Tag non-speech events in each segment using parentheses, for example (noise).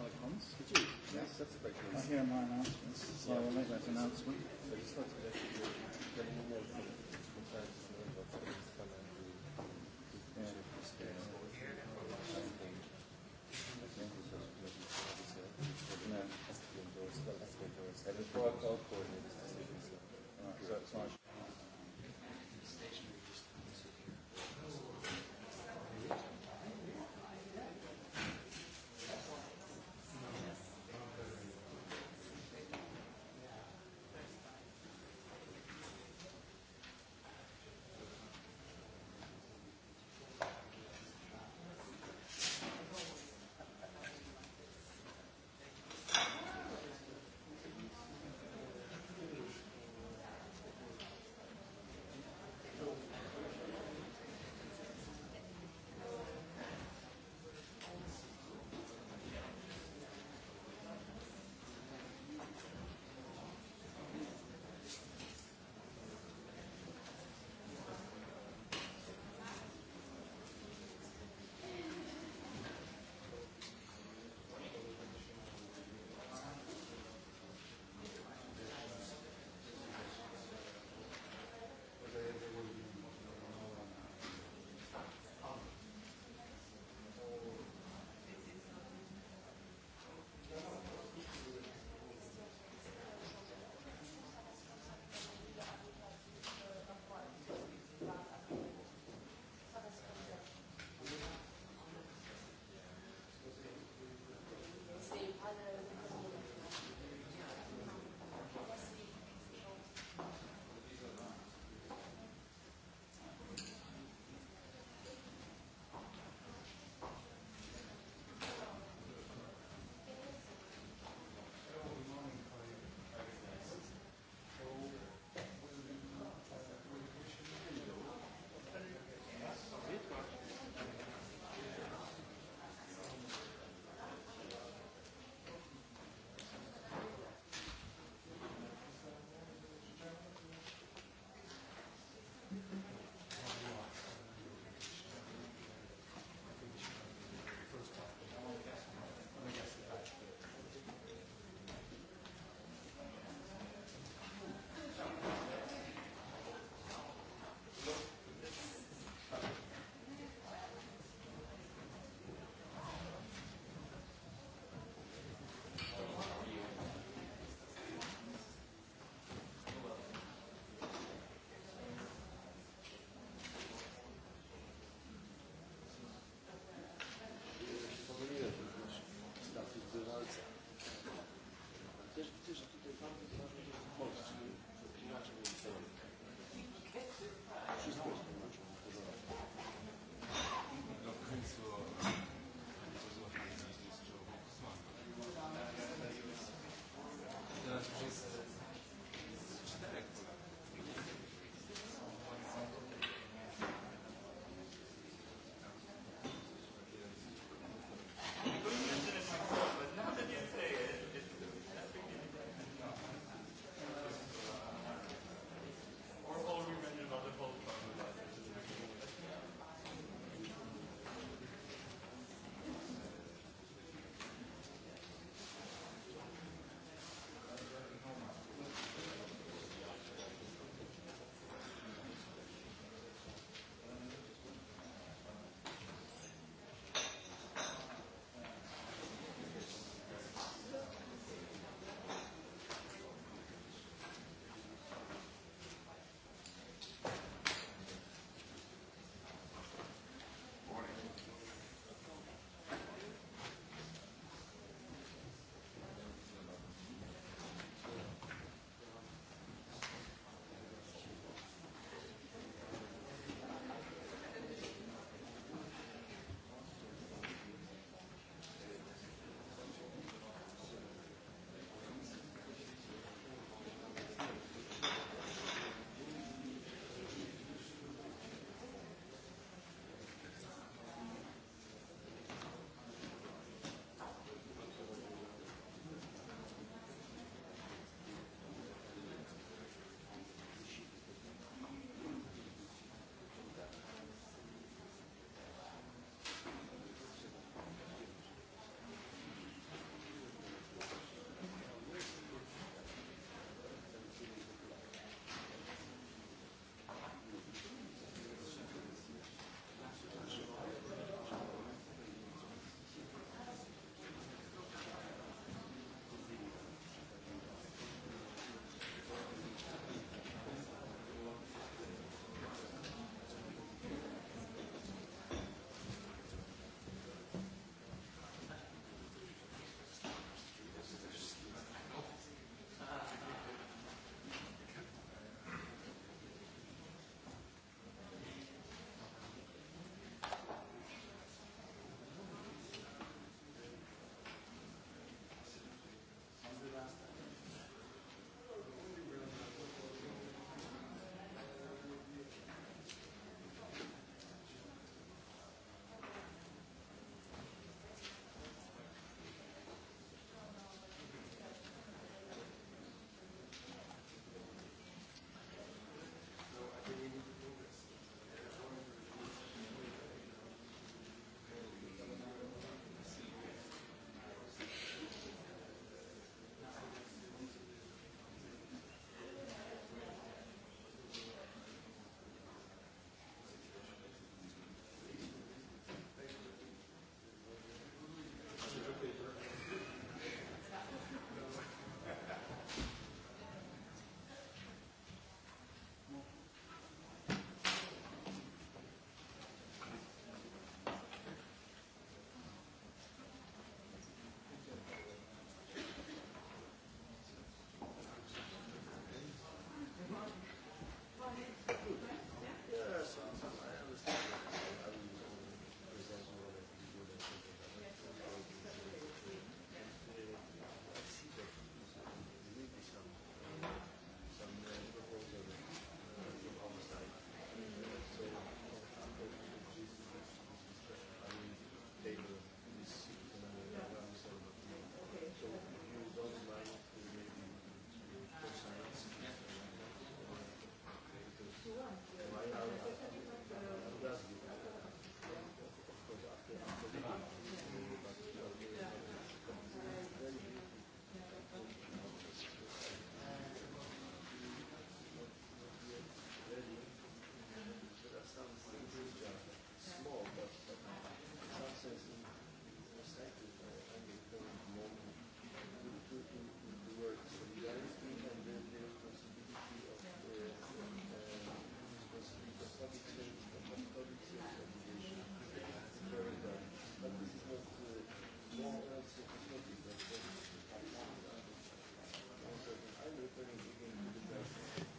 my comms? Did you? Yes, that's a great news. I hear my announcements, so I'll make that announcement. So you started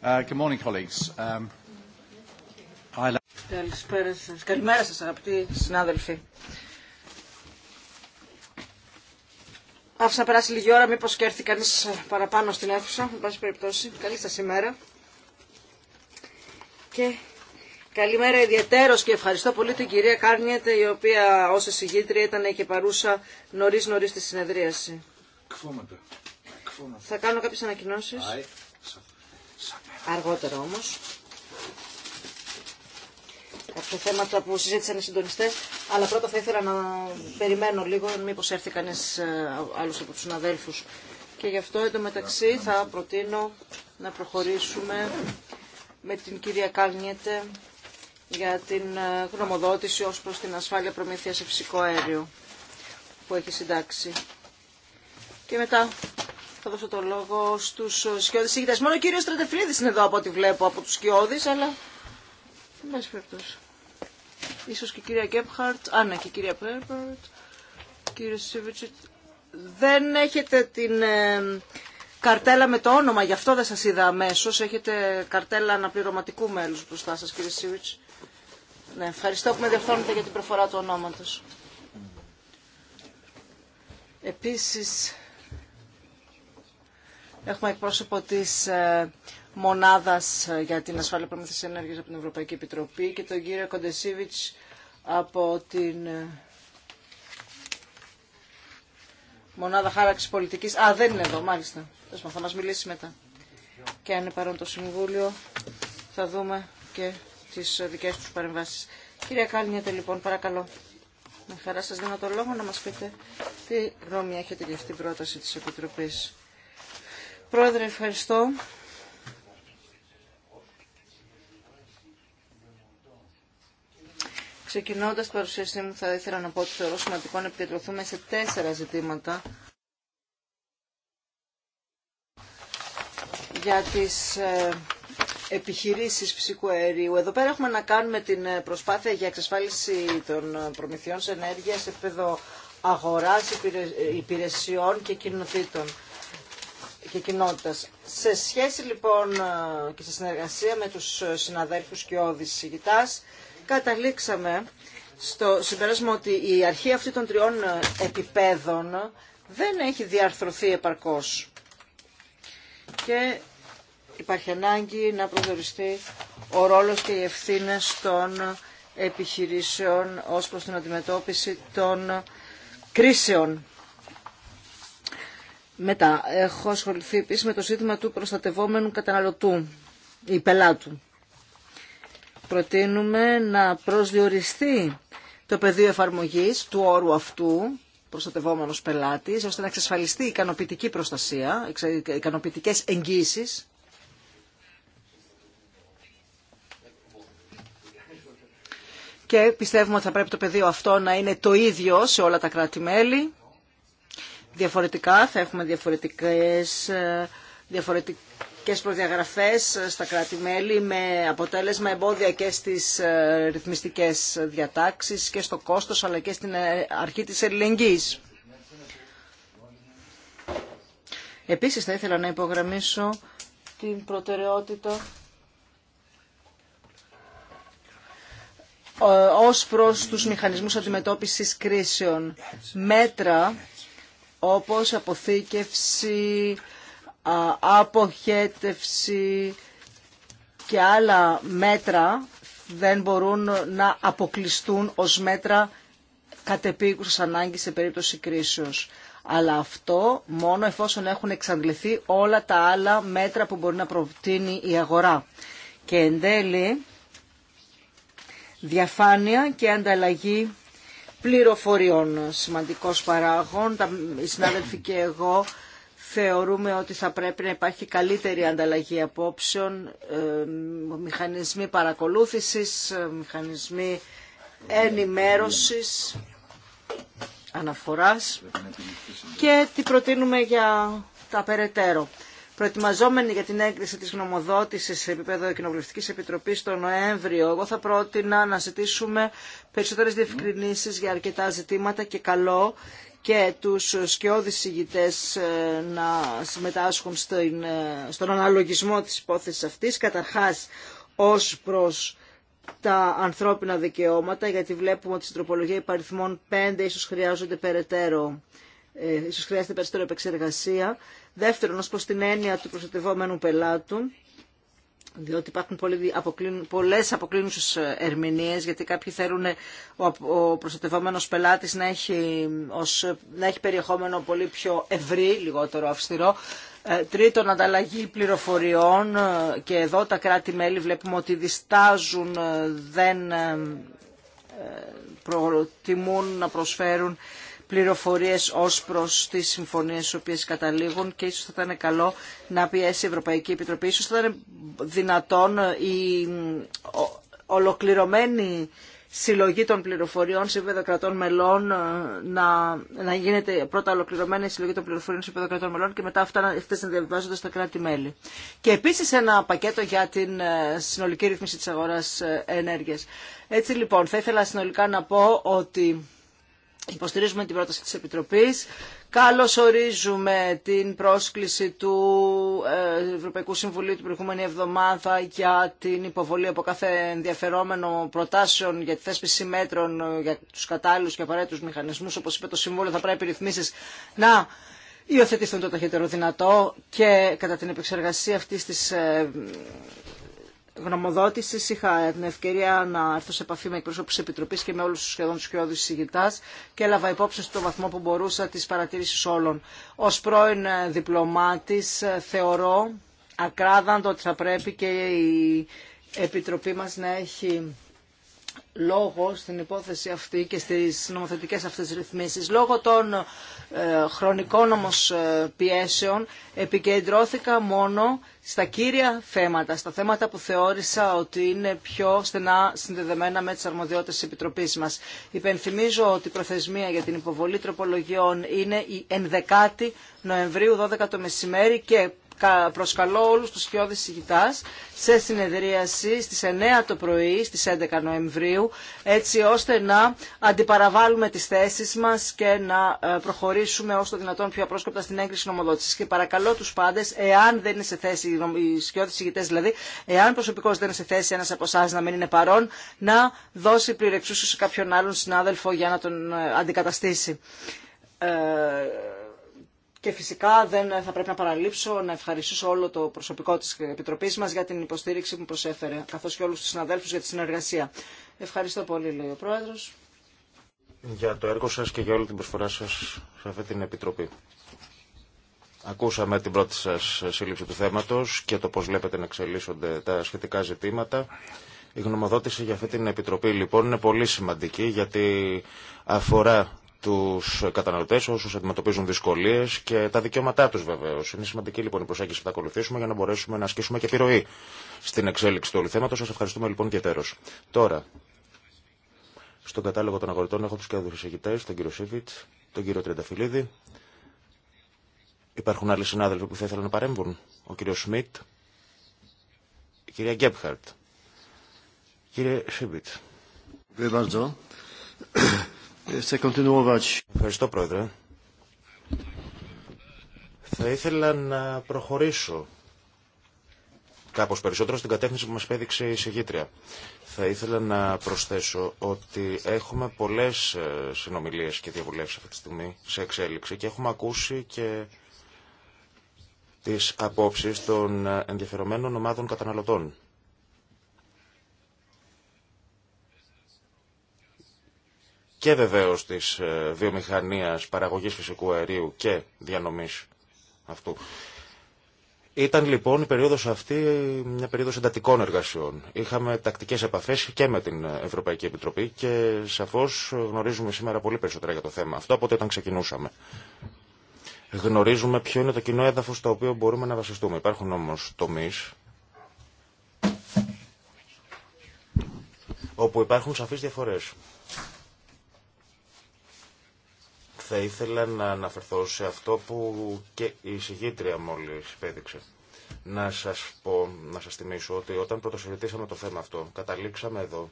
Uh, good morning, colleagues. Um, Καλησπέρα σας. Καλημέρα σας αγαπητοί συνάδελφοι. Άφησα να περάσει λίγη ώρα, μήπως και έρθει κανείς παραπάνω στην αίθουσα, εν πάση περιπτώσει. Καλή σας ημέρα. Και καλημέρα ιδιαίτερος και ευχαριστώ πολύ την κυρία Κάρνιετ, η οποία ως εισηγήτρια ήταν και παρούσα νωρίς νωρίς τη συνεδρίαση. Κφώματα. Θα κάνω κάποιες ανακοινώσεις αργότερα όμως. Κάποια θέματα που συζήτησαν οι συντονιστές, αλλά πρώτα θα ήθελα να περιμένω λίγο, μήπως έρθει κανείς ε, άλλος από τους συναδέλφου. Και γι' αυτό εντωμεταξύ θα προτείνω να προχωρήσουμε με την κυρία Κάλνιετε για την ε, γνωμοδότηση ως προς την ασφάλεια προμήθειας σε φυσικό αέριο που έχει συντάξει. Και μετά θα δώσω το λόγο στους Σκιώδη Μόνο ο κύριο Στρατεφλίδης είναι εδώ από ό,τι βλέπω από τους Σκιώδη, αλλά... Μέσα περιπτώσει. Ίσως και η κυρία Γκέμπχαρτ. α, ναι, και η κυρία Πέρμπαρτ. Κύριε Σίβιτσιτ. Δεν έχετε την ε, καρτέλα με το όνομα, γι' αυτό δεν σας είδα αμέσω. Έχετε καρτέλα αναπληρωματικού μέλους μπροστά σα, κύριε Σίβιτσι. Ναι, ευχαριστώ που με διορθώνετε για την προφορά του ονόματο. Επίσης, Έχουμε εκπρόσωπο τη ε, μονάδα ε, για την Ασφάλεια Προμήθειας Ενέργεια από την Ευρωπαϊκή Επιτροπή και τον κύριο Κοντεσίβιτ από την ε, Μονάδα χάραξη πολιτική. Α, δεν είναι εδώ, μάλιστα. Θα μα μιλήσει μετά. Και αν είναι παρόν το Συμβούλιο, θα δούμε και τι δικέ του παρεμβάσει. Κυρία Κάλνιετε, λοιπόν, παρακαλώ. Με χαρά σα δίνω το λόγο να μα πείτε τι γνώμη έχετε για αυτή την πρόταση τη Επιτροπής. Πρόεδρε, ευχαριστώ. Ξεκινώντας την παρουσίασή μου θα ήθελα να πω ότι θεωρώ σημαντικό να επικεντρωθούμε σε τέσσερα ζητήματα για τις ε, επιχειρήσεις φυσικού αερίου. Εδώ πέρα έχουμε να κάνουμε την ε, προσπάθεια για εξασφάλιση των ε, προμηθειών σε ενέργεια σε επίπεδο αγοράς, υπηρεσιών και κοινοτήτων και Σε σχέση λοιπόν ε, και σε συνεργασία με τους ε, συναδέλφους και όδης συγητάς, καταλήξαμε στο συμπέρασμα ότι η αρχή αυτή των τριών ε, επιπέδων δεν έχει διαρθρωθεί επαρκώς. Και υπάρχει ανάγκη να προσδοριστεί ο ρόλος και οι ευθύνε των επιχειρήσεων ως προς την αντιμετώπιση των κρίσεων. Μετά, έχω ασχοληθεί επίσης με το ζήτημα του προστατευόμενου καταναλωτού ή πελάτου. Προτείνουμε να προσδιοριστεί το πεδίο εφαρμογής του όρου αυτού, προστατευόμενος πελάτης, ώστε να εξασφαλιστεί ικανοποιητική προστασία, ικανοποιητικές εγγύσεις. Και πιστεύουμε ότι θα πρέπει το πεδίο αυτό να είναι το ίδιο σε όλα τα κράτη-μέλη διαφορετικά, θα έχουμε διαφορετικές, ε, διαφορετικές προδιαγραφές στα κράτη-μέλη με αποτέλεσμα εμπόδια και στις ε, ρυθμιστικές διατάξεις και στο κόστος αλλά και στην ε, αρχή της ελληνικής. Επίσης θα ήθελα να υπογραμμίσω την προτεραιότητα ως προς τους μηχανισμούς αντιμετώπισης κρίσεων. Μέτρα όπως αποθήκευση, αποχέτευση και άλλα μέτρα δεν μπορούν να αποκλειστούν ως μέτρα κατεπίκουσας ανάγκη σε περίπτωση κρίσεως. Αλλά αυτό μόνο εφόσον έχουν εξαντληθεί όλα τα άλλα μέτρα που μπορεί να προτείνει η αγορά. Και εν τέλει, διαφάνεια και ανταλλαγή πληροφοριών σημαντικός παράγων. Οι συνάδελφοι και εγώ θεωρούμε ότι θα πρέπει να υπάρχει καλύτερη ανταλλαγή απόψεων, ε, μηχανισμοί παρακολούθησης, ε, μηχανισμοί ενημέρωσης, αναφοράς και τι προτείνουμε για τα περαιτέρω. Προετοιμαζόμενοι για την έγκριση της γνωμοδότησης σε επίπεδο κοινοβουλευτική Επιτροπής τον Νοέμβριο, εγώ θα πρότεινα να ζητήσουμε περισσότερες διευκρινήσεις για αρκετά ζητήματα και καλό και τους σκιώδεις ηγητές ε, να συμμετάσχουν ε, στον αναλογισμό της υπόθεσης αυτής, καταρχάς ως προς τα ανθρώπινα δικαιώματα, γιατί βλέπουμε ότι στην τροπολογία υπαριθμών 5 ίσως χρειάζονται περαιτέρω ε, ίσως χρειάζεται περισσότερη επεξεργασία. Δεύτερον, ως προς την έννοια του προστατευόμενου πελάτου, διότι υπάρχουν πολλές αποκλίνουσες ε, ερμηνείε, γιατί κάποιοι θέλουν ο προστατευόμενο πελάτης να έχει, να έχει περιεχόμενο πολύ πιο ευρύ, λιγότερο αυστηρό. Ε, τρίτον, ανταλλαγή πληροφοριών ε, και εδώ τα κράτη-μέλη βλέπουμε ότι διστάζουν, δεν προτιμούν να προσφέρουν πληροφορίες ως προς τις συμφωνίες οι οποίες καταλήγουν και ίσως θα ήταν καλό να πιέσει η Ευρωπαϊκή Επιτροπή. Ίσως θα ήταν δυνατόν η ολοκληρωμένη συλλογή των πληροφοριών σε επίπεδο κρατών μελών, ε, να, να γίνεται πρώτα ολοκληρωμένη συλλογή των πληροφοριών σε επίπεδο κρατών μελών και μετά αυτά, αυτές να διαβιβάζονται στα κράτη-μέλη. Και επίσης ένα πακέτο για την ε, συνολική ρύθμιση της αγοράς ε, ενέργειας. Έτσι λοιπόν, θα ήθελα συνολικά να πω ότι Υποστηρίζουμε την πρόταση της Επιτροπής. Καλώς ορίζουμε την πρόσκληση του ε, Ευρωπαϊκού Συμβουλίου την προηγούμενη εβδομάδα για την υποβολή από κάθε ενδιαφερόμενο προτάσεων για τη θέσπιση μέτρων ε, για τους κατάλληλους και απαραίτητους μηχανισμούς. Όπως είπε το Συμβούλιο θα πρέπει οι ρυθμίσεις να υιοθετηθούν το ταχύτερο δυνατό και κατά την επεξεργασία αυτής της ε, γνωμοδότηση είχα την ευκαιρία να έρθω σε επαφή με εκπρόσωπου τη Επιτροπής και με όλους τους σχεδόν τους κοιόδους συγητάς και έλαβα υπόψη στο βαθμό που μπορούσα τις παρατηρήσεις όλων. Ως πρώην διπλωμάτης θεωρώ ακράδαντο ότι θα πρέπει και η Επιτροπή μας να έχει Λόγω στην υπόθεση αυτή και στις νομοθετικές αυτές ρυθμίσεις. Λόγω των ε, χρονικών όμως ε, πιέσεων επικεντρώθηκα μόνο στα κύρια θέματα, στα θέματα που θεώρησα ότι είναι πιο στενά συνδεδεμένα με τις αρμοδιότητες της Επιτροπής μας. Υπενθυμίζω ότι η προθεσμία για την υποβολή τροπολογιών είναι η 11η Νοεμβρίου 12 το μεσημέρι και προσκαλώ όλους τους χιώδης συγητάς σε συνεδρίαση στις 9 το πρωί, στις 11 Νοεμβρίου, έτσι ώστε να αντιπαραβάλουμε τις θέσεις μας και να ε, προχωρήσουμε όσο το δυνατόν πιο απρόσκοπτα στην έγκριση νομοδότησης. Και παρακαλώ τους πάντες, εάν δεν είναι σε θέση, οι σκιώδεις ηγητές δηλαδή, εάν προσωπικός δεν είναι σε θέση ένας από εσάς να μην είναι παρόν, να δώσει πληρεξούς σε κάποιον άλλον συνάδελφο για να τον ε, αντικαταστήσει. Ε, και φυσικά δεν θα πρέπει να παραλείψω να ευχαριστήσω όλο το προσωπικό της Επιτροπής μας για την υποστήριξη που προσέφερε, καθώς και όλους τους συναδέλφους για τη συνεργασία. Ευχαριστώ πολύ, λέει ο Πρόεδρος. Για το έργο σας και για όλη την προσφορά σας σε αυτή την Επιτροπή. Ακούσαμε την πρώτη σας σύλληψη του θέματος και το πώς βλέπετε να εξελίσσονται τα σχετικά ζητήματα. Η γνωμοδότηση για αυτή την Επιτροπή λοιπόν είναι πολύ σημαντική γιατί αφορά τους καταναλωτές, όσους αντιμετωπίζουν δυσκολίες και τα δικαιώματά τους βεβαίως. Είναι σημαντική λοιπόν η προσέγγιση που θα ακολουθήσουμε για να μπορέσουμε να ασκήσουμε και επιρροή στην εξέλιξη του όλου θέματος. Σας ευχαριστούμε λοιπόν ιδιαίτερως. Τώρα, στον κατάλογο των αγορητών έχω τους κέντρους εισηγητές, τον κύριο Σίβιτ, τον κύριο Τρενταφυλλίδη. Υπάρχουν άλλοι συνάδελφοι που θα ήθελαν να παρέμβουν. Ο κύριο Σμιτ, η κυρία Γκέπχαρτ. Ευχαριστώ, Πρόεδρε. Θα ήθελα να προχωρήσω κάπως περισσότερο στην κατεύθυνση που μας πέδειξε η συγγήτρια. Θα ήθελα να προσθέσω ότι έχουμε πολλές ε, συνομιλίες και διαβουλεύσεις αυτή τη στιγμή σε εξέλιξη και έχουμε ακούσει και τις απόψεις των ε, ενδιαφερομένων ομάδων καταναλωτών. και βεβαίω της ε, βιομηχανία παραγωγής φυσικού αερίου και διανομής αυτού. Ήταν λοιπόν η περίοδος αυτή μια περίοδος εντατικών εργασιών. Είχαμε τακτικές επαφέ και με την Ευρωπαϊκή Επιτροπή και σαφώς γνωρίζουμε σήμερα πολύ περισσότερα για το θέμα. Αυτό από όταν ξεκινούσαμε. Γνωρίζουμε ποιο είναι το κοινό έδαφο στο οποίο μπορούμε να βασιστούμε. Υπάρχουν όμω τομεί. όπου υπάρχουν σαφεί διαφορέ. Θα ήθελα να αναφερθώ σε αυτό που και η συγγήτρια μόλις πέδειξε. Να σας πω, να σας θυμίσω ότι όταν πρωτοσυζητήσαμε το θέμα αυτό, καταλήξαμε εδώ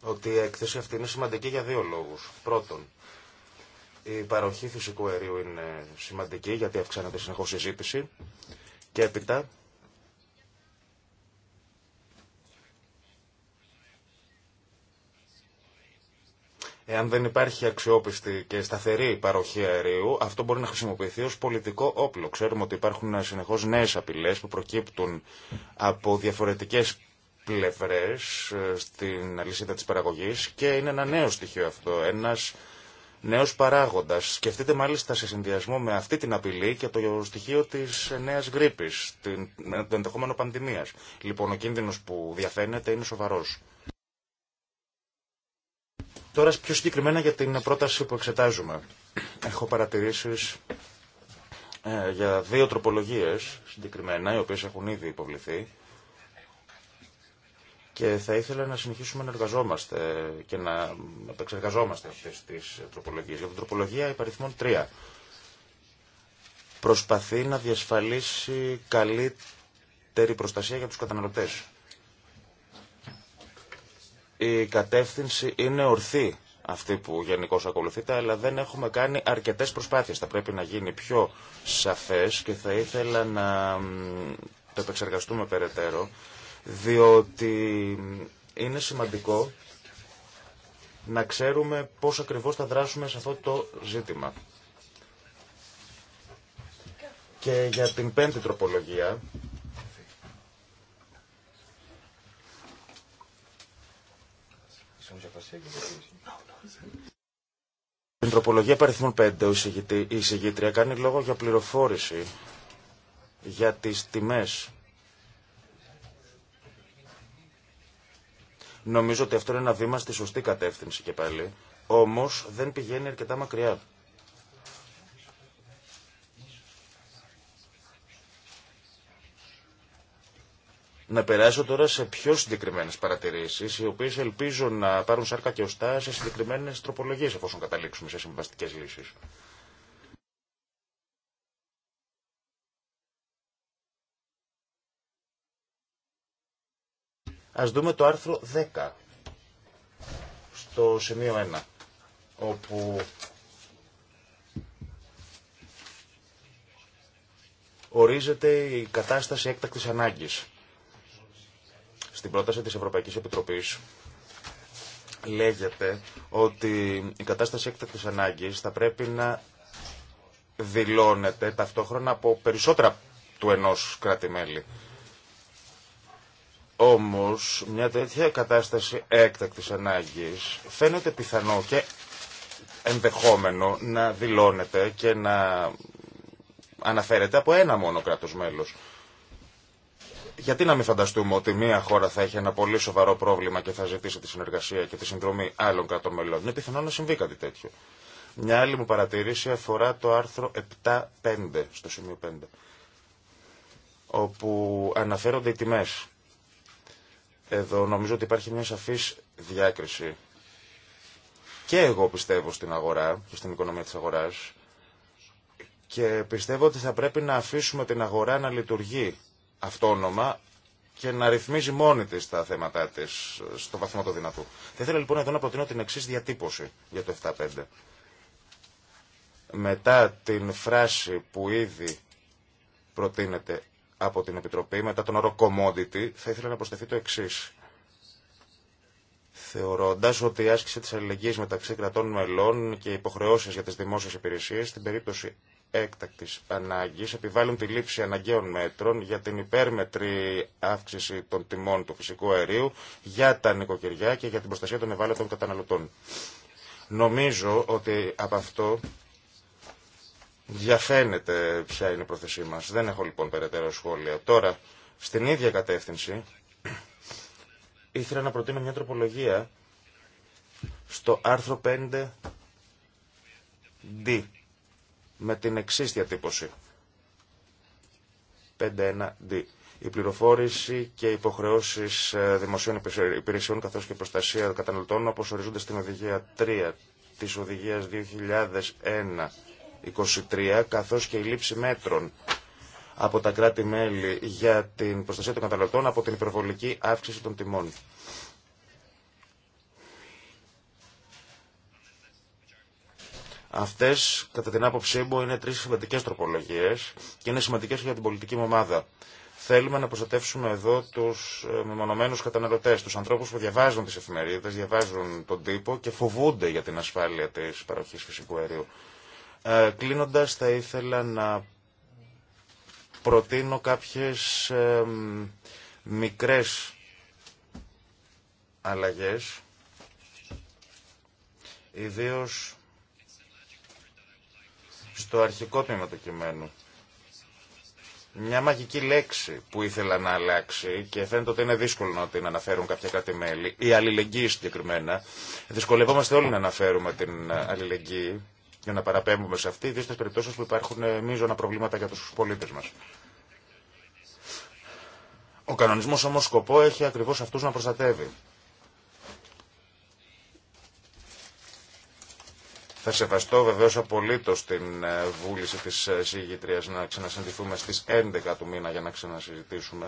ότι η έκθεση αυτή είναι σημαντική για δύο λόγους. Πρώτον, η παροχή φυσικού αερίου είναι σημαντική γιατί αυξάνεται συνεχώς η ζήτηση και έπειτα Εάν δεν υπάρχει αξιόπιστη και σταθερή παροχή αερίου, αυτό μπορεί να χρησιμοποιηθεί ως πολιτικό όπλο. Ξέρουμε ότι υπάρχουν ε, συνεχώς νέες απειλές που προκύπτουν από διαφορετικές πλευρές ε, στην αλυσίδα της παραγωγής και είναι ένα νέο στοιχείο αυτό, ένας νέος παράγοντας. Σκεφτείτε μάλιστα σε συνδυασμό με αυτή την απειλή και το στοιχείο της νέας γρήπης, την, το ενδεχόμενο πανδημίας. Λοιπόν, ο κίνδυνος που διαφαίνεται είναι σοβαρός. Τώρα πιο συγκεκριμένα για την πρόταση που εξετάζουμε. Έχω παρατηρήσεις ε, για δύο τροπολογίες συγκεκριμένα, οι οποίες έχουν ήδη υποβληθεί και θα ήθελα να συνεχίσουμε να εργαζόμαστε και να επεξεργαζόμαστε αυτέ τι τροπολογίες. Για την τροπολογία υπαριθμών 3 προσπαθεί να διασφαλίσει καλύτερη προστασία για του καταναλωτέ η κατεύθυνση είναι ορθή αυτή που γενικώ ακολουθείται, αλλά δεν έχουμε κάνει αρκετέ προσπάθειες. Θα πρέπει να γίνει πιο σαφές και θα ήθελα να το επεξεργαστούμε περαιτέρω, διότι είναι σημαντικό να ξέρουμε πώς ακριβώς θα δράσουμε σε αυτό το ζήτημα. Και για την πέμπτη τροπολογία, Στην τροπολογία παριθμών 5 η εισηγήτρια κάνει λόγο για πληροφόρηση για τις τιμές. Νομίζω ότι αυτό είναι ένα βήμα στη σωστή κατεύθυνση και πάλι, όμως δεν πηγαίνει αρκετά μακριά. Να περάσω τώρα σε πιο συγκεκριμένε παρατηρήσει, οι οποίε ελπίζω να πάρουν σάρκα και οστά σε συγκεκριμένε τροπολογίε, εφόσον καταλήξουμε σε συμβαστικέ λύσει. Α δούμε το άρθρο 10, στο σημείο 1, όπου ορίζεται η κατάσταση έκτακτης ανάγκης. Στην πρόταση της Ευρωπαϊκής Επιτροπής λέγεται ότι η κατάσταση έκτακτης ανάγκης θα πρέπει να δηλώνεται ταυτόχρονα από περισσότερα του ενός κράτη-μέλη. Όμως, μια τέτοια κατάσταση έκτακτης ανάγκης φαίνεται πιθανό και ενδεχόμενο να δηλώνεται και να αναφέρεται από ένα μόνο κράτος μέλος γιατί να μην φανταστούμε ότι μία χώρα θα έχει ένα πολύ σοβαρό πρόβλημα και θα ζητήσει τη συνεργασία και τη συνδρομή άλλων κρατών μελών. Είναι πιθανό να συμβεί κάτι τέτοιο. Μια άλλη μου παρατηρήση αφορά το άρθρο 7.5 στο σημείο 5 όπου αναφέρονται οι τιμές. Εδώ νομίζω ότι υπάρχει μια σαφής διάκριση. Και εγώ πιστεύω στην αγορά και στην οικονομία της αγοράς και πιστεύω ότι θα πρέπει να αφήσουμε την αγορά να λειτουργεί αυτόνομα και να ρυθμίζει μόνη τη τα θέματα τη στο βαθμό το δυνατού. Θα ήθελα λοιπόν εδώ να προτείνω την εξή διατύπωση για το 7-5. Μετά την φράση που ήδη προτείνεται από την Επιτροπή, μετά τον όρο commodity, θα ήθελα να προσθεθεί το εξή. Θεωρώντα ότι η άσκηση τη αλληλεγγύη μεταξύ κρατών μελών και υποχρεώσει για τι δημόσιε υπηρεσίε στην περίπτωση έκτακτης ανάγκης επιβάλλουν τη λήψη αναγκαίων μέτρων για την υπέρμετρη αύξηση των τιμών του φυσικού αερίου για τα νοικοκυριά και για την προστασία των ευάλωτων καταναλωτών. Νομίζω ότι από αυτό διαφαίνεται ποια είναι η πρόθεσή μας. Δεν έχω λοιπόν περαιτέρω σχόλια. Τώρα, στην ίδια κατεύθυνση, ήθελα να προτείνω μια τροπολογία στο άρθρο 5D με την εξή διατύπωση. 5.1.D. Η πληροφόρηση και υποχρεώσει ε, δημοσίων υπηρεσιών καθώ και προστασία καταναλωτών όπω ορίζονται στην Οδηγία 3 τη Οδηγία 2001-23 καθώ και η λήψη μέτρων από τα κράτη-μέλη για την προστασία των καταναλωτών από την υπερβολική αύξηση των τιμών. Αυτές, κατά την άποψή μου, είναι τρεις σημαντικέ τροπολογίες και είναι σημαντικές για την πολιτική μου ομάδα. Θέλουμε να προστατεύσουμε εδώ τους ε, μεμονωμένου καταναλωτέ, τους ανθρώπους που διαβάζουν τις εφημερίδες, διαβάζουν τον τύπο και φοβούνται για την ασφάλεια της παροχή φυσικού αερίου. Ε, κλείνοντας, θα ήθελα να προτείνω κάποιε ε, μικρές αλλαγές, στο αρχικό τμήμα του κειμένου. Μια μαγική λέξη που ήθελα να αλλάξει και φαίνεται ότι είναι δύσκολο να την αναφέρουν κάποια κάτι μέλη, η αλληλεγγύη συγκεκριμένα. Δυσκολευόμαστε όλοι να αναφέρουμε την ε, αλληλεγγύη για να παραπέμπουμε σε αυτή, ιδίω περιπτώσεις περιπτώσει που υπάρχουν ε, μείζωνα προβλήματα για του πολίτε μα. Ο κανονισμός όμως σκοπό έχει ακριβώς αυτού να προστατεύει. Θα σεβαστώ βεβαίως απολύτως την ε, βούληση τη ε, συγγήτρια να ξανασυντηθούμε στις 11 του μήνα για να ξανασυζητήσουμε.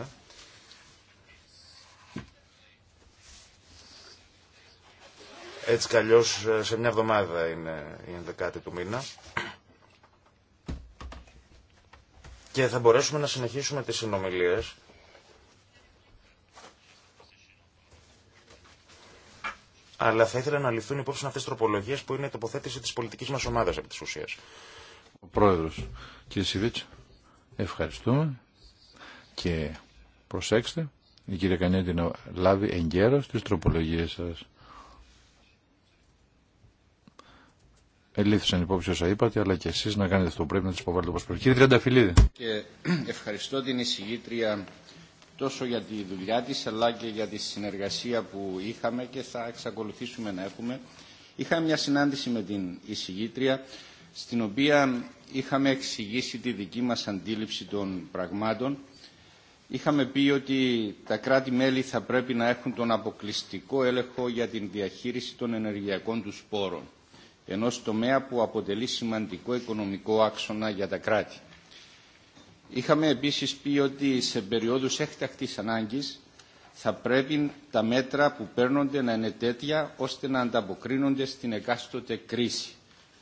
Έτσι κι ε, σε μια εβδομάδα είναι η 11η του μήνα. Και θα μπορέσουμε να συνεχίσουμε τις συνομιλίες αλλά θα ήθελα να ληφθούν υπόψη αυτές τις τροπολογίες που είναι η τοποθέτηση της πολιτικής μας ομάδας επί της ουσίας. Ο Πρόεδρος, κύριε Σιβίτσο, ευχαριστούμε και προσέξτε, η κυρία Κανέτη να λάβει εγκαίρω τι τροπολογίες σας. Ελήφθησαν υπόψη όσα είπατε, αλλά και εσείς να κάνετε αυτό που πρέπει να τις υποβάλλετε όπως πρέπει. Κύριε Τριανταφυλλίδη. Και ευχαριστώ την εισηγήτρια τόσο για τη δουλειά της αλλά και για τη συνεργασία που είχαμε και θα εξακολουθήσουμε να έχουμε. Είχα μια συνάντηση με την εισηγήτρια στην οποία είχαμε εξηγήσει τη δική μας αντίληψη των πραγμάτων. Είχαμε πει ότι τα κράτη-μέλη θα πρέπει να έχουν τον αποκλειστικό έλεγχο για την διαχείριση των ενεργειακών του πόρων, ενός τομέα που αποτελεί σημαντικό οικονομικό άξονα για τα κράτη. Είχαμε επίσης πει ότι σε περιόδους έκτακτης ανάγκης θα πρέπει τα μέτρα που παίρνονται να είναι τέτοια ώστε να ανταποκρίνονται στην εκάστοτε κρίση.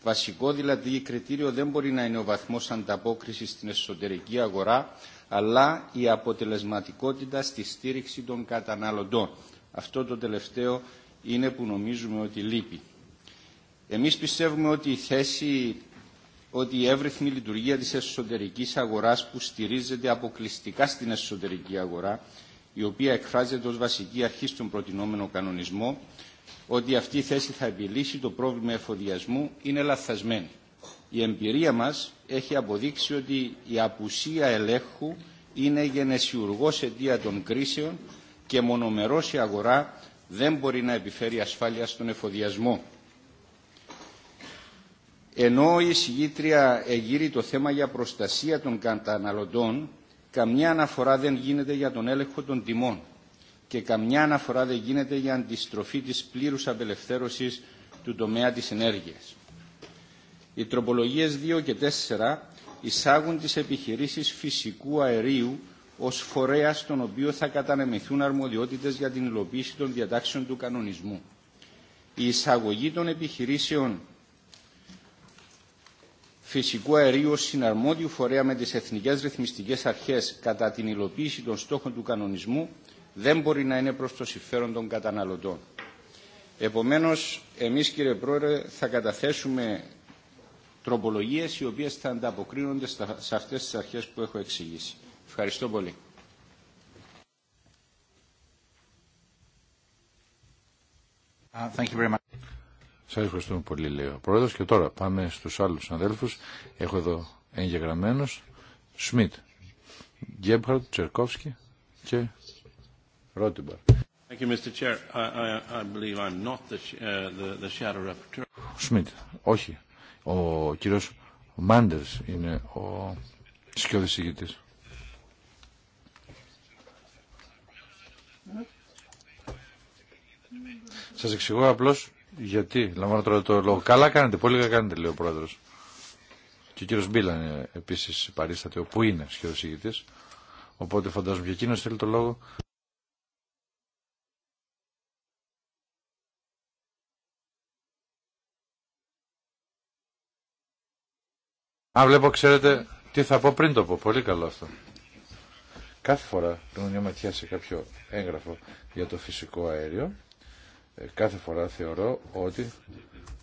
Βασικό δηλαδή κριτήριο δεν μπορεί να είναι ο βαθμός ανταπόκρισης στην εσωτερική αγορά, αλλά η αποτελεσματικότητα στη στήριξη των καταναλωτών. Αυτό το τελευταίο είναι που νομίζουμε ότι λείπει. Εμείς πιστεύουμε ότι η θέση ότι η εύρυθμη λειτουργία της εσωτερικής αγοράς που στηρίζεται αποκλειστικά στην εσωτερική αγορά, η οποία εκφράζεται ως βασική αρχή στον προτινόμενο κανονισμό, ότι αυτή η θέση θα επιλύσει το πρόβλημα εφοδιασμού είναι λαθασμένη. Η εμπειρία μας έχει αποδείξει ότι η απουσία ελέγχου είναι γενεσιουργός αιτία των κρίσεων και μονομερός η αγορά δεν μπορεί να επιφέρει ασφάλεια στον εφοδιασμό. Ενώ η εισηγήτρια εγείρει το θέμα για προστασία των καταναλωτών, καμιά αναφορά δεν γίνεται για τον έλεγχο των τιμών και καμιά αναφορά δεν γίνεται για αντιστροφή της πλήρους απελευθέρωσης του τομέα της ενέργειας. Οι τροπολογίες 2 και 4 εισάγουν τις επιχειρήσεις φυσικού αερίου ως φορέα στον οποίο θα κατανεμηθούν αρμοδιότητες για την υλοποίηση των διατάξεων του κανονισμού. Η εισαγωγή των επιχειρήσεων φυσικού αερίου συναρμόδιου φορέα με τις εθνικές ρυθμιστικές αρχές κατά την υλοποίηση των στόχων του κανονισμού δεν μπορεί να είναι προς το συμφέρον των καταναλωτών. Επομένως, εμείς κύριε Πρόεδρε θα καταθέσουμε τροπολογίες οι οποίες θα ανταποκρίνονται σε αυτές τις αρχές που έχω εξηγήσει. Ευχαριστώ πολύ. Uh, thank you very much. Σα ευχαριστούμε πολύ, λέει ο πρόεδρο. Και τώρα πάμε στου άλλου αδέλφου. Έχω εδώ εγγεγραμμένου. Σμιτ, Γκέμπχαρτ, Τσερκόφσκι και Ρότιμπαρ. Uh, Σμιτ, όχι. Ο κύριο Μάντερς είναι ο σκιώδη ηγητή. Σας εξηγώ απλώς γιατί, λαμβάνω τώρα το λόγο. Καλά κάνετε, πολύ καλά κάνετε, λέει ο πρόεδρος. Και ο κύριος Μπίλαν ε, επίσης παρίσταται, όπου είναι σχεδόν συγγητή. Οπότε φαντάζομαι και εκείνο θέλει το λόγο. Αν βλέπω, ξέρετε, τι θα πω πριν το πω. Πολύ καλό αυτό. Κάθε φορά κάνω μια ματιά σε κάποιο έγγραφο για το φυσικό αέριο ε, κάθε φορά θεωρώ ότι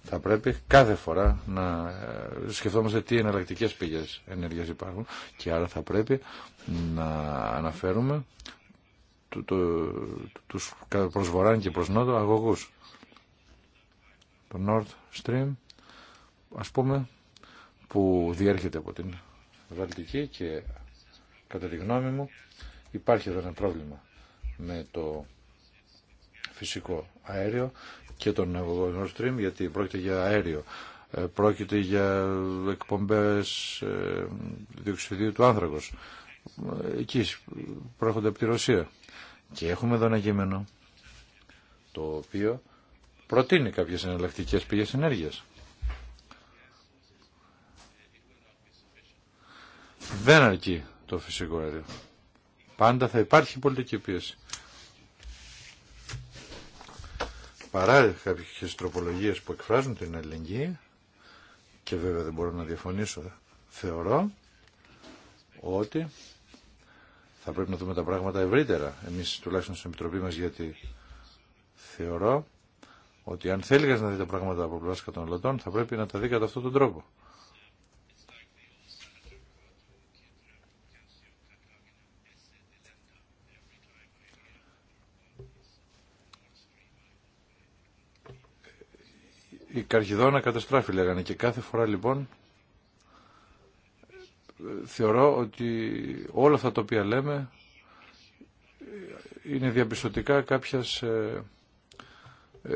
θα πρέπει κάθε φορά να ε, σκεφτόμαστε τι εναλλακτικέ πηγές ενέργειας υπάρχουν και άρα θα πρέπει να αναφέρουμε του, τους προς βοράν και προς νότο αγωγούς. Το Nord Stream, ας πούμε, που διέρχεται από την Βαλτική και κατά τη γνώμη μου υπάρχει εδώ ένα πρόβλημα με το φυσικό αέριο και τον Nord Stream γιατί πρόκειται για αέριο. Ε, πρόκειται για εκπομπές ε, διοξιδίου του άνθρακος. Ε, εκεί προέρχονται από τη Ρωσία. Και έχουμε εδώ ένα κείμενο το οποίο προτείνει κάποιες εναλλακτικέ πηγές ενέργειας. Δεν αρκεί το φυσικό αέριο. Πάντα θα υπάρχει πολιτική πίεση. παρά κάποιες τροπολογίες που εκφράζουν την αλληλεγγύη και βέβαια δεν μπορώ να διαφωνήσω θεωρώ ότι θα πρέπει να δούμε τα πράγματα ευρύτερα εμείς τουλάχιστον στην Επιτροπή μας γιατί θεωρώ ότι αν θέλει να δει τα πράγματα από πλευρά καταναλωτών θα πρέπει να τα δει κατά αυτόν τον τρόπο. η καρχιδόνα καταστράφει λέγανε και κάθε φορά λοιπόν θεωρώ ότι όλα αυτά τα οποία λέμε είναι διαπιστωτικά κάποιας, ε, ε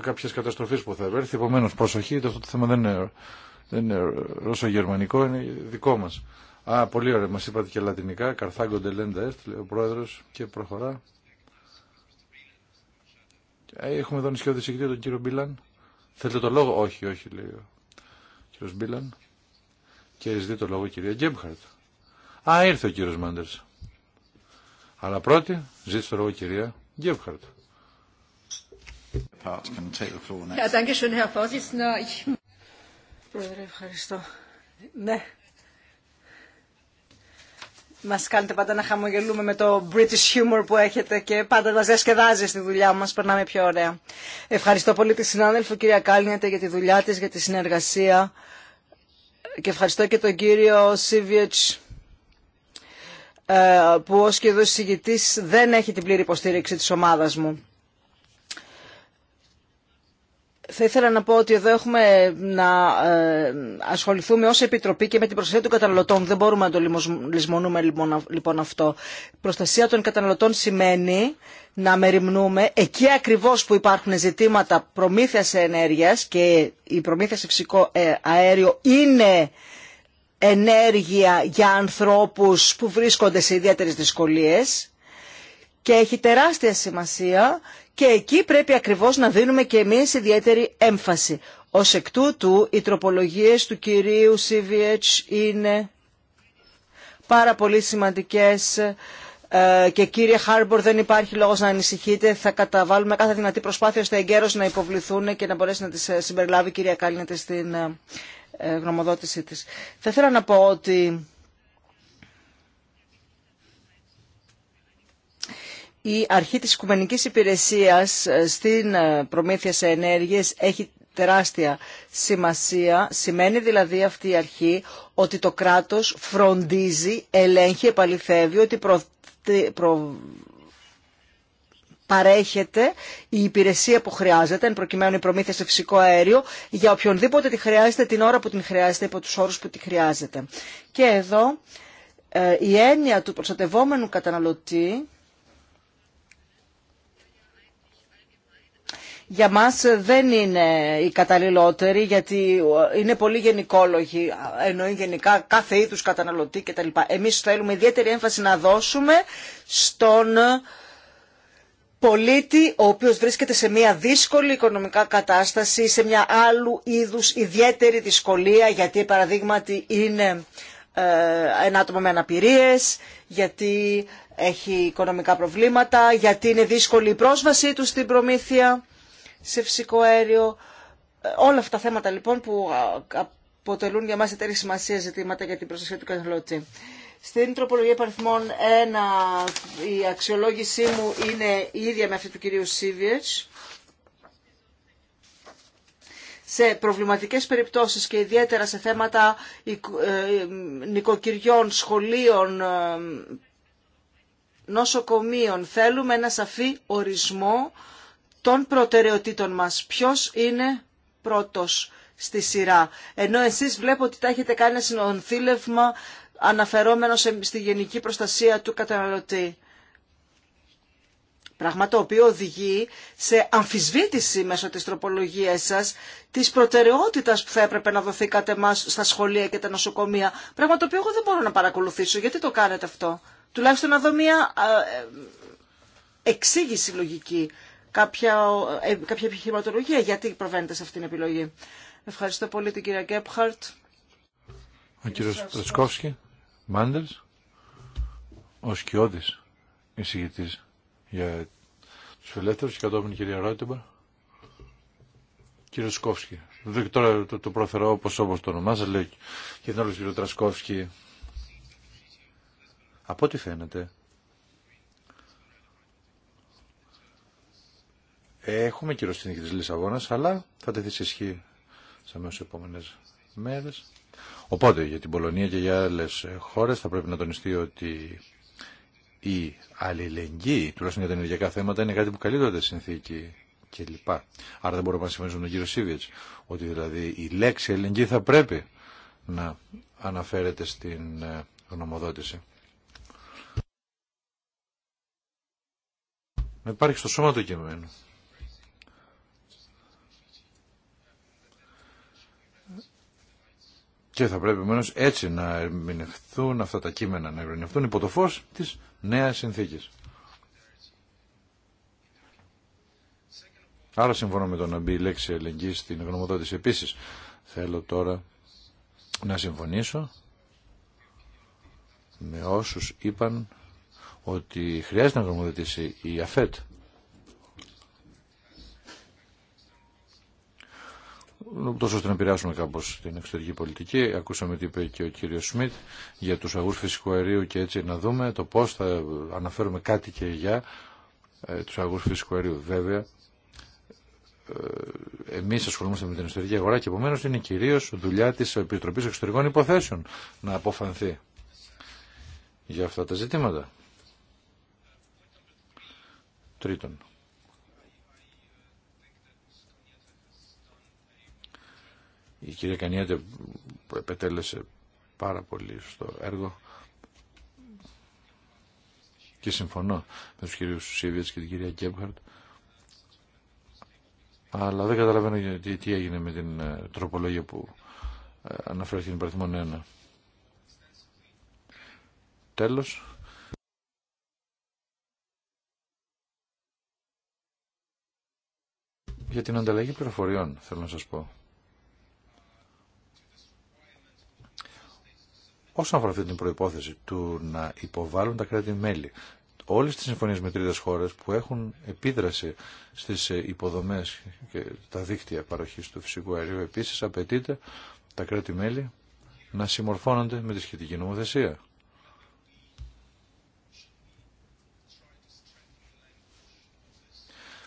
κάποιας καταστροφής που θα έρθει. Επομένως, προσοχή, αυτό το θέμα δεν είναι, δεν είναι ρωσογερμανικό, είναι δικό μας. Α, πολύ ωραία, μας είπατε και λατινικά, Καρθάγκο Ντελέντα Εστ, λέει ο πρόεδρος και προχωρά. Ε, έχουμε εδώ νησιώδη συγκριτή τον κύριο Μπίλαν. Θέλετε το λόγο. Όχι, όχι, λέει ο κύριος Μπίλαν. Και ζητεί το λόγο η κυρία Γκέμπχαρτ. Α, ήρθε ο κύριος Μάντερς. Αλλά πρώτη ζήτησε το λόγο κυρία Γκέμπχαρτ. Πρόεδρε, ευχαριστώ. Ναι, μας κάνετε πάντα να χαμογελούμε με το British humor που έχετε και πάντα μας διασκεδάζει στη δουλειά μας, περνάμε πιο ωραία. Ευχαριστώ πολύ τη συνάδελφο κυρία Κάλνιατε για τη δουλειά της, για τη συνεργασία και ευχαριστώ και τον κύριο Σίβιετς ε, που ως και εδώ δεν έχει την πλήρη υποστήριξη της ομάδας μου θα ήθελα να πω ότι εδώ έχουμε να ε, ασχοληθούμε ως Επιτροπή και με την προστασία των καταναλωτών. Δεν μπορούμε να το λησμονούμε λοιπόν, λοιπόν αυτό. προστασία των καταναλωτών σημαίνει να μεριμνούμε εκεί ακριβώς που υπάρχουν ζητήματα προμήθειας ενέργειας και η προμήθεια σε φυσικό ε, αέριο είναι ενέργεια για ανθρώπους που βρίσκονται σε ιδιαίτερες δυσκολίες και έχει τεράστια σημασία και εκεί πρέπει ακριβώς να δίνουμε και εμείς ιδιαίτερη έμφαση. Ως εκ τούτου οι τροπολογίες του κυρίου Σίβιετς είναι πάρα πολύ σημαντικές ε, και κύριε Χάρμπορ δεν υπάρχει λόγος να ανησυχείτε. Θα καταβάλουμε κάθε δυνατή προσπάθεια στο εγκαίρως να υποβληθούν και να μπορέσει να τις ε, συμπεριλάβει η κυρία Κάλινετ στην ε, γνωμοδότησή της. Θα ήθελα να πω ότι η αρχή της οικουμενικής υπηρεσίας ε, στην ε, προμήθεια σε ενέργειες έχει τεράστια σημασία. Σημαίνει δηλαδή αυτή η αρχή ότι το κράτος φροντίζει, ελέγχει, επαληθεύει ότι παρέχεται η υπηρεσία που χρειάζεται, εν προκειμένου η προμήθεια σε φυσικό αέριο, για οποιονδήποτε τη χρειάζεται, την ώρα που την χρειάζεται, υπό τους όρους που τη χρειάζεται. Και εδώ ε, η έννοια του προστατευόμενου καταναλωτή για μας δεν είναι οι καταλληλότεροι γιατί είναι πολύ γενικόλογοι, εννοεί γενικά κάθε είδους καταναλωτή κτλ. Εμείς θέλουμε ιδιαίτερη έμφαση να δώσουμε στον πολίτη ο οποίος βρίσκεται σε μια δύσκολη οικονομικά κατάσταση, σε μια άλλου είδους ιδιαίτερη δυσκολία γιατί παραδείγματι είναι ε, ένα άτομο με αναπηρίες, γιατί έχει οικονομικά προβλήματα, γιατί είναι δύσκολη η πρόσβασή του στην προμήθεια σε φυσικό αέριο. Ε, όλα αυτά τα θέματα λοιπόν που αποτελούν για μας εταιρεία σημασία ζητήματα για την προστασία του καταναλωτή. Στην τροπολογία παριθμών 1 η αξιολόγησή μου είναι η ίδια με αυτή του κυρίου Σίβιετς. Σε προβληματικές περιπτώσεις και ιδιαίτερα σε θέματα ε, νοικοκυριών, σχολείων, ε, νοσοκομείων θέλουμε ένα σαφή ορισμό των προτεραιοτήτων μας. Ποιος είναι πρώτος στη σειρά. Ενώ εσείς βλέπω ότι τα έχετε κάνει ένα συνονθήλευμα αναφερόμενο στη γενική προστασία του καταναλωτή. Πράγμα το οποίο οδηγεί σε αμφισβήτηση μέσω της τροπολογίας σας της προτεραιότητας που θα έπρεπε να δοθεί κατ' εμάς στα σχολεία και τα νοσοκομεία. Πράγμα το οποίο εγώ δεν μπορώ να παρακολουθήσω. Γιατί το κάνετε αυτό. Τουλάχιστον να δω μια ε, εξήγηση λογική κάποια, ε, κάποια επιχειρηματολογία. Γιατί προβαίνετε σε αυτήν την επιλογή. Ευχαριστώ πολύ την κυρία Γκέπχαρτ. Ο κύριο Τρασκόφσκι, Μάντερς, ο σκιώδη εισηγητής για του ελεύθερου και κατόπιν κυρία Ρότεμπα. Κύριο Σκόφσκι. Τώρα το, το προφερώ όπως όπω το ονομάζα, λέει και τον άλλο κύριο Τρασκόφσκι. Από ό,τι φαίνεται Έχουμε κύριο συνθήκη της Λισαβόνας, αλλά θα τεθεί σε ισχύ σε επόμενες μέρες. Οπότε για την Πολωνία και για άλλες χώρες θα πρέπει να τονιστεί ότι η αλληλεγγύη, τουλάχιστον για τα ενεργειακά θέματα, είναι κάτι που καλύπτονται συνθήκη κλπ. Άρα δεν μπορούμε να συμφωνήσουμε με τον κύριο Σίβιτς, ότι δηλαδή η λέξη αλληλεγγύη θα πρέπει να αναφέρεται στην ε, γνωμοδότηση. Να υπάρχει στο σώμα του κειμένου. Και θα πρέπει επομένω έτσι να ερμηνευτούν αυτά τα κείμενα, να ερμηνευτούν υπό το φω τη νέα συνθήκη. Άρα συμφωνώ με το να μπει η λέξη ελεγγύη στην γνωμοδότηση. Επίσης θέλω τώρα να συμφωνήσω με όσους είπαν ότι χρειάζεται να γνωμοδοτήσει η ΑΦΕΤ τόσο ώστε να επηρεάσουμε κάπω την εξωτερική πολιτική. Ακούσαμε τι είπε και ο κύριο Σμιτ για του αγού φυσικού αερίου και έτσι να δούμε το πώ θα αναφέρουμε κάτι και για ε, του αγού φυσικού αερίου. Βέβαια, ε, εμεί ασχολούμαστε με την εξωτερική αγορά και επομένω είναι κυρίω δουλειά τη Επιτροπή Εξωτερικών Υποθέσεων να αποφανθεί για αυτά τα ζητήματα. Τρίτον. Η κυρία Κανιέτε επετέλεσε πάρα πολύ στο έργο και συμφωνώ με τους κυρίους Σίβιτς και την κυρία Κέμπχαρτ αλλά δεν καταλαβαίνω τι, τι έγινε με την ε, τροπολογία που ε, αναφέρθηκε την παρθμόν 1. Τέλος. Για την ανταλλαγή πληροφοριών θέλω να σας πω. Όσον αφορά αυτή την προπόθεση του να υποβάλουν τα κράτη-μέλη όλες τις συμφωνίες με τρίτε χώρες που έχουν επίδραση στις ε, υποδομές και τα δίκτυα παροχή του φυσικού αερίου Επίση απαιτείται τα κράτη-μέλη να συμμορφώνονται με τη σχετική νομοθεσία.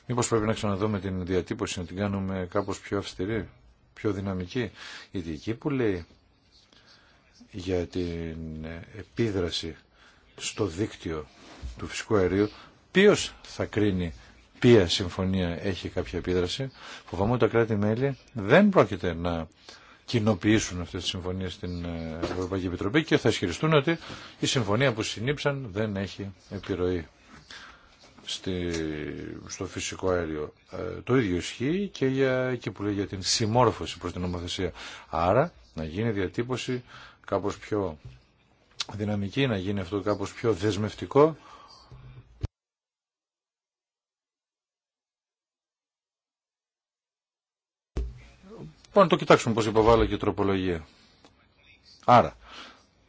Μήπως πρέπει να ξαναδούμε την διατύπωση, να την κάνουμε κάπως πιο αυστηρή, πιο δυναμική. Γιατί εκεί που λέει για την επίδραση στο δίκτυο του φυσικού αερίου. Ποιος θα κρίνει ποια συμφωνία έχει κάποια επίδραση. Φοβάμαι ότι τα κράτη-μέλη δεν πρόκειται να κοινοποιήσουν αυτές τις συμφωνίες στην ε, Ευρωπαϊκή Επιτροπή και θα ισχυριστούν ότι η συμφωνία που συνήψαν δεν έχει επιρροή στη, στο φυσικό αέριο. Ε, το ίδιο ισχύει και για, για την συμμόρφωση προς την νομοθεσία. Άρα να γίνει διατύπωση κάπως πιο δυναμική, να γίνει αυτό κάπως πιο δεσμευτικό. Πάμε να το κοιτάξουμε πώς υποβάλλω και η τροπολογία. Άρα,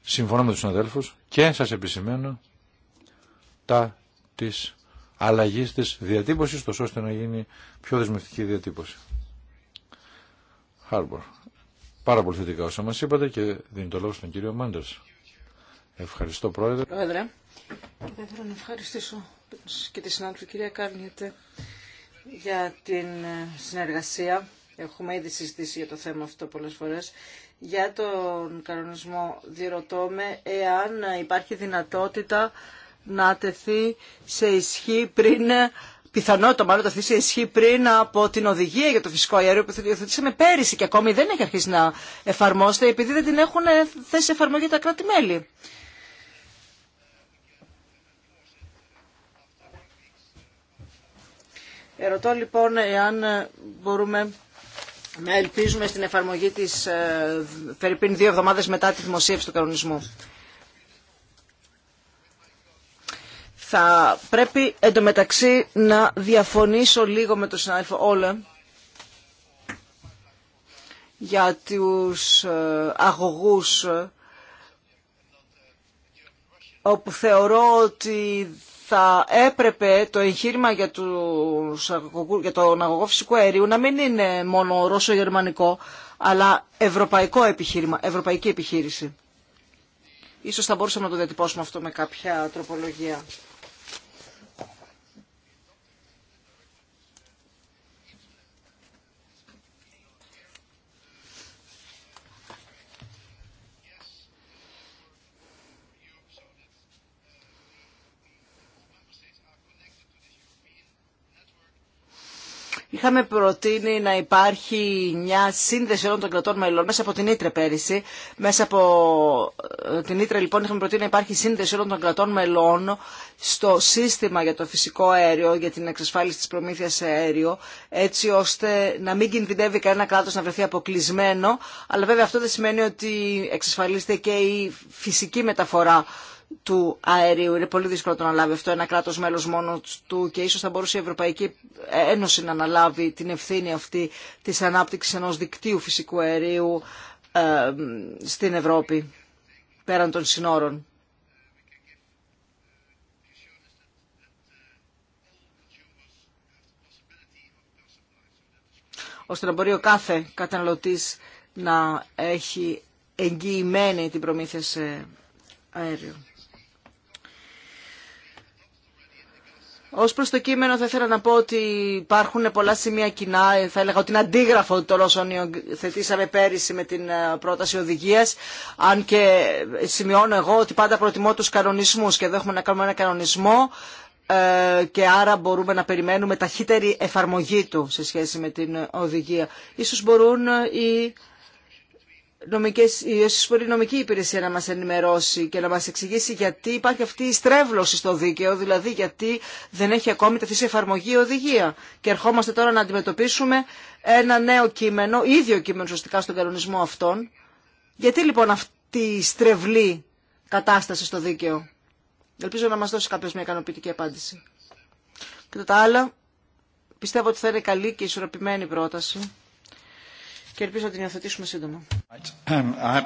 συμφωνώ με τους συναδέλφους και σας επισημαίνω τα της αλλαγής της διατύπωσης, τόσο ώστε να γίνει πιο δεσμευτική διατύπωση. Harbor. Πάρα πολύ θετικά όσα μας είπατε και δίνει το λόγο στον κύριο Μάντερς. Ευχαριστώ πρόεδρε. Πρόεδρε, και θα ήθελα να ευχαριστήσω και τη συνάδελφη κυρία Κάρνιετε για την ε, συνεργασία. Έχουμε ήδη συζητήσει για το θέμα αυτό πολλές φορές. Για τον κανονισμό διερωτώμε εάν υπάρχει δυνατότητα να τεθεί σε ισχύ πριν ε, πιθανότητα μάλλον το θέσει ισχύει πριν από την οδηγία για το φυσικό αέριο που υιοθετήσαμε πέρυσι και ακόμη δεν έχει αρχίσει να εφαρμόστε επειδή δεν την έχουν θέσει εφαρμογή τα κράτη-μέλη. Ερωτώ λοιπόν εάν μπορούμε να ελπίζουμε στην εφαρμογή της περίπου ε, δύο εβδομάδες μετά τη δημοσίευση του κανονισμού. Θα πρέπει εντωμεταξύ να διαφωνήσω λίγο με τον συνάδελφο Όλε για τους ε, αγωγούς ε, όπου θεωρώ ότι θα έπρεπε το εγχείρημα για, τους, για τον αγωγό φυσικού αερίου να μην είναι μόνο ρώσο-γερμανικό, αλλά ευρωπαϊκό επιχείρημα, ευρωπαϊκή επιχείρηση. Ίσως θα μπορούσαμε να το διατυπώσουμε αυτό με κάποια τροπολογία. Είχαμε προτείνει να υπάρχει μια σύνδεση όλων των κρατών μελών μέσα από την Ήτρε πέρυσι. Μέσα από ε, την Ήτρε λοιπόν είχαμε προτείνει να υπάρχει σύνδεση όλων των κρατών μελών στο σύστημα για το φυσικό αέριο, για την εξασφάλιση της προμήθειας σε αέριο, έτσι ώστε να μην κινδυνεύει κανένα κράτος να βρεθεί αποκλεισμένο. Αλλά βέβαια αυτό δεν σημαίνει ότι εξασφαλίζεται και η φυσική μεταφορά του αερίου. Είναι πολύ δύσκολο το να λάβει αυτό ένα κράτος μέλος μόνο του και ίσως θα μπορούσε η Ευρωπαϊκή Ένωση να αναλάβει την ευθύνη αυτή της ανάπτυξης ενός δικτύου φυσικού αερίου ε, στην Ευρώπη, πέραν των συνόρων. ώστε να μπορεί ο κάθε καταναλωτής να έχει εγγυημένη την προμήθεια σε αέριο. Ω προ το κείμενο θα ήθελα να πω ότι υπάρχουν πολλά σημεία κοινά. Θα έλεγα ότι είναι αντίγραφο των όσων θετήσαμε πέρυσι με την ε, πρόταση οδηγία. Αν και σημειώνω εγώ ότι πάντα προτιμώ του κανονισμού και εδώ έχουμε να κάνουμε ένα κανονισμό ε, και άρα μπορούμε να περιμένουμε ταχύτερη εφαρμογή του σε σχέση με την οδηγία. Ίσως μπορούν ε, οι νομικές, η νομική υπηρεσία να μας ενημερώσει και να μας εξηγήσει γιατί υπάρχει αυτή η στρέβλωση στο δίκαιο, δηλαδή γιατί δεν έχει ακόμη τεθεί σε εφαρμογή η οδηγία. Και ερχόμαστε τώρα να αντιμετωπίσουμε ένα νέο κείμενο, ίδιο κείμενο σωστικά στον κανονισμό αυτων Γιατί λοιπόν αυτή η στρεβλή κατάσταση στο δίκαιο. Ελπίζω να μας δώσει κάποιος μια ικανοποιητική απάντηση. Και τα άλλα, πιστεύω ότι θα είναι καλή και ισορροπημένη πρόταση και ελπίζω να την υιοθετήσουμε σύντομα. Um,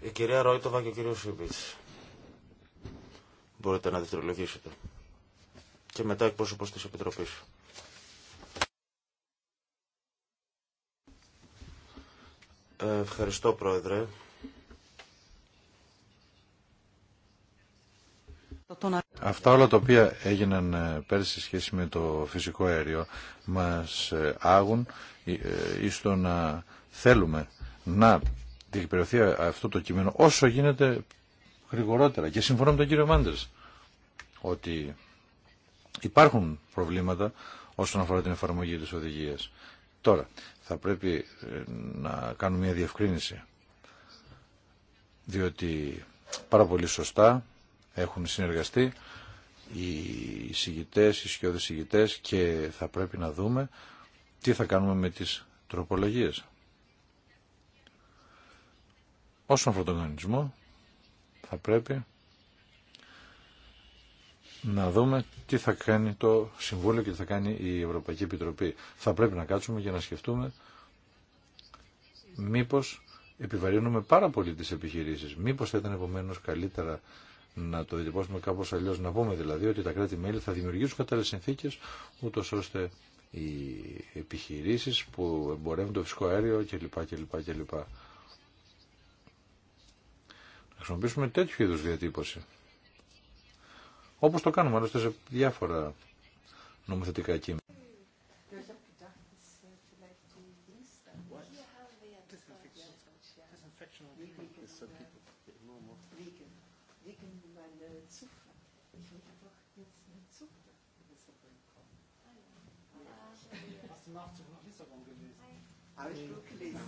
Η κυρία Ρόιτοβα και ο κύριος Σίβιτς. Μπορείτε να δευτερολογήσετε. Και μετά εκπρόσωπος της Επιτροπής. Ε, ευχαριστώ, Πρόεδρε. Αυτά όλα τα οποία έγιναν ε, πέρσι σε σχέση με το φυσικό αέριο μας ε, άγουν ίστο ε, να θέλουμε να διεκπαιρεωθεί αυτό το κείμενο όσο γίνεται γρηγορότερα. Και συμφωνώ με τον κύριο Μάντερς ότι υπάρχουν προβλήματα όσον αφορά την εφαρμογή της οδηγίας. Τώρα, θα πρέπει να κάνουμε μια διευκρίνηση, διότι πάρα πολύ σωστά έχουν συνεργαστεί οι συγητές, οι σκιώδες συγητές και θα πρέπει να δούμε τι θα κάνουμε με τις τροπολογίες. Όσον αφορά τον κανονισμό, θα πρέπει να δούμε τι θα κάνει το Συμβούλιο και τι θα κάνει η Ευρωπαϊκή Επιτροπή. Θα πρέπει να κάτσουμε και να σκεφτούμε μήπως επιβαρύνουμε πάρα πολύ τις επιχειρήσεις. Μήπως θα ήταν επομένως καλύτερα να το διατυπώσουμε κάπως αλλιώς, να πούμε δηλαδή ότι τα κράτη-μέλη θα δημιουργήσουν κατάλληλες συνθήκες, ούτως ώστε οι επιχειρήσεις που εμπορεύουν το φυσικό αέριο κλπ. κλπ, κλπ. Να χρησιμοποιήσουμε τέτοιου είδους διατύπωση. Όπως το κάνουμε άλλωστε σε διάφορα νομοθετικά κείμενα. 1986 nach Lissabon gewesen. Habe ich gut gelesen.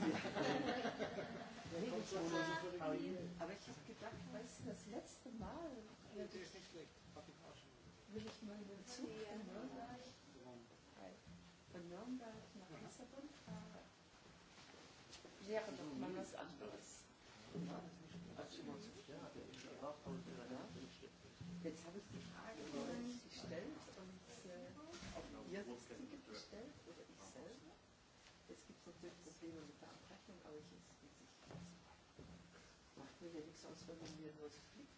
Aber ich habe gedacht, was ist das letzte Mal? Ja, die ist nicht schlecht. Will ich mal in den Zug von Nürnberg, von Nürnberg nach Lissabon fahren? Wäre doch mal was anderes. Jetzt habe ich die Frage, die ich gestellt und auf ihr sie gestellt selber. Jetzt gibt natürlich Probleme mit der Abrechnung, aber ich expliziere es. Macht mir ja nichts aus, wenn man mir nur das Fliegt.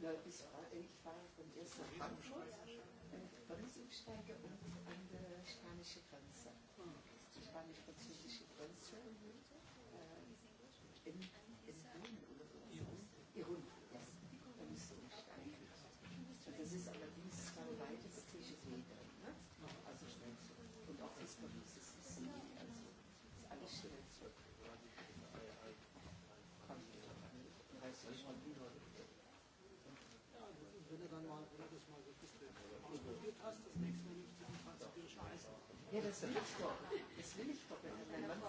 Na, ich war von erst nach Frankfurt, Paris umsteige und an der spanischen Grenze. Die spanisch-französische Grenze. In Ja, das will ich doch. Das will ich doch. Wenn mein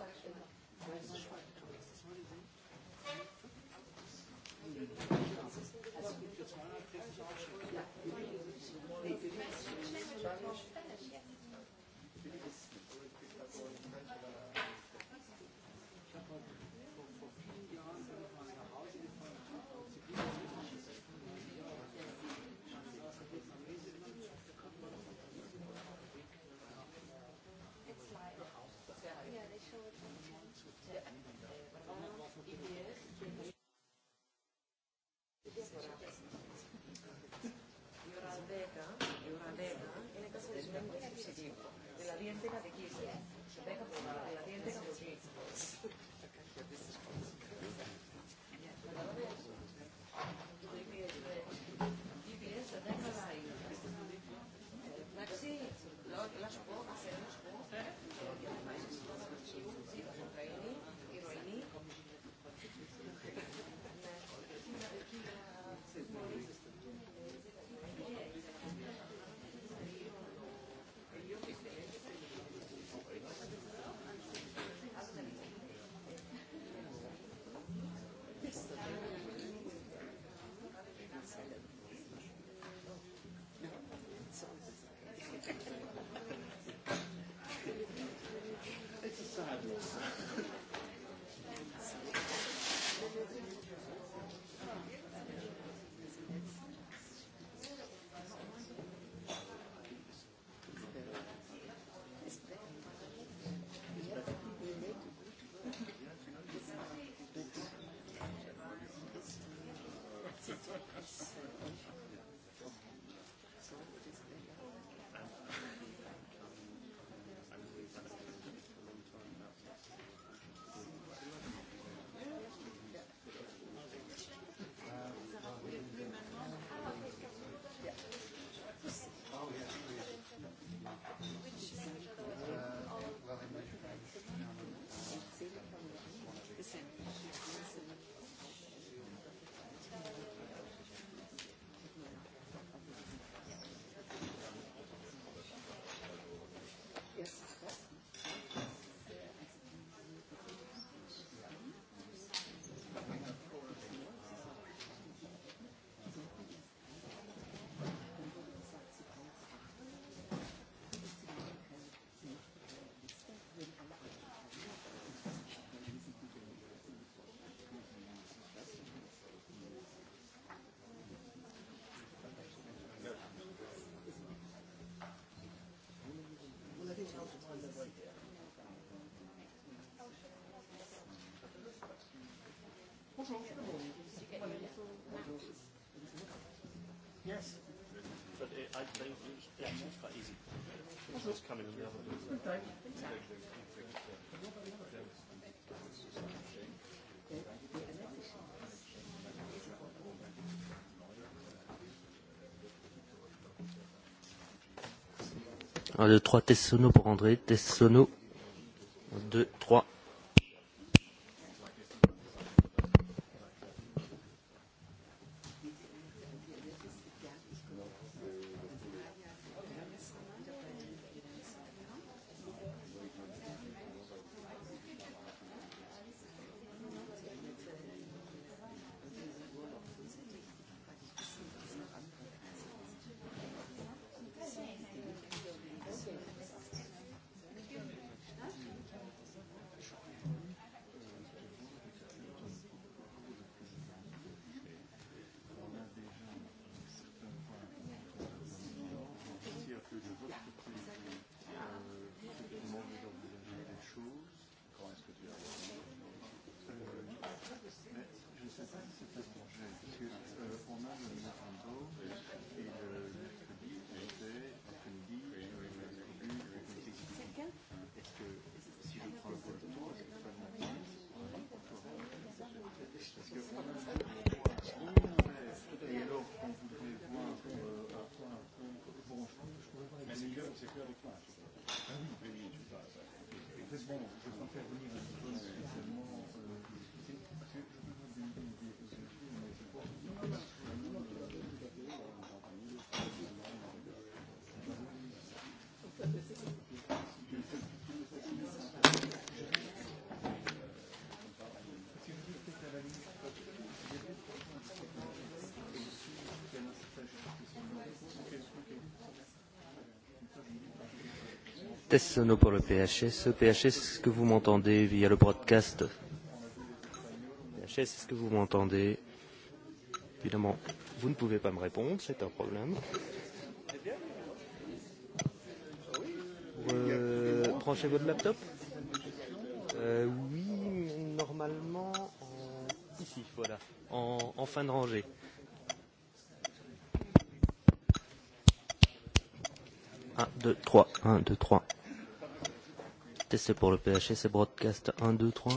Δηλαδή 11 Yes. But I think test sono pour André, test sono. test sono pour le PHS. PHS, est-ce que vous m'entendez via le broadcast PHS, est-ce que vous m'entendez Évidemment, vous ne pouvez pas me répondre, c'est un problème. Euh, branchez votre laptop euh, Oui, normalement, en... ici, voilà, en, en fin de rangée. Un, 2 3 1 2 3 c'est pour le PHS c'est broadcast 1, 2, 3.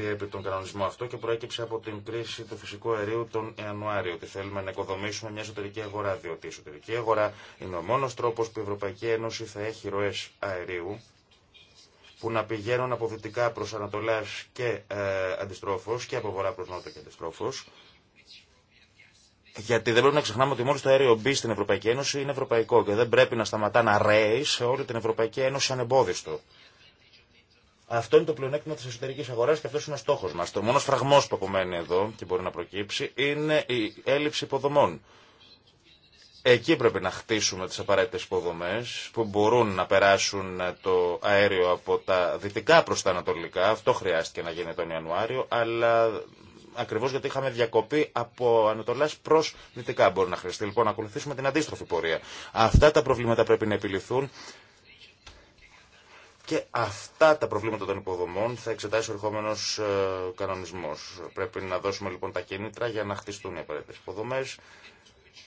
διέπει τον κανονισμό αυτό και προέκυψε από την κρίση του φυσικού αερίου τον Ιανουάριο. Ότι θέλουμε να οικοδομήσουμε μια εσωτερική αγορά, διότι η εσωτερική αγορά είναι ο μόνο τρόπο που η Ευρωπαϊκή Ένωση θα έχει ροέ αερίου που να πηγαίνουν από δυτικά προ Ανατολά και ε, αντιστρόφω και από βορρά προ Νότο και αντιστρόφω. Γιατί δεν πρέπει να ξεχνάμε ότι μόλι το αέριο μπει στην Ευρωπαϊκή Ένωση είναι ευρωπαϊκό και δεν πρέπει να σταματά να ρέει σε όλη την Ευρωπαϊκή Ένωση ανεμπόδιστο. Αυτό είναι το πλεονέκτημα τη εσωτερική αγορά και αυτό είναι ο στόχο μα. Το μόνο φραγμό που απομένει εδώ και μπορεί να προκύψει είναι η έλλειψη υποδομών. Εκεί πρέπει να χτίσουμε τι απαραίτητε υποδομέ που μπορούν να περάσουν το αέριο από τα δυτικά προ τα ανατολικά. Αυτό χρειάστηκε να γίνει τον Ιανουάριο, αλλά ακριβώ γιατί είχαμε διακοπή από ανατολά προ δυτικά μπορεί να χρειαστεί. Λοιπόν, να ακολουθήσουμε την αντίστροφη πορεία. Αυτά τα προβλήματα πρέπει να επιληθούν και αυτά τα προβλήματα των υποδομών θα εξετάσει ο ερχόμενο ε, κανονισμό. Πρέπει να δώσουμε λοιπόν τα κίνητρα για να χτιστούν οι απαραίτητε υποδομέ,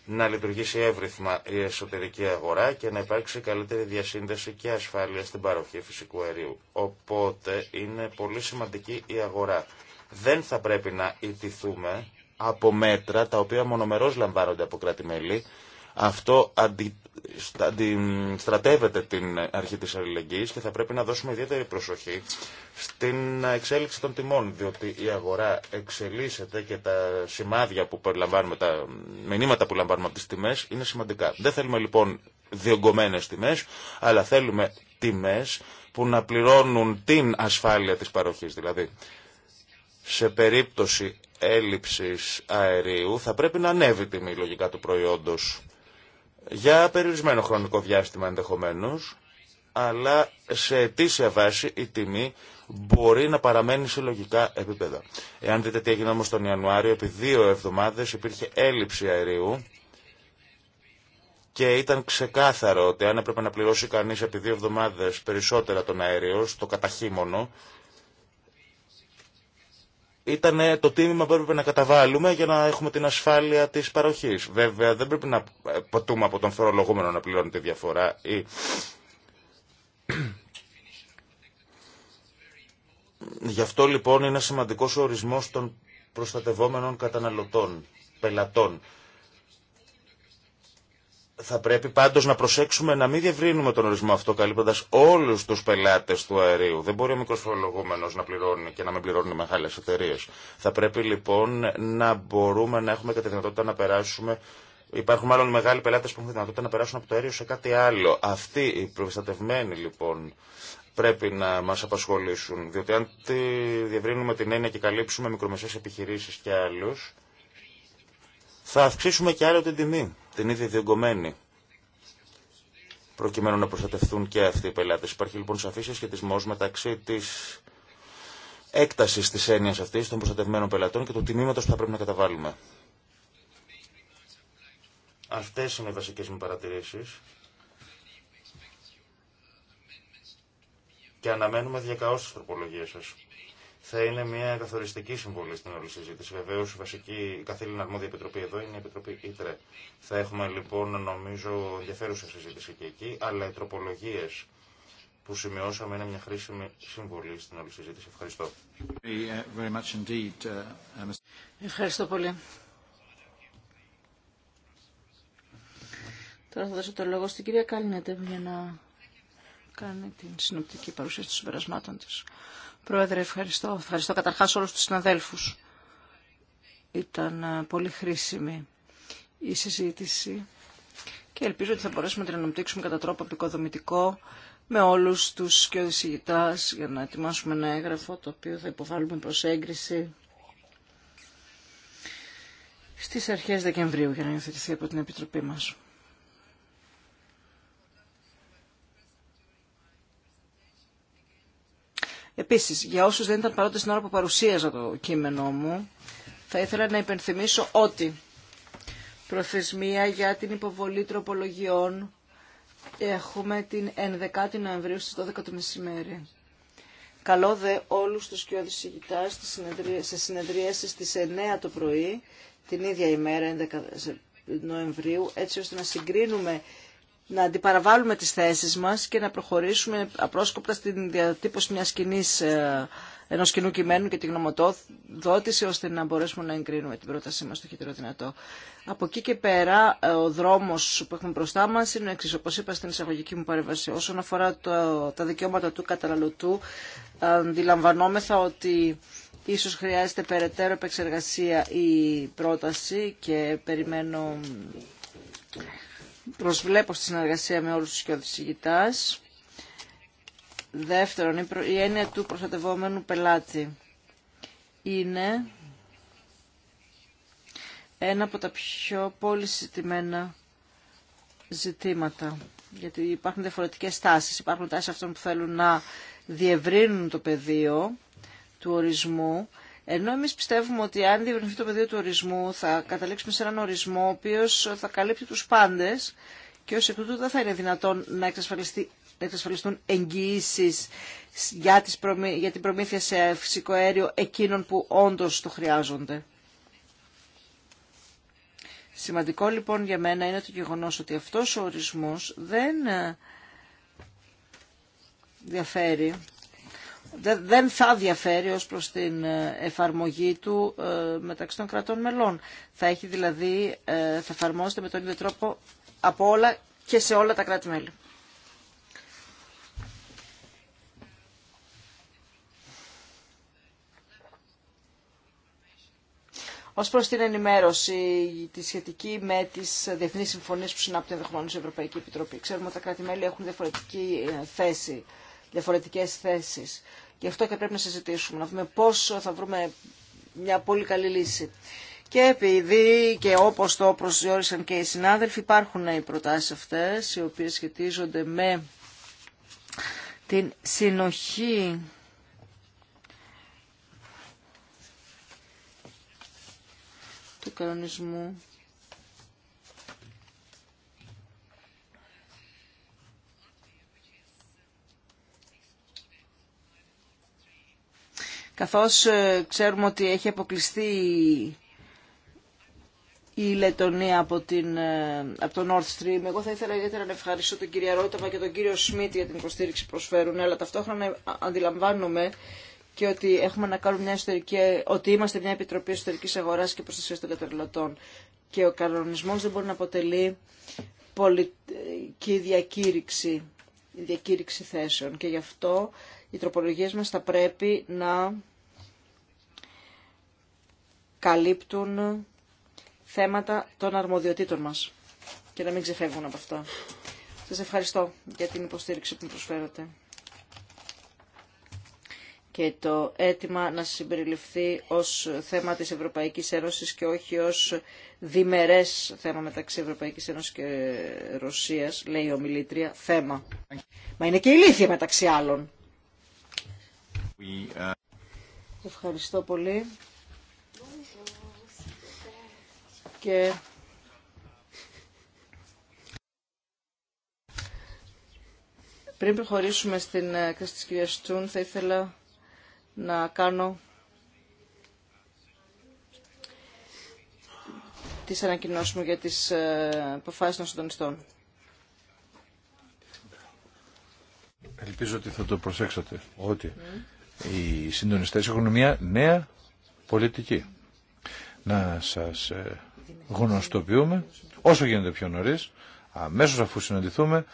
να λειτουργήσει εύρυθμα η εσωτερική αγορά και να υπάρξει καλύτερη διασύνδεση και ασφάλεια στην παροχή φυσικού αερίου. Οπότε είναι πολύ σημαντική η αγορά. Δεν θα πρέπει να ιτηθούμε από μέτρα τα οποία μονομερώς λαμβάνονται από κράτη-μέλη. Αυτό αντι στρατεύεται την αρχή της αλληλεγγύης και θα πρέπει να δώσουμε ιδιαίτερη προσοχή στην εξέλιξη των τιμών, διότι η αγορά εξελίσσεται και τα σημάδια που περιλαμβάνουμε, τα μηνύματα που λαμβάνουμε από τις τιμές είναι σημαντικά. Δεν θέλουμε λοιπόν διωγγωμένες τιμές, αλλά θέλουμε τιμές που να πληρώνουν την ασφάλεια της παροχής. Δηλαδή, σε περίπτωση έλλειψης αερίου θα πρέπει να ανέβει τιμή λογικά του προϊόντος για περιορισμένο χρονικό διάστημα ενδεχομένω, αλλά σε αιτήσια βάση η τιμή μπορεί να παραμένει σε λογικά επίπεδα. Εάν δείτε τι έγινε όμως τον Ιανουάριο, επί δύο εβδομάδες υπήρχε έλλειψη αερίου και ήταν ξεκάθαρο ότι αν έπρεπε να πληρώσει κανείς επί δύο εβδομάδες περισσότερα τον αέριο, στο καταχύμωνο, ήταν το τίμημα που έπρεπε να καταβάλουμε για να έχουμε την ασφάλεια της παροχή. Βέβαια δεν πρέπει να πατούμε από τον φορολογούμενο να πληρώνει τη διαφορά ή... Γι' αυτό λοιπόν είναι σημαντικός ο ορισμός των προστατευόμενων καταναλωτών, πελατών. Θα πρέπει πάντω να προσέξουμε να μην διευρύνουμε τον ορισμό αυτό καλύπτοντα όλου του πελάτε του αερίου. Δεν μπορεί ο μικρό φορολογούμενο να πληρώνει και να μην πληρώνει μεγάλε εταιρείε. Θα πρέπει λοιπόν να μπορούμε να έχουμε και τη δυνατότητα να περάσουμε Υπάρχουν μάλλον μεγάλοι πελάτε που έχουν τη δυνατότητα να περάσουν από το αέριο σε κάτι άλλο. Αυτοί οι προστατευμένοι λοιπόν πρέπει να μα απασχολήσουν. Διότι αν τη διευρύνουμε την έννοια και καλύψουμε μικρομεσαίε επιχειρήσει και άλλου, θα αυξήσουμε και άλλο την τιμή την ίδια διωγγωμένη προκειμένου να προστατευτούν και αυτοί οι πελάτες. Υπάρχει λοιπόν σαφή σχετισμός μεταξύ της έκτασης της έννοιας αυτής των προστατευμένων πελατών και του τιμήματος που θα πρέπει να καταβάλουμε. Αυτές είναι οι βασικές μου παρατηρήσεις. Και αναμένουμε διακαώσεις τις τροπολογίες σας θα είναι μια καθοριστική συμβολή στην όλη συζήτηση. Βεβαίω, η βασική καθήλυνα αρμόδια επιτροπή εδώ είναι η Επιτροπή Ήτρε. Θα έχουμε λοιπόν, νομίζω, ενδιαφέρουσα συζήτηση και εκεί, αλλά οι τροπολογίε που σημειώσαμε είναι μια χρήσιμη συμβολή στην όλη συζήτηση. Ευχαριστώ. Uh, uh, Ευχαριστώ πολύ. Τώρα θα δώσω το λόγο στην κυρία Κάλινετε για να κάνει την συνοπτική παρουσίαση των συμπερασμάτων της. Πρόεδρε, ευχαριστώ. Ευχαριστώ καταρχάς όλους τους συναδέλφους. Ήταν ε, πολύ χρήσιμη η συζήτηση και ελπίζω ότι θα μπορέσουμε να την αναπτύξουμε κατά τρόπο επικοδομητικό με όλους τους και οδησηγητάς για να ετοιμάσουμε ένα έγγραφο το οποίο θα υποβάλουμε προς έγκριση στις αρχές Δεκεμβρίου για να υιοθετηθεί από την Επιτροπή μας. Επίσης, για όσους δεν ήταν παρόντες την ώρα που παρουσίαζα το κείμενό μου, θα ήθελα να υπενθυμίσω ότι προθεσμία για την υποβολή τροπολογιών έχουμε την 11η Νοεμβρίου στις 12 το μεσημέρι. Καλό δε όλους τους και ηγητάς σε συνεδρίαση στις 9 το πρωί, την ίδια ημέρα 11 Νοεμβρίου, έτσι ώστε να συγκρίνουμε να αντιπαραβάλουμε τις θέσεις μας και να προχωρήσουμε απρόσκοπτα στην διατύπωση μιας κοινής, ε, ενός κοινού κειμένου και τη γνωμοδότηση ώστε να μπορέσουμε να εγκρίνουμε την πρότασή μας το χειρότερο δυνατό. Από εκεί και πέρα ε, ο δρόμος που έχουμε μπροστά μας είναι εξής, όπως είπα στην εισαγωγική μου παρέμβαση. Όσον αφορά το, τα δικαιώματα του καταναλωτού, αντιλαμβανόμεθα ότι ίσως χρειάζεται περαιτέρω επεξεργασία η πρόταση και περιμένω προσβλέπω στη συνεργασία με όλους τους κοιοδησηγητάς. Δεύτερον, η έννοια του προστατευόμενου πελάτη είναι ένα από τα πιο πολύ συζητημένα ζητήματα. Γιατί υπάρχουν διαφορετικές τάσεις. Υπάρχουν τάσεις αυτών που θέλουν να διευρύνουν το πεδίο του ορισμού ενώ εμεί πιστεύουμε ότι αν διευρυνθεί το πεδίο του ορισμού θα καταλήξουμε σε έναν ορισμό ο οποίο θα καλύπτει του πάντε και ω εκ τούτου δεν θα είναι δυνατόν να εξασφαλιστούν εγγυήσει για, για την προμήθεια σε φυσικό αέριο εκείνων που όντω το χρειάζονται. Σημαντικό λοιπόν για μένα είναι το γεγονός ότι αυτός ο ορισμός δεν ε, διαφέρει δεν θα διαφέρει ως προς την ε, εφαρμογή του ε, μεταξύ των κρατών μελών. Θα έχει δηλαδή, ε, θα εφαρμόζεται με τον ίδιο τρόπο από όλα και σε όλα τα κράτη-μέλη. Ως προς την ενημέρωση, τη σχετική με τις διεθνεί συμφωνίες που συνάπτει ενδεχομένω η Ευρωπαϊκή Επιτροπή. Ξέρουμε ότι τα κράτη-μέλη έχουν διαφορετική θέση, διαφορετικέ θέσει. Γι' αυτό και πρέπει να συζητήσουμε, να δούμε πόσο θα βρούμε μια πολύ καλή λύση. Και επειδή και όπως το προσδιορίσαν και οι συνάδελφοι υπάρχουν οι προτάσεις αυτές οι οποίες σχετίζονται με την συνοχή του κανονισμού καθώς ε, ξέρουμε ότι έχει αποκλειστεί η Λετωνία από, την, ε, από το North Stream. Εγώ θα ήθελα ιδιαίτερα να ευχαριστήσω τον κύριο Ρόταβα και τον κύριο Σμίτ για την υποστήριξη που προσφέρουν, αλλά ταυτόχρονα αντιλαμβάνουμε και ότι, έχουμε να κάνουμε μια ιστορική, ότι είμαστε μια επιτροπή εσωτερικής αγοράς και προστασίας των καταναλωτών. Και ο κανονισμός δεν μπορεί να αποτελεί πολιτική διακήρυξη, διακήρυξη θέσεων. Και γι' αυτό οι τροπολογίες μας θα πρέπει να καλύπτουν θέματα των αρμοδιοτήτων μας και να μην ξεφεύγουν από αυτά. Σας ευχαριστώ για την υποστήριξη που μου προσφέρατε και το αίτημα να συμπεριληφθεί ως θέμα της Ευρωπαϊκής Ένωσης και όχι ως διμερές θέμα μεταξύ Ευρωπαϊκής Ένωσης και Ρωσίας, λέει ο ομιλήτρια, θέμα. Μα είναι και ηλίθεια μεταξύ άλλων. Uh, Ευχαριστώ πολύ. Και... Πριν προχωρήσουμε στην ε, έκθεση της κυρίας Τσούν, θα ήθελα να κάνω τις ανακοινώσεις μου για τις ε, αποφάσεις των συντονιστών. Ελπίζω ότι θα το προσέξατε, ότι οι συντονιστές έχουν μια νέα πολιτική. Να σας ε, γνωστοποιούμε όσο γίνεται πιο νωρίς, αμέσως αφού συναντηθούμε,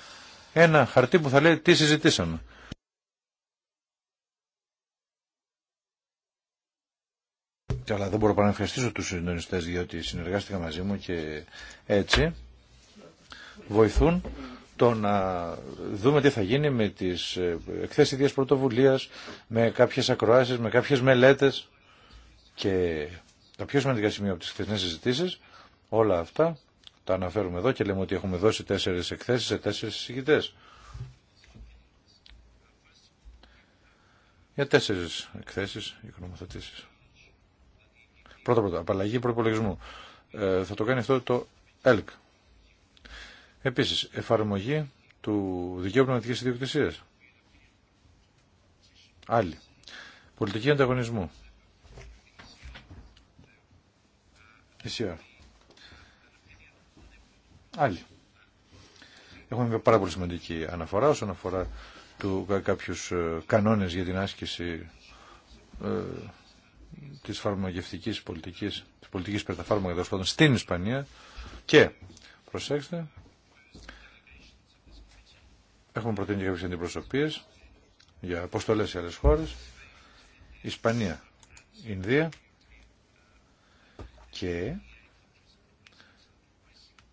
ένα χαρτί που θα λέει τι συζητήσαμε. Αλλά δεν μπορώ παρά να ευχαριστήσω τους συντονιστές διότι συνεργάστηκα μαζί μου και έτσι βοηθούν το να δούμε τι θα γίνει με τις ε, εκθέσεις ιδίας πρωτοβουλίας, με κάποιες ακροάσεις, με κάποιες μελέτες και τα πιο σημαντικά σημεία από τις χθεσινές συζητήσει, όλα αυτά τα αναφέρουμε εδώ και λέμε ότι έχουμε δώσει τέσσερις εκθέσεις σε τέσσερις συζητητές. Για τέσσερις εκθέσεις οικονομοθετήσεις. Πρώτα πρώτα, απαλλαγή προπολογισμού. Ε, θα το κάνει αυτό το ΕΛΚ. Επίσης, εφαρμογή του δικαίου πνευματική ιδιοκτησίας. Άλλη. Πολιτική ανταγωνισμού. PCR. Άλλη. Έχουμε μια πάρα πολύ σημαντική αναφορά όσον αφορά του κάποιους ε, κανόνες για την άσκηση ε, της φαρμακευτικής πολιτικής, της πολιτικής περί στην Ισπανία και προσέξτε Έχουμε προτείνει και αντιπροσωπείε για αποστολέ σε άλλε χώρες. Ισπανία, Ινδία και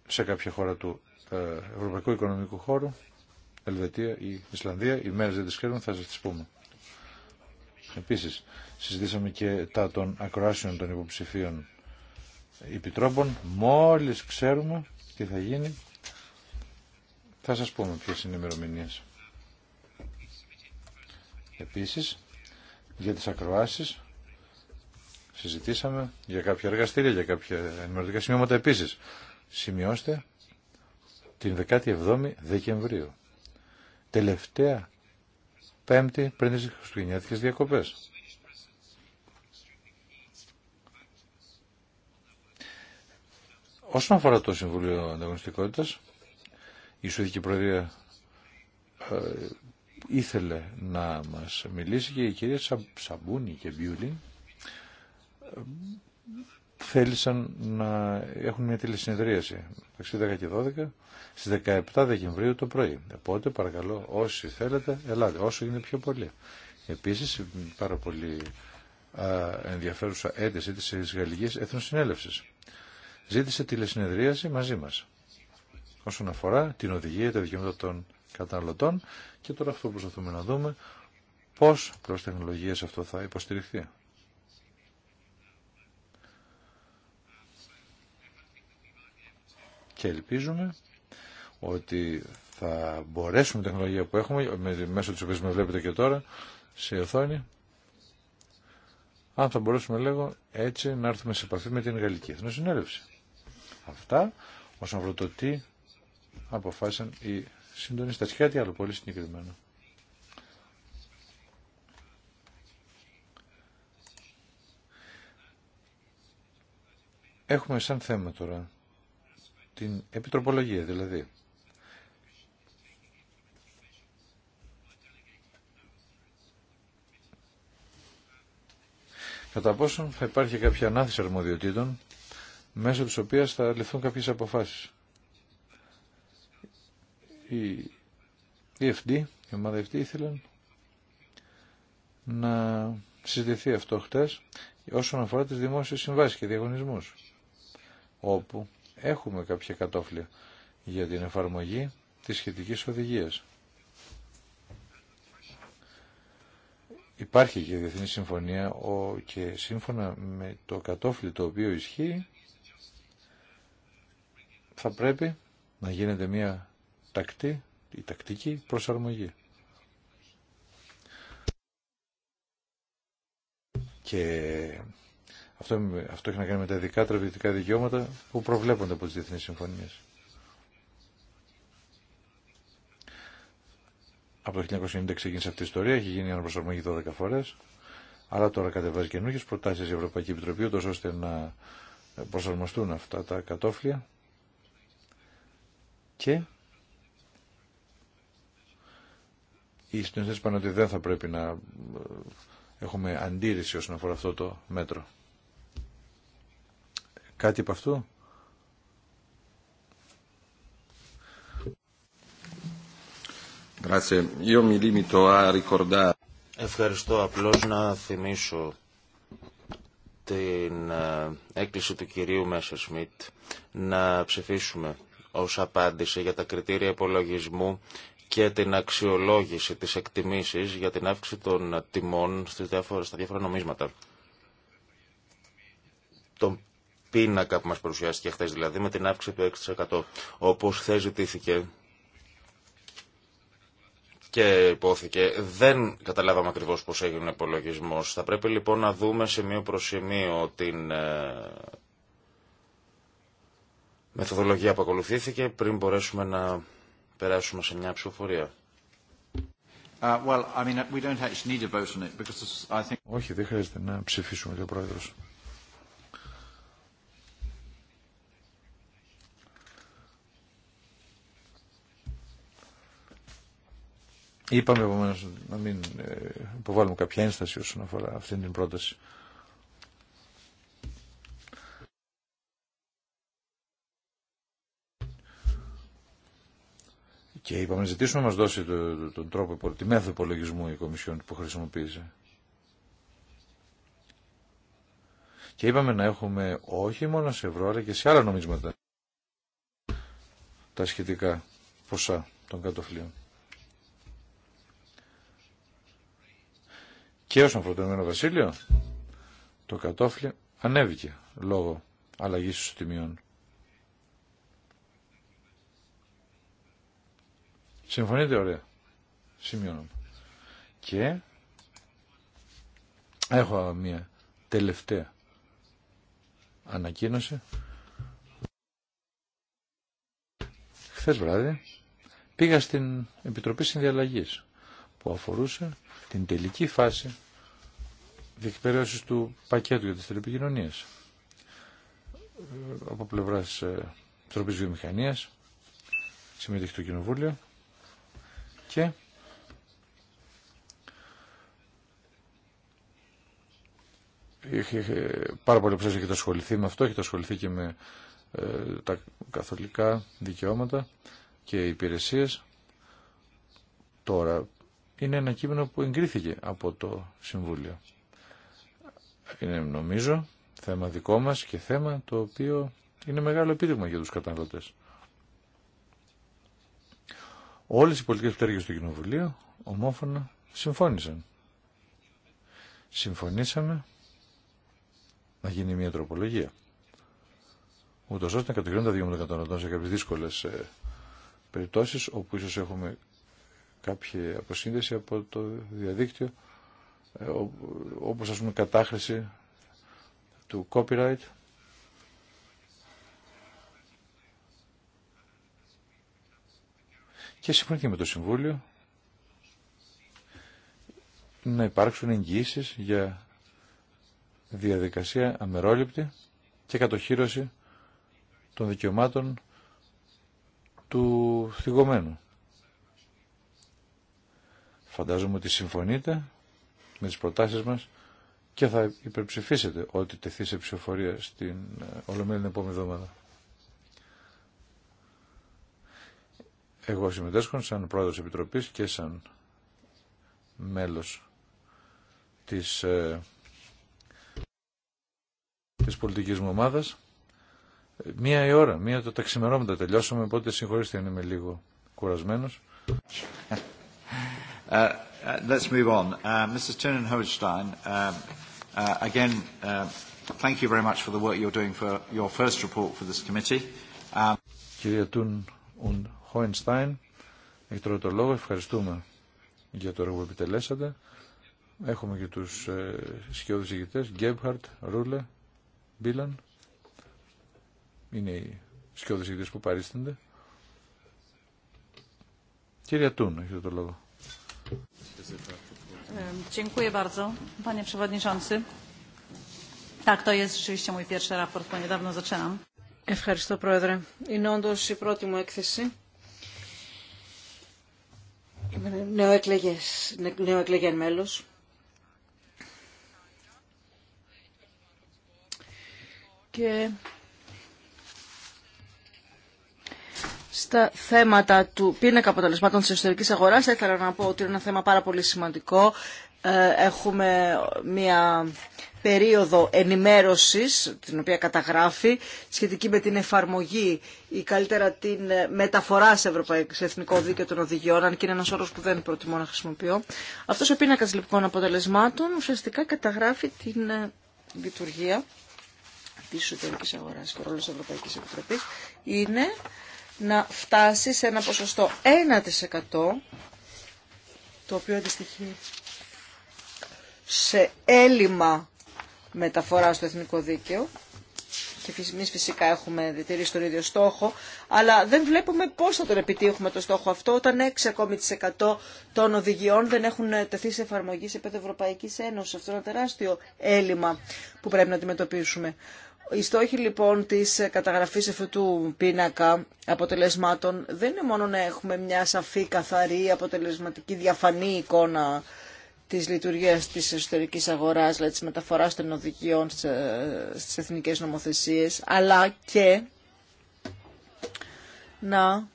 σε κάποια χώρα του ε, Ευρωπαϊκού Οικονομικού Χώρου, Ελβετία ή Ισλανδία, οι μέρες δεν τις ξέρουν, θα σα τις πούμε. Επίση, συζητήσαμε και τα των ακροάσεων των υποψηφίων επιτρόπων. μόλι ξέρουμε τι θα γίνει, θα σας πούμε ποιες είναι οι ημερομηνίες. Επίσης, για τις ακροάσεις συζητήσαμε για κάποια εργαστήρια, για κάποια ενημερωτικά σημειώματα επίσης. Σημειώστε την 17η Δεκεμβρίου. Τελευταία Πέμπτη πριν τις Χριστουγεννιάτικες διακοπές. Όσον αφορά το Συμβουλίο Ανταγωνιστικότητας, η Σουηδική Προεδρία ε, ήθελε να μας μιλήσει και η κυρία Σαμπούνι και Μπιούλιν ε, θέλησαν να έχουν μια τηλεσυνεδρίαση μεταξύ 10 και 12 στις 17 Δεκεμβρίου το πρωί. Οπότε παρακαλώ όσοι θέλετε ελάτε, όσο είναι πιο πολύ. Επίσης πάρα πολύ ενδιαφέρουσα έντεση της Γαλλικής Εθνοσυνέλευσης. Ζήτησε τηλεσυνεδρίαση μαζί μας όσον αφορά την οδηγία, τα δικαιώματα των καταναλωτών και τώρα αυτό που προσπαθούμε να δούμε πώς προς τεχνολογίες αυτό θα υποστηριχθεί. Και ελπίζουμε ότι θα μπορέσουμε τεχνολογία που έχουμε, μέσω της οποίας με βλέπετε και τώρα, σε οθόνη, αν θα μπορέσουμε λέγω έτσι να έρθουμε σε επαφή με την Γαλλική Εθνοσυνέλευση. Αυτά όσον αφορά το τι αποφάσισαν οι συντονιστές. Κάτι άλλο πολύ συγκεκριμένο. Έχουμε σαν θέμα τώρα την επιτροπολογία δηλαδή. Κατά πόσον θα υπάρχει κάποια ανάθεση αρμοδιοτήτων μέσω της οποίας θα ληφθούν κάποιες αποφάσεις η EFD, η ομάδα ήθελαν να συζητηθεί αυτό χτες όσον αφορά τις δημόσιες συμβάσεις και διαγωνισμούς όπου έχουμε κάποια κατόφλια για την εφαρμογή της σχετικής οδηγίας. Υπάρχει και διεθνή συμφωνία ο, και σύμφωνα με το κατόφλι το οποίο ισχύει θα πρέπει να γίνεται μια τακτή, η τακτική προσαρμογή. Και αυτό, αυτό έχει να κάνει με τα ειδικά τραβητικά δικαιώματα που προβλέπονται από τις διεθνείς συμφωνίες. Από το 1990 ξεκίνησε αυτή η ιστορία, έχει γίνει αναπροσαρμογή 12 φορές, αλλά τώρα κατεβάζει καινούργιες προτάσεις η Ευρωπαϊκή Επιτροπή, ώστε να προσαρμοστούν αυτά τα κατόφλια και οι συντονιστές είπαν ότι δεν θα πρέπει να ε, έχουμε αντίρρηση όσον αφορά αυτό το μέτρο. Κάτι από αυτού. Ευχαριστώ απλώς να θυμίσω την ε, έκκληση του κυρίου Μέσα Σμιτ να ψηφίσουμε ως απάντηση για τα κριτήρια υπολογισμού και την αξιολόγηση της εκτιμήσεις για την αύξηση των τιμών στις στα διάφορα νομίσματα. Τον πίνακα που μας παρουσιάστηκε χθες δηλαδή με την αύξηση του 6% όπως χθες ζητήθηκε και υπόθηκε. Δεν καταλάβαμε ακριβώ πώ έγινε ο υπολογισμό. Θα πρέπει λοιπόν να δούμε σημείο προ σημείο την ε, μεθοδολογία που ακολουθήθηκε πριν μπορέσουμε να περάσουμε σε μια ψηφοφορία. Όχι, δεν χρειάζεται να ψηφίσουμε, και ο Πρόεδρος. Είπαμε επομένω να μην ε, υποβάλουμε κάποια ένσταση όσον αφορά αυτή την πρόταση. Και είπαμε να ζητήσουμε να μας δώσει τον τρόπο, τη μέθοδο υπολογισμού η Κομισιόν που χρησιμοποίησε. Και είπαμε να έχουμε όχι μόνο σε ευρώ, αλλά και σε άλλα νομίσματα τα σχετικά ποσά των κατοφλίων. Και όσον αφορά βασίλειο, το κατόφλι ανέβηκε λόγω αλλαγής των τιμιών. Συμφωνείτε ωραία. Σημειώνω. Και έχω μια τελευταία ανακοίνωση. Χθε βράδυ πήγα στην Επιτροπή Συνδιαλλαγής που αφορούσε την τελική φάση διεκπαιρέωσης του πακέτου για τις τηλεπικοινωνίες ε, από πλευράς ε, Επιτροπής Βιομηχανίας συμμετείχε το Κοινοβούλιο και πάρα πολλοί από έχετε ασχοληθεί με αυτό, έχετε ασχοληθεί και με ε, τα καθολικά δικαιώματα και υπηρεσίες. Τώρα είναι ένα κείμενο που εγκρίθηκε από το Συμβούλιο. Είναι νομίζω θέμα δικό μας και θέμα το οποίο είναι μεγάλο επίδειγμα για τους καταναλωτές όλες οι πολιτικές πτέρυγες του Κοινοβουλίου ομόφωνα συμφώνησαν. Συμφωνήσαμε να γίνει μια τροπολογία. Ούτως ώστε να κατοχυρώνουν τα δύο σε κάποιες δύσκολες ε, περιπτώσεις όπου ίσως έχουμε κάποια αποσύνδεση από το διαδίκτυο ε, όπως ας πούμε κατάχρηση του copyright και συμφωνεί με το Συμβούλιο να υπάρξουν εγγυήσει για διαδικασία αμερόληπτη και κατοχύρωση των δικαιωμάτων του θυγωμένου. Φαντάζομαι ότι συμφωνείτε με τις προτάσεις μας και θα υπερψηφίσετε ό,τι τεθεί σε ψηφοφορία στην ε, ολομένη την επόμενη εβδομάδα. Εγώ συμμετέσχω σαν πρόεδρος Επιτροπής και σαν μέλος της, ε, της πολιτικής μου ομάδας. Μία η ώρα, μία το τα τελειώσαμε, οπότε συγχωρήστε αν είμαι λίγο κουρασμένος. (laughs) Uh, uh, let's move on. Uh, Mrs. Turnen Holstein, uh, uh, again, uh, thank you very much for the work you're doing for your first report for this committee. Um... Κυρία Τούν, Χόινστάιν, έχει τρώει το λόγο. Ευχαριστούμε για το έργο που επιτελέσατε. Έχουμε και τους ε, σκιώδους ηγητές, Γκέμπχαρτ, Ρούλε, Μπίλαν. Είναι οι σκιώδους ηγητές που παρίστανται. Κύριε Τούν, έχετε το λόγο. Ε, dziękuję bardzo, panie przewodniczący. Tak, to jest rzeczywiście mój pierwszy raport, bo niedawno Ευχαριστώ, Πρόεδρε. Είναι όντω η πρώτη μου έκθεση νεοεκλεγέν μέλος. Και στα θέματα του πίνακα αποτελεσμάτων της εσωτερικής αγοράς ήθελα να πω ότι είναι ένα θέμα πάρα πολύ σημαντικό. Ε, έχουμε μια περίοδο ενημέρωσης, την οποία καταγράφει, σχετική με την εφαρμογή ή καλύτερα την μεταφορά σε, ευρωπαϊκό, σε εθνικό δίκαιο των οδηγιών, αν και είναι ένας όρος που δεν προτιμώ να χρησιμοποιώ. Αυτός ο πίνακας λοιπόν αποτελεσμάτων ουσιαστικά καταγράφει την ε, λειτουργία της εσωτερικής αγοράς και ρόλος Ευρωπαϊκής Επιτροπής είναι να φτάσει σε ένα ποσοστό 1% το οποίο αντιστοιχεί σε έλλειμμα μεταφορά στο εθνικό δίκαιο και εμεί φυσικά έχουμε διατηρήσει τον ίδιο στόχο, αλλά δεν βλέπουμε πώ θα τον επιτύχουμε το στόχο αυτό όταν 6% των οδηγιών δεν έχουν τεθεί σε εφαρμογή σε επίπεδο Ευρωπαϊκή Ένωση. Αυτό είναι ένα τεράστιο έλλειμμα που πρέπει να αντιμετωπίσουμε. Οι στόχοι λοιπόν τη καταγραφή αυτού του πίνακα αποτελεσμάτων δεν είναι μόνο να έχουμε μια σαφή, καθαρή, αποτελεσματική, διαφανή εικόνα της λειτουργίας της εσωτερικής αγοράς, δηλαδή της μεταφοράς των οδηγιών στις ε, εθνικές νομοθεσίες, αλλά και να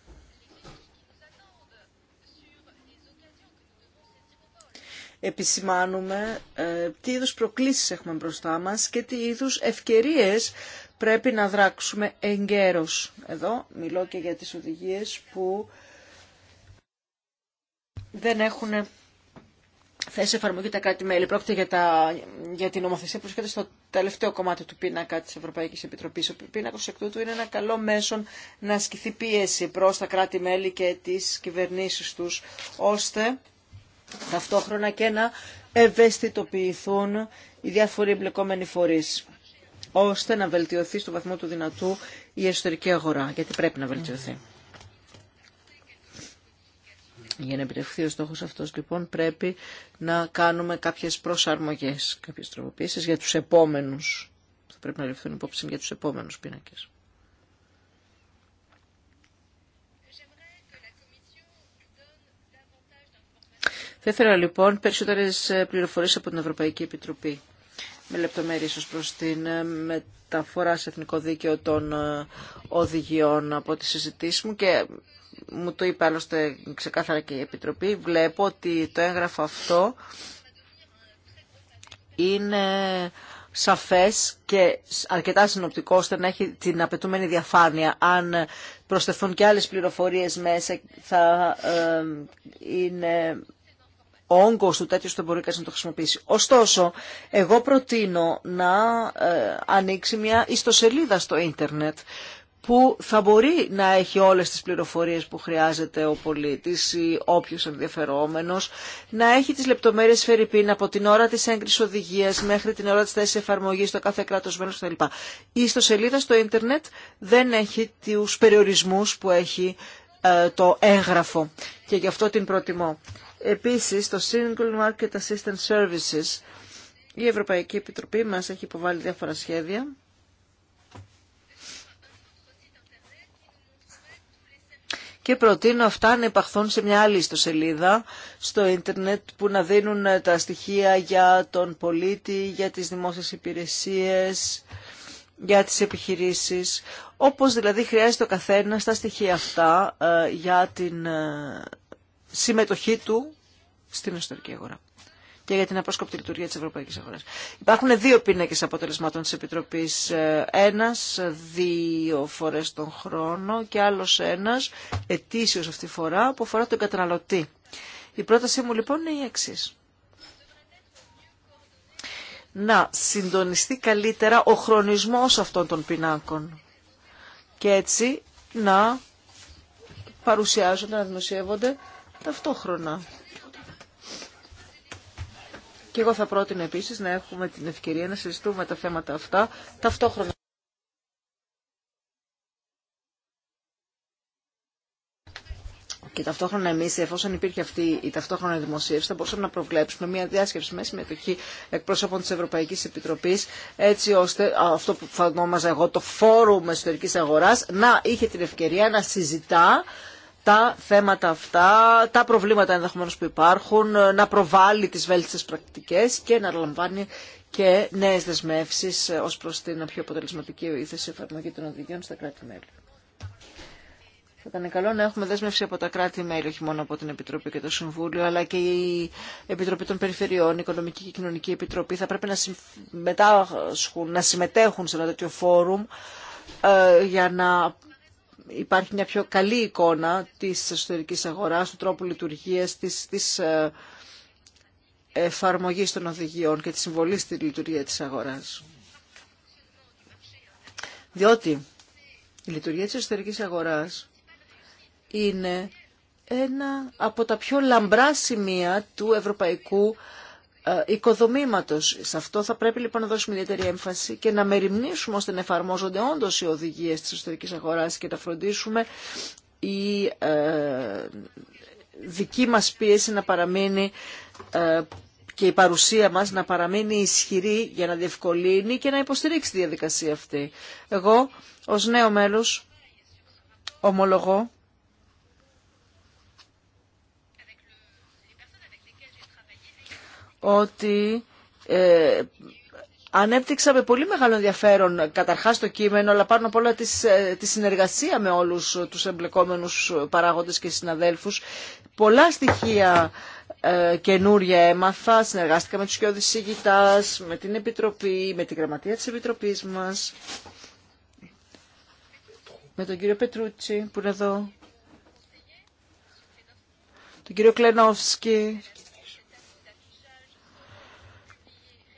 επισημάνουμε ε, τι είδους προκλήσεις έχουμε μπροστά μας και τι είδους ευκαιρίες πρέπει να δράξουμε εγκαίρως. Εδώ μιλώ και για τις οδηγίες που δεν έχουν θέσει εφαρμογή τα κράτη-μέλη. Πρόκειται για, τα, για την νομοθεσία που βρίσκεται στο τελευταίο κομμάτι του πίνακα τη Ευρωπαϊκή Επιτροπή. Ο πίνακο εκ τούτου είναι ένα καλό μέσο να ασκηθεί πίεση προ τα κράτη-μέλη και τι κυβερνήσει του, ώστε ταυτόχρονα και να ευαισθητοποιηθούν οι διάφοροι εμπλεκόμενοι φορεί ώστε να βελτιωθεί στο βαθμό του δυνατού η εσωτερική αγορά, γιατί πρέπει να βελτιωθεί. Για να επιτευχθεί ο στόχος αυτός λοιπόν πρέπει να κάνουμε κάποιες προσαρμογές, κάποιες τροποποίησεις για τους επόμενους. Θα πρέπει να ληφθούν υπόψη για τους επόμενους πίνακες. Θα ήθελα λοιπόν περισσότερες πληροφορίες από την Ευρωπαϊκή Επιτροπή με λεπτομέρειε ω προ την ε, μεταφορά σε εθνικό δίκαιο των ε, οδηγιών από τη συζητήση μου και μου το είπε άλλωστε ξεκάθαρα και η Επιτροπή, βλέπω ότι το έγγραφο αυτό είναι σαφές και αρκετά συνοπτικό ώστε να έχει την απαιτούμενη διαφάνεια. Αν προσθεθούν και άλλες πληροφορίες μέσα θα ε, είναι ο όγκος του τέτοιου μπορεί να το χρησιμοποιήσει. Ωστόσο, εγώ προτείνω να ε, ανοίξει μια ιστοσελίδα στο ίντερνετ που θα μπορεί να έχει όλες τις πληροφορίες που χρειάζεται ο πολίτης ή όποιος ενδιαφερόμενος, να έχει τις λεπτομέρειες φερρυπίν από την ώρα της έγκρισης οδηγίας μέχρι την ώρα της θέσης εφαρμογής στο κάθε κράτος μέλος κτλ. Η ιστοσελίδα στο ίντερνετ δεν έχει τους περιορισμούς που έχει ε, το έγγραφο και γι' αυτό την προτιμώ. Επίσης, το Single Market Assistance Services, η Ευρωπαϊκή Επιτροπή μας έχει υποβάλει διάφορα σχέδια και προτείνω αυτά να υπαχθούν σε μια άλλη ιστοσελίδα στο ίντερνετ που να δίνουν ε, τα στοιχεία για τον πολίτη, για τις δημόσιες υπηρεσίες, για τις επιχειρήσεις. Όπως δηλαδή χρειάζεται ο καθένα τα στοιχεία αυτά ε, για την ε, συμμετοχή του στην ιστορική αγορά και για την απρόσκοπτη λειτουργία τη Ευρωπαϊκή Αγορά. Υπάρχουν δύο πίνακε αποτελεσμάτων τη Επιτροπής. Ένας δύο φορέ τον χρόνο και άλλος ένας ετήσιος αυτή φορά που αφορά τον καταναλωτή. Η πρότασή μου λοιπόν είναι η εξή. Να συντονιστεί καλύτερα ο χρονισμός αυτών των πινάκων και έτσι να παρουσιάζονται, να δημοσιεύονται ταυτόχρονα. Και εγώ θα πρότεινα επίσης να έχουμε την ευκαιρία να συζητούμε τα θέματα αυτά ταυτόχρονα. Και ταυτόχρονα εμεί, εφόσον υπήρχε αυτή η ταυτόχρονα δημοσίευση, θα μπορούσαμε να προβλέψουμε μια διάσκεψη με συμμετοχή εκπρόσωπων τη Ευρωπαϊκή Επιτροπή, έτσι ώστε αυτό που θα ονόμαζα εγώ το Φόρουμ Εσωτερική Αγορά να είχε την ευκαιρία να συζητά τα θέματα αυτά, τα προβλήματα ενδεχομένω που υπάρχουν, να προβάλλει τις βέλτιστες πρακτικές και να λαμβάνει και νέε δεσμεύσει ω προ την πιο αποτελεσματική οίθεση εφαρμογή των οδηγιών στα κράτη-μέλη. Θα ήταν καλό να έχουμε δέσμευση από τα κράτη-μέλη, όχι μόνο από την Επιτροπή και το Συμβούλιο, αλλά και η Επιτροπή των Περιφερειών, η Οικονομική και η Κοινωνική Επιτροπή. Θα πρέπει να, συμμετάσχουν, να συμμετέχουν σε ένα τέτοιο φόρουμ ε, για να υπάρχει μια πιο καλή εικόνα της εσωτερικής αγοράς, του τρόπου λειτουργίας, της, της ε, εφαρμογής των οδηγιών και της συμβολής στη λειτουργία της αγοράς. Διότι η λειτουργία της εσωτερικής αγοράς είναι ένα από τα πιο λαμπρά σημεία του ευρωπαϊκού ε, οικοδομήματος. Σε αυτό θα πρέπει λοιπόν να δώσουμε ιδιαίτερη έμφαση και να μεριμνήσουμε ώστε να εφαρμόζονται όντω οι οδηγίες τη εσωτερική αγορά και να φροντίσουμε η ε, δική μας πίεση να παραμείνει ε, και η παρουσία μας να παραμείνει ισχυρή για να διευκολύνει και να υποστηρίξει τη διαδικασία αυτή. Εγώ ως νέο μέλος ομολογώ ότι ε, ανέπτυξα με πολύ μεγάλο ενδιαφέρον καταρχάς το κείμενο, αλλά πάνω απ' όλα της, ε, τη συνεργασία με όλους τους εμπλεκόμενους παράγοντες και συναδέλφους. Πολλά στοιχεία ε, καινούρια έμαθα, συνεργάστηκα με τους κοιόδης με την Επιτροπή, με τη Γραμματεία της Επιτροπής μας, με τον κύριο Πετρούτσι που είναι εδώ, τον κύριο Κλενόφσκι,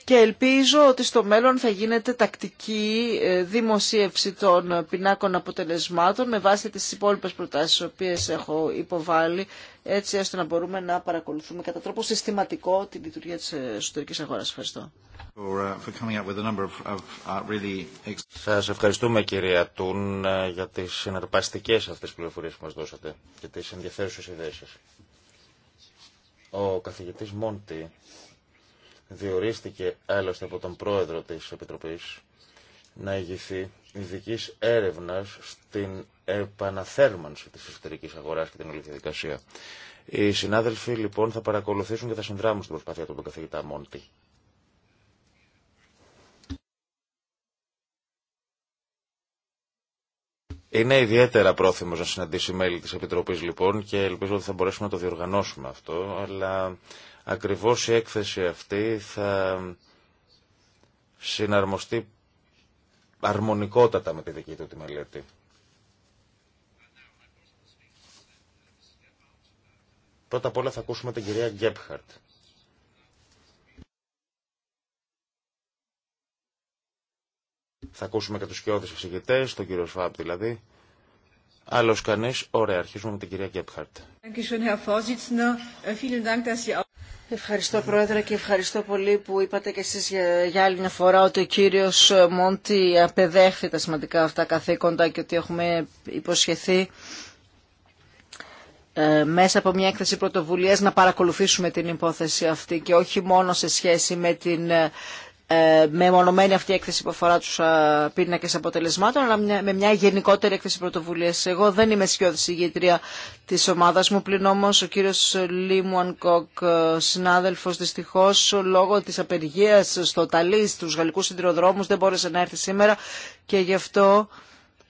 και ελπίζω ότι στο μέλλον θα γίνεται τακτική ε, δημοσίευση των ε, πινάκων αποτελεσμάτων με βάση τις υπόλοιπες προτάσεις τις οποίες έχω υποβάλει έτσι ώστε να μπορούμε να παρακολουθούμε κατά τρόπο συστηματικό τη λειτουργία της εσωτερικής αγοράς. Ευχαριστώ. Uh, uh, σας ευχαριστούμε κυρία Τούν ε, για τις συναρπαστικές αυτές πληροφορίες που μας δώσατε και τις ενδιαφέρουσες ιδέες σας. Ο καθηγητής Μόντι Διορίστηκε άλλωστε από τον πρόεδρο της Επιτροπής να ηγηθεί ειδική έρευνα στην επαναθέρμανση τη εσωτερική αγορά και την όλη διαδικασία. Οι συνάδελφοι λοιπόν θα παρακολουθήσουν και θα συνδράμουν στην προσπάθεια του τον καθηγητά Μόντι. Είναι ιδιαίτερα πρόθυμος να συναντήσει μέλη της Επιτροπής λοιπόν και ελπίζω ότι θα μπορέσουμε να το διοργανώσουμε αυτό, αλλά Ακριβώς η έκθεση αυτή θα συναρμοστεί αρμονικότατα με τη δική του τη μελέτη. Πρώτα απ' όλα θα ακούσουμε την κυρία Γκέπχαρτ. Θα ακούσουμε και τους σκιώδεις εξηγητές, τον κύριο Σφάπ δηλαδή. Άλλος κανείς. Ωραία, αρχίζουμε με την κυρία Γκέπχαρτ. Ευχαριστώ Πρόεδρε και ευχαριστώ πολύ που είπατε και εσείς για άλλη μια φορά ότι ο κύριος Μόντι απεδέχθη τα σημαντικά αυτά καθήκοντα και ότι έχουμε υποσχεθεί ε, μέσα από μια έκθεση πρωτοβουλίας να παρακολουθήσουμε την υπόθεση αυτή και όχι μόνο σε σχέση με την ε, με μονομένη αυτή η έκθεση που αφορά του ε, πίνακε αποτελεσμάτων, αλλά με μια γενικότερη έκθεση πρωτοβουλία. Εγώ δεν είμαι σκιώδη ηγετρία τη ομάδα μου, πλην όμω ο κύριο Λίμουαν Κοκ, ε, συνάδελφο, δυστυχώ λόγω τη απεργία στο Ταλί, στου γαλλικού συντηροδρόμου, δεν μπόρεσε να έρθει σήμερα και γι' αυτό.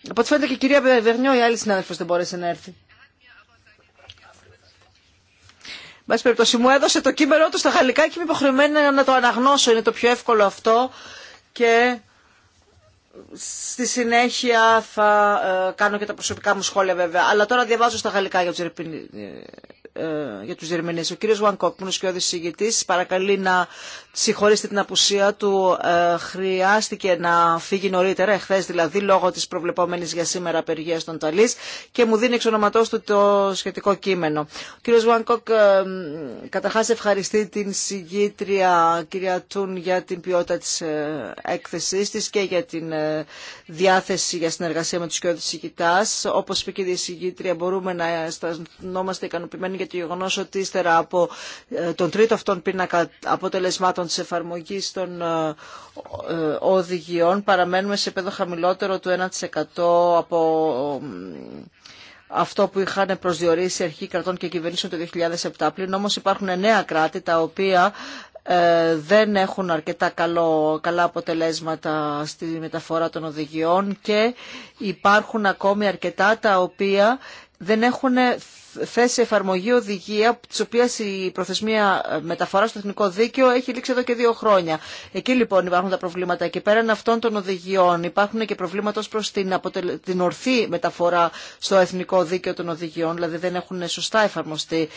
Από ό,τι φαίνεται και η κυρία Βερνιό, η άλλη συνάδελφο δεν μπόρεσε να έρθει. μάς περιπτώσει μου έδωσε το κείμενό του στα γαλλικά και είμαι υποχρεωμένη να το αναγνώσω. Είναι το πιο εύκολο αυτό και στη συνέχεια θα ε, κάνω και τα προσωπικά μου σχόλια βέβαια. Αλλά τώρα διαβάζω στα γαλλικά για τους ε, για τους διερμηνείς. Ο κύριος Βουανκόκ που είναι σκιώδης συγγητής, παρακαλεί να συγχωρήσετε την απουσία του. Ε, χρειάστηκε να φύγει νωρίτερα, εχθές δηλαδή, λόγω της προβλεπόμενης για σήμερα απεργίας των Ταλής και μου δίνει εξ ονοματός του το σχετικό κείμενο. Ο κύριος ε, καταρχάς ευχαριστεί την συγγήτρια κυρία Τούν για την ποιότητα της ε, έκθεσής της και για την διάθεση για συνεργασία με τους σκιώδης συγγητάς. Όπως είπε και η συγγήτρια, μπορούμε να αισθανόμαστε ικανοποιημένοι και το γεγονό ότι ύστερα από ε, τον τρίτο αυτόν πίνακα αποτελεσμάτων τη εφαρμογή των ε, ε, οδηγιών παραμένουμε σε επίπεδο χαμηλότερο του 1% από αυτό που είχαν προσδιορίσει αρχή κρατών και κυβερνήσεων το 2007. Πλην όμως υπάρχουν νέα κράτη τα οποία δεν έχουν αρκετά καλό, καλά αποτελέσματα στη μεταφορά των οδηγιών και υπάρχουν ακόμη αρκετά τα οποία δεν έχουν θέσει εφαρμογή οδηγία, τη οποία η προθεσμία ε, μεταφορά στο εθνικό δίκαιο έχει λήξει εδώ και δύο χρόνια. Εκεί λοιπόν υπάρχουν τα προβλήματα και πέραν αυτών των οδηγιών υπάρχουν και προβλήματα ω προ την, την ορθή μεταφορά στο εθνικό δίκαιο των οδηγιών, δηλαδή δεν έχουν σωστά εφαρμοστεί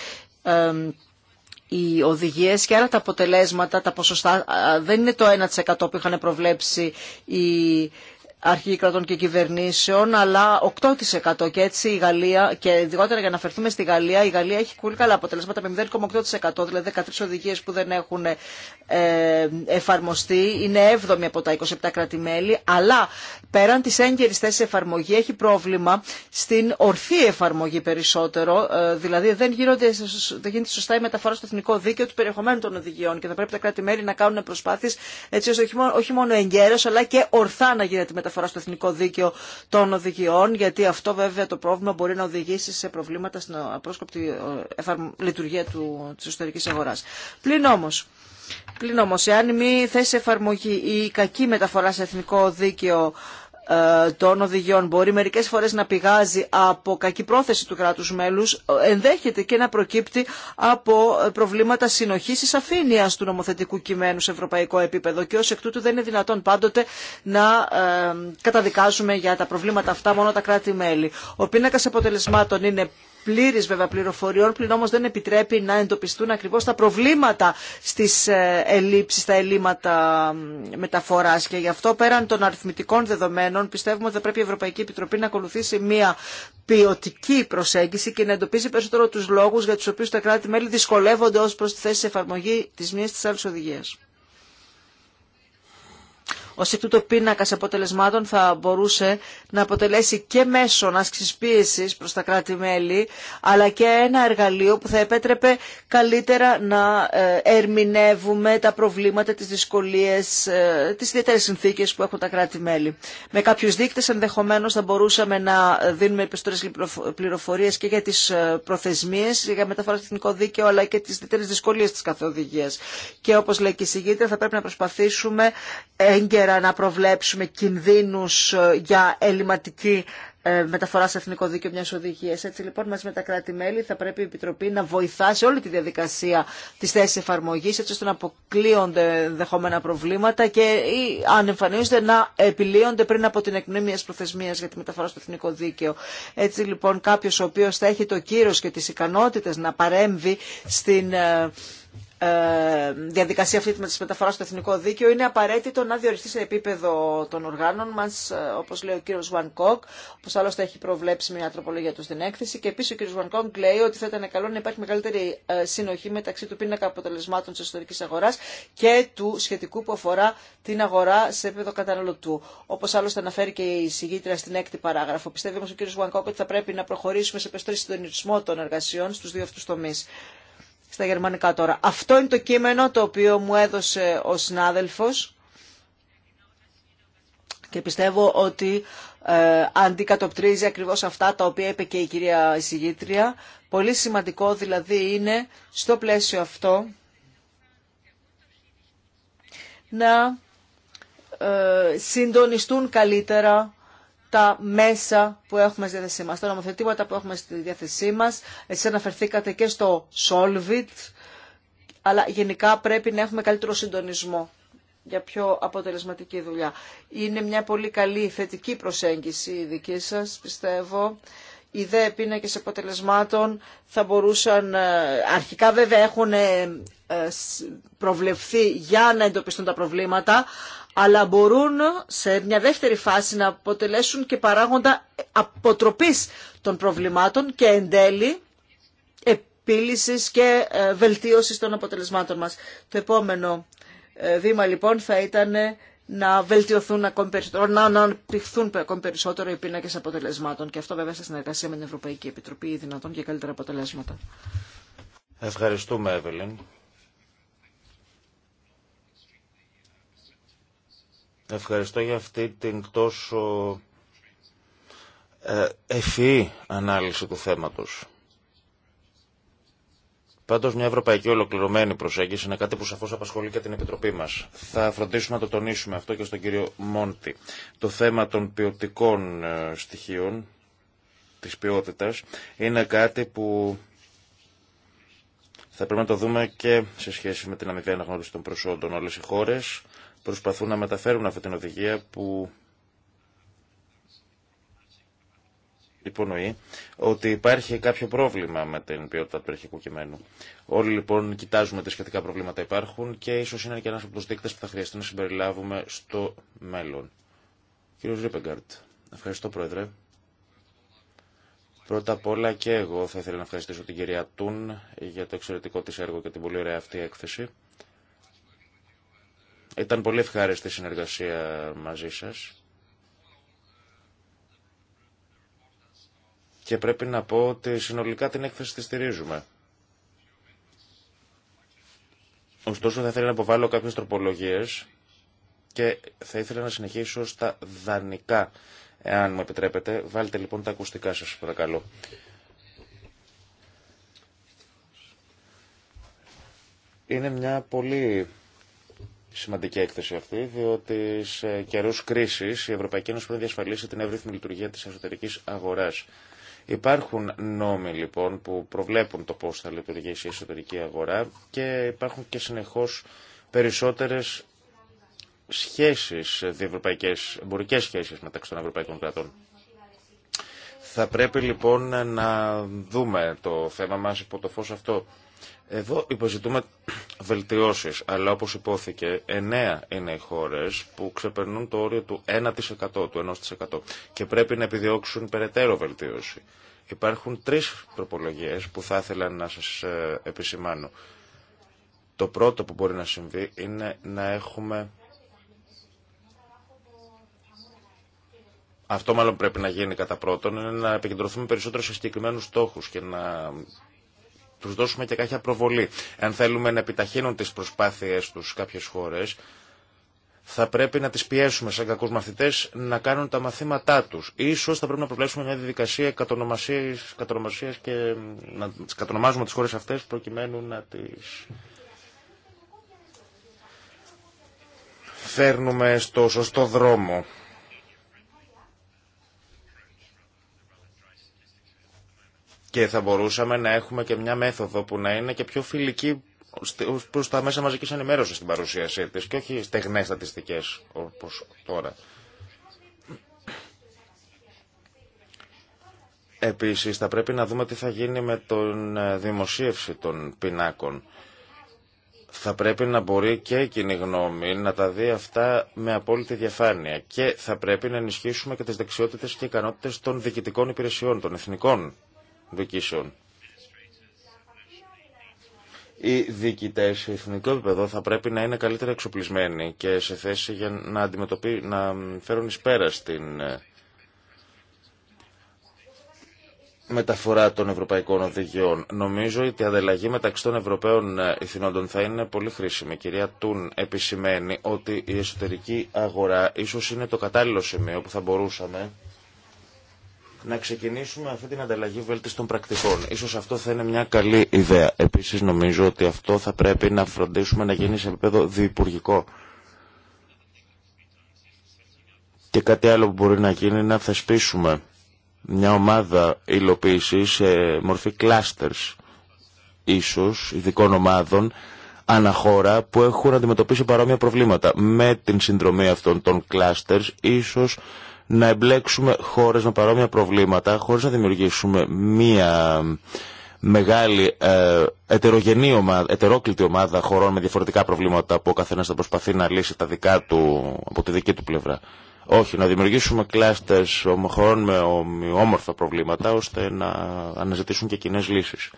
οι οδηγίε και άρα τα αποτελέσματα, τα ποσοστά δεν είναι το 1% που είχαν προβλέψει οι αρχηγοί κρατών και κυβερνήσεων, αλλά 8% και έτσι η Γαλλία, και ειδικότερα για να αφαιρθούμε στη Γαλλία, η Γαλλία έχει πολύ καλά αποτελέσματα με 0,8%, δηλαδή 13 οδηγίε που δεν έχουν ε, εφαρμοστεί, είναι 7η από τα 27 κράτη-μέλη, αλλά πέραν τη έγκαιρη θέση εφαρμογή έχει πρόβλημα στην ορθή εφαρμογή περισσότερο, ε, δηλαδή δεν, γίνονται, δεν γίνεται σωστά η μεταφορά στο εθνικό δίκαιο του περιεχομένου των οδηγιών και θα πρέπει τα κράτη-μέλη να κάνουν προσπάθειε έτσι ώστε όχι μόνο, εγκαίρω αλλά και ορθά να γίνεται μεταφορά στο εθνικό δίκαιο των οδηγιών, γιατί αυτό βέβαια το πρόβλημα μπορεί να οδηγήσει σε προβλήματα στην απρόσκοπτη ε, λειτουργία της εσωτερικής αγοράς. Πλην όμως, πλην εάν η μη θέση εφαρμογή ή η κακή μεταφορά σε εθνικό δίκαιο ε, των οδηγιών μπορεί μερικές φορές να πηγάζει από κακή πρόθεση του κράτους μέλους, ε, ενδέχεται και να προκύπτει από προβλήματα συνοχής ή σαφήνειας του νομοθετικού κειμένου σε ευρωπαϊκό επίπεδο και ως εκ τούτου δεν είναι δυνατόν πάντοτε να ε, καταδικάζουμε για τα προβλήματα αυτά μόνο τα κράτη-μέλη. Ο πίνακας αποτελεσμάτων είναι πλήρης βέβαια πληροφοριών, πλην όμως δεν επιτρέπει να εντοπιστούν ακριβώς τα προβλήματα στις ε, ελλείψεις, τα ελλείμματα μεταφοράς. Και γι' αυτό πέραν των αριθμητικών δεδομένων πιστεύουμε ότι θα πρέπει η Ευρωπαϊκή Επιτροπή να ακολουθήσει μια ποιοτική προσέγγιση και να εντοπίσει περισσότερο τους λόγους για τους οποίους τα κράτη-μέλη δυσκολεύονται ως προς τη θέση εφαρμογή της μίας της άλλης οδηγίας. Ω εκ τούτου, πίνακα αποτελεσμάτων θα μπορούσε να αποτελέσει και μέσον άσκηση πίεση προ τα κράτη-μέλη, αλλά και ένα εργαλείο που θα επέτρεπε καλύτερα να ε, ερμηνεύουμε τα προβλήματα, τι δυσκολίε, ε, τι ιδιαίτερε συνθήκε που έχουν τα κράτη-μέλη. Με κάποιου δείκτε ενδεχομένω θα μπορούσαμε να δίνουμε περισσότερε πληροφορίε και για τι ε, προθεσμίε, για μεταφορά στο εθνικό δίκαιο, αλλά και τι ιδιαίτερε δυσκολίε τη καθοδηγία. Και όπω λέει και η θα πρέπει να προσπαθήσουμε να προβλέψουμε κινδύνους ε, για ελληματική ε, μεταφορά σε εθνικό δίκαιο μια οδηγία. Έτσι λοιπόν, μαζί με τα κράτη-μέλη, θα πρέπει η Επιτροπή να βοηθά σε όλη τη διαδικασία τη θέση εφαρμογή, έτσι ώστε να αποκλείονται δεχόμενα προβλήματα και ή, αν εμφανίζονται να επιλύονται πριν από την εκπνοή μια προθεσμία για τη μεταφορά στο εθνικό δίκαιο. Έτσι λοιπόν, κάποιο ο οποίο θα έχει το κύρος και τι ικανότητε να παρέμβει στην ε, ε, διαδικασία αυτή τη μεταφοράς στο εθνικό δίκαιο είναι απαραίτητο να διοριστεί σε επίπεδο των οργάνων μα, ε, όπω λέει ο κύριος Κόκ όπως άλλωστε έχει προβλέψει μια τροπολογία του στην έκθεση. Και επίση ο κύριος Κόκ λέει ότι θα ήταν καλό να υπάρχει μεγαλύτερη ε, συνοχή μεταξύ του πίνακα αποτελεσμάτων τη ιστορική αγορά και του σχετικού που αφορά την αγορά σε επίπεδο καταναλωτού. Όπω άλλωστε αναφέρει και η συγγήτρια στην έκτη παράγραφο. Πιστεύει όμω ο κύριος Βανκόκ ότι θα πρέπει να προχωρήσουμε σε περισσότερο συντονισμό των εργασιών στου δύο αυτού τομεί στα γερμανικά τώρα. Αυτό είναι το κείμενο το οποίο μου έδωσε ο συνάδελφος και πιστεύω ότι ε, αντικατοπτρίζει ακριβώς αυτά τα οποία είπε και η κυρία εισηγήτρια. Πολύ σημαντικό δηλαδή είναι στο πλαίσιο αυτό να ε, συντονιστούν καλύτερα τα μέσα που έχουμε στη διάθεσή μας, τα νομοθετήματα που έχουμε στη διάθεσή μας. Εσείς αναφερθήκατε και στο Solvit, αλλά γενικά πρέπει να έχουμε καλύτερο συντονισμό για πιο αποτελεσματική δουλειά. Είναι μια πολύ καλή θετική προσέγγιση η δική σας, πιστεύω. Οι δε πίνακε αποτελεσμάτων θα μπορούσαν, ε, αρχικά βέβαια έχουν ε, ε, προβλεφθεί για να εντοπιστούν τα προβλήματα, αλλά μπορούν σε μια δεύτερη φάση να αποτελέσουν και παράγοντα αποτροπής των προβλημάτων και εν τέλει επίλυσης και ε, βελτίωσης των αποτελεσμάτων μας. Το επόμενο ε, βήμα λοιπόν θα ήταν να βελτιωθούν ακόμη περισσότερο, να αναπτυχθούν ακόμη περισσότερο οι πίνακες αποτελεσμάτων και αυτό βέβαια σε συνεργασία με την Ευρωπαϊκή Επιτροπή ή δυνατόν και καλύτερα αποτελέσματα. Ευχαριστούμε Εύελιν. Ευχαριστώ για αυτή την τόσο ε, ευφυή ανάλυση του θέματος. Πάντως μια ευρωπαϊκή ολοκληρωμένη προσέγγιση είναι κάτι που σαφώς απασχολεί και την Επιτροπή μας. Θα φροντίσουμε να το τονίσουμε αυτό και στον κύριο Μόντι. Το θέμα των ποιοτικών ε, στοιχείων, της ποιότητας, είναι κάτι που θα πρέπει να το δούμε και σε σχέση με την αμοιβή αναγνώριση των προσόντων. Όλες οι χώρες προσπαθούν να μεταφέρουν αυτή την οδηγία που υπονοεί ότι υπάρχει κάποιο πρόβλημα με την ποιότητα του αρχικού κειμένου. Όλοι λοιπόν κοιτάζουμε τι σχετικά προβλήματα υπάρχουν και ίσω είναι και ένα από του δείκτε που θα χρειαστεί να συμπεριλάβουμε στο μέλλον. Κύριο Ρίπεγκαρτ, ευχαριστώ Πρόεδρε. Πρώτα απ' όλα και εγώ θα ήθελα να ευχαριστήσω την κυρία Τούν για το εξαιρετικό της έργο και την πολύ ωραία αυτή έκθεση. Ήταν πολύ ευχάριστη η συνεργασία μαζί σας. Και πρέπει να πω ότι συνολικά την έκθεση τη στηρίζουμε. Ωστόσο θα ήθελα να αποβάλω κάποιες τροπολογίες και θα ήθελα να συνεχίσω στα δανεικά, εάν μου επιτρέπετε. Βάλτε λοιπόν τα ακουστικά σας, παρακαλώ. Είναι μια πολύ σημαντική έκθεση αυτή, διότι σε καιρού κρίση η Ευρωπαϊκή Ένωση πρέπει να διασφαλίσει την εύρυθμη λειτουργία τη εσωτερική αγορά. Υπάρχουν νόμοι λοιπόν που προβλέπουν το πώ θα λειτουργήσει η εσωτερική αγορά και υπάρχουν και συνεχώ περισσότερε σχέσει, διευρωπαϊκέ, εμπορικέ σχέσει μεταξύ των ευρωπαϊκών κρατών. Θα πρέπει λοιπόν να δούμε το θέμα μας υπό το φως αυτό. Εδώ υποζητούμε βελτιώσεις, αλλά όπως υπόθηκε, εννέα είναι οι χώρες που ξεπερνούν το όριο του 1%, του 1% και πρέπει να επιδιώξουν περαιτέρω βελτίωση. Υπάρχουν τρεις προπολογίες που θα ήθελα να σας ε, επισημάνω. Το πρώτο που μπορεί να συμβεί είναι να έχουμε... Αυτό μάλλον πρέπει να γίνει κατά πρώτον, είναι να επικεντρωθούμε περισσότερο σε συγκεκριμένους στόχους και να τους δώσουμε και κάποια προβολή. Αν θέλουμε να επιταχύνουν τις προσπάθειές τους κάποιες χώρες, θα πρέπει να τις πιέσουμε σαν κακούς μαθητές να κάνουν τα μαθήματά τους. Ίσως θα πρέπει να προβλέψουμε μια διαδικασία κατονομασίας, και να τις κατονομάζουμε τις χώρες αυτές προκειμένου να τις φέρνουμε στο σωστό δρόμο. Και θα μπορούσαμε να έχουμε και μια μέθοδο που να είναι και πιο φιλική προ τα μέσα μαζική ενημέρωση στην παρουσίασή τη και όχι στεγνέ στατιστικέ όπω τώρα. Επίσης θα πρέπει να δούμε τι θα γίνει με τον ε, δημοσίευση των πινάκων. Θα πρέπει να μπορεί και η κοινή γνώμη να τα δει αυτά με απόλυτη διαφάνεια και θα πρέπει να ενισχύσουμε και τις δεξιότητες και ικανότητες των διοικητικών υπηρεσιών, των εθνικών δικήσεων. Οι διοικητέ σε εθνικό επίπεδο θα πρέπει να είναι καλύτερα εξοπλισμένοι και σε θέση για να, αντιμετωπί... να φέρουν εις πέρα στην ε, μεταφορά των ευρωπαϊκών οδηγιών. Νομίζω ότι η ανταλλαγή μεταξύ των Ευρωπαίων ε, ηθινόντων θα είναι πολύ χρήσιμη. Η κυρία Τούν επισημαίνει ότι η εσωτερική αγορά ίσως είναι το κατάλληλο σημείο που θα μπορούσαμε να ξεκινήσουμε αυτή την ανταλλαγή βέλτιστων πρακτικών. Ίσως αυτό θα είναι μια καλή ιδέα. Επίσης νομίζω ότι αυτό θα πρέπει να φροντίσουμε να γίνει σε επίπεδο διυπουργικό. Και κάτι άλλο που μπορεί να γίνει είναι να θεσπίσουμε μια ομάδα υλοποίηση σε μορφή clusters ίσως ειδικών ομάδων αναχώρα που έχουν αντιμετωπίσει παρόμοια προβλήματα. Με την συνδρομή αυτών των clusters ίσως να εμπλέξουμε χώρες με παρόμοια προβλήματα χωρίς να δημιουργήσουμε μία μεγάλη ε, ετερογενή ομάδα, ετερόκλητη ομάδα χωρών με διαφορετικά προβλήματα που ο καθένα θα προσπαθεί να λύσει τα δικά του από τη δική του πλευρά. Όχι, να δημιουργήσουμε κλάστες χωρών με ομοιόμορφα προβλήματα ώστε να αναζητήσουν και κοινέ λύσεις.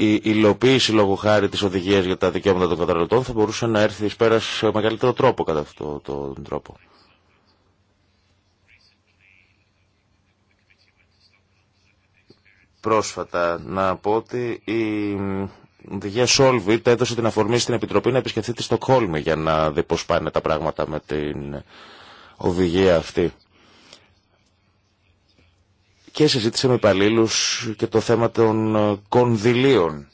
η υλοποίηση λόγω χάρη τη οδηγία για τα δικαιώματα των καταναλωτών θα μπορούσε να έρθει ει πέρα σε μεγαλύτερο τρόπο κατά αυτόν τον τρόπο. Πρόσφατα να πω ότι η οδηγία Solvit έδωσε την αφορμή στην Επιτροπή να επισκεφθεί τη Στοκχόλμη για να δει πω πάνε τα πράγματα με την οδηγία αυτή και συζήτησε με υπαλλήλου και το θέμα των ε, κονδυλίων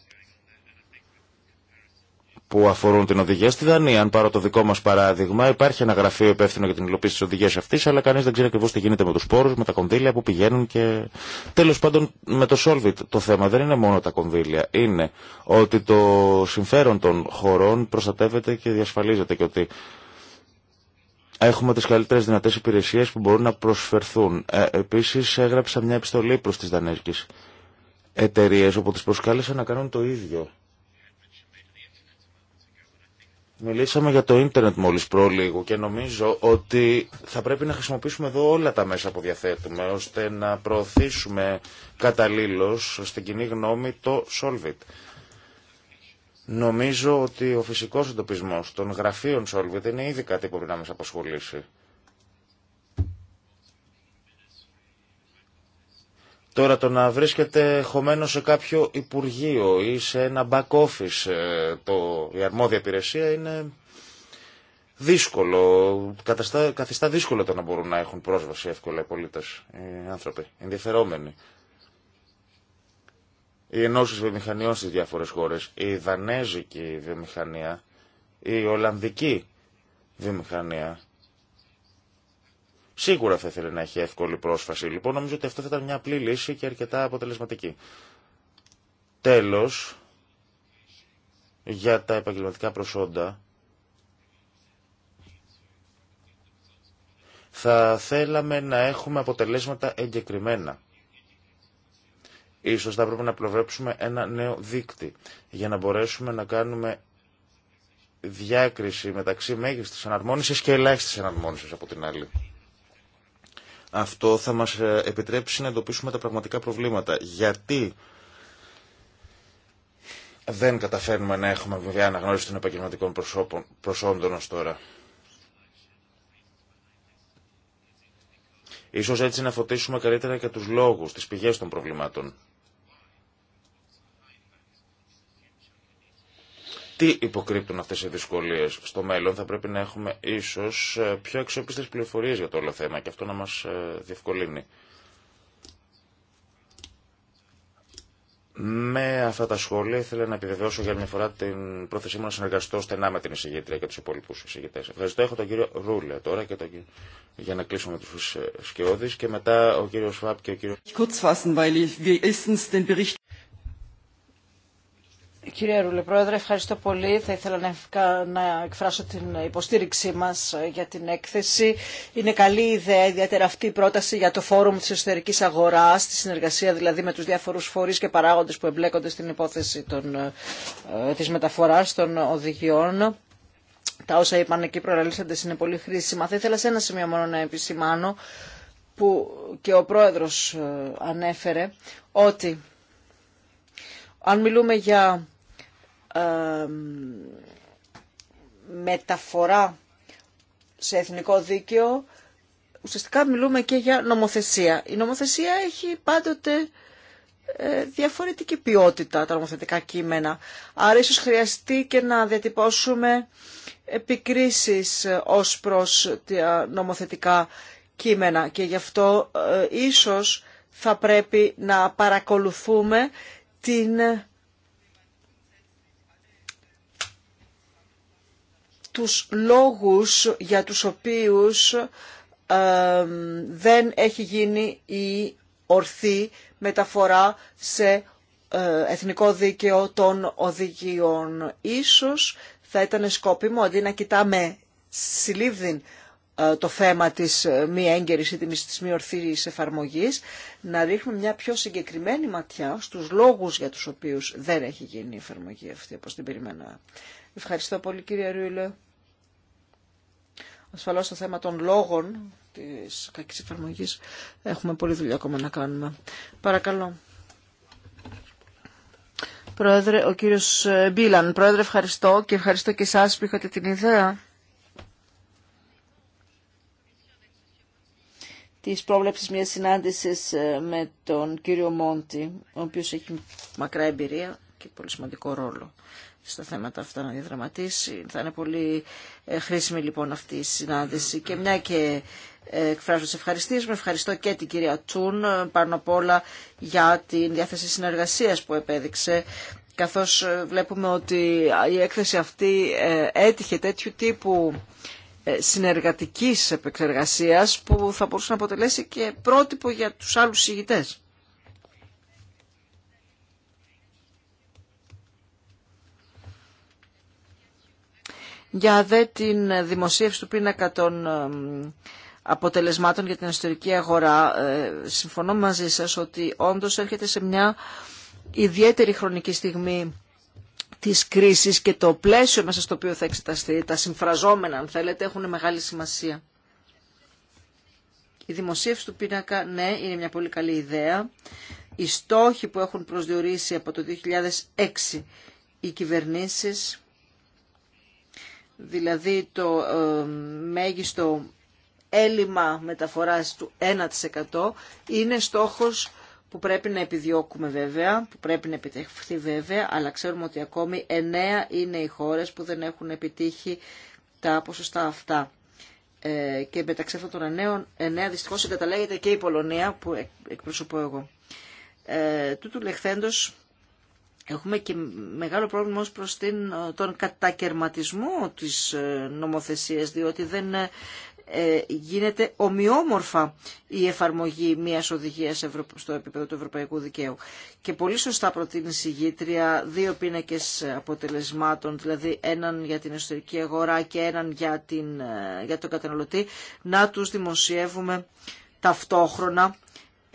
που αφορούν την οδηγία. Στη Δανία, αν πάρω το δικό μα παράδειγμα, υπάρχει ένα γραφείο υπεύθυνο για την υλοποίηση τη οδηγία αυτή, αλλά κανεί δεν ξέρει ακριβώ τι γίνεται με του πόρου, με τα κονδύλια που πηγαίνουν και. Τέλο πάντων, με το Solvit το θέμα δεν είναι μόνο τα κονδύλια. Είναι ότι το συμφέρον των χωρών προστατεύεται και διασφαλίζεται και ότι έχουμε τις καλύτερες δυνατές υπηρεσίες που μπορούν να προσφερθούν. Ε, επίσης έγραψα μια επιστολή προς τις δανέζικες εταιρείε όπου τις προσκάλεσα να κάνουν το ίδιο. Μιλήσαμε για το ίντερνετ μόλις προλίγου και νομίζω ότι θα πρέπει να χρησιμοποιήσουμε εδώ όλα τα μέσα που διαθέτουμε ώστε να προωθήσουμε καταλήλως στην κοινή γνώμη το Solvit. Νομίζω ότι ο φυσικός εντοπισμός των γραφείων Σόλβιτ είναι ήδη κάτι που μπορεί να μα απασχολήσει. Τώρα το να βρίσκεται χωμένο σε κάποιο υπουργείο ή σε ένα back office ε, το, η αρμόδια υπηρεσία είναι δύσκολο, καθιστά δύσκολο το να μπορούν να έχουν πρόσβαση εύκολα οι πολίτες, οι άνθρωποι, ενδιαφερόμενοι οι ενώσει βιομηχανιών στι διάφορε χώρε, η δανέζικη βιομηχανία, η ολλανδική βιομηχανία. Σίγουρα θα ήθελε να έχει εύκολη πρόσφαση. Λοιπόν, νομίζω ότι αυτό θα ήταν μια απλή λύση και αρκετά αποτελεσματική. Τέλο για τα επαγγελματικά προσόντα, θα θέλαμε να έχουμε αποτελέσματα εγκεκριμένα Ίσως θα πρέπει να προβλέψουμε ένα νέο δίκτυ για να μπορέσουμε να κάνουμε διάκριση μεταξύ μέγιστης εναρμόνισης και ελάχιστης εναρμόνισης από την άλλη. Αυτό θα μας ε, επιτρέψει να εντοπίσουμε τα πραγματικά προβλήματα. Γιατί δεν καταφέρνουμε να έχουμε βέβαια αναγνώριση των επαγγελματικών προσώπων, προσόντων ως τώρα. Ίσως έτσι να φωτίσουμε καλύτερα και τους λόγους, τις πηγές των προβλημάτων. τι υποκρύπτουν αυτές οι δυσκολίες στο μέλλον. Θα πρέπει να έχουμε ίσως ε, πιο αξιόπιστες πληροφορίες για το όλο θέμα και αυτό να μας ε, διευκολύνει. Με αυτά τα σχόλια ήθελα να επιβεβαιώσω για μια φορά την πρόθεσή μου να συνεργαστώ στενά με την εισηγήτρια και του υπόλοιπου εισηγητέ. Ευχαριστώ. Έχω τον κύριο Ρούλε τώρα και για να κλείσουμε με του ε, και μετά ο κύριο Φαπ και ο κύριο. Κύριε Ρούλε Πρόεδρε, ευχαριστώ πολύ. Θα ήθελα να εκφράσω την υποστήριξή μας ε, για την έκθεση. Είναι καλή ιδέα, ιδιαίτερα αυτή η πρόταση για το Φόρουμ της Εσωτερικής Αγοράς, τη συνεργασία δηλαδή με τους διάφορους φορείς και παράγοντες που εμπλέκονται στην υπόθεση τη ε, ε, της μεταφοράς των οδηγιών. Τα όσα είπαν εκεί προαναλύσαντες είναι πολύ χρήσιμα. Θα ήθελα σε ένα σημείο μόνο να επισημάνω που και ο Πρόεδρος ανέφερε ότι αν μιλούμε για μεταφορά σε εθνικό δίκαιο, ουσιαστικά μιλούμε και για νομοθεσία. Η νομοθεσία έχει πάντοτε ε, διαφορετική ποιότητα τα νομοθετικά κείμενα. Άρα ίσως χρειαστεί και να διατυπώσουμε επικρίσεις ε, ως προς τα νομοθετικά κείμενα και γι' αυτό ε, ίσως θα πρέπει να παρακολουθούμε την τους λόγους για τους οποίους δεν έχει γίνει η ορθή μεταφορά σε ε, εθνικό δίκαιο των οδηγιών. Ίσως θα ήταν σκόπιμο αντί να κοιτάμε συλλήβδιν ε, το θέμα της ε, μη έγκαιρης ή της μη ορθής εφαρμογής, να ρίχνουμε μια πιο συγκεκριμένη ματιά στους λόγους για τους οποίους δεν έχει γίνει η εφαρμογή αυτή, όπως την περιμέναμε. Ευχαριστώ πολύ κύριε Ρούλε. Ασφαλώς το θέμα των λόγων της κακής εφαρμογής έχουμε πολύ δουλειά ακόμα να κάνουμε. Παρακαλώ. Πρόεδρε, ο κύριος Μπίλαν. Πρόεδρε, ευχαριστώ και ευχαριστώ και εσάς που είχατε την ιδέα. της πρόβλεψης μιας συνάντησης ε, με τον κύριο Μόντι, ο οποίος έχει μακρά εμπειρία και πολύ σημαντικό ρόλο στα θέματα αυτά να διαδραματίσει. Θα είναι πολύ ε, χρήσιμη λοιπόν αυτή η συνάντηση. Και μια και ε, εκφράζω σε ευχαριστήσεις. Με ευχαριστώ και την κυρία Τσούν ε, πάνω απ' όλα για την διάθεση συνεργασίας που επέδειξε καθώς βλέπουμε ότι η έκθεση αυτή έτυχε τέτοιου τύπου συνεργατικής επεξεργασίας που θα μπορούσε να αποτελέσει και πρότυπο για τους άλλους συγητές. Για δε την δημοσίευση του πίνακα των ε, αποτελεσμάτων για την ιστορική αγορά, ε, συμφωνώ μαζί σας ότι όντως έρχεται σε μια ιδιαίτερη χρονική στιγμή της κρίσης και το πλαίσιο μέσα στο οποίο θα εξεταστεί, τα συμφραζόμενα αν θέλετε, έχουν μεγάλη σημασία. Η δημοσίευση του πίνακα, ναι, είναι μια πολύ καλή ιδέα. Οι στόχοι που έχουν προσδιορίσει από το 2006 οι κυβερνήσεις δηλαδή το ε, μέγιστο έλλειμμα μεταφοράς του 1% είναι στόχος που πρέπει να επιδιώκουμε βέβαια, που πρέπει να επιτευχθεί βέβαια, αλλά ξέρουμε ότι ακόμη 9 είναι οι χώρες που δεν έχουν επιτύχει τα ποσοστά αυτά. Ε, και μεταξύ αυτών των 9, 9 δυστυχώς εγκαταλέγεται και η Πολωνία που εκπροσωπώ εγώ. Ε, τούτου λεχθέντος Έχουμε και μεγάλο πρόβλημα ως προς την, ε, τον κατακαιρματισμό της ε, νομοθεσίας, διότι δεν ε, γίνεται ομοιόμορφα η εφαρμογή μιας οδηγίας στο επίπεδο του ευρωπαϊκού δικαίου. Και πολύ σωστά προτείνει η συγγήτρια δύο πίνακες αποτελεσμάτων, δηλαδή έναν για την εσωτερική αγορά και έναν για, την, για τον καταναλωτή, να τους δημοσιεύουμε ταυτόχρονα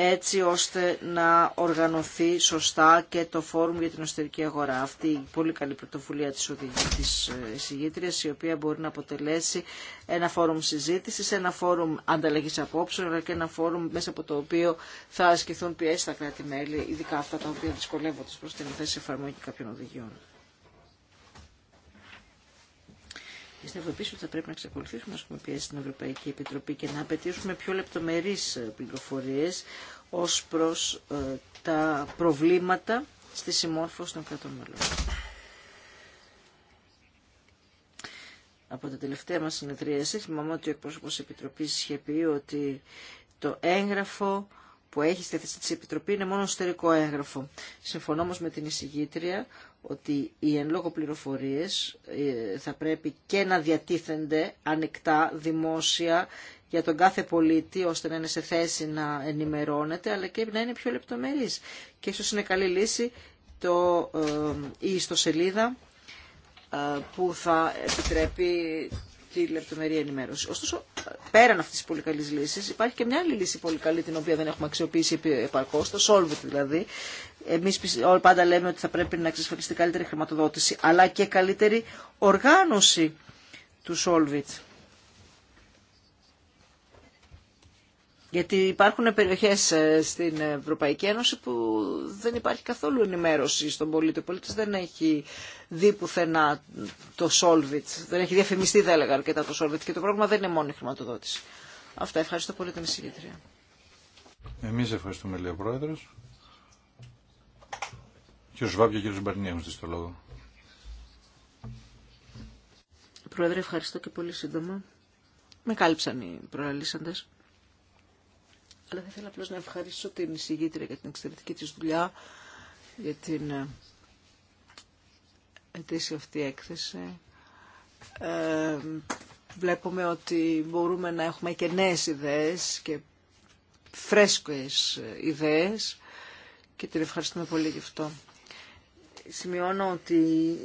έτσι ώστε να οργανωθεί σωστά και το φόρουμ για την οστερική αγορά. Αυτή η πολύ καλή πρωτοβουλία της, της ε, εισηγήτριας, η οποία μπορεί να αποτελέσει ένα φόρουμ συζήτησης, ένα φόρουμ ανταλλαγής απόψεων, αλλά και ένα φόρουμ μέσα από το οποίο θα ασκηθούν πιέσει στα κράτη-μέλη, ειδικά αυτά τα οποία δυσκολεύονται προς την θέση εφαρμογή κάποιων οδηγιών. Πιστεύω επίση ότι θα πρέπει να ξεκολουθήσουμε να πιέσει στην Ευρωπαϊκή Επιτροπή και να απαιτήσουμε πιο λεπτομερεί ε, πληροφορίε ω προ ε, τα προβλήματα στη συμμόρφωση των κρατών μελών. Από τα τελευταία μας συνεδρίαση θυμάμαι ότι ο εκπρόσωπος της Επιτροπής είχε πει ότι το έγγραφο που έχει στη θέση της Επιτροπή είναι μόνο εσωτερικό έγγραφο. Συμφωνώ όμως με την εισηγήτρια ότι οι εν λόγω πληροφορίες ε, θα πρέπει και να διατίθενται ανοιχτά, δημόσια, για τον κάθε πολίτη, ώστε να είναι σε θέση να ενημερώνεται, αλλά και να είναι πιο λεπτομερής. Και ίσως είναι καλή λύση το, ε, η ιστοσελίδα ε, που θα επιτρέπει τη λεπτομερή ενημέρωση. Ωστόσο, πέραν αυτή τη πολύ καλή λύση, υπάρχει και μια άλλη λύση πολύ καλή, την οποία δεν έχουμε αξιοποιήσει επαρκώ, το Solvit δηλαδή. Εμεί πάντα λέμε ότι θα πρέπει να εξασφαλιστεί καλύτερη χρηματοδότηση, αλλά και καλύτερη οργάνωση του Solvit. Γιατί υπάρχουν περιοχές ε, στην Ευρωπαϊκή Ένωση που δεν υπάρχει καθόλου ενημέρωση στον πολίτη. Ο πολίτης δεν έχει δει πουθενά το Solvit. Δεν έχει διαφημιστεί, δεν έλεγα αρκετά το Solvit. Και το πρόβλημα δεν είναι μόνο η χρηματοδότηση. Αυτά. Ευχαριστώ πολύ την εισηγήτρια. Εμείς ευχαριστούμε, λέει ο Πρόεδρος. Κύριος Βάπ και κύριος Μπαρνία μου στο λόγο. Πρόεδρε, ευχαριστώ και πολύ σύντομα. Με κάλυψαν οι προαλήσαντες αλλά θα ήθελα απλώ να ευχαριστήσω την εισηγήτρια για την εξαιρετική της δουλειά, για την ε, ετήσια αυτή έκθεση. Ε, βλέπουμε ότι μπορούμε να έχουμε και νέες ιδέες και φρέσκες ιδέες και την ευχαριστούμε πολύ γι' αυτό. Σημειώνω ότι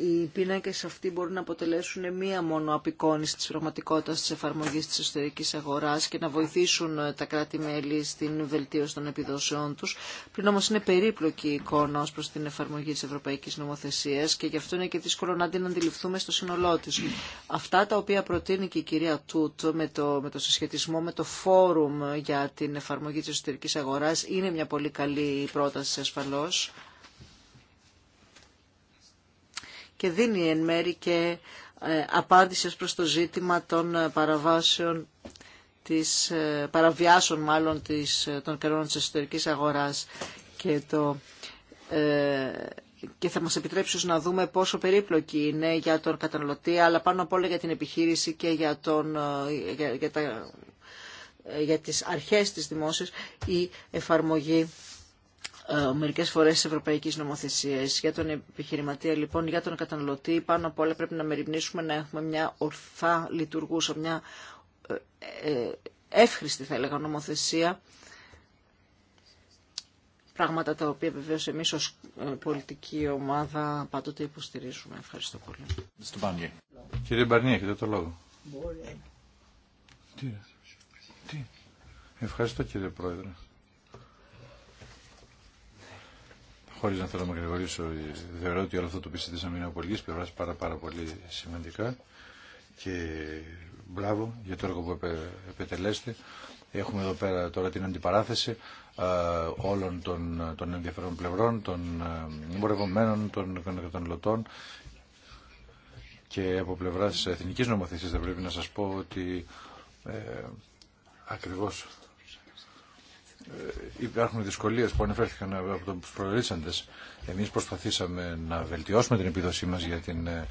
οι πίνακες αυτοί μπορούν να αποτελέσουν μία μόνο απεικόνηση της πραγματικότητας της εφαρμογής της εσωτερικής αγοράς και να βοηθήσουν ε, τα κράτη-μέλη στην βελτίωση των επιδόσεών τους. Πριν όμως είναι περίπλοκη η εικόνα ως προς την εφαρμογή της ευρωπαϊκής νομοθεσίας και γι' αυτό είναι και δύσκολο να την αντιληφθούμε στο σύνολό της. Αυτά τα οποία προτείνει και η κυρία Τούτ με το, με το συσχετισμό με το φόρουμ για την εφαρμογή της εσωτερική αγοράς είναι μια πολύ καλή πρόταση ασφαλώς. και δίνει εν μέρη και ε, απάντηση προς το ζήτημα των ε, παραβάσεων της, ε, παραβιάσεων μάλλον της, των κανόνων της εσωτερικής αγοράς και, το, ε, και θα μας επιτρέψει να δούμε πόσο περίπλοκη είναι για τον καταναλωτή αλλά πάνω απ' όλα για την επιχείρηση και για, τον, για, για, για τις αρχές της δημόσιας η εφαρμογή ε, μερικές φορές της ευρωπαϊκής νομοθεσίας. Για τον επιχειρηματία λοιπόν, για τον καταναλωτή, πάνω απ' όλα πρέπει να μεριμνήσουμε να έχουμε μια ορθά λειτουργούσα, μια ε, ε, εύχρηστη θα έλεγα νομοθεσία, πράγματα τα οποία βεβαίω εμείς ως πολιτική ομάδα πάντοτε υποστηρίζουμε. Ευχαριστώ πολύ. Κύριε Μπαρνί έχετε το λόγο. Ευχαριστώ κύριε Πρόεδρε. χωρίς να θέλω να γρηγορήσω, ε, θεωρώ ότι όλο αυτό το πίστη της αμυναπολικής πλευράς πάρα πάρα πολύ σημαντικά και μπράβο για το έργο που επιτελέστε. Έχουμε εδώ πέρα τώρα την αντιπαράθεση ε, όλων των, των ενδιαφέρον πλευρών, των ε, εμπορευμένων, των καταναλωτών και από πλευράς εθνικής νομοθεσίας θα πρέπει να σας πω ότι ε, ακριβώς ε, υπάρχουν δυσκολίες που ανεφέρθηκαν από τους προορίσαντες. Εμείς προσπαθήσαμε να βελτιώσουμε την επίδοσή μας για την ε,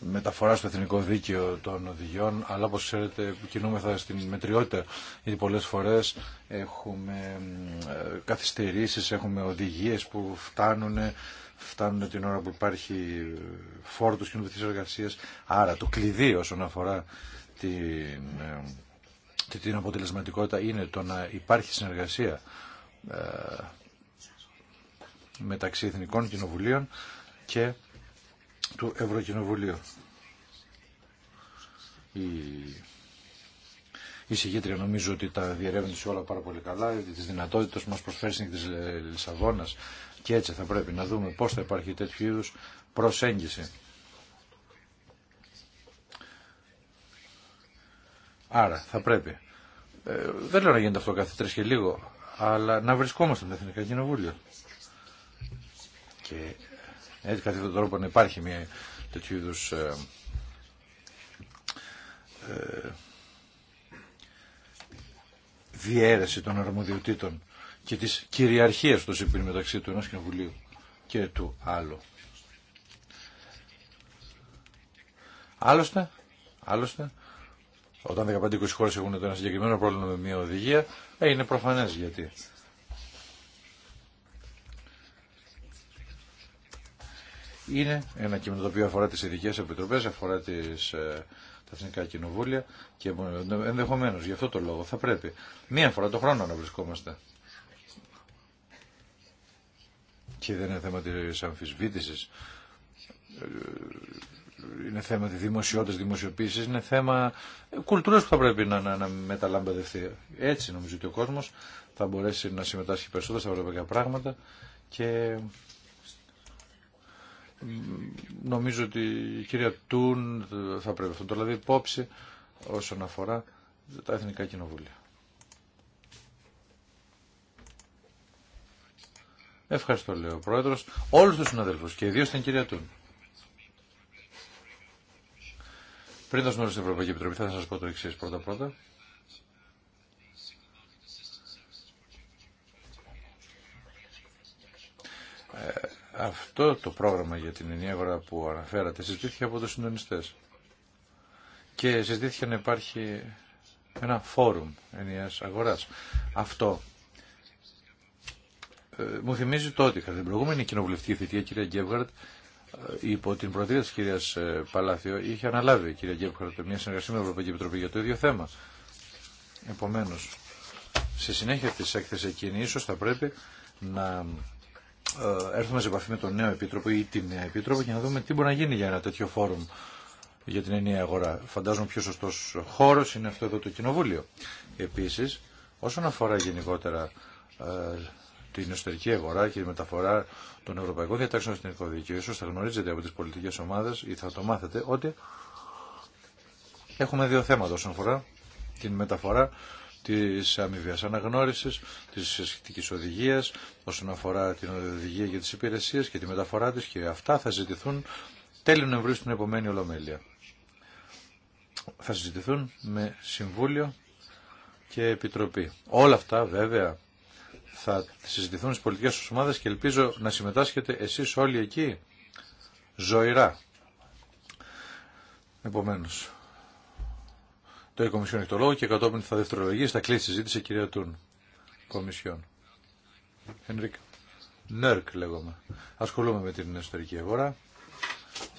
μεταφορά στο εθνικό δίκαιο των οδηγιών, αλλά όπως ξέρετε κινούμεθα στην μετριότητα, γιατί πολλές φορές έχουμε ε, καθυστερήσεις, έχουμε οδηγίες που φτάνουν, φτάνουν την ώρα που υπάρχει φόρτος κοινωνικής εργασίας. Άρα το κλειδί όσον αφορά την την αποτελεσματικότητα είναι το να υπάρχει συνεργασία ε, μεταξύ Εθνικών Κοινοβουλίων και του Ευρωκοινοβουλίου. Η, η νομίζω ότι τα διερεύνησε όλα πάρα πολύ καλά, τις δυνατότητες που μας προσφέρει της Λισαβόνας και έτσι θα πρέπει να δούμε πώς θα υπάρχει τέτοιου είδους προσέγγιση. Άρα θα πρέπει. Ε, δεν λέω να γίνεται αυτό κάθε τρεις και λίγο, αλλά να βρισκόμαστε με την Εθνική Κοινοβούλια. Και έτσι κάθε τον τρόπο να υπάρχει μια τέτοιου είδου ε, ε, διαίρεση των αρμοδιοτήτων και της κυριαρχίας του ΣΥΠΗΝ μεταξύ του ενός κοινοβουλίου και του άλλου. Άλλωστε, άλλωστε όταν 15-20 χώρε έχουν ένα συγκεκριμένο πρόβλημα με μια οδηγία, ε, είναι προφανέ γιατί. Είναι ένα κείμενο το οποίο αφορά τι ειδικέ επιτροπέ, αφορά τις, ε, τα εθνικά κοινοβούλια και ε, ενδεχομένω γι' αυτό το λόγο θα πρέπει μία φορά το χρόνο να βρισκόμαστε. Και δεν είναι θέμα τη αμφισβήτηση ε, είναι θέμα τη δημοσιότητας, δημοσιοποίησης, είναι θέμα κουλτούρα που θα πρέπει να, να, να μεταλαμπαδευτεί. Έτσι νομίζω ότι ο κόσμος θα μπορέσει να συμμετάσχει περισσότερο στα ευρωπαϊκά πράγματα και νομίζω ότι η κυρία Τούν θα πρέπει αυτό το δηλαδή, υπόψη όσον αφορά τα εθνικά κοινοβούλια. Ευχαριστώ, λέει ο Πρόεδρος, όλους τους συναδέλφους και ιδίως την κυρία Τούν. Πριν δώσουμε στην Ευρωπαϊκή Επιτροπή, θα σα πω το εξή πρώτα-πρώτα. Ε, αυτό το πρόγραμμα για την ενιαία αγορά που αναφέρατε συζητήθηκε από τους συντονιστε και συζητήθηκε να υπάρχει ένα φόρουμ ενιαίας αγοράς. Αυτό ε, μου θυμίζει τότε, κατά την προηγούμενη κοινοβουλευτική θητεία, κυρία Γκέβγαρτ, υπό την προεδρία της κυρίας ε, Παλάθιο είχε αναλάβει η κυρία Γκέπχαρτο μια συνεργασία με την Ευρωπαϊκή Επιτροπή για το ίδιο θέμα. Επομένως, σε συνέχεια της έκθεσης εκείνη ίσως θα πρέπει να ε, έρθουμε σε επαφή με τον νέο επίτροπο ή την νέα επίτροπο για να δούμε τι μπορεί να γίνει για ένα τέτοιο φόρουμ για την ενιαία αγορά. Φαντάζομαι πιο σωστό χώρο είναι αυτό εδώ το κοινοβούλιο. Επίση, όσον αφορά γενικότερα ε, την εσωτερική αγορά και τη μεταφορά των ευρωπαϊκών διατάξεων στην εθνικό Ίσως θα γνωρίζετε από τις πολιτικές ομάδες ή θα το μάθετε ότι έχουμε δύο θέματα όσον αφορά την μεταφορά της αμοιβίας αναγνώρισης, της σχετικής οδηγίας, όσον αφορά την οδηγία για τις υπηρεσίες και τη μεταφορά της και αυτά θα ζητηθούν τέλη Νοεμβρίου στην επομένη Ολομέλεια. Θα συζητηθούν με Συμβούλιο και Επιτροπή. Όλα αυτά βέβαια θα συζητηθούν στις πολιτικές ομάδες και ελπίζω να συμμετάσχετε εσείς όλοι εκεί ζωηρά. Επομένως, το Κομισιόν έχει το λόγο και κατόπιν θα δευτερολογήσει, θα κλείσει συζήτηση κυρία Τούν, Κομισιόν. Ενρικ Νέρκ λέγομαι. Ασχολούμαι με την εσωτερική αγορά.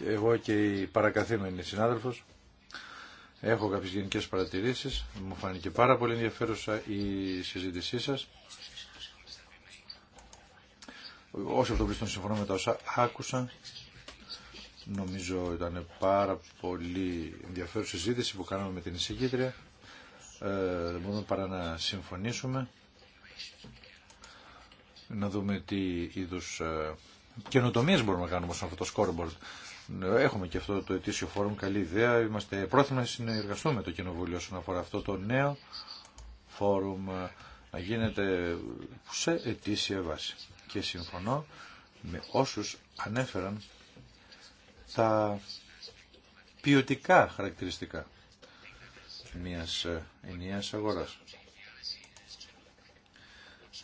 Εγώ και η παρακαθήμενη συνάδελφος. Έχω κάποιες γενικές παρατηρήσεις. Μου φάνηκε πάρα πολύ ενδιαφέρουσα η συζήτησή σας. Όσο αυτό βρίσκονται συμφωνώ με τα όσα άκουσα, νομίζω ήταν πάρα πολύ ενδιαφέρουσα συζήτηση που κάναμε με την εισηγήτρια. Ε, δεν μπορούμε παρά να συμφωνήσουμε, να δούμε τι είδους ε, καινοτομίες μπορούμε να κάνουμε σε αυτό το scoreboard. Έχουμε και αυτό το ετήσιο φόρουμ, καλή ιδέα. Είμαστε πρόθυμοι να συνεργαστούμε το Κοινοβούλιο όσον αφορά αυτό το νέο φόρουμ ε, να γίνεται σε ετήσια βάση και συμφωνώ με όσους ανέφεραν τα ποιοτικά χαρακτηριστικά μιας ε, ενιαίας αγοράς.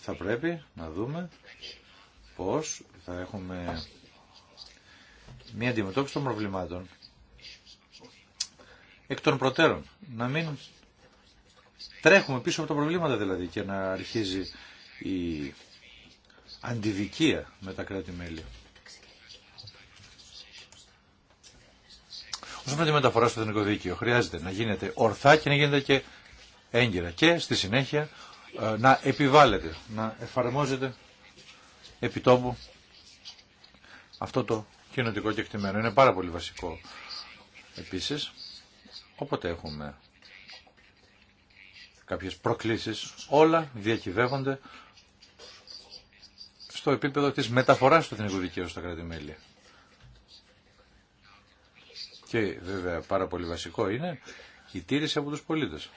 Θα πρέπει να δούμε πώς θα έχουμε μια αντιμετώπιση των προβλημάτων εκ των προτέρων. Να μην τρέχουμε πίσω από τα προβλήματα δηλαδή και να αρχίζει η αντιδικία με τα κράτη-μέλη. Όσον αφορά τη μεταφορά στο εθνικό δίκαιο, χρειάζεται να γίνεται ορθά και να γίνεται και έγκυρα. Και στη συνέχεια ε, να επιβάλλεται, να εφαρμόζεται επιτόπου αυτό το κοινοτικό κεκτημένο. Είναι πάρα πολύ βασικό επίσης. Όποτε έχουμε κάποιες προκλήσεις, όλα διακυβεύονται στο επίπεδο της μεταφοράς του εθνικού δικαίου στα κράτη-μέλη. Και βέβαια πάρα πολύ βασικό είναι η τήρηση από τους πολίτες.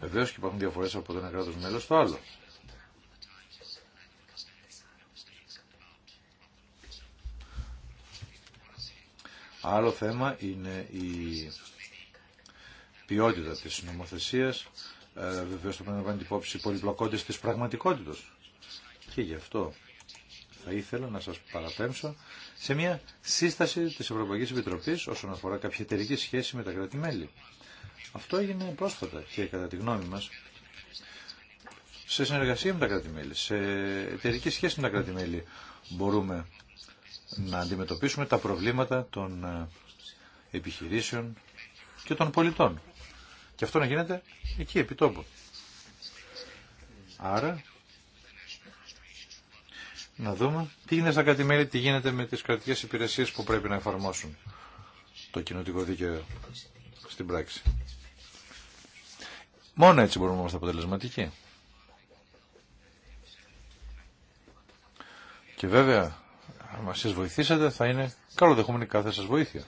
Βεβαίως και υπάρχουν διαφορές από το ένα κράτος μέλος στο άλλο. Άλλο θέμα είναι η ποιότητα της νομοθεσίας. Ε, βεβαίως το πρέπει να βάλει την υπόψη πολυπλοκότητας της πραγματικότητας. Και γι' αυτό θα ήθελα να σας παραπέμψω σε μια σύσταση της Ευρωπαϊκής Επιτροπής όσον αφορά κάποια εταιρική σχέση με τα κράτη-μέλη. Αυτό έγινε πρόσφατα και κατά τη γνώμη μας σε συνεργασία με τα κράτη-μέλη, σε εταιρική σχέση με τα κράτη-μέλη μπορούμε να αντιμετωπίσουμε τα προβλήματα των ε, επιχειρήσεων και των πολιτών. Και αυτό να γίνεται εκεί, επί Άρα να δούμε τι γίνεται στα κατημέρια, τι γίνεται με τις κρατικές υπηρεσίες που πρέπει να εφαρμόσουν το κοινωτικό δίκαιο στην πράξη. Μόνο έτσι μπορούμε να είμαστε αποτελεσματικοί. Και βέβαια, αν εσείς βοηθήσετε, θα είναι καλοδεχόμενη κάθε σας βοήθεια.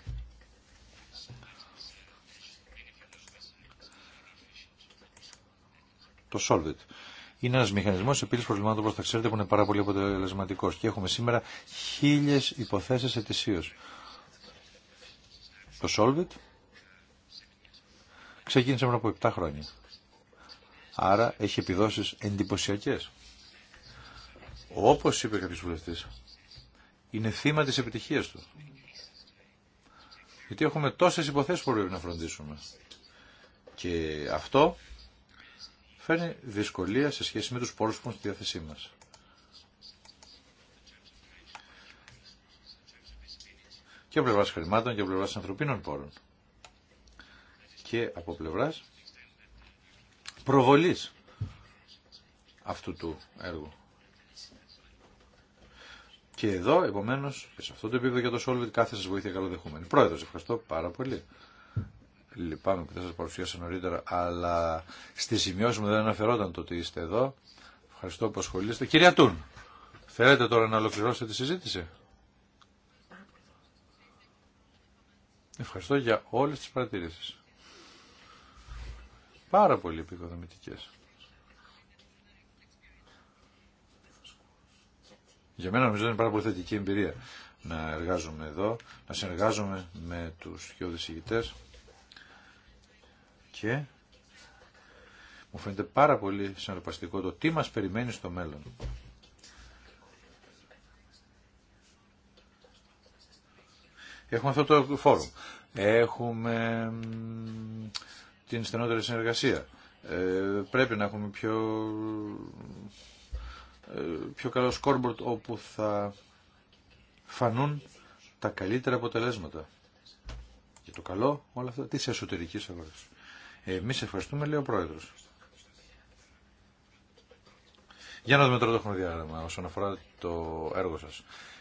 Το Solvit είναι ένα μηχανισμό επίλυση προβλημάτων, όπω θα ξέρετε, που είναι πάρα πολύ αποτελεσματικό. Και έχουμε σήμερα χίλιε υποθέσει ετησίω. Το Solvit ξεκίνησε πριν από 7 χρόνια. Άρα έχει επιδόσεις εντυπωσιακέ. Όπω είπε κάποιο βουλευτή, είναι θύμα της επιτυχίας του. Γιατί έχουμε τόσε υποθέσει που πρέπει να φροντίσουμε. Και αυτό φέρνει δυσκολία σε σχέση με τους πόρους που έχουν στη διάθεσή μας. Και από πλευράς χρημάτων και από πλευράς ανθρωπίνων πόρων. Και από πλευράς προβολής αυτού του έργου. Και εδώ, επομένως, και σε αυτό το επίπεδο για το Solvit, κάθε σας βοήθεια καλοδεχούμενη. Πρόεδρος, ευχαριστώ πάρα πολύ λυπάμαι που δεν σα παρουσίασα νωρίτερα, αλλά στη σημειώση μου δεν αναφερόταν το ότι είστε εδώ. Ευχαριστώ που ασχολείστε. Κυρία Τούν, θέλετε τώρα να ολοκληρώσετε τη συζήτηση. Ευχαριστώ για όλες τις παρατηρήσεις. Πάρα πολύ επικοδομητικές. Για μένα νομίζω είναι πάρα πολύ θετική εμπειρία να εργάζομαι εδώ, να συνεργάζομαι με τους δυο και μου φαίνεται πάρα πολύ συναρπαστικό το τι μας περιμένει στο μέλλον. Έχουμε αυτό το φόρουμ. Έχουμε την στενότερη συνεργασία. Ε, πρέπει να έχουμε πιο, ε, πιο καλό σκόρμπορτ όπου θα φανούν τα καλύτερα αποτελέσματα. Και το καλό όλα αυτά της εσωτερικής αγοράς. Εμεί ευχαριστούμε, λέει ο πρόεδρο. Για να δούμε τώρα το χρονοδιάγραμμα όσον αφορά το έργο σα.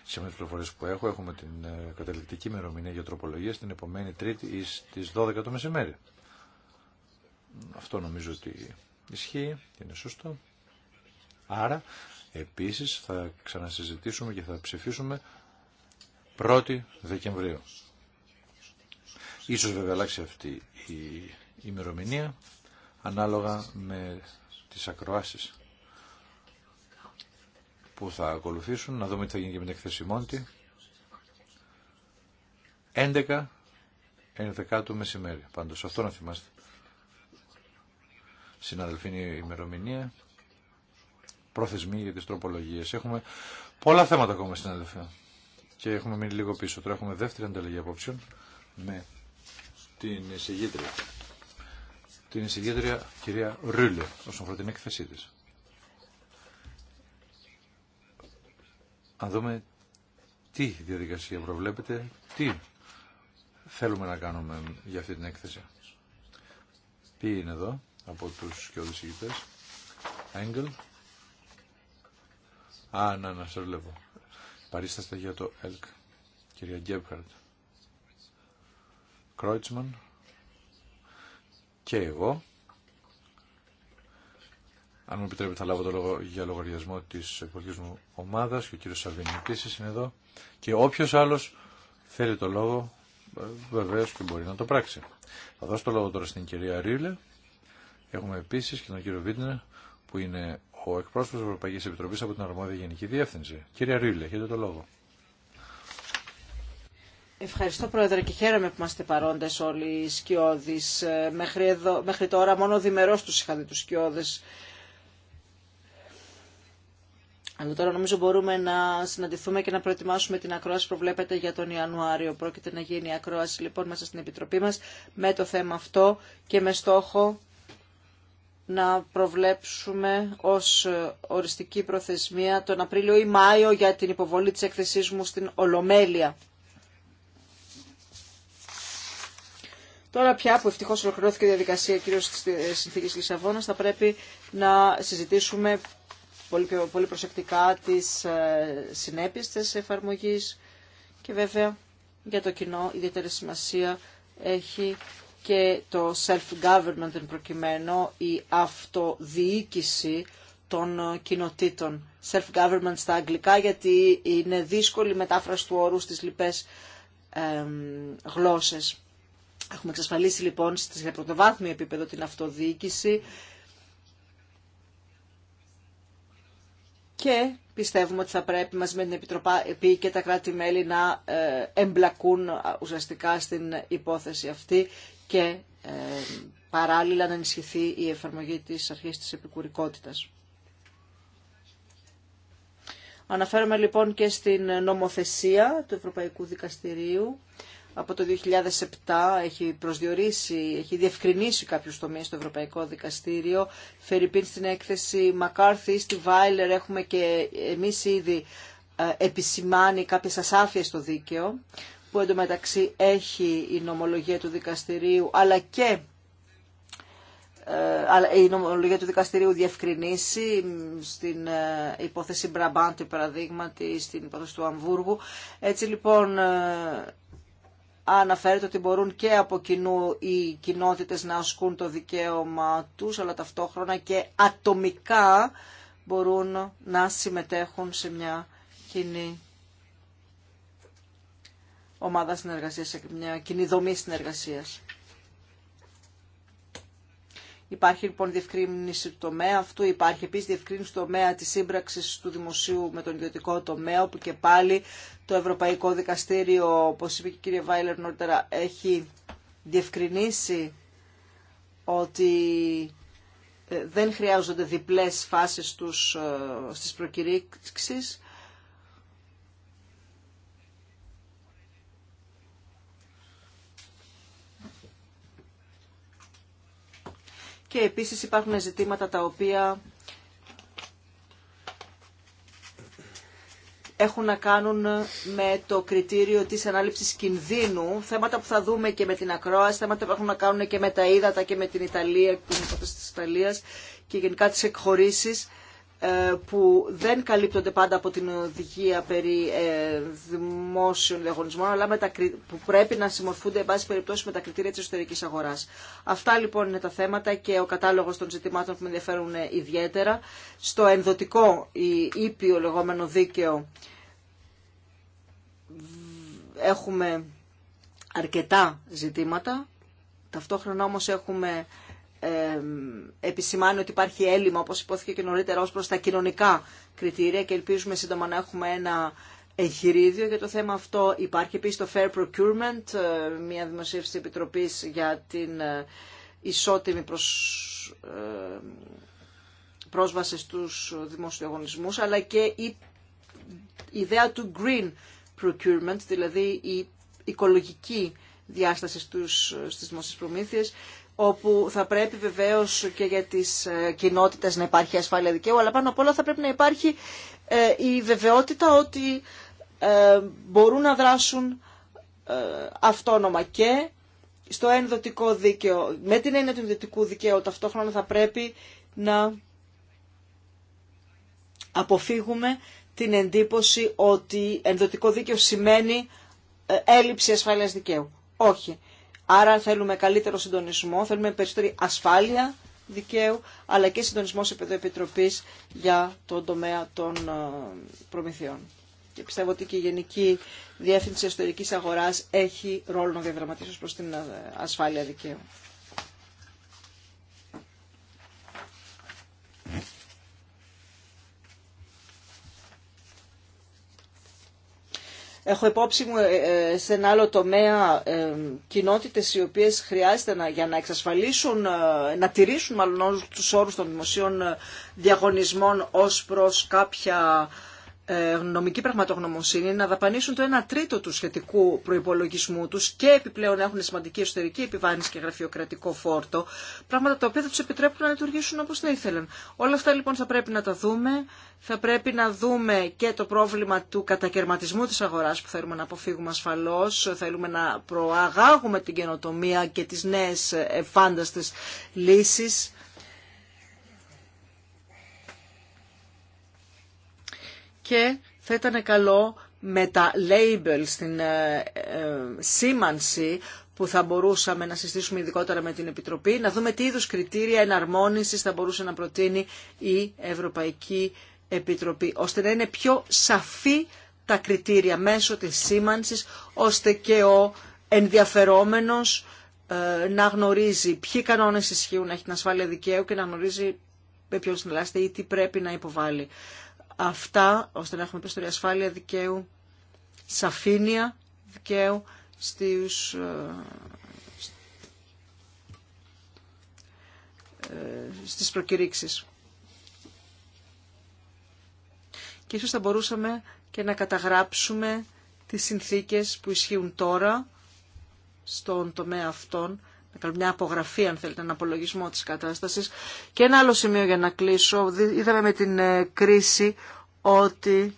Σε με πληροφορίε που έχω, έχουμε την ε, καταληκτική ημερομηνία για τροπολογία στην επομένη Τρίτη ή στις 12 το μεσημέρι. Αυτό νομίζω ότι ισχύει, και είναι σωστό. Άρα, επίση θα ξανασυζητήσουμε και θα ψηφίσουμε 1η Δεκεμβρίου. Ίσως βέβαια αλλάξει αυτή η ημερομηνία ανάλογα με τις ακροάσεις που θα ακολουθήσουν, να δούμε τι θα γίνει και με την εκθέση 11 11 του μεσημέρι, πάντως αυτό να θυμάστε. Συναδελφοί είναι η ημερομηνία, προθεσμοί για τις τροπολογίες. Έχουμε πολλά θέματα ακόμα συναδελφοί και έχουμε μείνει λίγο πίσω. Τώρα έχουμε δεύτερη ανταλλαγή απόψεων με την εισηγήτρια την εισηγήτρια κυρία Ρούλε όσον αφορά την έκθεσή της. Αν δούμε τι διαδικασία προβλέπετε, τι θέλουμε να κάνουμε για αυτή την έκθεση. Ποιοι είναι εδώ από τους και ηγητέ. Έγκελ. Α, να, να, σε βλέπω. Παρίσταστε για το ΕΛΚ. Κυρία Γκέμπχαρτ. Κρόιτσμαν και εγώ. Αν μου επιτρέπετε θα λάβω το λόγο για λογαριασμό της εποχής μου ομάδας και ο κύριος Σαββίνη επίσης είναι εδώ και όποιος άλλος θέλει το λόγο βεβαίως και μπορεί να το πράξει. Θα δώσω το λόγο τώρα στην κυρία Ρίλε. Έχουμε επίσης και τον κύριο Βίτνερ που είναι ο εκπρόσωπος της Ευρωπαϊκής Επιτροπής από την Αρμόδια Γενική Διεύθυνση. Κυρία Ρίλε, έχετε το λόγο. Ευχαριστώ Πρόεδρε και χαίρομαι που είμαστε παρόντες όλοι οι σκιώδεις. Ε, μέχρι, μέχρι τώρα μόνο διμερός τους είχα δει τους σκιώδες. Αλλά τώρα νομίζω μπορούμε να συναντηθούμε και να προετοιμάσουμε την ακρόαση που βλέπετε για τον Ιανουάριο. Πρόκειται να γίνει η ακρόαση λοιπόν μέσα στην Επιτροπή μας με το θέμα αυτό και με στόχο να προβλέψουμε ως οριστική προθεσμία τον Απρίλιο ή Μάιο για την υποβολή της έκθεσής μου στην Ολομέλεια. Τώρα πια που ευτυχώς ολοκληρώθηκε η διαδικασία κυρίω τη ε, συνθήκης Λισαβόνας θα πρέπει να συζητήσουμε πολύ, πολύ προσεκτικά τις ε, συνέπειες της εφαρμογή και βέβαια για το κοινό ιδιαίτερη σημασία έχει και το self-government εν προκειμένου, η αυτοδιοίκηση των ε, κοινοτήτων. Self-government στα αγγλικά γιατί είναι δύσκολη η μετάφραση του όρου στις λοιπές ε, γλώσσες. Έχουμε εξασφαλίσει λοιπόν σε πρωτοβάθμιο επίπεδο την αυτοδιοίκηση και πιστεύουμε ότι θα πρέπει μαζί με την Επιτροπή και τα κράτη-μέλη να ε, εμπλακούν ουσιαστικά στην υπόθεση αυτή και ε, παράλληλα να ενισχυθεί η εφαρμογή της αρχής της επικουρικότητας. Αναφέρομαι λοιπόν και στην νομοθεσία του Ευρωπαϊκού Δικαστηρίου από το 2007 έχει προσδιορίσει, έχει διευκρινίσει κάποιους τομείς στο Ευρωπαϊκό Δικαστήριο. Φερρυπίν στην έκθεση Μακάρθι, στη Βάιλερ έχουμε και εμείς ήδη ε, επισημάνει κάποιες ασάφειες στο δίκαιο που εντωμεταξύ έχει η νομολογία του δικαστηρίου αλλά και ε, η νομολογία του δικαστηρίου διευκρινίσει στην ε, υπόθεση Μπραμπάντου παραδείγματι στην υπόθεση του Αμβούργου. Έτσι λοιπόν αναφέρεται ότι μπορούν και από κοινού οι κοινότητες να ασκούν το δικαίωμα τους, αλλά ταυτόχρονα και ατομικά μπορούν να συμμετέχουν σε μια κοινή ομάδα συνεργασίας, σε μια κοινή δομή συνεργασίας. Υπάρχει λοιπόν διευκρίνηση του τομέα αυτού, υπάρχει επίσης διευκρίνηση του τομέα της σύμπραξης του δημοσίου με τον ιδιωτικό τομέα, όπου και πάλι το Ευρωπαϊκό Δικαστήριο, όπως είπε και η κυρία Βάιλερ νωρίτερα, έχει διευκρινίσει ότι ε, δεν χρειάζονται διπλές φάσεις τους ε, στις προκηρύξεις και επίσης υπάρχουν ζητήματα τα οποία έχουν να κάνουν με το κριτήριο της ανάληψης κινδύνου, θέματα που θα δούμε και με την ακρόαση, θέματα που έχουν να κάνουν και με τα ύδατα και με την Ιταλία, την και γενικά τις εκχωρήσεις. Ε, που δεν καλύπτονται πάντα από την οδηγία περί ε, δημόσιων διαγωνισμών, αλλά με τα, που πρέπει να συμμορφούνται, εν πάση περιπτώσει, με τα κριτήρια της εσωτερική αγοράς. Αυτά λοιπόν είναι τα θέματα και ο κατάλογος των ζητημάτων που με ενδιαφέρουν ιδιαίτερα. Στο ενδοτικό ή ήπιο λεγόμενο δίκαιο έχουμε αρκετά ζητήματα. Ταυτόχρονα όμως έχουμε επισημάνει ότι υπάρχει έλλειμμα, όπως υπόθηκε και νωρίτερα, ως προς τα κοινωνικά κριτήρια και ελπίζουμε σύντομα να έχουμε ένα εγχειρίδιο για το θέμα αυτό. Υπάρχει επίσης το Fair Procurement, ε, μια δημοσίευση της Επιτροπής για την ε, ισότιμη προς, ε, πρόσβαση στους δημοσιογονισμούς, αλλά και η ιδέα του Green Procurement, δηλαδή η οικολογική διάσταση στους, στις δημόσιες προμήθειες όπου θα πρέπει βεβαίως και για τις ε, κοινότητε να υπάρχει ασφάλεια δικαίου, αλλά πάνω απ' όλα θα πρέπει να υπάρχει ε, η βεβαιότητα ότι ε, μπορούν να δράσουν αυτόνομα και στο ενδοτικό δίκαιο. Με την έννοια του ενδοτικού δικαίου ταυτόχρονα θα πρέπει να αποφύγουμε την εντύπωση ότι ενδοτικό δίκαιο σημαίνει έλλειψη ασφάλειας δικαίου. Όχι. Άρα θέλουμε καλύτερο συντονισμό, θέλουμε περισσότερη ασφάλεια δικαίου, αλλά και συντονισμό σε επίπεδο επιτροπής για τον τομέα των ε, προμηθειών. Και πιστεύω ότι και η Γενική Διεύθυνση Εσωτερική Αγοράς έχει ρόλο να διαδραματίσει προ την ε, ασφάλεια δικαίου. Έχω υπόψη μου ε, ε, σε ένα άλλο τομέα ε, κοινότητες οι οποίες χρειάζεται να, για να εξασφαλίσουν, να τηρήσουν μάλλον όλους τους όρους των δημοσίων διαγωνισμών ως προς κάποια ε, νομική πραγματογνωμοσύνη να δαπανίσουν το 1 τρίτο του σχετικού προπολογισμού του και επιπλέον έχουν σημαντική εσωτερική επιβάρυνση και γραφειοκρατικό φόρτο, πράγματα τα οποία θα του επιτρέπουν να λειτουργήσουν όπω θα ήθελαν. Όλα αυτά λοιπόν θα πρέπει να τα δούμε. Θα πρέπει να δούμε και το πρόβλημα του κατακαιρματισμού τη αγορά που θέλουμε να αποφύγουμε ασφαλώ. Θέλουμε να προαγάγουμε την καινοτομία και τι νέε φάνταστε λύσει και θα ήταν καλό με τα labels, στην ε, ε, σήμανση που θα μπορούσαμε να συστήσουμε ειδικότερα με την Επιτροπή, να δούμε τι είδους κριτήρια εναρμόνισης θα μπορούσε να προτείνει η Ευρωπαϊκή Επιτροπή, ώστε να είναι πιο σαφή τα κριτήρια μέσω της σήμανσης, ώστε και ο ενδιαφερόμενος ε, να γνωρίζει ποιοι κανόνες ισχύουν, να έχει την ασφάλεια δικαίου και να γνωρίζει με ποιον συνελάσσεται ή τι πρέπει να υποβάλει αυτά, ώστε να έχουμε περισσότερη ασφάλεια δικαίου, σαφήνεια δικαίου στους, ε, ε, στις προκηρύξεις. Και ίσως θα μπορούσαμε και να καταγράψουμε τις συνθήκες που ισχύουν τώρα στον τομέα αυτών να μια απογραφή αν θέλετε, ένα απολογισμό της κατάστασης. Και ένα άλλο σημείο για να κλείσω, είδαμε με την ε, κρίση ότι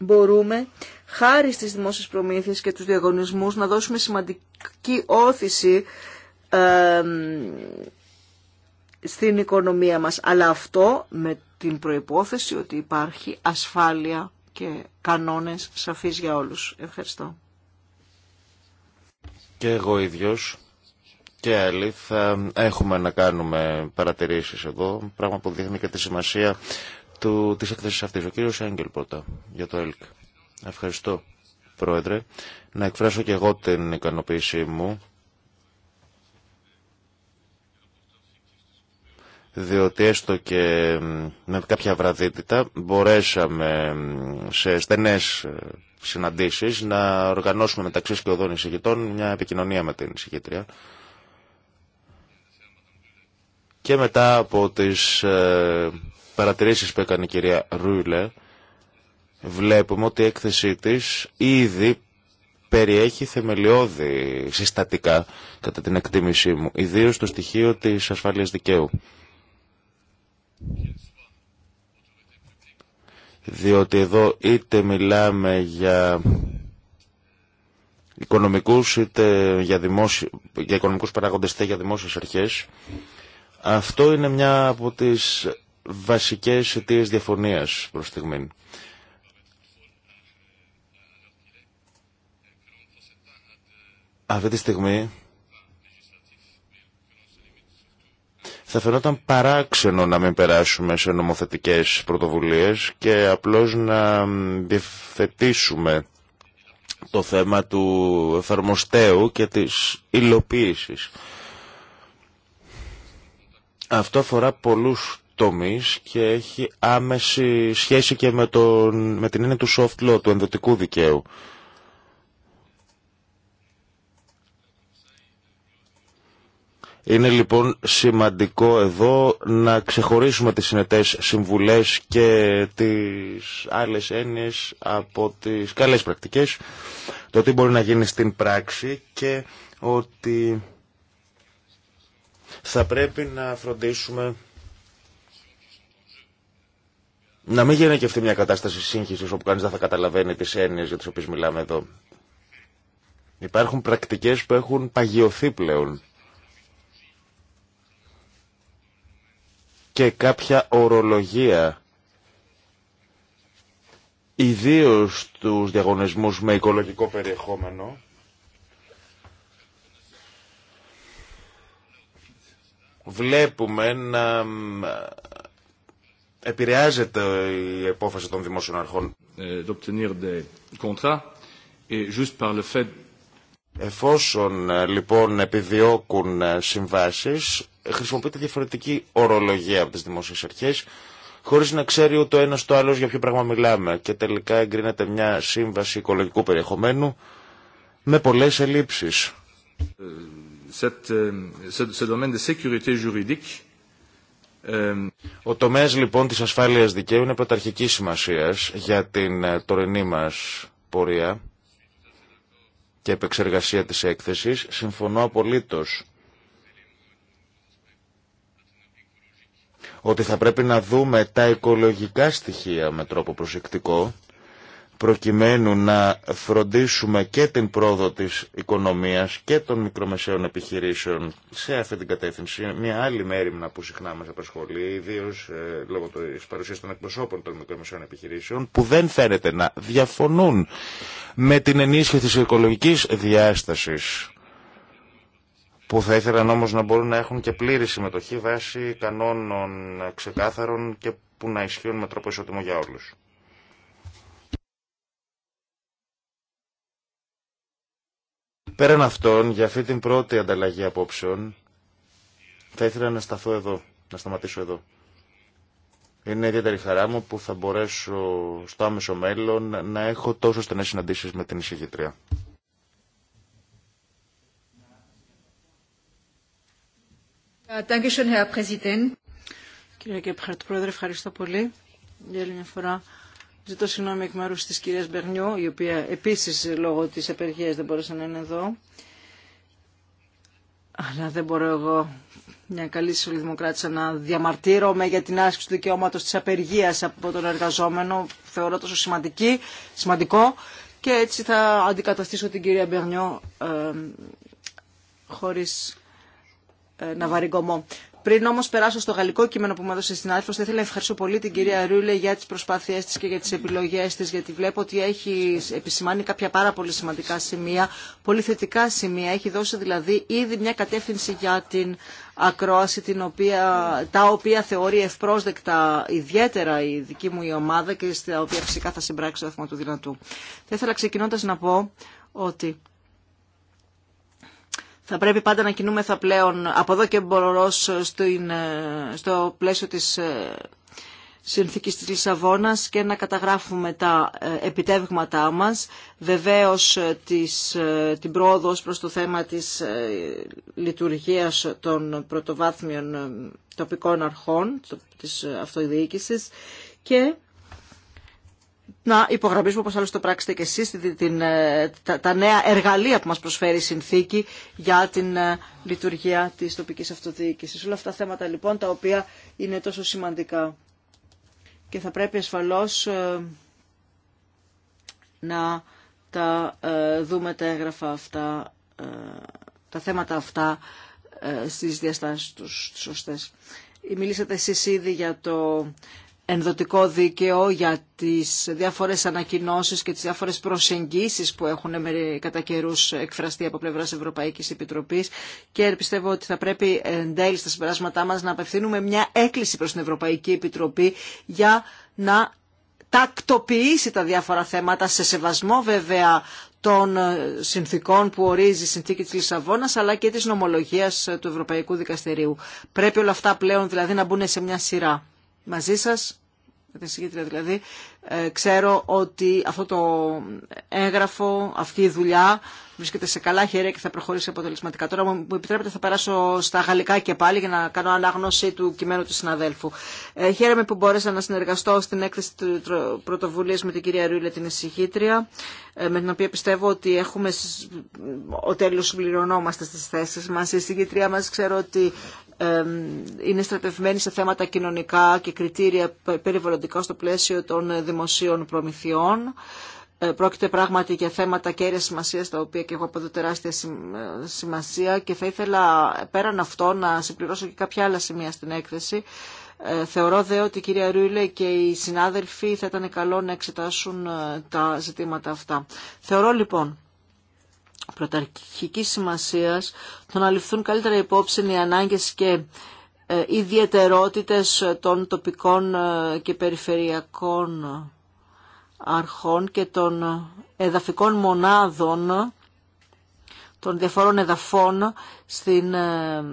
μπορούμε χάρη στις δημόσιες προμήθειες και τους διαγωνισμούς να δώσουμε σημαντική όθηση στην οικονομία μας. Αλλά αυτό με την προϋπόθεση ότι υπάρχει ασφάλεια και κανόνες σαφείς για όλους. Ευχαριστώ και εγώ ίδιος και άλλοι θα έχουμε να κάνουμε παρατηρήσεις εδώ, πράγμα που δείχνει και τη σημασία του, της έκθεσης αυτής. Ο κύριος Έγγελ πρώτα για το ΕΛΚ. Ευχαριστώ Πρόεδρε. Να εκφράσω και εγώ την ικανοποίησή μου διότι έστω και με κάποια βραδύτητα μπορέσαμε σε στενές να οργανώσουμε μεταξύ σκιωδών εισηγητών μια επικοινωνία με την εισηγήτρια. Και μετά από τις ε, παρατηρήσεις που έκανε η κυρία Ρούιλε, βλέπουμε ότι η έκθεσή της ήδη περιέχει θεμελιώδη συστατικά, κατά την εκτίμησή μου, ιδίω το στοιχείο της ασφάλειας δικαίου διότι εδώ είτε μιλάμε για οικονομικούς είτε για, δημόσι... για οικονομικούς παράγοντες είτε για δημόσιες αρχές αυτό είναι μια από τις βασικές αιτίε διαφωνίας προς στιγμή. Αυτή τη στιγμή θα φαινόταν παράξενο να μην περάσουμε σε νομοθετικές πρωτοβουλίες και απλώς να διευθετήσουμε το θέμα του εφαρμοστέου και της υλοποίησης. Αυτό αφορά πολλούς τομείς και έχει άμεση σχέση και με, τον, με την έννοια του soft law, του ενδοτικού δικαίου. Είναι λοιπόν σημαντικό εδώ να ξεχωρίσουμε τις συνετές συμβουλές και τις άλλες έννοιες από τις καλές πρακτικές, το τι μπορεί να γίνει στην πράξη και ότι θα πρέπει να φροντίσουμε να μην γίνει και αυτή μια κατάσταση σύγχυσης όπου κανείς δεν θα καταλαβαίνει τις έννοιες για τις οποίες μιλάμε εδώ. Υπάρχουν πρακτικές που έχουν παγιωθεί πλέον και κάποια ορολογία ιδίως τους διαγωνισμούς με οικολογικό περιεχόμενο βλέπουμε να επηρεάζεται η απόφαση των δημόσιων αρχών. Ε, Εφόσον ε, λοιπόν επιδιώκουν ε, συμβάσεις, χρησιμοποιείται διαφορετική ορολογία από τις δημόσιες αρχές χωρίς να ξέρει ούτε ο ένας το άλλο για ποιο πράγμα μιλάμε και τελικά εγκρίνεται μια σύμβαση οικολογικού περιεχομένου με πολλές ελλείψει. Euh, euh, ο τομέας λοιπόν της ασφάλειας δικαίου είναι πρωταρχική σημασίας για την ε, τωρινή μας πορεία και επεξεργασία της έκθεσης. Συμφωνώ απολύτως ότι θα πρέπει να δούμε τα οικολογικά στοιχεία με τρόπο προσεκτικό προκειμένου να φροντίσουμε και την πρόοδο της οικονομίας και των μικρομεσαίων επιχειρήσεων σε αυτή την κατεύθυνση. Μια άλλη μέρημνα που συχνά μας απασχολεί, ιδίω ε, λόγω της παρουσίας των εκπροσώπων των μικρομεσαίων επιχειρήσεων, που δεν φαίνεται να διαφωνούν με την ενίσχυση της οικολογικής διάστασης που θα ήθελαν όμως να μπορούν να έχουν και πλήρη συμμετοχή βάσει κανόνων ξεκάθαρων και που να ισχύουν με τρόπο ισότιμο για όλους. Πέραν αυτών, για αυτή την πρώτη ανταλλαγή απόψεων, θα ήθελα να σταθώ εδώ, να σταματήσω εδώ. Είναι ιδιαίτερη χαρά μου που θα μπορέσω στο άμεσο μέλλον να έχω τόσο στενές συναντήσεις με την εισηγητρία. Ε, Κύριε Κεπχαρτ, Πρόεδρε, ευχαριστώ πολύ. Για άλλη μια φορά ζητώ συγγνώμη εκ μέρους της κυρίας Μπερνιό, η οποία επίσης ε, λόγω της απεργίας δεν μπορούσε να είναι εδώ. Αλλά δεν μπορώ εγώ, μια καλή σοσιαλδημοκράτησα, να διαμαρτύρομαι για την άσκηση του δικαιώματος της απεργίας από τον εργαζόμενο, θεωρώ τόσο σημαντική, σημαντικό. Και έτσι θα αντικαταστήσω την κυρία Μπερνιό ε, χωρίς ε, Πριν όμω περάσω στο γαλλικό κείμενο που μου έδωσε στην συνάδελφο, θα ήθελα να ευχαριστήσω πολύ την κυρία Ρούλε για τι προσπάθειέ τη και για τι επιλογέ τη, γιατί βλέπω ότι έχει επισημάνει κάποια πάρα πολύ σημαντικά σημεία, πολύ θετικά σημεία. Έχει δώσει δηλαδή ήδη μια κατεύθυνση για την ακρόαση, την οποία, τα οποία θεωρεί ευπρόσδεκτα ιδιαίτερα η δική μου η ομάδα και στα οποία φυσικά θα συμπράξει το βαθμό του δυνατού. Θα ήθελα ξεκινώντα να πω ότι θα πρέπει πάντα να κινούμεθα πλέον από εδώ και μπορώ ε, στο πλαίσιο της ε, συνθήκη της Λισαβόνας και να καταγράφουμε τα ε, επιτεύγματά μας. Βεβαίως της, την πρόοδο προς το θέμα της λειτουργίας των πρωτοβάθμιων τοπικών αρχών, της αυτοδιοίκησης και να υπογραμμίσουμε, όπως άλλως το πράξετε και εσείς, την, ε, τα, τα, νέα εργαλεία που μας προσφέρει η συνθήκη για την ε, λειτουργία της τοπικής αυτοδιοίκησης. Όλα αυτά τα θέματα λοιπόν τα οποία είναι τόσο σημαντικά. Και θα πρέπει ασφαλώς ε, να τα δούμε τα έγγραφα αυτά, τα θέματα αυτά στις διαστάσεις τους σωστές. Μιλήσατε εσείς ήδη για το ενδοτικό δίκαιο για τις διάφορες ανακοινώσεις και τις διάφορες προσεγγίσεις που έχουν κατά καιρούς εκφραστεί από πλευράς Ευρωπαϊκής Επιτροπής και πιστεύω ότι θα πρέπει εν τέλει στα συμπεράσματά μας να απευθύνουμε μια έκκληση προς την Ευρωπαϊκή Επιτροπή για να τακτοποιήσει τα διάφορα θέματα σε σεβασμό βέβαια των συνθήκων που ορίζει η συνθήκη της Λισαβόνας αλλά και της νομολογίας του Ευρωπαϊκού Δικαστηρίου. Πρέπει όλα αυτά πλέον δηλαδή να μπουν σε μια σειρά μαζί σας, με την συγκήτρια δηλαδή, ε, ξέρω ότι αυτό το έγγραφο, αυτή η δουλειά βρίσκεται σε καλά χέρια και θα προχωρήσει αποτελεσματικά. Τώρα μου επιτρέπετε θα περάσω στα γαλλικά και πάλι για να κάνω ανάγνωση του κειμένου του συναδέλφου. Ε, χαίρομαι που μπόρεσα να συνεργαστώ στην έκθεση του πρωτοβουλίας με την κυρία Ρούλε την εισηγήτρια, ε, με την οποία πιστεύω ότι έχουμε ο τέλος συμπληρωνόμαστε στις θέσεις μας. Η εισηγήτρια μας ξέρω ότι είναι στρατευμένη σε θέματα κοινωνικά και κριτήρια περιβαλλοντικά στο πλαίσιο των ε, δημοσίων προμηθειών. Ε, πρόκειται πράγματι για θέματα κέρια σημασία, τα οποία και εγώ εδώ τεράστια ε, σημασία και θα ήθελα πέραν αυτό να συμπληρώσω και κάποια άλλα σημεία στην έκθεση. Θεωρώ δε ότι η κυρία Ρούλε και οι συνάδελφοι θα ήταν καλό να εξετάσουν τα ζητήματα αυτά. Θεωρώ λοιπόν πρωταρχικής σημασίας το να ληφθούν καλύτερα υπόψη οι ανάγκες και ε, ιδιαιτερότητες των τοπικών ε, και περιφερειακών αρχών και των εδαφικών μονάδων των διαφορών εδαφών στην ε,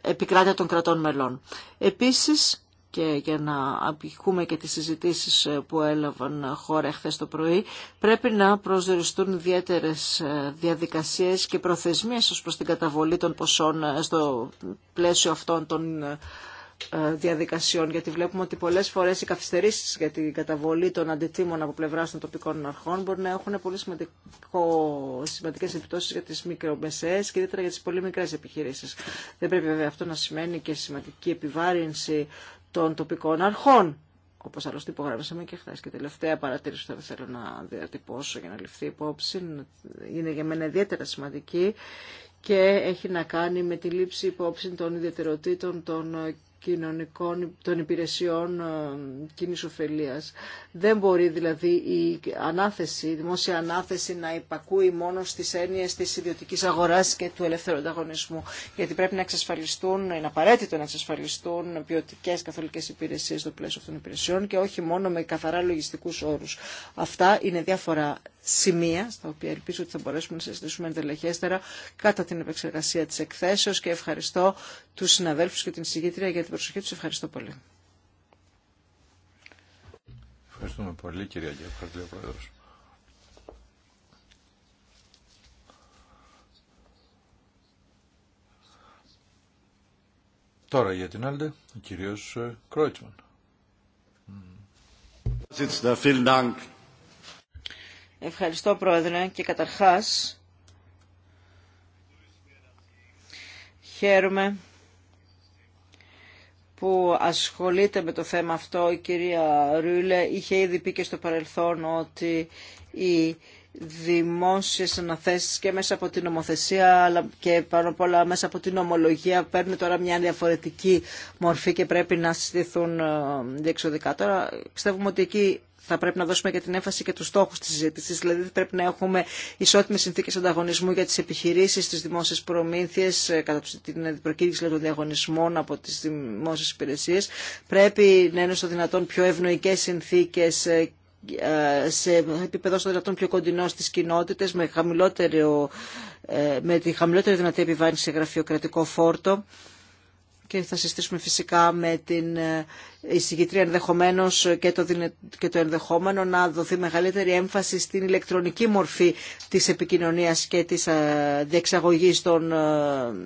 επικράτεια των κρατών μελών. Επίσης, και για να απηχούμε και τις συζητήσεις ε, που έλαβαν χώρα χθες το πρωί, πρέπει να προσδιοριστούν ιδιαίτερε ε, διαδικασίες και προθεσμίες ως προς την καταβολή των ποσών ε, στο πλαίσιο αυτών των διαδικασιών, γιατί βλέπουμε ότι πολλές φορές οι καθυστερήσεις για την καταβολή των αντιτίμων από πλευράς των τοπικών αρχών μπορεί να έχουν πολύ σημαντικό, σημαντικές επιπτώσεις για τις μικρομεσαίες και ιδιαίτερα για τις πολύ μικρές επιχειρήσεις. Δεν πρέπει βέβαια αυτό να σημαίνει και σημαντική επιβάρυνση των τοπικών αρχών. όπω άλλωστε υπογράψαμε και χθε. Και τελευταία παρατήρηση που θα θέλω να διατυπώσω για να ληφθεί υπόψη είναι για μένα ιδιαίτερα σημαντική και έχει να κάνει με τη λήψη υπόψη των ιδιαιτεροτήτων των κοινωνικών, των υπηρεσιών ε, κοινή ωφελία. Δεν μπορεί δηλαδή η ανάθεση, η δημόσια ανάθεση να υπακούει μόνο στι έννοιε τη ιδιωτική αγορά και του ελεύθερου ανταγωνισμού. Γιατί πρέπει να εξασφαλιστούν, είναι απαραίτητο να εξασφαλιστούν ποιοτικέ καθολικέ υπηρεσίε στο πλαίσιο αυτών των υπηρεσιών και όχι μόνο με καθαρά λογιστικού όρου. Αυτά είναι διάφορα σημεία στα οποία ελπίζω ότι θα μπορέσουμε να συζητήσουμε εντελεχέστερα κατά την επεξεργασία της εκθέσεως και ευχαριστώ τους συναδέλφους και την συγκήτρια για την προσοχή τους. Ευχαριστώ πολύ. Ευχαριστούμε πολύ κυρία Γεφαρδίου Πρόεδρος. Τώρα για την άλλη, ο κύριος Κρόιτσμαν. Ευχαριστώ Πρόεδρε και καταρχάς χαίρομαι που ασχολείται με το θέμα αυτό η κυρία Ρούλε είχε ήδη πει και στο παρελθόν ότι οι δημόσιες αναθέσεις και μέσα από την νομοθεσία αλλά και πάνω απ' όλα μέσα από την ομολογία παίρνουν τώρα μια διαφορετική μορφή και πρέπει να συστηθούν ε, διεξοδικά. Τώρα πιστεύουμε ότι εκεί θα πρέπει να δώσουμε και την έμφαση και του στόχου τη συζήτηση. Δηλαδή, πρέπει να έχουμε ισότιμε συνθήκε ανταγωνισμού για τι επιχειρήσει, τι δημόσιε προμήθειε, ε, κατά την προκήρυξη των διαγωνισμών από τι δημόσιε υπηρεσίε. Πρέπει να είναι στο δυνατόν πιο ευνοϊκέ συνθήκε ε, ε, σε επίπεδο στο δυνατόν πιο κοντινό στις κοινότητες με, με τη χαμηλότερη δυνατή επιβάρυνση σε γραφειοκρατικό φόρτο και θα συστήσουμε φυσικά με την ε, εισηγητρία ενδεχομένω και, το και το ενδεχόμενο να δοθεί μεγαλύτερη έμφαση στην ηλεκτρονική μορφή της επικοινωνίας και της ε, διεξαγωγής των ε,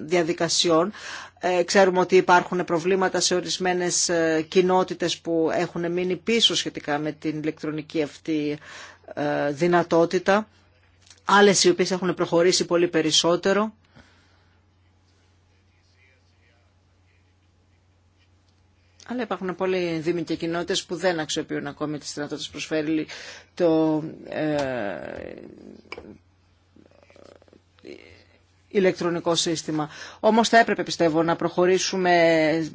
διαδικασιών. Ξέρουμε ότι υπάρχουν προβλήματα σε ορισμένες κοινότητες που έχουν μείνει πίσω σχετικά με την ηλεκτρονική αυτή δυνατότητα. Άλλες οι οποίες έχουν προχωρήσει πολύ περισσότερο Αλλά υπάρχουν πολλοί δήμοι και κοινότητε που δεν αξιοποιούν ακόμη τις δυνατότητες προσφέρει το ε, ηλεκτρονικό σύστημα. Όμως θα έπρεπε πιστεύω να προχωρήσουμε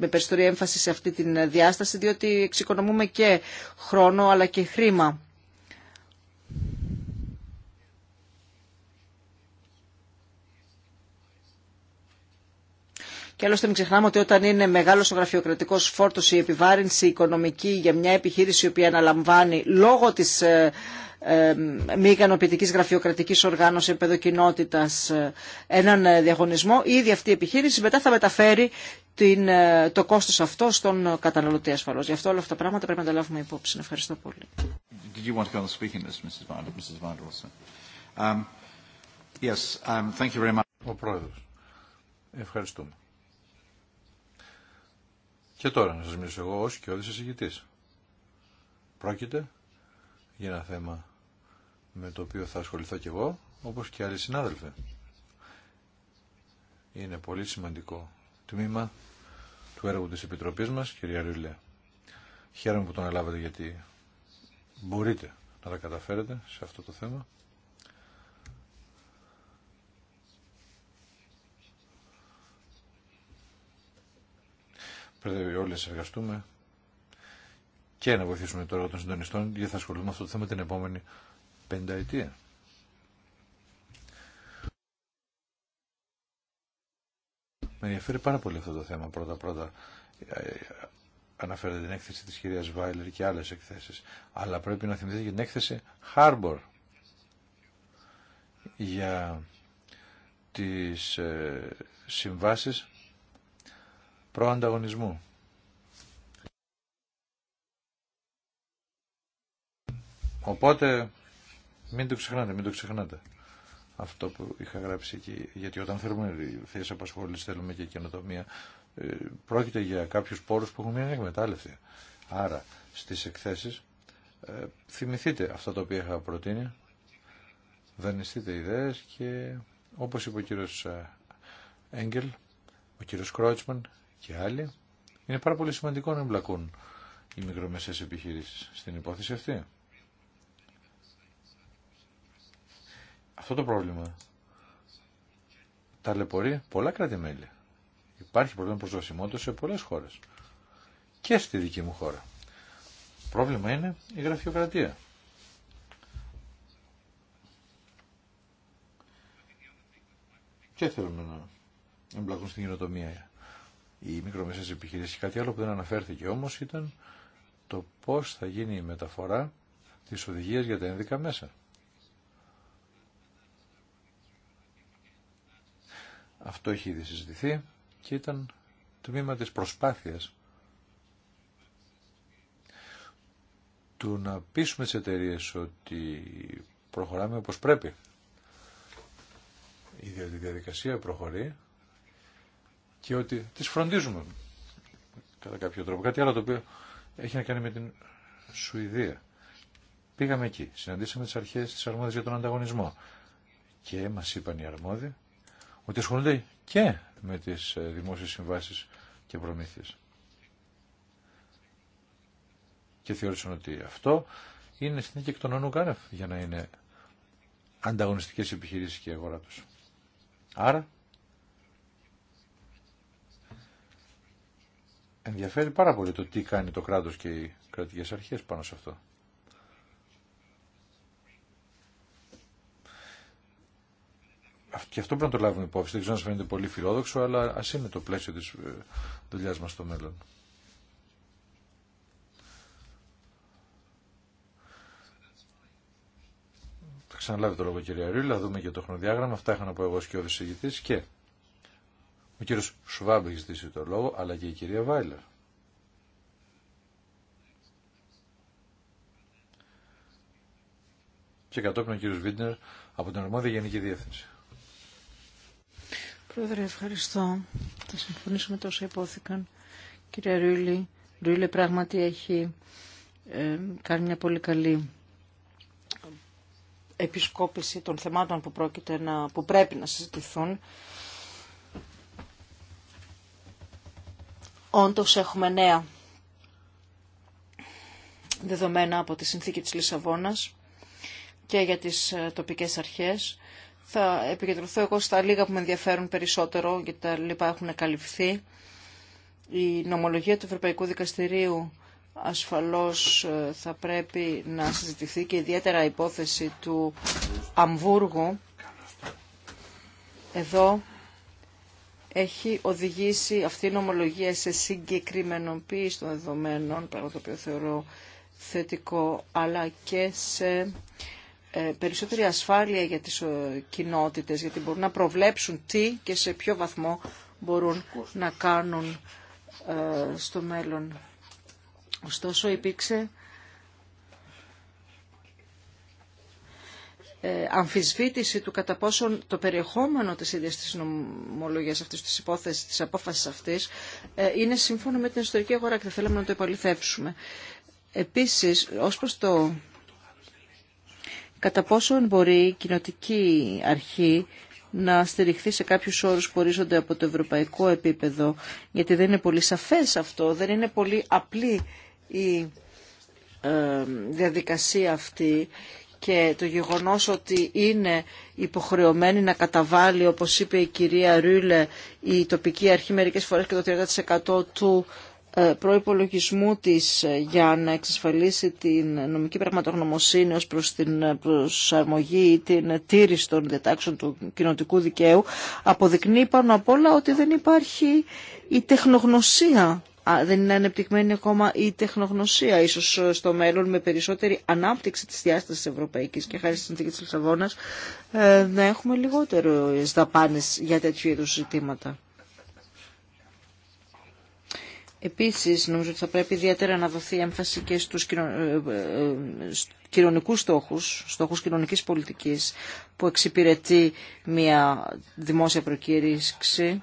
με περισσότερη έμφαση σε αυτή τη διάσταση διότι εξοικονομούμε και χρόνο αλλά και χρήμα. Και άλλωστε μην ξεχνάμε ότι όταν είναι μεγάλο ο γραφειοκρατικό φόρτο, η επιβάρυνση οικονομική για μια επιχείρηση η οποία αναλαμβάνει λόγω τη ε, ε, μη ικανοποιητική γραφειοκρατική οργάνωση επεδοκινότητα ε, έναν ε, διαγωνισμό, ήδη αυτή η επιχείρηση μετά θα μεταφέρει την, το κόστο αυτό στον καταναλωτή ασφαλώ. Γι' αυτό όλα αυτά τα πράγματα πρέπει να τα λάβουμε υπόψη. Ευχαριστώ πολύ. Ο Πρόεδρος. Ευχαριστούμε. Και τώρα να σας μιλήσω εγώ ως και ηγητής. Πρόκειται για ένα θέμα με το οποίο θα ασχοληθώ και εγώ, όπως και άλλοι συνάδελφοι. Είναι πολύ σημαντικό τμήμα του έργου της Επιτροπής μας, κυρία Ρουλέ. Χαίρομαι που τον ελάβατε γιατί μπορείτε να τα καταφέρετε σε αυτό το θέμα. Πρέπει όλοι να εργαστούμε και να βοηθήσουμε τώρα των συντονιστών γιατί θα ασχοληθούμε αυτό το θέμα την επόμενη πενταετία. Με ενδιαφέρει πάρα πολύ αυτό το θέμα πρώτα-πρώτα. Ε, αναφέρεται την έκθεση της κυρίας Βάιλερ και άλλες εκθέσεις. Αλλά πρέπει να θυμηθείτε και την έκθεση Harbor για τις ε, συμβάσεις προανταγωνισμού. Οπότε μην το ξεχνάτε, μην το ξεχνάτε αυτό που είχα γράψει εκεί, γιατί όταν θέλουμε θέσει απασχόληση θέλουμε και καινοτομία, ε, πρόκειται για κάποιους πόρους που έχουν μια εκμετάλλευση. Άρα στις εκθέσει ε, θυμηθείτε αυτά τα οποία είχα προτείνει, δανειστείτε ιδέες και όπως είπε ο κύριο Έγκελ, ο κύριο Κρότσμαν, και άλλοι, είναι πάρα πολύ σημαντικό να εμπλακούν οι μικρομεσαίες επιχειρήσεις στην υπόθεση αυτή. Αυτό το πρόβλημα ταλαιπωρεί πολλά κράτη-μέλη. Υπάρχει πρόβλημα προσβασιμότητας σε πολλές χώρες. Και στη δική μου χώρα. Πρόβλημα είναι η γραφειοκρατία. Και θέλουμε να εμπλακούν στην κοινοτομία οι μικρομεσαίες επιχειρήσεις. Κάτι άλλο που δεν αναφέρθηκε όμω ήταν το πώς θα γίνει η μεταφορά τη οδηγία για τα ένδικα μέσα. Αυτό έχει ήδη συζητηθεί και ήταν τμήμα της προσπάθειας του να πείσουμε τις εταιρείε ότι προχωράμε όπως πρέπει. Η διαδικασία προχωρεί και ότι τις φροντίζουμε κατά κάποιο τρόπο. Κάτι άλλο το οποίο έχει να κάνει με την Σουηδία. Πήγαμε εκεί, συναντήσαμε τις αρχές της αρμόδιας για τον ανταγωνισμό και μας είπαν οι αρμόδιοι ότι ασχολούνται και με τις ε, δημόσιες συμβάσεις και προμήθειες. Και θεώρησαν ότι αυτό είναι στην και εκ των ονού για να είναι ανταγωνιστικές επιχειρήσεις και αγορά τους. Άρα ενδιαφέρει πάρα πολύ το τι κάνει το κράτος και οι κρατικές αρχές πάνω σε αυτό. Και αυτό πρέπει να το λάβουμε υπόψη. Δεν ξέρω αν φαίνεται πολύ φιλόδοξο, αλλά ας είναι το πλαίσιο της ε, δουλειάς μας στο μέλλον. Θα ξαναλάβει το λόγο κυρία Ρίλα, δούμε και το χρονοδιάγραμμα. Αυτά είχα να πω εγώ και ο και ο κύριος Σουβάμπ έχει το λόγο, αλλά και η κυρία Βάιλερ. Και κατόπιν ο κύριος Βίτνερ από την Ορμόδια Γενική Διεύθυνση. Πρόεδρε, ευχαριστώ. Θα συμφωνήσω με τόσα υπόθηκαν. Κύριε Ρούλη, Ρούλη πράγματι έχει ε, κάνει μια πολύ καλή επισκόπηση των θεμάτων που, πρόκειται να, που πρέπει να συζητηθούν Όντως έχουμε νέα δεδομένα από τη συνθήκη της Λισαβόνας και για τις ε, τοπικές αρχές. Θα επικεντρωθώ εγώ στα λίγα που με ενδιαφέρουν περισσότερο, γιατί τα λοιπά έχουν καλυφθεί. Η νομολογία του Ευρωπαϊκού Δικαστηρίου ασφαλώς ε, θα πρέπει να συζητηθεί και ιδιαίτερα η υπόθεση του Αμβούργου. Εδώ έχει οδηγήσει αυτή η νομολογία σε συγκεκριμενοποίηση των δεδομένων, πράγμα το οποίο θεωρώ θετικό, αλλά και σε ε, περισσότερη ασφάλεια για τις ε, κοινότητες, γιατί μπορούν να προβλέψουν τι και σε ποιο βαθμό μπορούν να κάνουν ε, στο μέλλον. Ωστόσο, υπήρξε Ε, αμφισβήτηση του κατά πόσον το περιεχόμενο της ίδιας της νομολογίας αυτής, της υπόθεσης, της απόφασης αυτής, ε, είναι σύμφωνο με την ιστορική αγορά και θα θέλαμε να το επαληθεύσουμε. Επίσης, ως προς το κατά πόσον μπορεί η κοινοτική αρχή να στηριχθεί σε κάποιους όρους που ορίζονται από το ευρωπαϊκό επίπεδο, γιατί δεν είναι πολύ σαφές αυτό, δεν είναι πολύ απλή η ε, διαδικασία αυτή και το γεγονός ότι είναι υποχρεωμένη να καταβάλει, όπως είπε η κυρία Ρούλε, η τοπική αρχή μερικές φορές και το 30% του ε, προϋπολογισμού της ε, για να εξασφαλίσει την νομική πραγματογνωμοσύνη ως προς την ε, προσαρμογή ή την τήρηση των διατάξεων του κοινοτικού δικαίου αποδεικνύει πάνω απ' όλα ότι δεν υπάρχει η τεχνογνωσία δεν είναι ανεπτυγμένη ακόμα η τεχνογνωσία. Ίσως ε, στο μέλλον με περισσότερη ανάπτυξη της διάστασης ευρωπαϊκής και χάρη στη συνθήκη της Λισαβόνας ε, να έχουμε λιγότερο δαπάνες για τέτοιου είδους ζητήματα. Επίσης, νομίζω ότι θα πρέπει ιδιαίτερα να δοθεί έμφαση και στους ε, κοινωνικούς στόχους, στόχους κοινωνικής πολιτικής, που εξυπηρετεί μια δημόσια προκήρυξη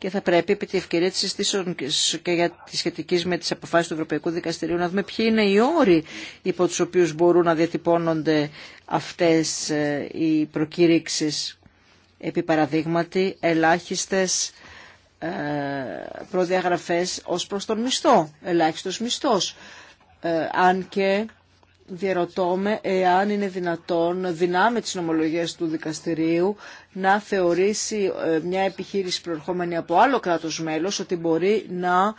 και θα πρέπει επί τη ευκαιρία της και για τη σχετική με τις αποφάσεις του Ευρωπαϊκού Δικαστηρίου να δούμε ποιοι είναι οι όροι υπό τους οποίους μπορούν να διατυπώνονται αυτές ε, οι προκήρυξεις επί παραδείγματι ελάχιστες ε, προδιαγραφές ως προς τον μισθό, ελάχιστος μισθός. Ε, αν και διαρωτώ εάν είναι δυνατόν δυνάμε τις νομολογίες του δικαστηρίου να θεωρήσει ε, μια επιχείρηση προερχόμενη από άλλο κράτος μέλος ότι μπορεί να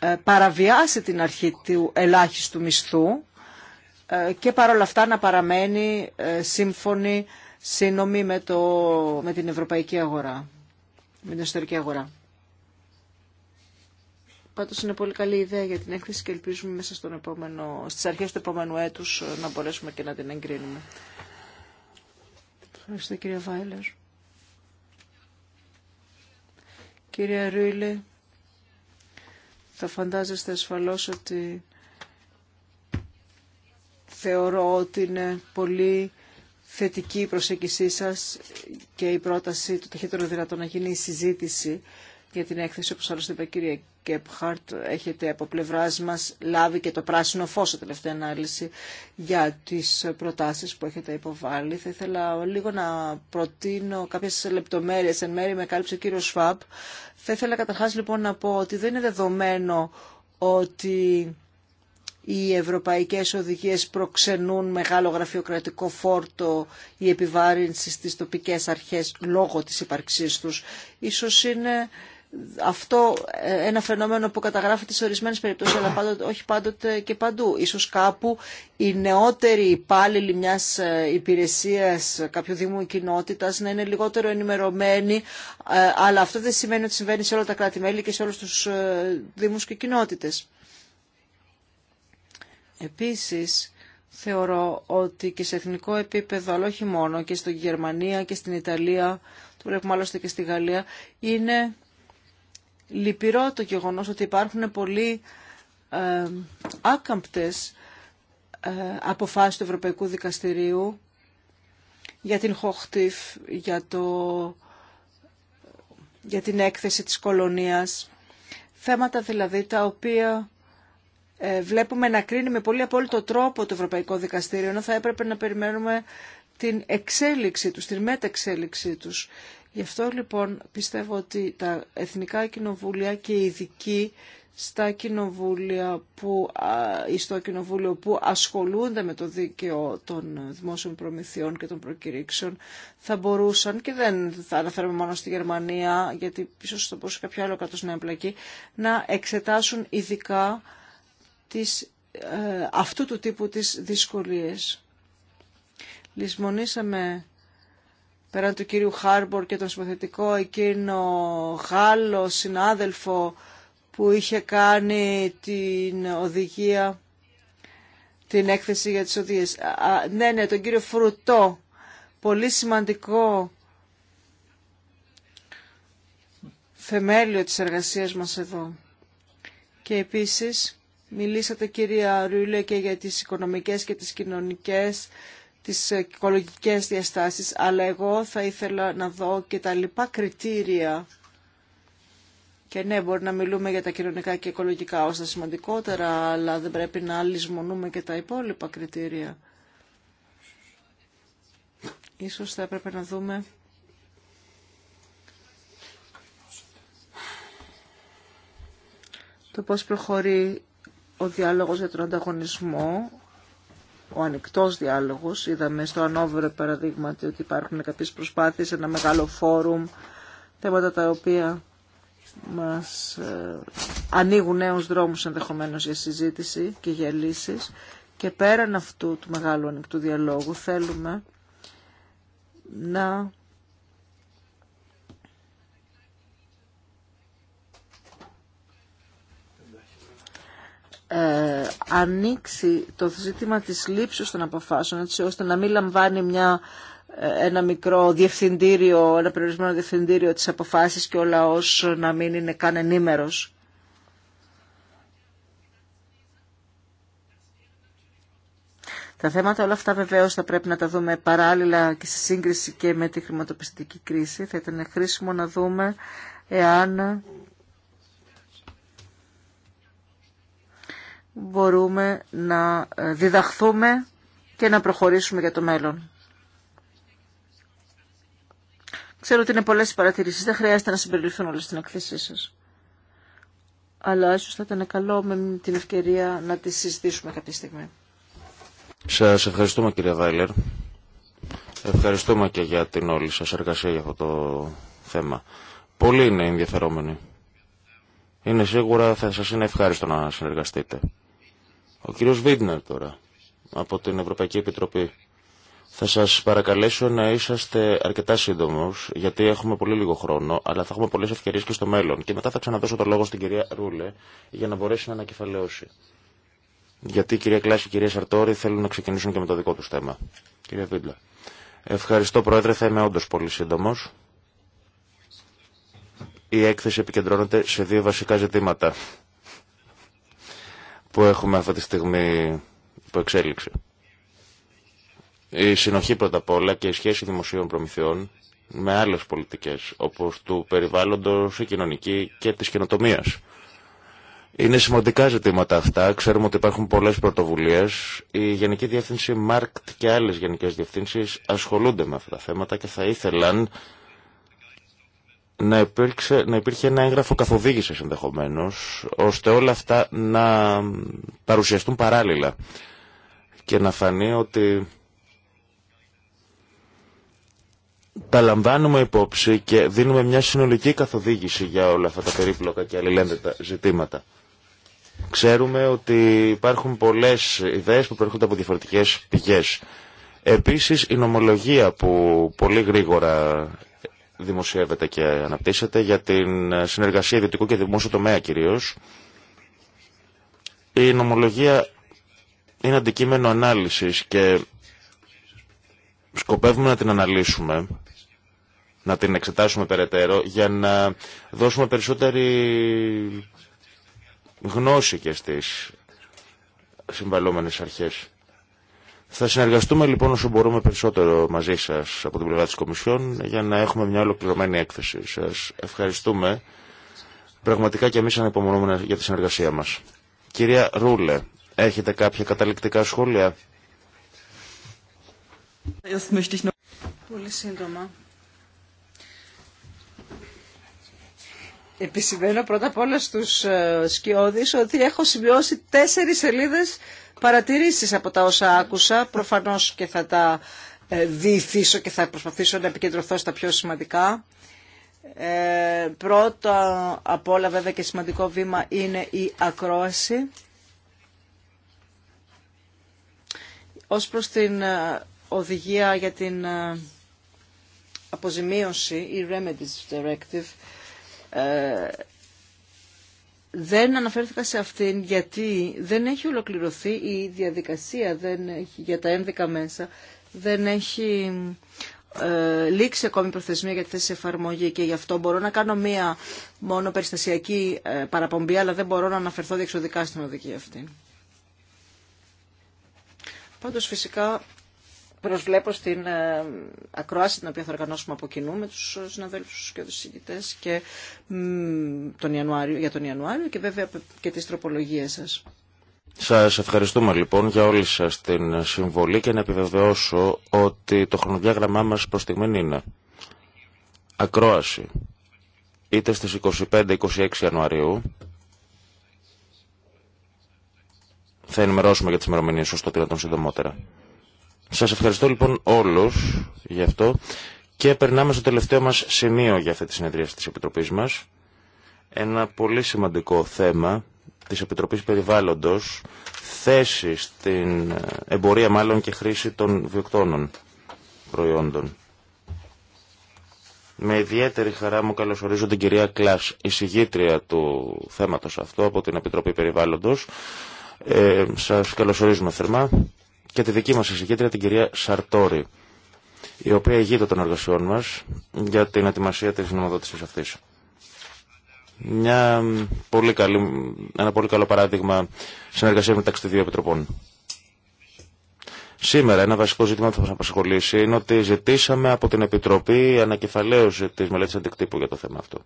ε, παραβιάσει την αρχή του ελάχιστου μισθού ε, και παρόλα αυτά να παραμένει σύμφωνη, σύνομη με, την ευρωπαϊκή αγορά, με την εσωτερική αγορά. Πάντω είναι πολύ καλή ιδέα για την έκθεση και ελπίζουμε μέσα στον επόμενο, στις αρχές του επόμενου έτους ε, να μπορέσουμε και να την εγκρίνουμε. Ευχαριστώ κύριε Βάιλερ. Κύριε Ρούιλε, θα φαντάζεστε ασφαλώς ότι θεωρώ ότι είναι πολύ θετική η προσέγγισή σας και η πρόταση του ταχύτερο δυνατό να γίνει η συζήτηση για την έκθεση, όπως άλλωστε είπα κύριε Κέπχαρτ, έχετε από πλευρά μα λάβει και το πράσινο φως σε τελευταία ανάλυση για τις προτάσεις που έχετε υποβάλει. Θα ήθελα λίγο να προτείνω κάποιες λεπτομέρειες, εν μέρη με κάλυψε ο κύριος Σφάπ. Θα ήθελα καταρχάς λοιπόν να πω ότι δεν είναι δεδομένο ότι οι ευρωπαϊκές οδηγίες προξενούν μεγάλο γραφειοκρατικό φόρτο η επιβάρυνση στις τοπικές αρχές λόγω της υπαρξής τους. Ίσως είναι αυτό ε, ένα φαινόμενο που καταγράφεται σε ορισμένες περιπτώσεις, αλλά όχι πάντοτε και παντού. Ίσως κάπου οι νεότεροι υπάλληλοι μιας ε, υπηρεσίας κάποιου δήμου κοινότητα κοινότητας να είναι λιγότερο ενημερωμένοι, ε, αλλά αυτό δεν σημαίνει ότι συμβαίνει σε όλα τα κράτη-μέλη και σε όλους τους δήμους και κοινότητες. Επίσης, θεωρώ ότι και σε εθνικό επίπεδο, αλλά όχι μόνο, και στην Γερμανία και στην Ιταλία, το βλέπουμε άλλωστε και στη Γαλλία, είναι λυπηρό το γεγονός ότι υπάρχουν πολλοί ε, άκαμπτες ε, αποφάσεις του Ευρωπαϊκού Δικαστηρίου για την Χοχτήφ, για, το, για την έκθεση της κολονίας. Θέματα δηλαδή τα οποία ε, βλέπουμε να κρίνει με πολύ απόλυτο τρόπο το Ευρωπαϊκό Δικαστήριο, ενώ θα έπρεπε να περιμένουμε την εξέλιξη τους, την μεταξέλιξή τους. Γι' αυτό λοιπόν πιστεύω ότι τα εθνικά κοινοβούλια και οι ειδικοί στα κοινοβούλια που, ή στο κοινοβούλιο που ασχολούνται με το δίκαιο των δημόσιων προμηθειών και των προκηρύξεων θα μπορούσαν και δεν θα αναφέρουμε μόνο στη Γερμανία γιατί ίσως θα μπορούσε κάποιο άλλο κράτος να εμπλακεί να εξετάσουν ειδικά τις, ε, αυτού του τύπου τις δυσκολίες. Λυσμονήσαμε πέραν του κύριου Χάρμπορ και τον συμπαθητικό εκείνο Γάλλο συνάδελφο που είχε κάνει την οδηγία, την έκθεση για τις οδηγίες. ναι, ναι, τον κύριο Φρουτό, πολύ σημαντικό θεμέλιο της εργασίας μας εδώ. Και επίσης μιλήσατε κυρία Ρούλε και για τις οικονομικές και τις κοινωνικές τις οικολογικές διαστάσεις, αλλά εγώ θα ήθελα να δω και τα λοιπά κριτήρια. Και ναι, μπορεί να μιλούμε για τα κοινωνικά και οικολογικά όσα σημαντικότερα, αλλά δεν πρέπει να λησμονούμε και τα υπόλοιπα κριτήρια. Ίσως θα έπρεπε να δούμε... το πώς προχωρεί ο διάλογος για τον ανταγωνισμό ο ανοιχτό διάλογο. Είδαμε στο Ανόβερο παραδείγμα ότι υπάρχουν κάποιε προσπάθειες, ένα μεγάλο φόρουμ, θέματα τα οποία μας ε, ανοίγουν νέου δρόμου ενδεχομένω για συζήτηση και για λύσει. Και πέραν αυτού του μεγάλου ανοιχτού διαλόγου θέλουμε να Ε, ανοίξει το ζήτημα της λήψης των αποφάσεων έτσι ώστε να μην λαμβάνει μια, ε, ένα μικρό διευθυντήριο, ένα περιορισμένο διευθυντήριο της αποφάσεις και ο λαός να μην είναι καν ενήμερος. Τα θέματα όλα αυτά βεβαίως θα πρέπει να τα δούμε παράλληλα και σε σύγκριση και με τη χρηματοπιστική κρίση. Θα ήταν χρήσιμο να δούμε εάν μπορούμε να ε, διδαχθούμε και να προχωρήσουμε για το μέλλον. Ξέρω ότι είναι πολλές οι παρατηρήσεις, δεν χρειάζεται να συμπεριληφθούν όλες στην εκθέσή σας. Αλλά ίσως θα ήταν καλό με την ευκαιρία να τις συζητήσουμε κάποια στιγμή. Σας ευχαριστούμε κύριε Βάιλερ. Ευχαριστούμε και για την όλη σας εργασία για αυτό το θέμα. Πολλοί είναι ενδιαφερόμενοι. Είναι σίγουρα θα σας είναι ευχάριστο να συνεργαστείτε. Ο κύριος Βίντνερ τώρα, από την Ευρωπαϊκή Επιτροπή. Θα σας παρακαλέσω να είσαστε αρκετά σύντομος, γιατί έχουμε πολύ λίγο χρόνο, αλλά θα έχουμε πολλές ευκαιρίες και στο μέλλον. Και μετά θα ξαναδώσω το λόγο στην κυρία Ρούλε, για να μπορέσει να ανακεφαλαιώσει. Γιατί η κυρία Κλάση και η κυρία Σαρτόρη θέλουν να ξεκινήσουν και με το δικό του θέμα. Κυρία Βίντλα. Ευχαριστώ Πρόεδρε, θα είμαι όντω πολύ σύντομο. Η έκθεση επικεντρώνεται σε δύο βασικά ζητήματα που έχουμε αυτή τη στιγμή που εξέλιξε. Η συνοχή πρώτα απ' όλα και η σχέση δημοσίων προμηθειών με άλλες πολιτικές, όπως του περιβάλλοντος, η κοινωνική και της καινοτομία. Είναι σημαντικά ζητήματα αυτά. Ξέρουμε ότι υπάρχουν πολλές πρωτοβουλίες. Η Γενική Διεύθυνση ΜΑΡΚΤ και άλλες γενικές διευθύνσεις ασχολούνται με αυτά τα θέματα και θα ήθελαν να, υπήρξε, να υπήρχε ένα έγγραφο καθοδήγησης ενδεχομένως, ώστε όλα αυτά να παρουσιαστούν παράλληλα και να φανεί ότι τα λαμβάνουμε υπόψη και δίνουμε μια συνολική καθοδήγηση για όλα αυτά τα περίπλοκα και αλληλένδετα ζητήματα. Ξέρουμε ότι υπάρχουν πολλές ιδέες που προέρχονται από διαφορετικές πηγές. Επίσης η νομολογία που πολύ γρήγορα δημοσιεύεται και αναπτύσσεται για την συνεργασία ιδιωτικού και δημόσιο τομέα κυρίω. Η νομολογία είναι αντικείμενο ανάλυσης και σκοπεύουμε να την αναλύσουμε, να την εξετάσουμε περαιτέρω για να δώσουμε περισσότερη γνώση και στις συμβαλόμενες αρχές. Θα συνεργαστούμε λοιπόν όσο μπορούμε περισσότερο μαζί σας από την πλευρά της Κομισιόν για να έχουμε μια ολοκληρωμένη έκθεση. Σας ευχαριστούμε πραγματικά και εμείς ανεπομονούμε για τη συνεργασία μας. Κυρία Ρούλε, έχετε κάποια καταληκτικά σχόλια. Πολύ σύντομα. Επισημαίνω πρώτα απ' όλα στους ε, σκιώδεις ότι έχω σημειώσει τέσσερις σελίδες παρατηρήσεις από τα όσα άκουσα. Προφανώς και θα τα ε, διηθήσω και θα προσπαθήσω να επικεντρωθώ στα πιο σημαντικά. Ε, πρώτο από όλα βέβαια και σημαντικό βήμα είναι η ακρόαση. Ως προς την ε, οδηγία για την ε, αποζημίωση, η Remedies Directive, δεν αναφέρθηκα σε αυτήν γιατί δεν έχει ολοκληρωθεί η διαδικασία δεν έχει, για τα ένδικα μέσα. Δεν έχει ε, λήξει ακόμη η προθεσμία για τη θέση εφαρμογή και γι' αυτό μπορώ να κάνω μία μόνο περιστασιακή ε, παραπομπή, αλλά δεν μπορώ να αναφερθώ διεξοδικά στην οδική αυτή. Πάντως φυσικά προσβλέπω στην ε, ακρόαση την οποία θα οργανώσουμε από κοινού με τους συναδέλφους και τους συγκητές και, τον Ιανουάριο, για τον Ιανουάριο και βέβαια και τις τροπολογίες σας. Σας ευχαριστούμε λοιπόν για όλη σας την συμβολή και να επιβεβαιώσω ότι το χρονοδιάγραμμά μας προς στιγμή είναι ακρόαση είτε στις 25-26 Ιανουαρίου θα ενημερώσουμε για τις ημερομηνίες ώστε το δυνατόν συντομότερα. Σας ευχαριστώ λοιπόν όλους γι' αυτό και περνάμε στο τελευταίο μας σημείο για αυτή τη συνεδρία της Επιτροπής μας. Ένα πολύ σημαντικό θέμα της Επιτροπής Περιβάλλοντος, θέση στην εμπορία μάλλον και χρήση των βιοκτώνων προϊόντων. Με ιδιαίτερη χαρά μου καλωσορίζω την κυρία Κλάς, εισηγήτρια του θέματος αυτό από την Επιτροπή Περιβάλλοντος. Ε, σας καλωσορίζουμε θερμά και τη δική μας εισηγήτρια την κυρία Σαρτόρη, η οποία ηγείται των εργασιών μας για την ετοιμασία της νομοδότησης αυτής. Μια πολύ ένα πολύ καλό παράδειγμα συνεργασίας μεταξύ των δύο επιτροπών. Σήμερα ένα βασικό ζήτημα που θα μας απασχολήσει είναι ότι ζητήσαμε από την Επιτροπή ανακεφαλαίωση της μελέτης αντικτύπου για το θέμα αυτό.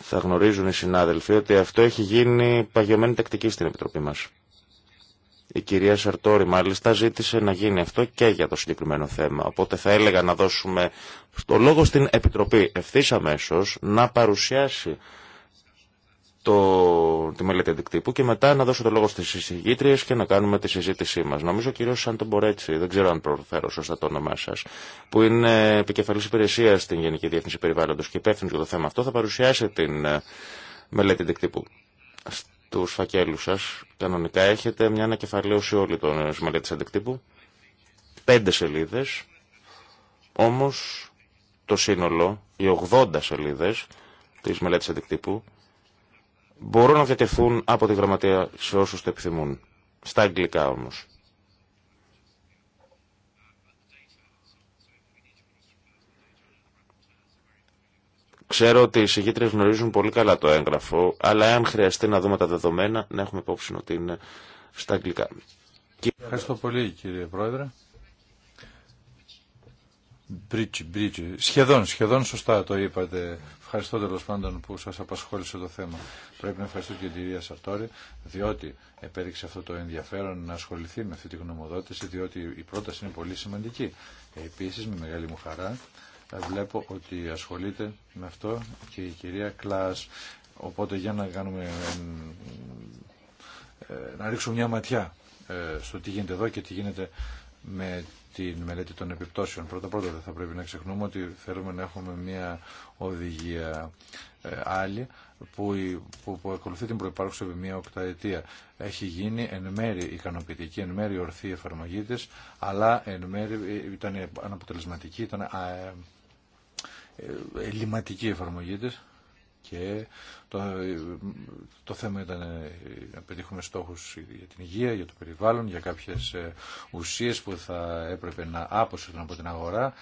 Θα γνωρίζουν οι συνάδελφοι ότι αυτό έχει γίνει παγιωμένη τακτική στην Επιτροπή μας. Η κυρία Σαρτόρη μάλιστα ζήτησε να γίνει αυτό και για το συγκεκριμένο θέμα. Οπότε θα έλεγα να δώσουμε το λόγο στην Επιτροπή ευθύ αμέσω να παρουσιάσει το, τη μελέτη αντικτύπου και μετά να δώσω το λόγο στι εισηγήτριες και να κάνουμε τη συζήτησή μα. Νομίζω ο κύριος τον Μπορέτσι, δεν ξέρω αν προφέρω σωστά το όνομά σα, που είναι επικεφαλή υπηρεσία στην Γενική Διεύθυνση Περιβάλλοντο και υπεύθυνο για το θέμα αυτό, θα παρουσιάσει την ε, μελέτη αντικτύπου του φακέλου σα, Κανονικά έχετε μια ανακεφαλαίωση όλη των μελέτη αντικτύπου. Πέντε σελίδε, όμω, το σύνολο, οι 80 σελίδε τη μελέτη αντικτύπου, μπορούν να διατεθούν από τη γραμματεία σε όσου το επιθυμούν. Στα αγγλικά όμω. Ξέρω ότι οι συγκίτρε γνωρίζουν πολύ καλά το έγγραφο, αλλά αν χρειαστεί να δούμε τα δεδομένα, να έχουμε υπόψη ότι είναι στα αγγλικά. Ευχαριστώ πολύ κύριε Πρόεδρε. Σχεδόν, σχεδόν σωστά το είπατε. Ευχαριστώ τέλο πάντων που σα απασχόλησε το θέμα. Πρέπει να ευχαριστώ και την κυρία Σαρτόρη, διότι επέδειξε αυτό το ενδιαφέρον να ασχοληθεί με αυτή τη γνωμοδότηση, διότι η πρόταση είναι πολύ σημαντική. Επίση, με μεγάλη μου χαρά, ε, βλέπω ότι ασχολείται με αυτό και η κυρία Κλάς. Οπότε για να κάνουμε ε, να ρίξουμε μια ματιά ε, στο τι γίνεται εδώ και τι γίνεται με τη μελέτη των επιπτώσεων. Πρώτα πρώτα δεν θα πρέπει να ξεχνούμε ότι θέλουμε να έχουμε μια οδηγία άλλη που, που, που ακολουθεί την προϋπάρχουσα επί μια οκταετία. Έχει γίνει εν μέρη ικανοποιητική, εν μέρη ορθή εφαρμογή της, αλλά εν μέρη ήταν αναποτελεσματική, ήταν ελληματική εφαρμογή της και το, το θέμα ήταν να πετύχουμε στόχους για την υγεία, για το περιβάλλον, για κάποιες ε, ουσίες που θα έπρεπε να άποσουν από την αγορά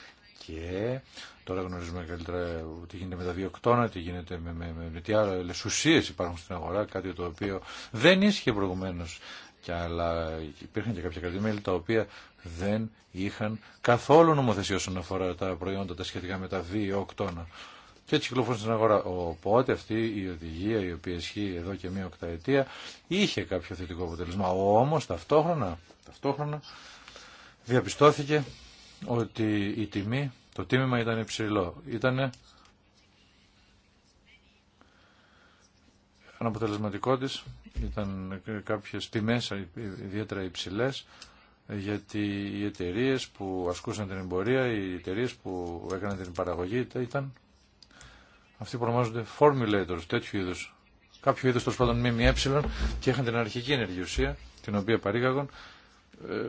και τώρα γνωρίζουμε καλύτερα τι γίνεται με τα βιοκτώνα, τι γίνεται με, με, με, με τι άλλες ουσίες υπάρχουν στην αγορά, κάτι το οποίο δεν ίσχυε προηγουμένως και αλλά υπήρχαν και κάποια κρατημέλη τα οποία δεν είχαν καθόλου νομοθεσία όσον αφορά τα προϊόντα τα σχετικά με τα βι-οκτώνα Και έτσι κυκλοφορούν στην αγορά. Οπότε αυτή η οδηγία η οποία ισχύει εδώ και μία οκταετία είχε κάποιο θετικό αποτελεσμα. Όμως ταυτόχρονα, ταυτόχρονα διαπιστώθηκε ότι η τιμή, το τίμημα ήταν υψηλό. ηταν αναποτελεσματικό της, ήταν κάποιες τιμές ιδιαίτερα υψηλές γιατί οι εταιρείε που ασκούσαν την εμπορία, οι εταιρείε που έκαναν την παραγωγή ήταν αυτοί που ονομάζονται formulators, τέτοιου είδου. Κάποιο είδου τέλο πάντων ΜΜΕ και είχαν την αρχική ουσία την οποία παρήγαγαν ε,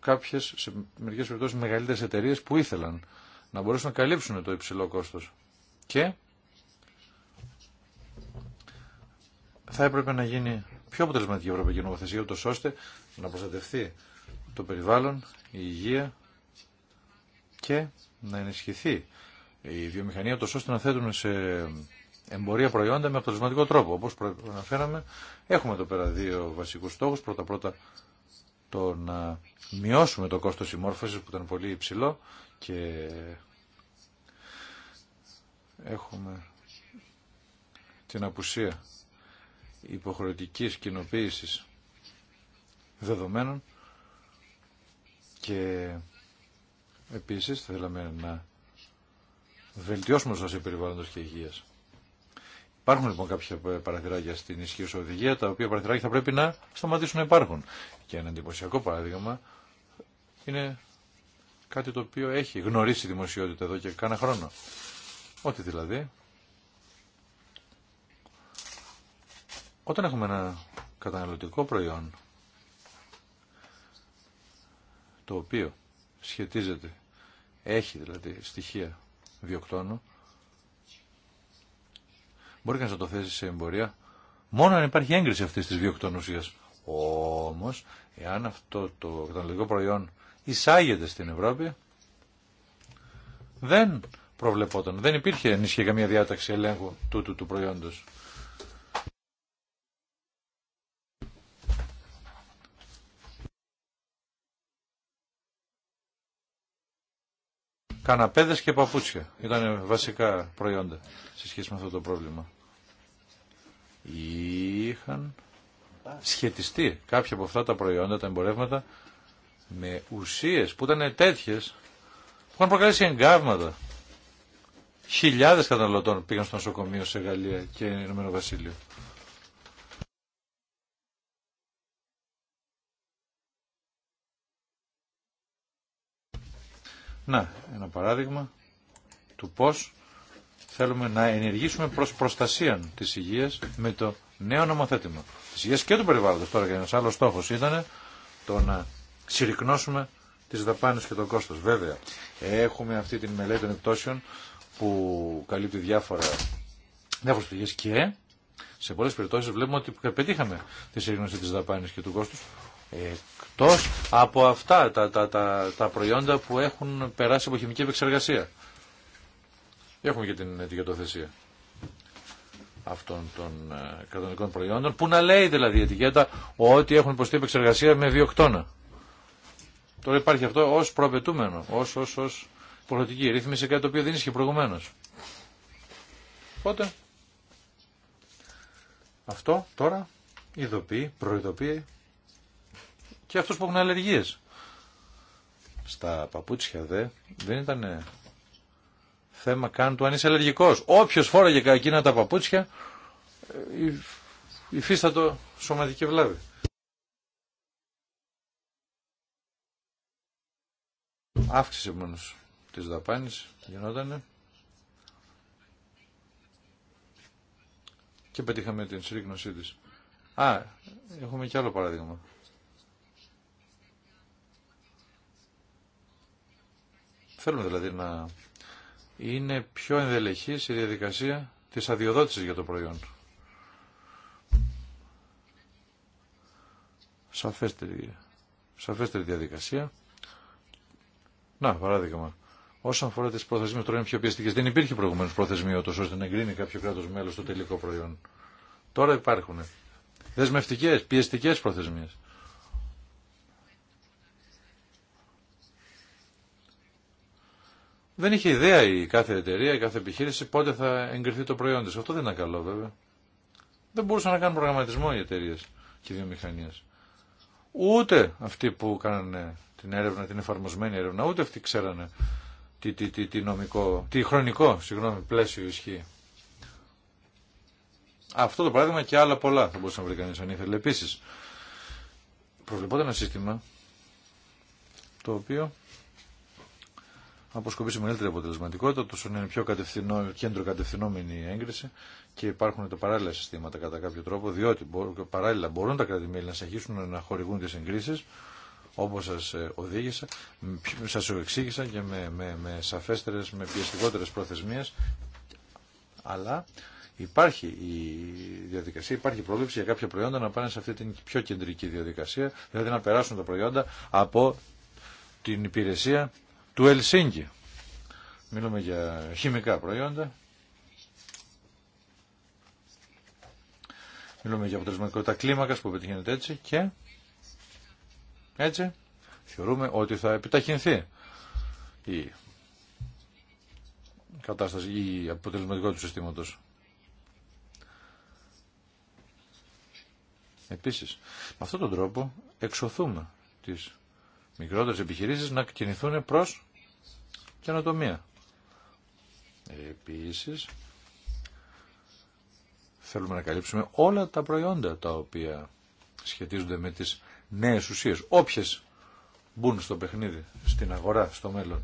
κάποιε, σε μερικέ περιπτώσει, μεγαλύτερε εταιρείε που ήθελαν να μπορέσουν να καλύψουν το υψηλό κόστο. Και θα έπρεπε να γίνει πιο αποτελεσματική η Ευρωπαϊκή Νομοθεσία, ώστε να προστατευτεί το περιβάλλον, η υγεία και να ενισχυθεί η βιομηχανία τόσο ώστε να θέτουν σε εμπορία προϊόντα με αποτελεσματικό τρόπο. Όπως προαναφέραμε, έχουμε εδώ πέρα δύο βασικούς στόχους. Πρώτα-πρώτα το να μειώσουμε το κόστος συμμόρφωσης που ήταν πολύ υψηλό και έχουμε την απουσία υποχρεωτικής κοινοποίησης δεδομένων και επίσης θέλαμε να βελτιώσουμε το περιβάλλοντος και υγείας. Υπάρχουν λοιπόν κάποια παραθυράκια στην ισχύουσα οδηγία, τα οποία παραθυράκια θα πρέπει να σταματήσουν να υπάρχουν. Και ένα εντυπωσιακό παράδειγμα είναι κάτι το οποίο έχει γνωρίσει η δημοσιότητα εδώ και κάνα χρόνο. Ότι δηλαδή, όταν έχουμε ένα καταναλωτικό προϊόν, το οποίο σχετίζεται, έχει δηλαδή στοιχεία βιοκτώνου, μπορεί κανείς να το θέσει σε εμπορία μόνο αν υπάρχει έγκριση αυτή τη βιοκτονουσία. Όμως, εάν αυτό το καταναλωτικό προϊόν εισάγεται στην Ευρώπη, δεν προβλεπόταν, δεν υπήρχε ενίσχυε καμία διάταξη ελέγχου τούτου του προϊόντος. Καναπέδες και παπούτσια ήταν βασικά προϊόντα σε σχέση με αυτό το πρόβλημα. Είχαν σχετιστεί κάποια από αυτά τα προϊόντα, τα εμπορεύματα, με ουσίες που ήταν τέτοιες που είχαν προκαλέσει εγκάβματα. Χιλιάδες καταναλωτών πήγαν στο νοσοκομείο σε Γαλλία και Ηνωμένο Βασίλειο. Να, ένα παράδειγμα του πώς θέλουμε να ενεργήσουμε προς προστασία της υγείας με το νέο νομοθέτημα. Της υγείας και του περιβάλλοντος τώρα και ένας άλλος στόχος ήταν το να συρρυκνώσουμε τις δαπάνες και το κόστος. Βέβαια, έχουμε αυτή τη μελέτη των επιπτώσεων που καλύπτει διάφορα, διάφορες πηγές και σε πολλές περιπτώσεις βλέπουμε ότι πετύχαμε τη συρρυκνώση της δαπάνης και του κόστους, εκτός από αυτά τα, τα, τα, τα προϊόντα που έχουν περάσει από χημική επεξεργασία. Έχουμε και την ετικετοθεσία αυτών των ε, κρατονικών προϊόντων που να λέει δηλαδή η ετικέτα ότι έχουν υποστεί επεξεργασία με βιοκτώνα. Τώρα υπάρχει αυτό ως προαπαιτούμενο, ως, ως, ως προοδοτική ρύθμιση, κάτι το οποίο δεν ίσχυε προηγουμένως. Οπότε, αυτό τώρα ειδοποιεί, προειδοποιεί και αυτούς που έχουν αλλεργίες. Στα παπούτσια δε δεν ήταν ε, θέμα καν του αν είσαι αλλεργικός. Όποιος φόραγε εκείνα τα παπούτσια ε, υφίστατο σωματική βλάβη. Αύξηση μόνο τη δαπάνη γινόταν και πετύχαμε την συρρήκνωσή της. Α, έχουμε και άλλο παράδειγμα. Θέλουμε δηλαδή να είναι πιο ενδελεχής η διαδικασία της αδειοδότησης για το προϊόν. Σαφέστερη, σαφέστερη διαδικασία. Να, παράδειγμα. Όσον αφορά τι προθεσμίε, τώρα είναι πιο πιεστικέ. Δεν υπήρχε προηγουμένω προθεσμία τόσο ώστε να εγκρίνει κάποιο κράτο μέλο το τελικό προϊόν. Τώρα υπάρχουν δεσμευτικέ, πιεστικέ προθεσμίε. δεν είχε ιδέα η κάθε εταιρεία, η κάθε επιχείρηση πότε θα εγκριθεί το προϊόν της. Αυτό δεν ήταν καλό βέβαια. Δεν μπορούσαν να κάνουν προγραμματισμό οι εταιρείε και οι βιομηχανίε. Ούτε αυτοί που κάνανε την έρευνα, την εφαρμοσμένη έρευνα, ούτε αυτοί ξέρανε τι, τι, τι, τι νομικό, τι χρονικό συγγνώμη, πλαίσιο ισχύει. Αυτό το παράδειγμα και άλλα πολλά θα μπορούσε να βρει κανεί αν ήθελε. Επίση, προβλεπόταν ένα σύστημα το οποίο αποσκοπήσει μεγαλύτερη αποτελεσματικότητα, τόσο είναι πιο κατευθυνό, κέντρο κατευθυνόμενη η έγκριση και υπάρχουν τα παράλληλα συστήματα κατά κάποιο τρόπο, διότι παράλληλα μπορούν τα κράτη-μέλη να συνεχίσουν να χορηγούν τι εγκρίσει, όπω σα ε, οδήγησα, σα εξήγησα και με, με, με σαφέστερε, με πιεστικότερε προθεσμίε, αλλά υπάρχει η διαδικασία, υπάρχει η πρόληψη για κάποια προϊόντα να πάνε σε αυτή την πιο κεντρική διαδικασία, δηλαδή να περάσουν τα προϊόντα από την υπηρεσία του Ελσίνκη. Μιλούμε για χημικά προϊόντα. Μιλούμε για αποτελεσματικότητα κλίμακας που πετυχαίνεται έτσι και έτσι θεωρούμε ότι θα επιταχυνθεί η κατάσταση, η αποτελεσματικότητα του συστήματος. Επίσης, με αυτόν τον τρόπο εξωθούμε τις μικρότερες επιχειρήσεις να κινηθούν προς καινοτομία. Επίσης, θέλουμε να καλύψουμε όλα τα προϊόντα τα οποία σχετίζονται με τις νέες ουσίες, όποιες μπουν στο παιχνίδι, στην αγορά, στο μέλλον.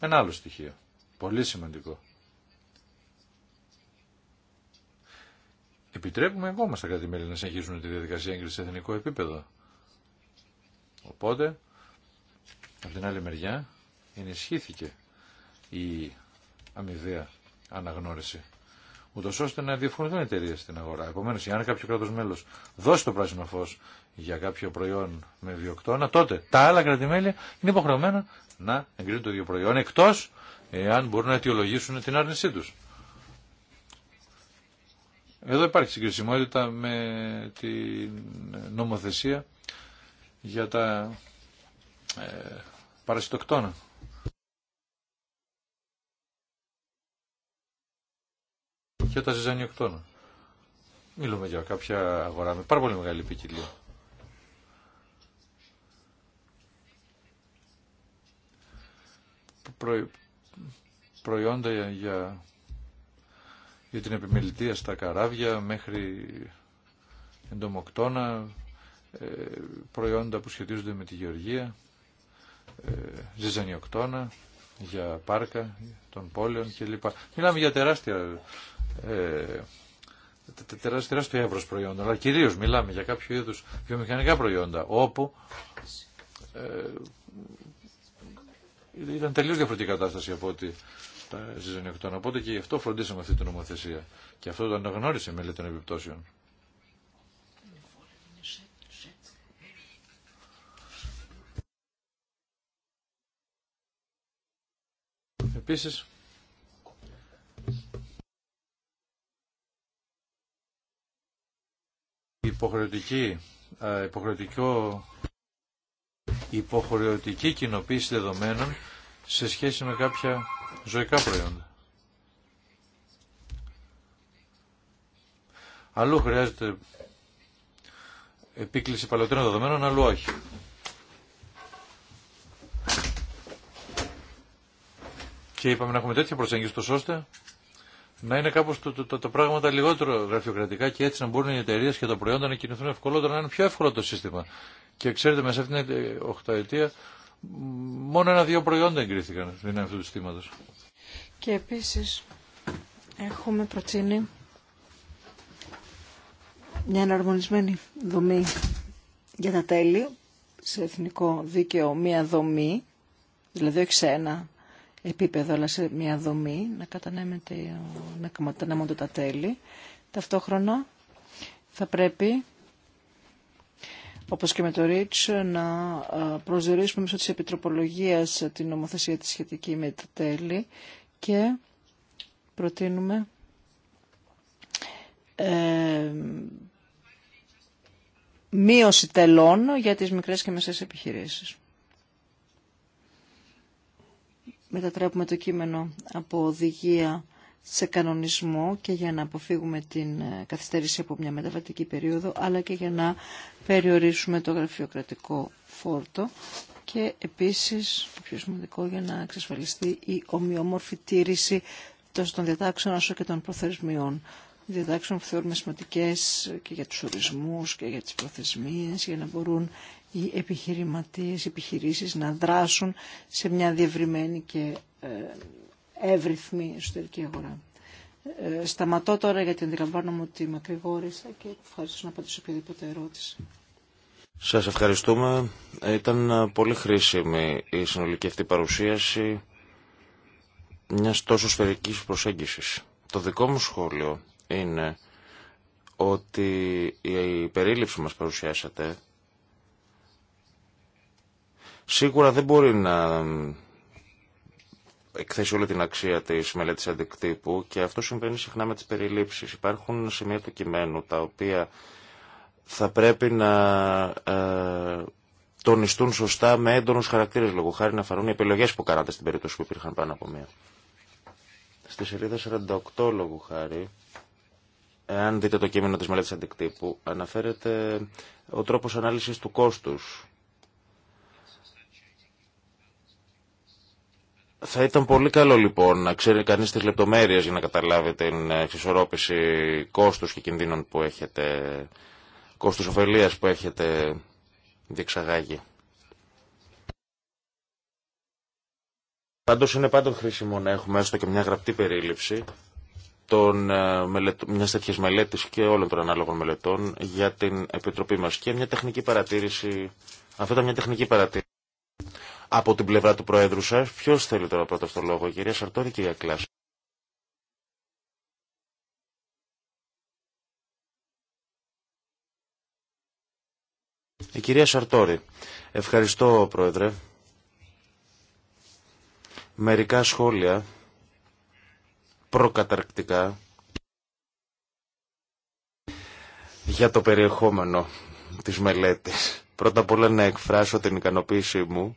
Ένα άλλο στοιχείο, πολύ σημαντικό. Επιτρέπουμε ακόμα στα κράτη-μέλη να συνεχίσουν τη διαδικασία έγκριση σε εθνικό επίπεδο. Οπότε, από την άλλη μεριά, ενισχύθηκε η αμοιβαία αναγνώριση. Ούτω ώστε να διαφωνηθούν εταιρείε στην αγορά. Επομένω, αν κάποιο κράτο μέλο δώσει το πράσινο φω για κάποιο προϊόν με βιοκτώνα, τότε τα άλλα κρατημέλια είναι υποχρεωμένα να εγκρίνουν το ίδιο προϊόν, εκτό εάν μπορούν να αιτιολογήσουν την άρνησή του. Εδώ υπάρχει συγκρισιμότητα με την νομοθεσία για τα ε, παρασιτοκτόνα. Και τα ζυζανιοκτόνα. Μιλούμε για κάποια αγορά με πάρα πολύ μεγάλη ποικιλία. προϊόντα για, για, την επιμελητία στα καράβια μέχρι εντομοκτόνα ε, προϊόντα που σχετίζονται με τη γεωργία, ε, ζυζανιοκτώνα για πάρκα των πόλεων κλπ. Μιλάμε για τεράστια ε, τεράστια εύρος προϊόντων, αλλά κυρίως μιλάμε για κάποιο είδους βιομηχανικά προϊόντα, όπου ε, ήταν τελείως διαφορετική κατάσταση από ό,τι τα ζυζανιοκτώνα. Οπότε και γι' αυτό φροντίσαμε αυτή την νομοθεσία. Και αυτό το αναγνώρισε η μελέτη των επιπτώσεων. Επίσης, υποχρεωτική, υποχρεωτικό, υποχρεωτική κοινοποίηση δεδομένων σε σχέση με κάποια ζωικά προϊόντα. Αλλού χρειάζεται επίκληση παλαιότερων δεδομένων, αλλού όχι. Και είπαμε να έχουμε τέτοια προσέγγιση τόσο ώστε να είναι κάπως τα πράγματα λιγότερο γραφειοκρατικά και έτσι να μπορούν οι εταιρείε και τα προϊόντα να κινηθούν ευκολότερα, να είναι πιο εύκολο το σύστημα. Και ξέρετε, μέσα αυτήν την οχταετία μόνο ένα-δύο προϊόντα εγκρίθηκαν στην δυνάμει αυτού του συστήματο. Και επίση έχουμε προτείνει μια εναρμονισμένη δομή για τα τέλη σε εθνικό δίκαιο, μια δομή, δηλαδή όχι σε ένα επίπεδο, αλλά σε μια δομή, να κατανέμεται, να κατανέμονται τα τέλη. Ταυτόχρονα θα πρέπει, όπως και με το ΡΙΤΣ, να ε, προσδιορίσουμε μέσω της επιτροπολογίας την νομοθεσία της σχετική με τα τέλη και προτείνουμε ε, μείωση τελών για τις μικρές και μεσές επιχειρήσεις. μετατρέπουμε το κείμενο από οδηγία σε κανονισμό και για να αποφύγουμε την ε, καθυστέρηση από μια μεταβατική περίοδο, αλλά και για να περιορίσουμε το γραφειοκρατικό φόρτο και επίσης, το πιο σημαντικό, για να εξασφαλιστεί η ομοιόμορφη τήρηση τόσο των διατάξεων όσο και των προθεσμιών. Διατάξεων που θεωρούμε σημαντικέ και για τους ορισμούς και για τις προθεσμίες, για να μπορούν οι επιχειρηματίες, οι επιχειρήσεις να δράσουν σε μια διευρυμένη και ε, εύρυθμη εσωτερική αγορά. Ε, σταματώ τώρα γιατί αντιλαμβάνομαι ότι μακρηγόρησα και ευχαριστώ να απαντήσω οποιαδήποτε ερώτηση. Σας ευχαριστούμε. Ήταν ε, πολύ χρήσιμη η συνολική αυτή παρουσίαση μιας τόσο σφαιρικής προσέγγισης. Το δικό μου σχόλιο είναι ότι η περίληψη μας παρουσιάσατε Σίγουρα δεν μπορεί να εκθέσει όλη την αξία τη μελέτη αντικτύπου και αυτό συμβαίνει συχνά με τι περιλήψει. Υπάρχουν σημεία του κειμένου τα οποία θα πρέπει να ε, τονιστούν σωστά με έντονου χαρακτήρε λόγω χάρη να φανούν οι επιλογέ που κάνατε στην περίπτωση που υπήρχαν πάνω από μία. Στη σελίδα 48 λόγου χάρη, εάν δείτε το κείμενο της μελέτης αντικτύπου, αναφέρεται ο τρόπος ανάλυσης του κόστους Θα ήταν πολύ καλό λοιπόν να ξέρει κανείς τις λεπτομέρειες για να καταλάβει την ε, εξισορρόπηση κόστους και κινδύνων που έχετε, κόστους ωφελίας που έχετε διεξαγάγει. Πάντως είναι πάντων χρήσιμο να έχουμε έστω και μια γραπτή περίληψη των, ε, μιας τέτοιες μελέτης και όλων των ανάλογων μελετών για την Επιτροπή μας. Και μια τεχνική παρατήρηση, αυτό ήταν μια τεχνική παρατήρηση. Από την πλευρά του Προέδρου σα, ποιο θέλει τώρα πρώτα στο λόγο, η κυρία Σαρτόρη ή κυρία Κλάση. Η κυρία Σαρτόρη. Ευχαριστώ, Πρόεδρε. Μερικά σχόλια προκαταρκτικά για το περιεχόμενο της μελέτης. Πρώτα απ' όλα να εκφράσω την ικανοποίησή μου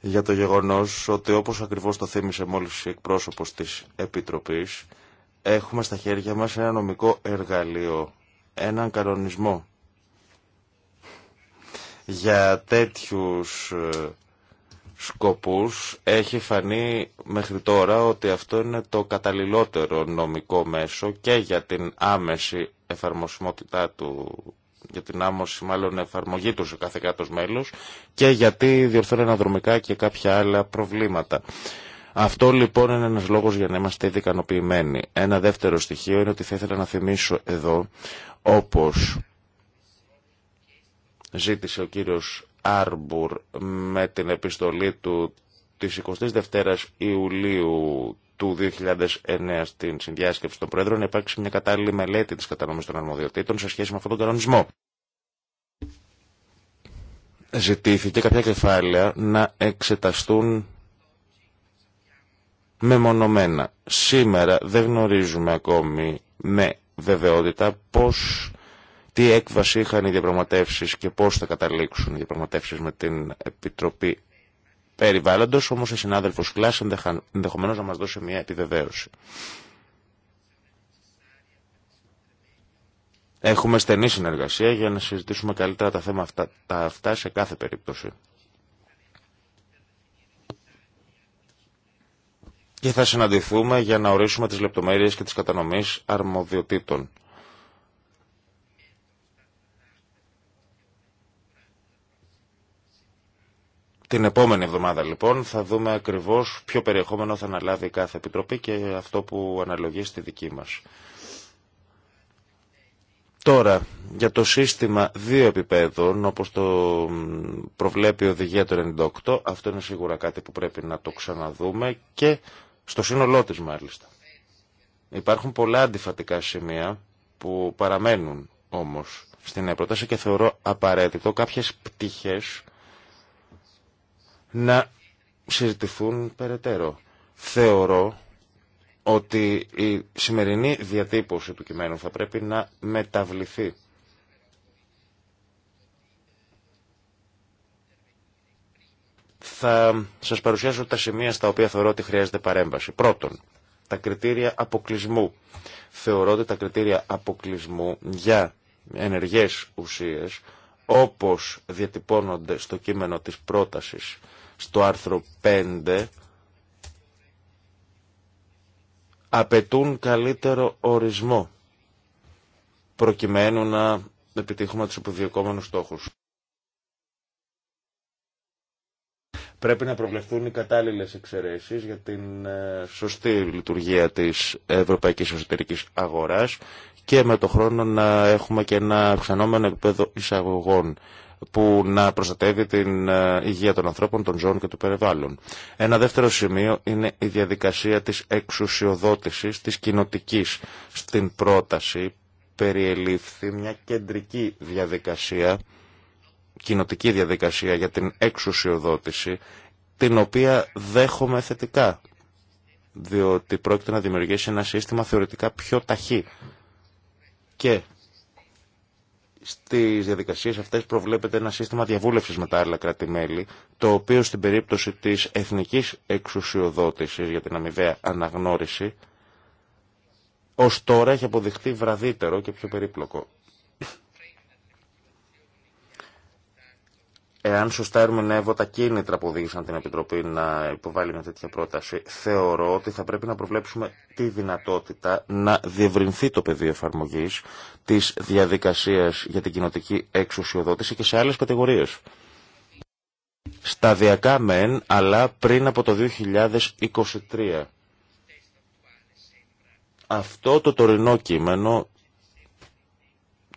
για το γεγονός ότι όπως ακριβώς το θύμισε μόλις η εκπρόσωπος της Επιτροπής, έχουμε στα χέρια μας ένα νομικό εργαλείο, έναν κανονισμό για τέτοιους ε, σκοπούς έχει φανεί μέχρι τώρα ότι αυτό είναι το καταλληλότερο νομικό μέσο και για την άμεση εφαρμοσιμότητά του για την άμωση μάλλον εφαρμογή του σε κάθε κάτος μέλος και γιατί διορθώνει αναδρομικά και κάποια άλλα προβλήματα. Αυτό λοιπόν είναι ένας λόγος για να είμαστε ήδη ικανοποιημένοι. Ένα δεύτερο στοιχείο είναι ότι θα ήθελα να θυμίσω εδώ όπως ζήτησε ο κύριος Άρμπουρ με την επιστολή του της 22ης Ιουλίου του 2009 στην συνδιάσκεψη των Πρόεδρων υπάρξει μια κατάλληλη μελέτη της κατανομής των αρμοδιοτήτων σε σχέση με αυτόν τον κανονισμό. Ζητήθηκε κάποια κεφάλαια να εξεταστούν μεμονωμένα. Σήμερα δεν γνωρίζουμε ακόμη με βεβαιότητα πώς, τι έκβαση είχαν οι διαπραγματεύσεις και πώς θα καταλήξουν οι διαπραγματεύσεις με την Επιτροπή περιβάλλοντος, όμως ο συνάδελφος κλά ενδεχομένως να μας δώσει μια επιβεβαίωση. Έχουμε στενή συνεργασία για να συζητήσουμε καλύτερα τα θέματα αυτά, τα αυτά σε κάθε περίπτωση. Και θα συναντηθούμε για να ορίσουμε τις λεπτομέρειες και τις κατανομής αρμοδιοτήτων. Την επόμενη εβδομάδα λοιπόν θα δούμε ακριβώς ποιο περιεχόμενο θα αναλάβει κάθε επιτροπή και αυτό που αναλογεί στη δική μας. Τώρα, για το σύστημα δύο επιπέδων, όπως το προβλέπει η Οδηγία του 98, αυτό είναι σίγουρα κάτι που πρέπει να το ξαναδούμε και στο σύνολό της μάλιστα. Υπάρχουν πολλά αντιφατικά σημεία που παραμένουν όμως στην πρόταση και θεωρώ απαραίτητο κάποιες πτυχές να συζητηθούν περαιτέρω. Θεωρώ ότι η σημερινή διατύπωση του κειμένου θα πρέπει να μεταβληθεί. Θα σας παρουσιάσω τα σημεία στα οποία θεωρώ ότι χρειάζεται παρέμβαση. Πρώτον, τα κριτήρια αποκλεισμού. Θεωρώ ότι τα κριτήρια αποκλεισμού για ενεργές ουσίες, όπως διατυπώνονται στο κείμενο της πρότασης, στο άρθρο 5 απαιτούν καλύτερο ορισμό προκειμένου να επιτύχουμε τους επιδιωκόμενους στόχους. Πρέπει να προβλεφθούν οι κατάλληλες εξαιρέσεις για την ε, σωστή λειτουργία της ευρωπαϊκής εσωτερικής αγοράς και με το χρόνο να έχουμε και ένα αυξανόμενο επίπεδο εισαγωγών που να προστατεύει την ε, υγεία των ανθρώπων, των ζώων και του περιβάλλον. Ένα δεύτερο σημείο είναι η διαδικασία της εξουσιοδότησης, της κοινοτική στην πρόταση περιελήφθη μια κεντρική διαδικασία, κοινοτική διαδικασία για την εξουσιοδότηση, την οποία δέχομαι θετικά, διότι πρόκειται να δημιουργήσει ένα σύστημα θεωρητικά πιο ταχύ και Στι διαδικασίε αυτέ προβλέπεται ένα σύστημα διαβούλευση με τα άλλα κράτη-μέλη, το οποίο στην περίπτωση τη εθνική εξουσιοδότηση για την αμοιβαία αναγνώριση, ω τώρα έχει αποδειχθεί βραδύτερο και πιο περίπλοκο. Εάν σωστά ερμηνεύω τα κίνητρα που οδήγησαν την Επιτροπή να υποβάλει μια τέτοια πρόταση, θεωρώ ότι θα πρέπει να προβλέψουμε τη δυνατότητα να διευρυνθεί το πεδίο εφαρμογή τη διαδικασία για την κοινοτική εξουσιοδότηση και σε άλλε κατηγορίε. Σταδιακά μεν, αλλά πριν από το 2023. Αυτό το τωρινό κείμενο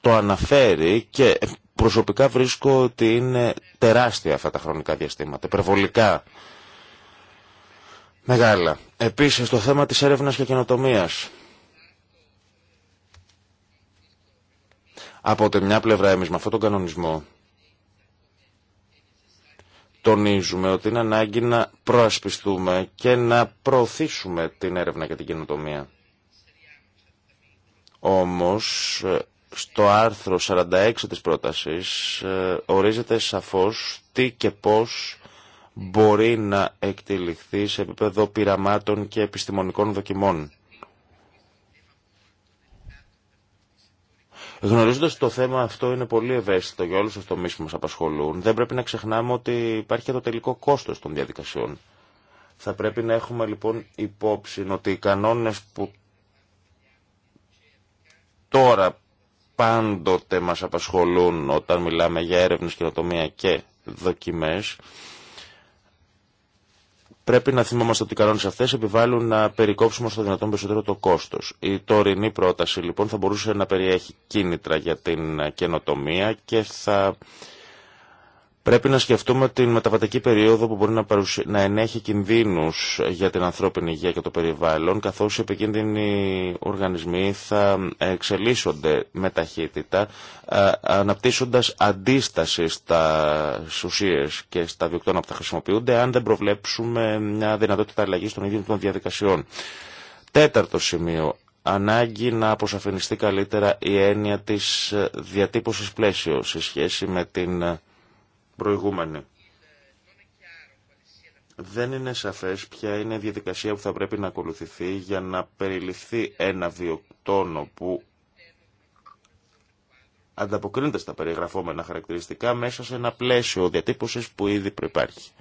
το αναφέρει και Προσωπικά βρίσκω ότι είναι τεράστια αυτά τα χρονικά διαστήματα, υπερβολικά μεγάλα. Επίσης το θέμα της έρευνας και καινοτομίας. Από τη μια πλευρά εμείς με αυτόν τον κανονισμό τονίζουμε ότι είναι ανάγκη να προασπιστούμε και να προωθήσουμε την έρευνα και την καινοτομία. Όμως στο άρθρο 46 της πρότασης ε, ορίζεται σαφώς τι και πώς μπορεί να εκτελεχθεί σε επίπεδο πειραμάτων και επιστημονικών δοκιμών. Γνωρίζοντα το θέμα αυτό είναι πολύ ευαίσθητο για όλου του τομεί που μα απασχολούν, δεν πρέπει να ξεχνάμε ότι υπάρχει και το τελικό κόστο των διαδικασιών. Θα πρέπει να έχουμε λοιπόν υπόψη ότι οι κανόνε που τώρα πάντοτε μας απασχολούν όταν μιλάμε για έρευνες, καινοτομία και δοκιμές. Πρέπει να θυμόμαστε ότι οι κανόνες αυτές επιβάλλουν να περικόψουμε στο δυνατόν περισσότερο το κόστος. Η τωρινή πρόταση λοιπόν θα μπορούσε να περιέχει κίνητρα για την καινοτομία και θα Πρέπει να σκεφτούμε την μεταβατική περίοδο που μπορεί να, να ενέχει κινδύνους για την ανθρώπινη υγεία και το περιβάλλον, καθώς οι επικίνδυνοι οργανισμοί θα εξελίσσονται με ταχύτητα, αναπτύσσοντας αντίσταση στα ουσίες και στα βιοκτώνα που θα χρησιμοποιούνται, αν δεν προβλέψουμε μια δυνατότητα αλλαγή των ίδιων των διαδικασιών. Τέταρτο σημείο, ανάγκη να αποσαφινιστεί καλύτερα η έννοια της διατύπωσης πλαίσιο σε σχέση με την προηγούμενη. Δεν είναι σαφές ποια είναι η διαδικασία που θα πρέπει να ακολουθηθεί για να περιληφθεί ένα βιοκτόνο που ανταποκρίνεται στα περιγραφόμενα χαρακτηριστικά μέσα σε ένα πλαίσιο διατύπωσης που ήδη προϋπάρχει.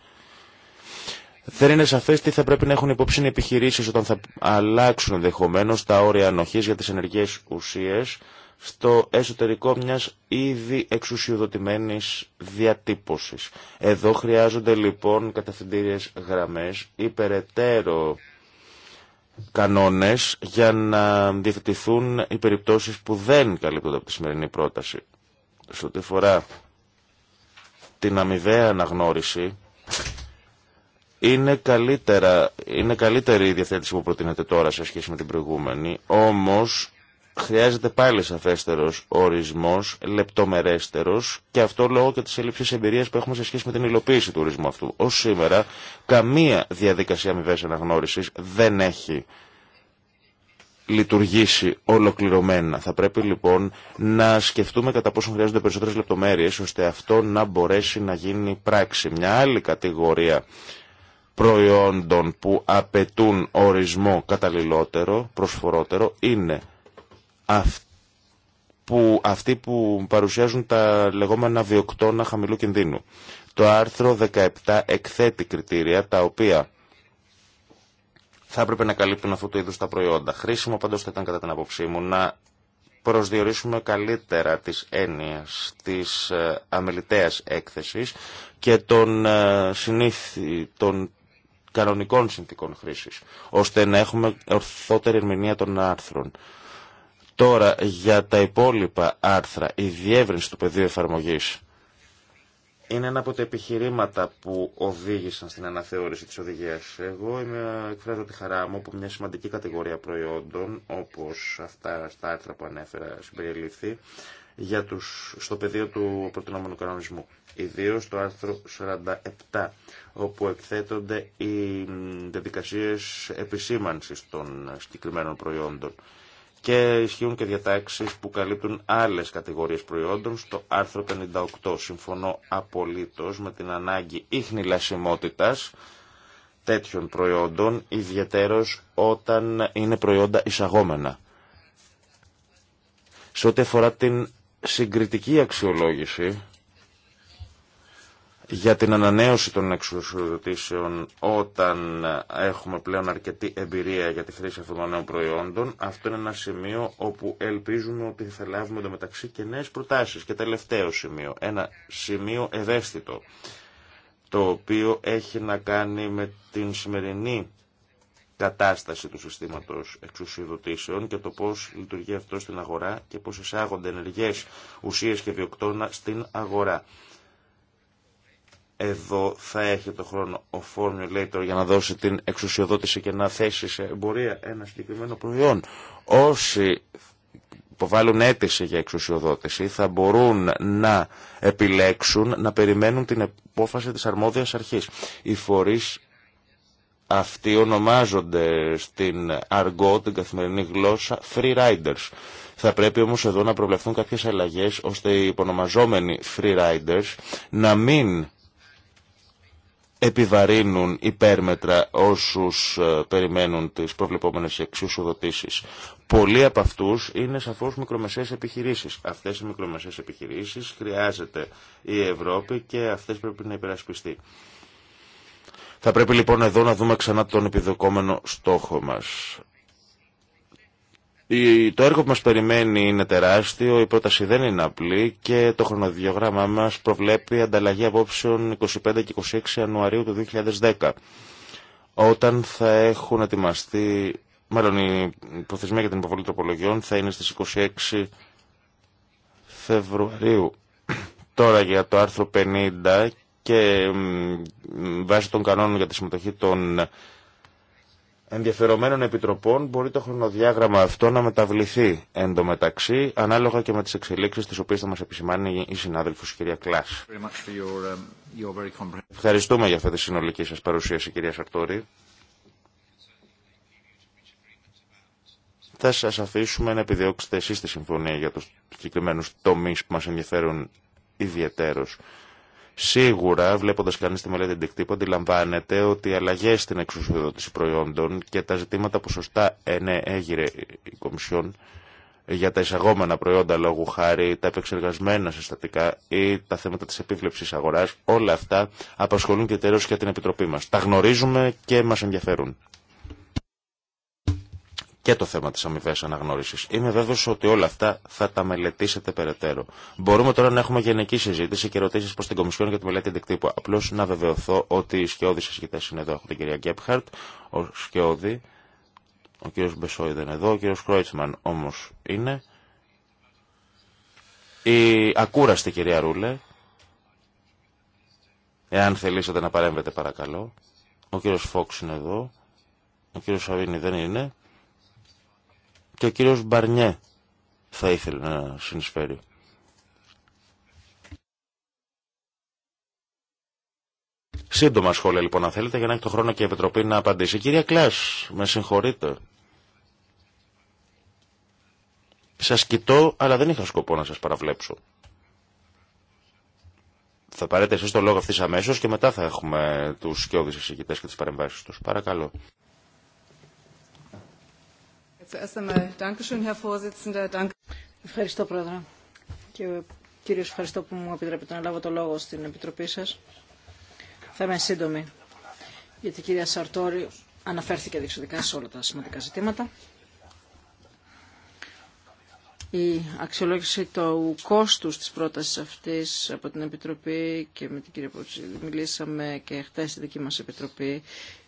Δεν είναι σαφέ τι θα πρέπει να έχουν υπόψη οι επιχειρήσει όταν θα αλλάξουν ενδεχομένω τα όρια ανοχή για τι ενεργέ ουσίε στο εσωτερικό μιας ήδη εξουσιοδοτημένης διατύπωσης. Εδώ χρειάζονται λοιπόν κατευθυντήριες γραμμές, περαιτέρω κανόνες για να διευθυνθούν οι περιπτώσεις που δεν καλύπτονται από τη σημερινή πρόταση. Σε ό,τι φορά την αμοιβαία αναγνώριση, είναι, καλύτερα, είναι καλύτερη η διαθέτηση που προτείνεται τώρα σε σχέση με την προηγούμενη, όμως χρειάζεται πάλι σαφέστερος ορισμός, λεπτομερέστερος και αυτό λόγω και της έλλειψης εμπειρίας που έχουμε σε σχέση με την υλοποίηση του ορισμού αυτού. Ως σήμερα, καμία διαδικασία αμοιβές αναγνώρισης δεν έχει λειτουργήσει ολοκληρωμένα. Θα πρέπει λοιπόν να σκεφτούμε κατά πόσο χρειάζονται περισσότερες λεπτομέρειες ώστε αυτό να μπορέσει να γίνει πράξη. Μια άλλη κατηγορία προϊόντων που απαιτούν ορισμό καταλληλότερο, προσφορότερο, είναι που, αυτοί που παρουσιάζουν τα λεγόμενα βιοκτώνα χαμηλού κινδύνου. Το άρθρο 17 εκθέτει κριτήρια τα οποία θα έπρεπε να καλύπτουν αυτού του είδου τα προϊόντα. Χρήσιμο πάντως θα ήταν κατά την απόψή μου να προσδιορίσουμε καλύτερα τις έννοιες της ε, αμεληταία έκθεσης και των, ε, των κανονικών συνθήκων χρήσης, ώστε να έχουμε ορθότερη ερμηνεία των άρθρων. Τώρα για τα υπόλοιπα άρθρα, η διεύρυνση του πεδίου εφαρμογής είναι ένα από τα επιχειρήματα που οδήγησαν στην αναθεώρηση της οδηγίας. Εγώ είμαι, εκφράζω τη χαρά μου που μια σημαντική κατηγορία προϊόντων, όπως αυτά στα άρθρα που ανέφερα συμπεριλήφθη, για τους, στο πεδίο του προτινόμενου κανονισμού. Ιδίω το άρθρο 47, όπου εκθέτονται οι διαδικασίε επισήμανσης των ε, συγκεκριμένων προϊόντων και ισχύουν και διατάξεις που καλύπτουν άλλες κατηγορίες προϊόντων στο άρθρο 58. Συμφωνώ απολύτως με την ανάγκη ίχνη τέτοιων προϊόντων, ιδιαίτερος όταν είναι προϊόντα εισαγόμενα. Σε ό,τι αφορά την συγκριτική αξιολόγηση, για την ανανέωση των εξουσιοδοτήσεων όταν έχουμε πλέον αρκετή εμπειρία για τη χρήση αυτών των νέων προϊόντων. Αυτό είναι ένα σημείο όπου ελπίζουμε ότι θα λάβουμε το μεταξύ και νέες προτάσεις. Και τελευταίο σημείο, ένα σημείο ευαίσθητο, το οποίο έχει να κάνει με την σημερινή κατάσταση του συστήματος εξουσιοδοτήσεων και το πώς λειτουργεί αυτό στην αγορά και πώς εισάγονται ενεργές ουσίες και βιοκτώνα στην αγορά. Εδώ θα έχει το χρόνο ο formulator για να δώσει την εξουσιοδότηση και να θέσει σε εμπορία ένα συγκεκριμένο προϊόν. Όσοι υποβάλλουν αίτηση για εξουσιοδότηση θα μπορούν να επιλέξουν να περιμένουν την απόφαση της αρμόδιας αρχής. Οι φορείς αυτοί ονομάζονται στην αργό, την καθημερινή γλώσσα, free riders. Θα πρέπει όμως εδώ να προβλεφθούν κάποιες αλλαγές ώστε οι υπονομαζόμενοι free riders να μην επιβαρύνουν υπέρμετρα όσους ε, περιμένουν τις προβλεπόμενες εξουσοδοτήσεις. Πολλοί από αυτούς είναι σαφώς μικρομεσαίες επιχειρήσεις. Αυτές οι μικρομεσαίες επιχειρήσεις χρειάζεται η Ευρώπη και αυτές πρέπει να υπερασπιστεί. Θα πρέπει λοιπόν εδώ να δούμε ξανά τον επιδοκόμενο στόχο μας. Το έργο που μας περιμένει είναι τεράστιο, η πρόταση δεν είναι απλή και το χρονοδιογράμμα μας προβλέπει ανταλλαγή απόψεων 25 και 26 Ιανουαρίου του 2010 όταν θα έχουν ετοιμαστεί, μάλλον η προθεσμία για την υποβολή τροπολογιών θα είναι στις 26 Φεβρουαρίου. Τώρα για το άρθρο 50 και βάσει των κανόνων για τη συμμετοχή των ενδιαφερομένων επιτροπών μπορεί το χρονοδιάγραμμα αυτό να μεταβληθεί εντωμεταξύ ανάλογα και με τις εξελίξεις τις οποίες θα μας επισημάνει η συνάδελφος κυρία Κλάς. Um, Ευχαριστούμε για αυτή τη συνολική σας παρουσίαση κυρία Σαρτόρη. Θα σας αφήσουμε να επιδιώξετε εσείς τη συμφωνία για τους συγκεκριμένου τομείς που μας ενδιαφέρουν ιδιαίτερως. Σίγουρα, βλέποντα κανεί τη μελέτη που αντιλαμβάνεται ότι οι αλλαγέ στην εξουσιοδότηση προϊόντων και τα ζητήματα που σωστά ε, ναι, η Κομισιόν για τα εισαγόμενα προϊόντα λόγου χάρη, τα επεξεργασμένα συστατικά ή τα θέματα τη επίβλεψη αγορά, όλα αυτά απασχολούν και τέλο και την Επιτροπή μα. Τα γνωρίζουμε και μα ενδιαφέρουν και το θέμα της αμοιβέ αναγνώριση. Είμαι βέβαιο ότι όλα αυτά θα τα μελετήσετε περαιτέρω. Μπορούμε τώρα να έχουμε γενική συζήτηση και ερωτήσει προ την Κομισιόν για τη μελέτη αντικτύπου. Απλώ να βεβαιωθώ ότι οι σκιώδει συζητητέ είναι εδώ. Έχω την κυρία Γκέπχαρτ, ο σκιώδη, ο κύριο Μπεσόη δεν είναι εδώ, ο κύριο Κρόιτσμαν όμω είναι. Η ακούραστη κυρία Ρούλε, εάν θελήσετε να παρέμβετε παρακαλώ. Ο κύριος Φόξ είναι εδώ, ο κύριος Σαβίνη δεν είναι και ο κύριος Μπαρνιέ θα ήθελε να συνεισφέρει. Σύντομα σχόλια λοιπόν αν θέλετε για να έχει το χρόνο και η Επιτροπή να απαντήσει. Κυρία Κλάς, με συγχωρείτε. Σας κοιτώ, αλλά δεν είχα σκοπό να σας παραβλέψω. Θα πάρετε εσείς το λόγο αυτής αμέσως και μετά θα έχουμε τους σκιώδεις εισηγητές και τις παρεμβάσεις τους. Παρακαλώ. Ευχαριστώ, Πρόεδρε. Και κύριο, ευχαριστώ που μου επιτρέπετε να λάβω το λόγο στην Επιτροπή σα. Θα είμαι σύντομη, γιατί η κυρία Σαρτόρη αναφέρθηκε διεξοδικά σε όλα τα σημαντικά ζητήματα. Η αξιολόγηση του κόστου τη πρόταση αυτή από την Επιτροπή και με την κυρία Ποτσίδη μιλήσαμε και χθε στη δική μα Επιτροπή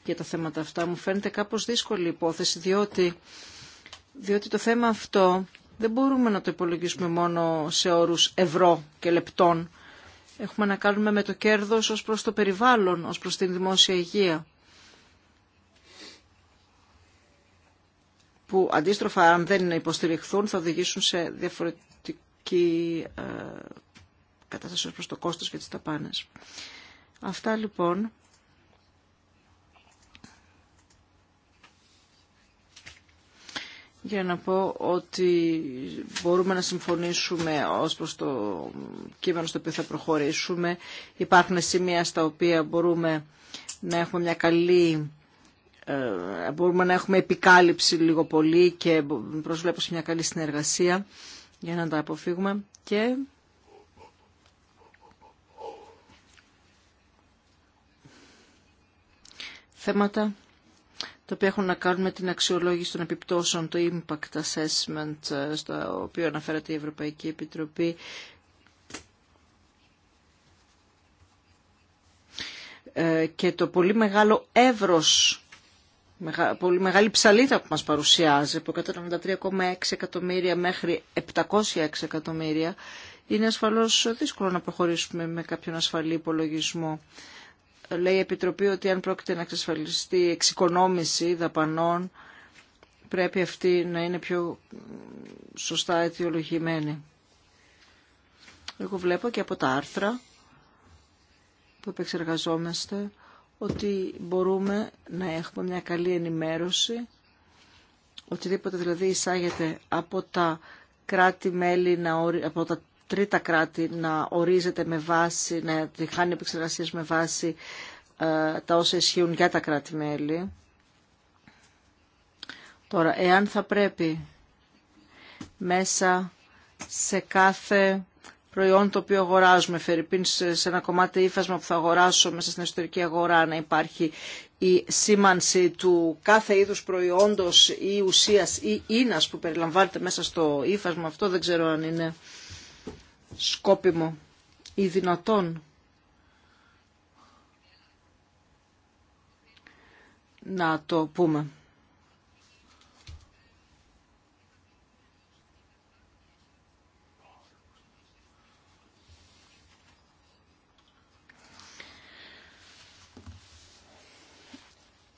για τα θέματα αυτά. Μου φαίνεται κάπω δύσκολη υπόθεση διότι διότι το θέμα αυτό δεν μπορούμε να το υπολογίσουμε μόνο σε όρους ευρώ και λεπτών. Έχουμε να κάνουμε με το κέρδος ως προς το περιβάλλον, ως προς την δημόσια υγεία. Που αντίστροφα αν δεν υποστηριχθούν θα οδηγήσουν σε διαφορετική ε, κατάσταση ως προς το κόστος και τις ταπάνες. Αυτά λοιπόν. για να πω ότι μπορούμε να συμφωνήσουμε ως προς το κείμενο στο οποίο θα προχωρήσουμε. Υπάρχουν σημεία στα οποία μπορούμε να έχουμε μια καλή ε, μπορούμε να έχουμε επικάλυψη λίγο πολύ και προσβλέπω σε μια καλή συνεργασία για να τα αποφύγουμε και θέματα τα οποία έχουν να κάνουν με την αξιολόγηση των επιπτώσεων, το impact assessment, ε, στο οποίο αναφέρεται η Ευρωπαϊκή Επιτροπή, ε, και το πολύ μεγάλο εύρος, πολύ μεγάλη ψαλίδα που μας παρουσιάζει, από 193,6 εκατομμύρια μέχρι 706 εκατομμύρια, είναι ασφαλώς δύσκολο να προχωρήσουμε με κάποιον ασφαλή υπολογισμό λέει η Επιτροπή ότι αν πρόκειται να εξασφαλιστεί η εξοικονόμηση δαπανών, πρέπει αυτή να είναι πιο σωστά αιτιολογημένη. Εγώ βλέπω και από τα άρθρα που επεξεργαζόμαστε ότι μπορούμε να έχουμε μια καλή ενημέρωση, οτιδήποτε δηλαδή εισάγεται από τα κράτη-μέλη, από τα τρίτα κράτη να ορίζεται με βάση, να τη χάνει με βάση ε, τα όσα ισχύουν για τα κράτη-μέλη. Τώρα, εάν θα πρέπει μέσα σε κάθε προϊόν το οποίο αγοράζουμε, φερειπίν σε ένα κομμάτι ύφασμα που θα αγοράσω μέσα στην εσωτερική αγορά, να υπάρχει η σήμανση του κάθε είδους προϊόντος ή ουσίας ή ίνας που περιλαμβάνεται μέσα στο ύφασμα, αυτό δεν ξέρω αν είναι σκόπιμο ή δυνατόν να το πούμε.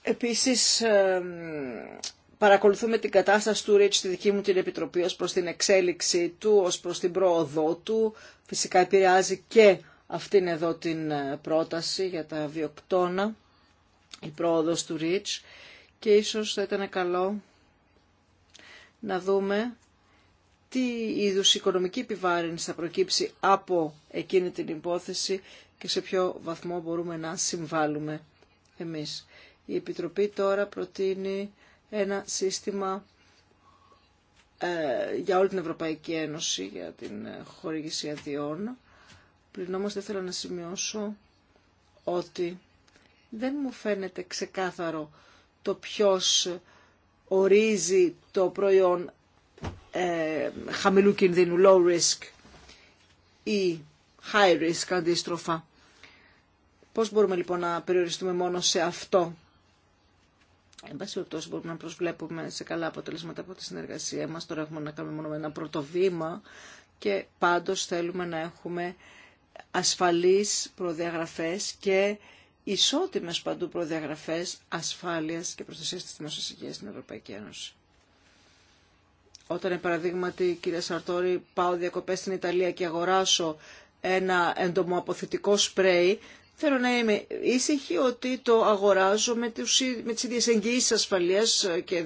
Επίσης, παρακολουθούμε την κατάσταση του ΡΙΤ στη δική μου την Επιτροπή ως προς την εξέλιξη του, ως προς την πρόοδό του. Φυσικά επηρεάζει και αυτήν εδώ την ε, πρόταση για τα βιοκτώνα, η πρόοδος του ΡΙΤ και ίσως θα ήταν καλό να δούμε τι είδους οικονομική επιβάρυνση θα προκύψει από εκείνη την υπόθεση και σε ποιο βαθμό μπορούμε να συμβάλλουμε εμείς. Η Επιτροπή τώρα προτείνει ένα σύστημα ε, για όλη την Ευρωπαϊκή Ένωση για την ε, χορήγηση αδειών. Πλην όμως δεν θέλω να σημειώσω ότι δεν μου φαίνεται ξεκάθαρο το ποιος ορίζει το προϊόν ε, χαμηλού κινδύνου, low risk ή high risk αντίστροφα. Πώς μπορούμε λοιπόν να περιοριστούμε μόνο σε αυτό Εν πάση περιπτώσει μπορούμε να προσβλέπουμε σε καλά αποτελέσματα από τη συνεργασία μας. Τώρα έχουμε να κάνουμε μόνο ένα πρώτο βήμα και πάντω θέλουμε να έχουμε ασφαλείς προδιαγραφές και ισότιμες παντού προδιαγραφές ασφάλειας και προστασίας της δημόσιας στην Ευρωπαϊκή Ένωση. Όταν, παραδείγματι, κύριε Σαρτόρη, πάω διακοπές στην Ιταλία και αγοράσω ένα εντομοαποθητικό σπρέι, Θέλω να είμαι ήσυχη ότι το αγοράζω με, τους, με τις ίδιες εγγυήσεις ασφαλείας και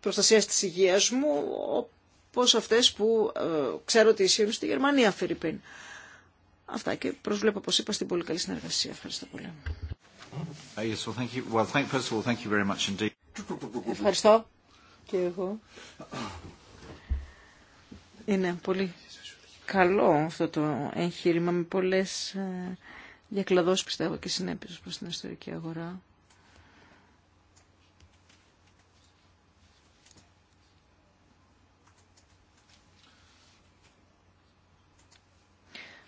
προστασίας της υγείας μου, όπως αυτές που ε, ξέρω ότι ισχύουν στη Γερμανία, Φερρυπίν. Αυτά και προσβλέπω, όπως είπα, στην πολύ καλή συνεργασία. Ευχαριστώ πολύ. Ευχαριστώ και εγώ. Είναι πολύ καλό αυτό το εγχείρημα με πολλές ε, διακλαδώσει πιστεύω και συνέπειες προς την ιστορική αγορά.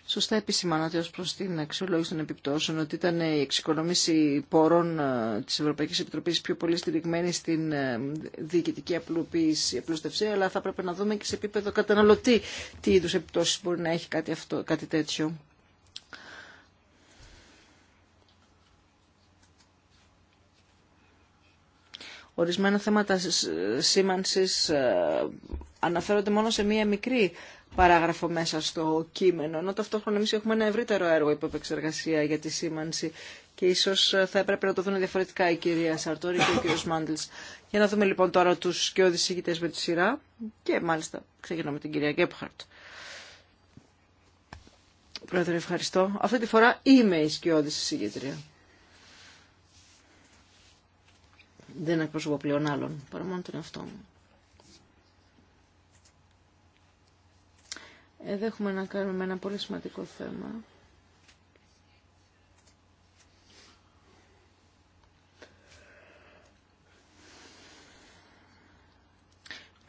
Σωστά επισημάνατε ως προς την αξιολόγηση των επιπτώσεων ότι ήταν η εξοικονόμηση πόρων ε, της Ευρωπαϊκής Επιτροπής πιο πολύ στηριγμένη στην ε, διοικητική απλοποίηση, απλούστευση, αλλά θα πρέπει να δούμε και σε επίπεδο καταναλωτή τι είδους επιπτώσεις μπορεί να έχει κάτι τέτοιο. Ορισμένα θέματα σήμανσης ε, αναφέρονται μόνο σε μία μικρή παράγραφο μέσα στο κείμενο, ενώ ταυτόχρονα εμείς έχουμε ένα ευρύτερο έργο υπό επεξεργασία για τη σήμανση και ίσως ε, θα έπρεπε να το δουν διαφορετικά η κυρία Σαρτόρη και ο κύριος Μάντλς. Για να δούμε λοιπόν τώρα τους και οδησηγητές με τη σειρά και μάλιστα ξεκινώ με την κυρία Γκέπχαρτ. Πρόεδρε, ευχαριστώ. Αυτή τη φορά είμαι η σκιώδη συγκεντρία. δεν εκπροσωπώ πλέον άλλον, παρά μόνο τον εαυτό μου. Εδώ έχουμε να κάνουμε ένα πολύ σημαντικό θέμα.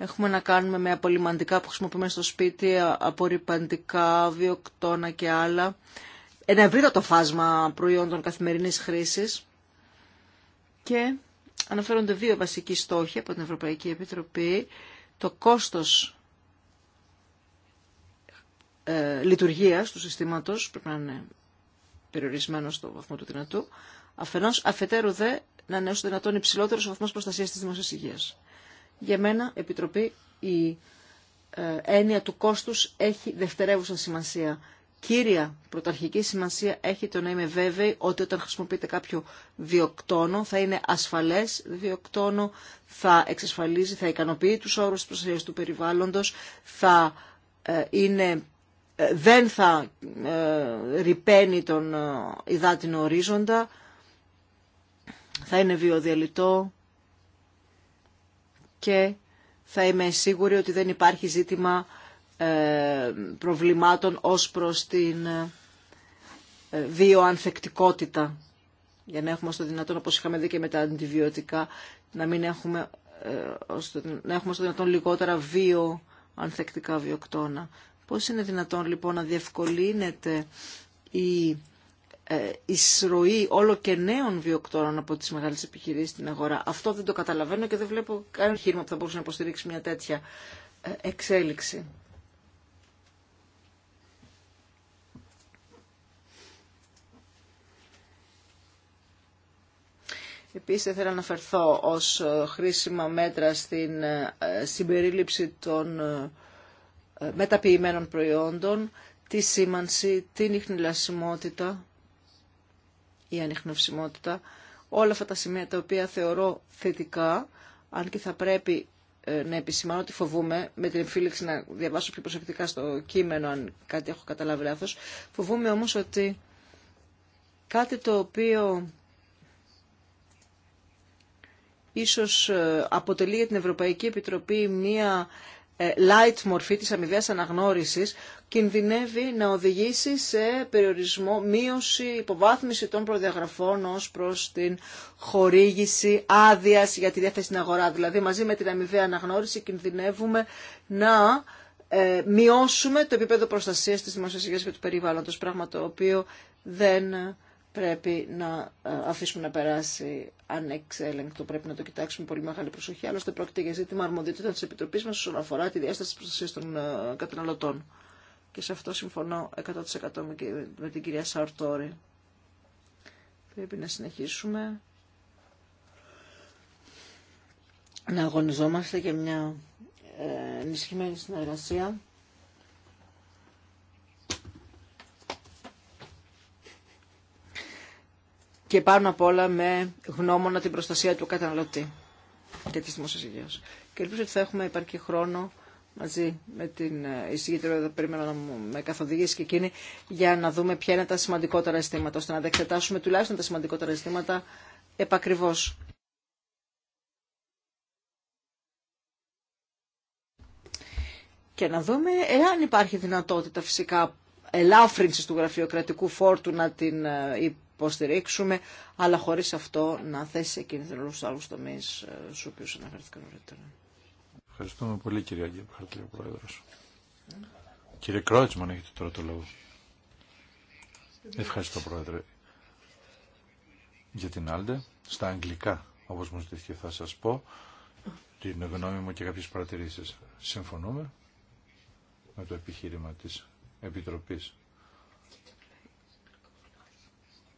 Έχουμε να κάνουμε με απολυμαντικά που χρησιμοποιούμε στο σπίτι, απορριπαντικά, βιοκτώνα και άλλα. Ένα ευρύτατο φάσμα προϊόντων καθημερινής χρήσης. Και αναφέρονται δύο βασικοί στόχοι από την Ευρωπαϊκή Επιτροπή. Το κόστος ε, λειτουργίας του συστήματος πρέπει να είναι περιορισμένο στο βαθμό του δυνατού. Αφενός, αφετέρου δε, να είναι όσο δυνατόν υψηλότερος ο βαθμός προστασίας της δημόσιας υγείας. Για μένα, Επιτροπή, η ε, έννοια του κόστους έχει δευτερεύουσα σημασία Κύρια πρωταρχική σημασία έχει το να είμαι βέβαιη ότι όταν χρησιμοποιείτε κάποιο βιοκτόνο θα είναι ασφαλές βιοκτόνο, θα εξασφαλίζει, θα ικανοποιεί τους όρους της προστασίας του περιβάλλοντος, θα ε, είναι, ε, δεν θα ε, ρηπαίνει τον ε, υδάτινο ορίζοντα, θα είναι βιοδιαλυτό και θα είμαι σίγουρη ότι δεν υπάρχει ζήτημα ε, προβλημάτων ως προς την ε, βιοανθεκτικότητα για να έχουμε στο δυνατόν, όπως είχαμε δει και με τα αντιβιωτικά, να μην έχουμε, ε, να έχουμε στο δυνατόν λιγότερα βιοανθεκτικά βιοκτώνα. Πώς είναι δυνατόν λοιπόν να διευκολύνεται η εισρωή όλο και νέων βιοκτώνων από τις μεγάλες επιχειρήσεις στην αγορά. Αυτό δεν το καταλαβαίνω και δεν βλέπω κανένα χείρημα που θα μπορούσε να υποστηρίξει μια τέτοια εξέλιξη. Επίσης θέλω να αναφερθώ ως ε, χρήσιμα μέτρα στην ε, συμπερίληψη των ε, μεταποιημένων προϊόντων, τη σήμανση, την ιχνηλασιμότητα ή ανιχνευσιμότητα, όλα αυτά τα σημεία τα οποία θεωρώ θετικά, αν και θα πρέπει να επισημάνω ότι φοβούμε, με την εμφύληξη να διαβάσω πιο προσεκτικά στο κείμενο, αν κάτι έχω καταλάβει λάθος, φοβούμε όμως ότι κάτι το οποίο ίσως ε, αποτελεί για την Ευρωπαϊκή Επιτροπή μία ε, light μορφή της αμοιβαίας αναγνώρισης κινδυνεύει να οδηγήσει σε περιορισμό, μείωση, υποβάθμιση των προδιαγραφών ως προς την χορήγηση άδεια για τη διάθεση στην αγορά. Δηλαδή μαζί με την αμοιβαία αναγνώριση κινδυνεύουμε να ε, μειώσουμε το επίπεδο προστασίας της δημοσιασίας και του περιβάλλοντος, πράγμα το οποίο δεν πρέπει να ε, αφήσουμε να περάσει ανεξέλεγκτο. Πρέπει να το κοιτάξουμε πολύ μεγάλη προσοχή. Άλλωστε, πρόκειται για ζήτημα αρμοδιότητα τη Επιτροπή μα όσον αφορά τη διάσταση τη προστασία των ε, καταναλωτών. Και σε αυτό συμφωνώ 100% με την κυρία Σαρτόρη. Πρέπει να συνεχίσουμε να αγωνιζόμαστε για μια ε, ενισχυμένη συνεργασία και πάνω απ' όλα με γνώμονα την προστασία του καταναλωτή και τη δημόσια υγεία. Και ελπίζω ότι θα έχουμε υπάρχει χρόνο μαζί με την ε, εισηγήτρια που περίμενα να με καθοδηγήσει και εκείνη για να δούμε ποια είναι τα σημαντικότερα αισθήματα ώστε να δεξετάσουμε τουλάχιστον τα σημαντικότερα αισθήματα επακριβώς. Και να δούμε εάν υπάρχει δυνατότητα φυσικά ελάφρυνσης του γραφειοκρατικού φόρτου να την ε, υποστηρίξουμε, αλλά χωρί αυτό να θέσει σε κίνδυνο τους άλλους τομείς ε, στους οποίους αναφέρθηκα νωρίτερα. Ευχαριστούμε πολύ κυρία Γκέπχαρτλή, ο Πρόεδρο. Κύριε Κρότσμαν, έχετε τώρα το λόγο. Ευχαριστώ Πρόεδρε. Για την Άλντε, στα αγγλικά, όπω μου ζητήθηκε θα σα πω, την γνώμη μου και κάποιε παρατηρήσει. Συμφωνούμε με το επιχείρημα της Επιτροπής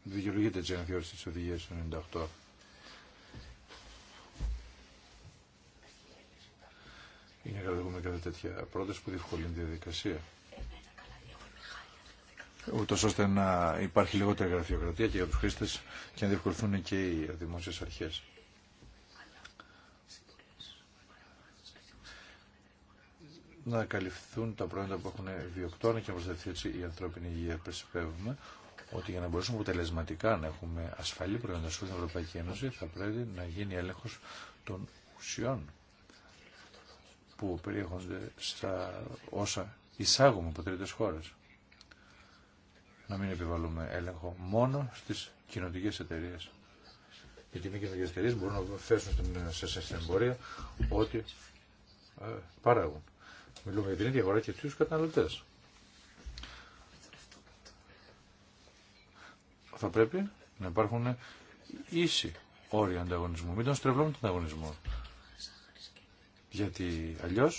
δικαιολογείται έτσι θεωρήσει της οδηγίας του 98. Είναι καλά έχουμε κάθε τέτοια πρόταση που διευκολύνει τη διαδικασία. Ούτω ώστε να υπάρχει λιγότερη γραφειοκρατία και για του χρήστε και να διευκολυνθούν και οι δημόσιε αρχέ. να καλυφθούν τα προϊόντα που έχουν βιοκτώνα και να προστατευτεί έτσι η ανθρώπινη υγεία ότι για να μπορέσουμε αποτελεσματικά να έχουμε ασφαλή προϊόντα στην Ευρωπαϊκή Ένωση θα πρέπει να γίνει έλεγχος των ουσιών που περιέχονται στα όσα εισάγουμε από τρίτες χώρες. Να μην επιβαλούμε έλεγχο μόνο στις κοινωτικές εταιρείε. Γιατί οι μη εταιρείε μπορούν να θέσουν στην εμπορία ότι ε, παράγουν. Μιλούμε για την ίδια αγορά και του καταναλωτέ. θα πρέπει να υπάρχουν ίσοι όρια ανταγωνισμού. Μην τον στρεβλώνουμε τον ανταγωνισμό. Γιατί αλλιώ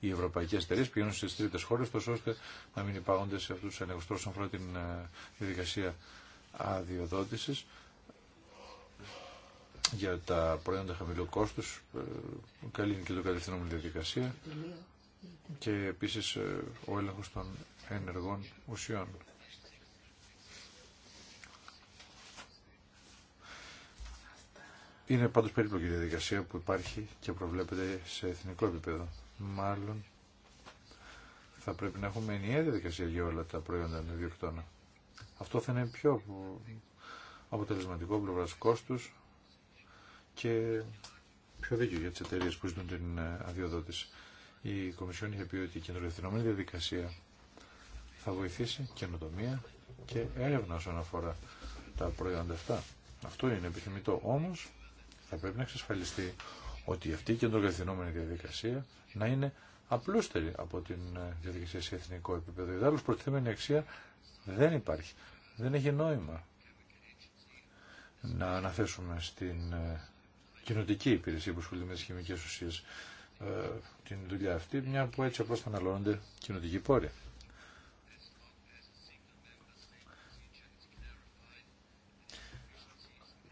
οι ευρωπαϊκέ εταιρείε πηγαίνουν στι τρίτε χώρε, ώστε να μην υπάγονται σε αυτού του Τώρα, όσον αφορά την ε, διαδικασία αδειοδότηση για τα προϊόντα χαμηλού κόστου. Ε, καλή είναι και το κατευθυνόμενη διαδικασία και επίση ε, ο έλεγχο των ενεργών ουσιών. Είναι πάντως περίπλοκη η διαδικασία που υπάρχει και προβλέπεται σε εθνικό επίπεδο. Μάλλον θα πρέπει να έχουμε ενιαία διαδικασία για όλα τα προϊόντα με διοκτώνα. Αυτό θα είναι πιο αποτελεσματικό πλευρά κόστου και πιο δίκιο για τι εταιρείε που ζητούν την ε, αδειοδότηση. Η Κομισιόν είχε πει ότι η κεντροευθυνόμενη διαδικασία θα βοηθήσει καινοτομία και έρευνα όσον αφορά τα προϊόντα αυτά. Αυτό είναι επιθυμητό. Όμως θα πρέπει να εξασφαλιστεί ότι αυτή η κεντροκαθινόμενη διαδικασία να είναι απλούστερη από την ε, διαδικασία σε εθνικό επίπεδο. Η άλλως προτιθέμενη αξία δεν υπάρχει. Δεν έχει νόημα να αναθέσουμε στην ε, κοινωτική υπηρεσία που ασχολείται με τις χημικές ουσίες ε, την δουλειά αυτή, μια που έτσι απλώς θα αναλώνονται κοινωτικοί πόροι.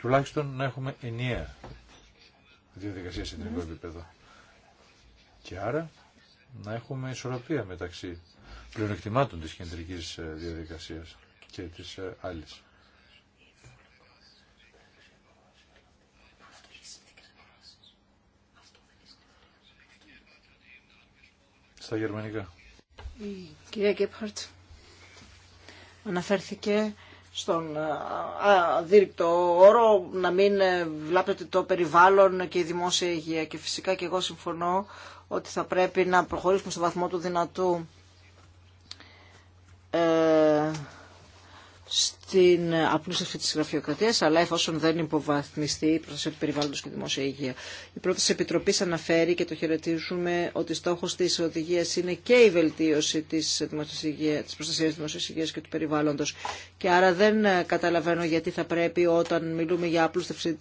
τουλάχιστον να έχουμε ενιαία διαδικασία σε εθνικό επίπεδο. Και άρα να έχουμε ισορροπία μεταξύ πλεονεκτημάτων της κεντρικής ε, διαδικασίας και της ε, άλλης. Στα γερμανικά. κυρία Γκέπχαρτ αναφέρθηκε στον αδίρυκτο όρο, να μην ε, βλάπτεται το περιβάλλον και η δημόσια υγεία. Και φυσικά και εγώ συμφωνώ ότι θα πρέπει να προχωρήσουμε στο βαθμό του δυνατού ε, την απλούστευση τη γραφειοκρατία, αλλά εφόσον δεν υποβαθμιστεί η προστασία του περιβάλλοντο και η δημόσια υγεία. Η πρόταση Επιτροπή αναφέρει και το χαιρετίζουμε ότι στόχο τη οδηγία είναι και η βελτίωση τη προστασία της δημόσια υγεία και του περιβάλλοντο. Και άρα δεν ε, καταλαβαίνω γιατί θα πρέπει όταν μιλούμε για απλούστευση,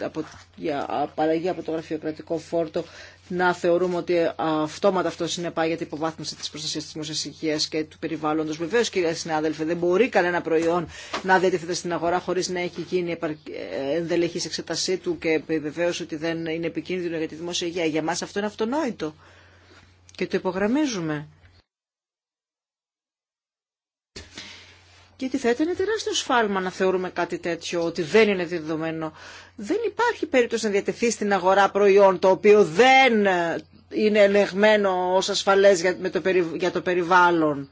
για απαλλαγή από το γραφειοκρατικό φόρτο, να θεωρούμε ότι αυτόματα αυτό συνεπάγεται υποβάθμιση τη προστασία τη δημόσια υγεία και του περιβάλλοντο. Βεβαίω, κυρία συνάδελφε, δεν μπορεί κανένα προϊόν να διατίθεται στην αγορά χωρί να έχει γίνει ε, ενδελεχή εξετασή του και βεβαίω ότι δεν είναι επικίνδυνο για τη δημόσια υγεία. Για μα αυτό είναι αυτονόητο. Και το υπογραμμίζουμε. Και τι θα ήταν τεράστιο σφάλμα να θεωρούμε κάτι τέτοιο, ότι δεν είναι δεδομένο. Δεν υπάρχει περίπτωση να διατεθεί στην αγορά προϊόν το οποίο δεν είναι ελεγμένο ως ασφαλές για το περιβάλλον.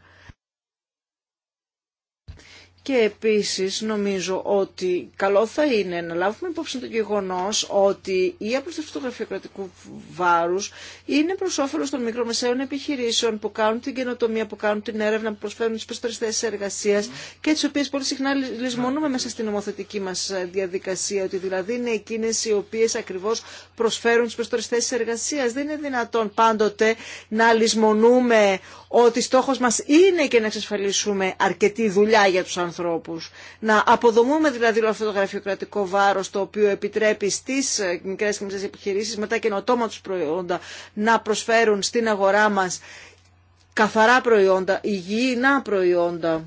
Και επίσης νομίζω ότι καλό θα είναι να λάβουμε υπόψη το γεγονός ότι η απλουστευση του γραφειοκρατικού βάρους είναι προς όφελος των μικρομεσαίων επιχειρήσεων που κάνουν την καινοτομία, που κάνουν την έρευνα, που προσφέρουν τις περισσότερες θέσεις και τις οποίες πολύ συχνά λησμονούμε μέσα στην νομοθετική μας διαδικασία, ότι δηλαδή είναι εκείνες οι οποίες ακριβώς προσφέρουν τις περισσότερες θέσεις εργασίας. Δεν είναι δυνατόν πάντοτε να λησμονούμε ότι στόχος μας είναι και να εξασφαλίσουμε αρκετή δουλειά για τους ανθρώπους να αποδομούμε δηλαδή όλο αυτό το γραφειοκρατικό βάρος το οποίο επιτρέπει στις μικρές και μικρές επιχειρήσεις με τα καινοτόμα τους προϊόντα να προσφέρουν στην αγορά μας καθαρά προϊόντα, υγιεινά προϊόντα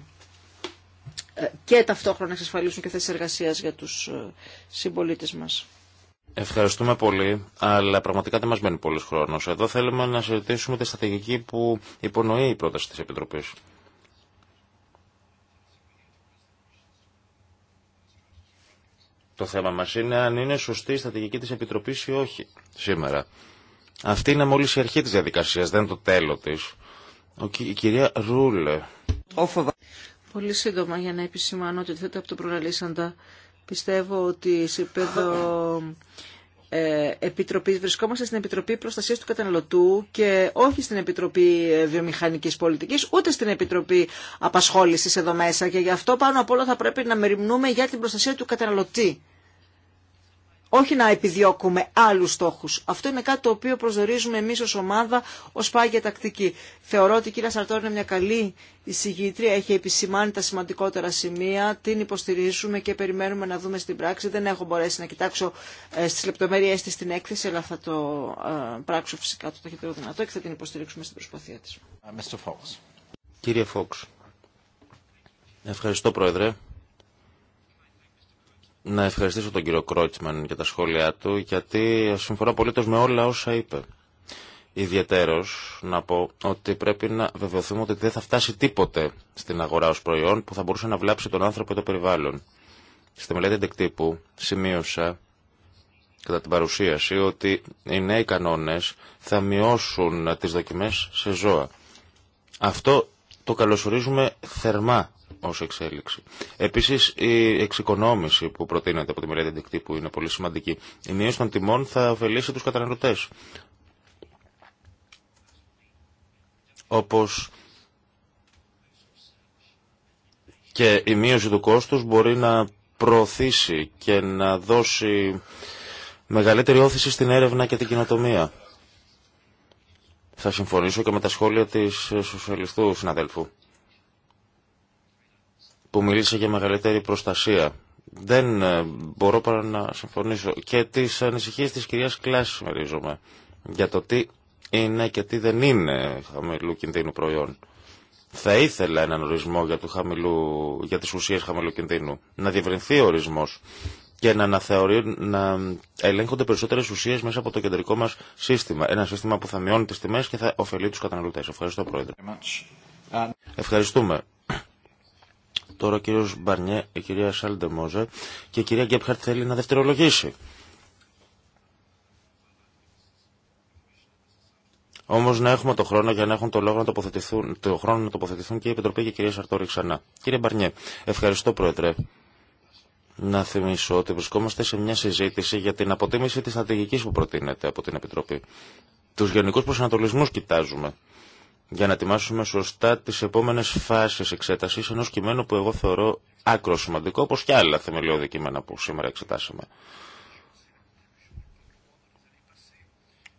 ε, και ταυτόχρονα να εξασφαλίσουν και θέσεις εργασίας για τους ε, συμπολίτες μας. Ευχαριστούμε πολύ, αλλά πραγματικά δεν μας μένει πολλής χρόνος. Εδώ θέλουμε να συζητήσουμε τη στρατηγική που υπονοεί η πρόταση της Επιτροπής. Το θέμα μας είναι αν είναι σωστή η στρατηγική της Επιτροπής ή όχι σήμερα. Αυτή είναι μόλις η αρχή της διαδικασίας, δεν το τέλος της. Ο, η κυρία Ρούλε. Πολύ σύντομα για να επισημάνω ότι θέτω από το προλαλήσαντα. Πιστεύω ότι σε επίπεδο ε, Επιτροπής. Βρισκόμαστε στην Επιτροπή Προστασίας του Καταναλωτού και όχι στην Επιτροπή ε, βιομηχανική Πολιτικής, ούτε στην Επιτροπή Απασχόλησης εδώ μέσα. Και γι' αυτό πάνω απ' όλα θα πρέπει να μεριμνούμε για την προστασία του καταναλωτή όχι να επιδιώκουμε άλλους στόχους. Αυτό είναι κάτι το οποίο προσδορίζουμε εμείς ως ομάδα ως πάγια τακτική. Θεωρώ ότι η κυρία Σαρτόρ είναι μια καλή εισηγήτρια, έχει επισημάνει τα σημαντικότερα σημεία, την υποστηρίζουμε και περιμένουμε να δούμε στην πράξη. Δεν έχω μπορέσει να κοιτάξω ε, στις λεπτομέρειές της την έκθεση, αλλά θα το ε, πράξω φυσικά το ταχύτερο δυνατό και θα την υποστηρίξουμε στην προσπάθειά της. Κύριε Φόξ, ευχαριστώ Πρόεδρε να ευχαριστήσω τον κύριο Κρότσμαν για τα σχόλιά του, γιατί συμφωνώ πολύ με όλα όσα είπε. Ιδιαίτερο να πω ότι πρέπει να βεβαιωθούμε ότι δεν θα φτάσει τίποτε στην αγορά ω προϊόν που θα μπορούσε να βλάψει τον άνθρωπο ή το περιβάλλον. Στη μελέτη εντεκτύπου σημείωσα κατά την παρουσίαση ότι οι νέοι κανόνε θα μειώσουν τι δοκιμέ σε ζώα. Αυτό το καλωσορίζουμε θερμά ως εξέλιξη. Επίσης η εξοικονόμηση που προτείνεται από τη μελέτη που είναι πολύ σημαντική. Η μείωση των τιμών θα ωφελήσει τους καταναλωτές. Όπως και η μείωση του κόστους μπορεί να προωθήσει και να δώσει μεγαλύτερη όθηση στην έρευνα και την κοινοτομία. Θα συμφωνήσω και με τα σχόλια της σοσιαλιστού συναδέλφου που μίλησε για μεγαλύτερη προστασία. Δεν ε, μπορώ παρά να συμφωνήσω. Και τις ανησυχίες της κυρίας Κλάσης μερίζομαι για το τι είναι και τι δεν είναι χαμηλού κινδύνου προϊόν. Θα ήθελα έναν ορισμό για, το χαμηλού, για τις ουσίες χαμηλού κινδύνου. Να διευρυνθεί ο ορισμός και να, να ελέγχονται περισσότερες ουσίες μέσα από το κεντρικό μας σύστημα. Ένα σύστημα που θα μειώνει τις τιμές και θα ωφελεί τους καταναλωτές. Ευχαριστώ Πρόεδρε. Ευχαριστούμε. Τώρα ο κύριο Μπαρνιέ, η κυρία Σάλντε και η κυρία Γκέπχαρτ θέλει να δευτερολογήσει. Όμω να έχουμε το χρόνο για να έχουν το λόγο να τοποθετηθούν, το χρόνο να τοποθετηθούν και η Επιτροπή και η κυρία Σαρτόρη ξανά. Κύριε Μπαρνιέ, ευχαριστώ Πρόεδρε. Να θυμίσω ότι βρισκόμαστε σε μια συζήτηση για την αποτίμηση τη στρατηγική που προτείνεται από την Επιτροπή. Του γενικού προσανατολισμού κοιτάζουμε για να ετοιμάσουμε σωστά τις επόμενες φάσεις εξέτασης ενός κειμένου που εγώ θεωρώ άκρο σημαντικό, όπως και άλλα θεμελιώδη κείμενα που σήμερα εξετάσαμε.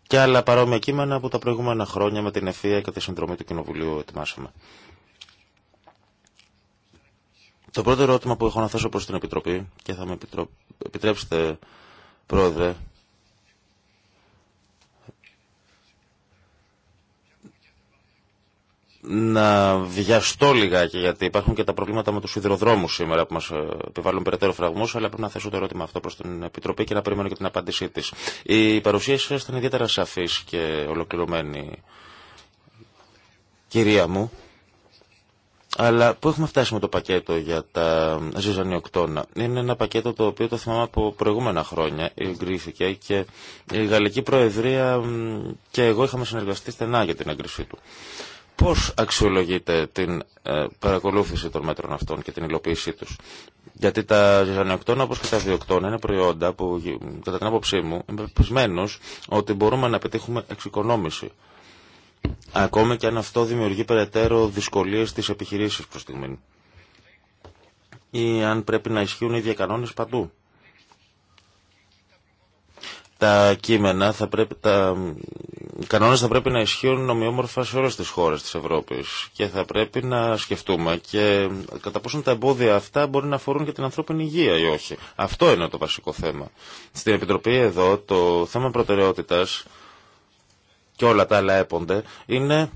Και άλλα παρόμοια κείμενα από τα προηγούμενα χρόνια με την ευθεία και τη συνδρομή του Κοινοβουλίου ετοιμάσαμε. Το πρώτο ερώτημα που έχω να θέσω προς την Επιτροπή και θα με επιτρέψετε, Πρόεδρε, να βιαστώ λιγάκι γιατί υπάρχουν και τα προβλήματα με του υδροδρόμους σήμερα που μα ε, επιβάλλουν περαιτέρω φραγμούς αλλά πρέπει να θέσω το ερώτημα αυτό προ την Επιτροπή και να περιμένω και την απάντησή τη. Η παρουσία σα ήταν ιδιαίτερα σαφή και ολοκληρωμένη κυρία μου αλλά πού έχουμε φτάσει με το πακέτο για τα ζυζανιοκτώνα. Είναι ένα πακέτο το οποίο το θυμάμαι από προηγούμενα χρόνια εγκρίθηκε και η Γαλλική Προεδρία και εγώ είχαμε συνεργαστεί στενά για την έγκρισή του. Πώς αξιολογείτε την ε, παρακολούθηση των μέτρων αυτών και την υλοποίησή τους. Γιατί τα ζυζανιοκτώνα όπως και τα διοκτώνα είναι προϊόντα που κατά την άποψή μου είμαι ότι μπορούμε να πετύχουμε εξοικονόμηση. Ακόμα και αν αυτό δημιουργεί περαιτέρω δυσκολίες στις επιχειρήσεις προς στιγμή. Ή αν πρέπει να ισχύουν οι ίδιοι παντού τα κείμενα, θα πρέπει, τα οι κανόνες θα πρέπει να ισχύουν ομοιόμορφα σε όλες τις χώρες της Ευρώπης και θα πρέπει να σκεφτούμε και κατά πόσο τα εμπόδια αυτά μπορεί να αφορούν και την ανθρώπινη υγεία ή όχι. Αυτό είναι το βασικό θέμα. Στην Επιτροπή εδώ το θέμα προτεραιότητας και όλα τα άλλα έπονται είναι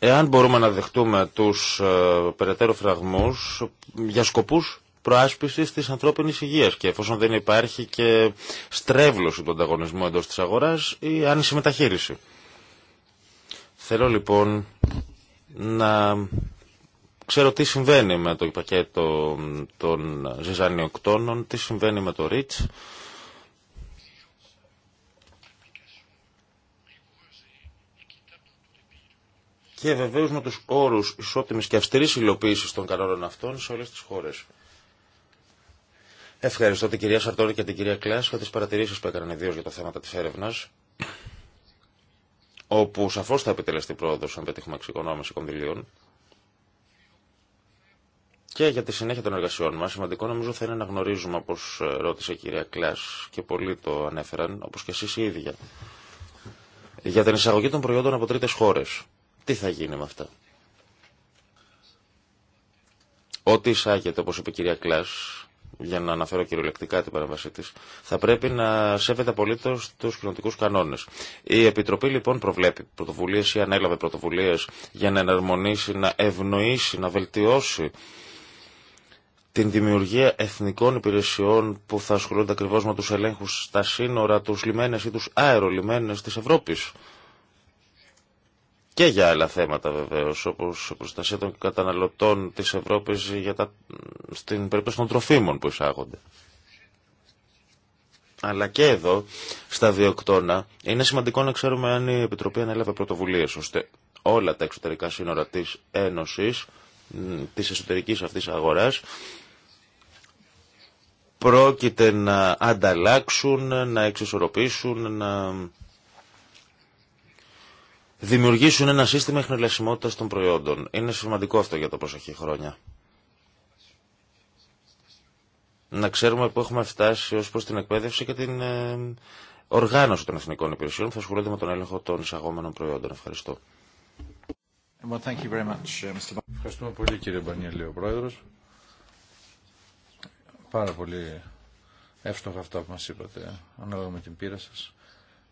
εάν μπορούμε να δεχτούμε τους ε, περαιτέρω φραγμούς για σκοπούς προάσπισης της ανθρώπινης υγείας και εφόσον δεν υπάρχει και στρέβλωση του ανταγωνισμού εντός της αγοράς ή άνηση μεταχείριση. Θέλω λοιπόν να ξέρω τι συμβαίνει με το πακέτο των ζυζανιοκτώνων, τι συμβαίνει με το ρίτς. Και βεβαίως με τους όρους ισότιμης και αυστηρής υλοποίησης των κανόνων αυτών σε όλες τις χώρες. Ευχαριστώ την κυρία Σαρτόρη και την κυρία Κλάς για τις παρατηρήσεις που έκαναν ιδίως για τα θέματα της έρευνας, όπου σαφώς θα επιτελεστεί πρόοδος αν πετύχουμε εξοικονόμηση κονδυλίων. Και για τη συνέχεια των εργασιών μας, σημαντικό νομίζω θα είναι να γνωρίζουμε, όπως ρώτησε η κυρία Κλάς και πολλοί το ανέφεραν, όπως και εσείς οι ίδια, για την εισαγωγή των προϊόντων από τρίτες χώρες. Τι θα γίνει με αυτά. Ό,τι εισάγεται, όπως είπε η κυρία Κλάς, για να αναφέρω κυριολεκτικά την παρέμβασή τη, θα πρέπει να σέβεται απολύτω του κοινοτικού κανόνε. Η Επιτροπή λοιπόν προβλέπει πρωτοβουλίε ή ανέλαβε πρωτοβουλίε για να εναρμονίσει, να ευνοήσει, να βελτιώσει την δημιουργία εθνικών υπηρεσιών που θα ασχολούνται ακριβώ με του ελέγχου στα σύνορα, του λιμένε ή του αερολιμένε τη Ευρώπη και για άλλα θέματα βεβαίως, όπως η προστασία των καταναλωτών της Ευρώπης για τα... στην περίπτωση των τροφίμων που εισάγονται. Αλλά και εδώ, στα διοκτώνα, είναι σημαντικό να ξέρουμε αν η Επιτροπή ανέλαβε πρωτοβουλίες, ώστε όλα τα εξωτερικά σύνορα της Ένωσης, της εσωτερικής αυτής αγοράς, πρόκειται να ανταλλάξουν, να εξισορροπήσουν, να δημιουργήσουν ένα σύστημα εχνηλασιμότητας των προϊόντων. Είναι σημαντικό αυτό για τα προσεχή χρόνια. Να ξέρουμε που έχουμε φτάσει ως προς την εκπαίδευση και την ε, οργάνωση των εθνικών υπηρεσιών που ασχολούνται με τον έλεγχο των εισαγόμενων προϊόντων. Ευχαριστώ. Uh, Ευχαριστούμε πολύ κύριε Μπανιέλη ο Πρόεδρος. Πάρα πολύ εύστοχα αυτά που μας είπατε, ανάλογα με την πείρα σας.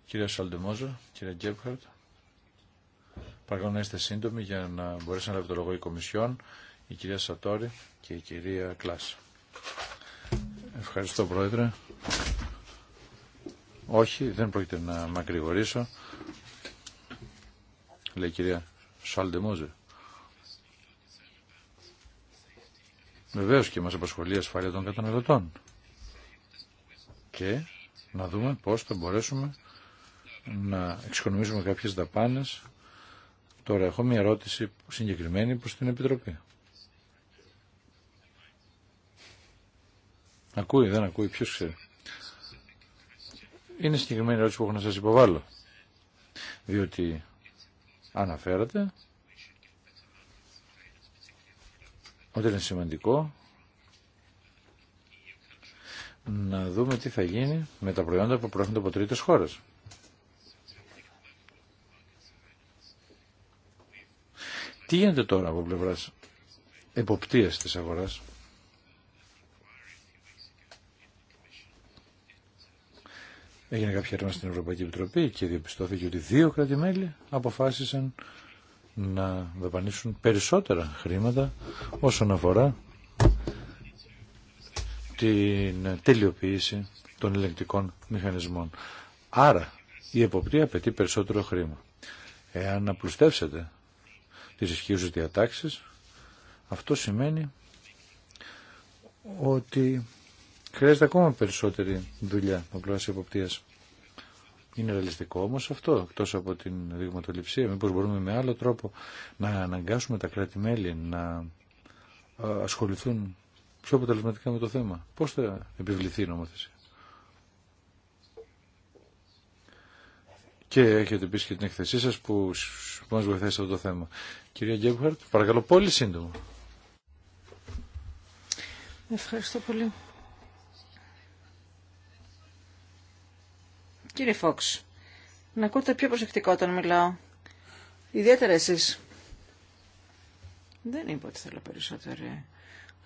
Κύριε Σαλντεμόζο, κύριε Γκέμπχαρτ. Παρακαλώ να είστε σύντομοι για να μπορέσει να λάβει το λόγο η Κομισιόν, η κυρία Σατόρη και η κυρία Κλάς. Ευχαριστώ Πρόεδρε. Όχι, δεν πρόκειται να με μακρηγορήσω. Λέει η κυρία Σάλντε Βεβαίως και μας απασχολεί η ασφάλεια των καταναλωτών. Και να δούμε πώς θα μπορέσουμε να εξοικονομήσουμε κάποιες δαπάνες Τώρα έχω μια ερώτηση συγκεκριμένη προς την Επιτροπή. Ακούει, δεν ακούει, ποιος ξέρει. Είναι συγκεκριμένη ερώτηση που έχω να σας υποβάλω. Διότι αναφέρατε ότι είναι σημαντικό να δούμε τι θα γίνει με τα προϊόντα που προέρχονται από τρίτες χώρες. Τι γίνεται τώρα από πλευρά εποπτεία τη αγορά. Έγινε κάποια έρευνα στην Ευρωπαϊκή Επιτροπή και διαπιστώθηκε ότι δύο κράτη-μέλη αποφάσισαν να δαπανίσουν περισσότερα χρήματα όσον αφορά την τελειοποίηση των ελεγκτικών μηχανισμών. Άρα η εποπτεία απαιτεί περισσότερο χρήμα. Εάν απλουστεύσετε τις ισχύουσες διατάξεις. Αυτό σημαίνει ότι χρειάζεται ακόμα περισσότερη δουλειά με πλευράς υποπτίας. Είναι ρεαλιστικό όμως αυτό, εκτός από την δειγματοληψία. Μήπως μπορούμε με άλλο τρόπο να αναγκάσουμε τα κράτη-μέλη να ε, ασχοληθούν πιο αποτελεσματικά με το θέμα. Πώς θα επιβληθεί η νομοθεσία. Και έχετε επίση και την εκθεσή σα που μα βοηθάει σε αυτό το θέμα. Κυρία Γκέμπχαρτ, παρακαλώ πολύ σύντομα. Ευχαριστώ πολύ. Κύριε Φόξ, να ακούτε πιο προσεκτικό όταν μιλάω. Ιδιαίτερα εσείς. Δεν είπα ότι θέλω περισσότερη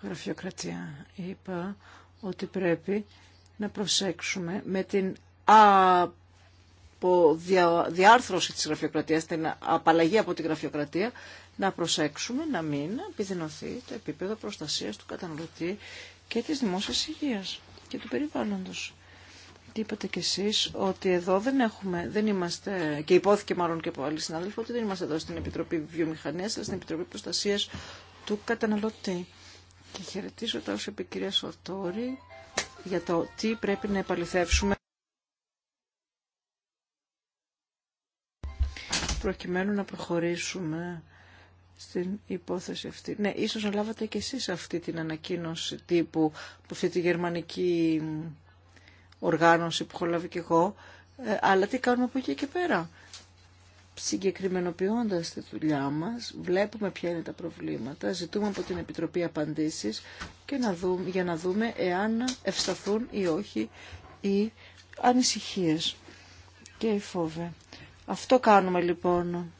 γραφειοκρατία. Είπα ότι πρέπει να προσέξουμε με την από διάρθρωση της γραφειοκρατίας, την απαλλαγή από τη γραφειοκρατία, να προσέξουμε να μην επιδεινωθεί το επίπεδο προστασίας του καταναλωτή και της δημόσιας υγείας και του περιβάλλοντος. Τι είπατε κι εσείς, ότι εδώ δεν έχουμε, δεν είμαστε, και υπόθηκε μάλλον και από άλλοι συνάδελφοι, ότι δεν είμαστε εδώ στην Επιτροπή Βιομηχανίας, αλλά στην Επιτροπή Προστασίας του Καταναλωτή. Και χαιρετίζω τα όσα είπε Σορτόρη για το τι πρέπει να επαληθεύσουμε προκειμένου να προχωρήσουμε στην υπόθεση αυτή. Ναι, ίσως να λάβατε κι εσείς αυτή την ανακοίνωση τύπου, από αυτή τη γερμανική οργάνωση που έχω λάβει κι εγώ, ε, αλλά τι κάνουμε από εκεί και πέρα. Συγκεκριμενοποιώντας τη δουλειά μας, βλέπουμε ποια είναι τα προβλήματα, ζητούμε από την Επιτροπή απαντήσεις και να δούμε, για να δούμε εάν ευσταθούν ή όχι οι ανησυχίες και οι φόβοι. Αυτό κάνουμε λοιπόν.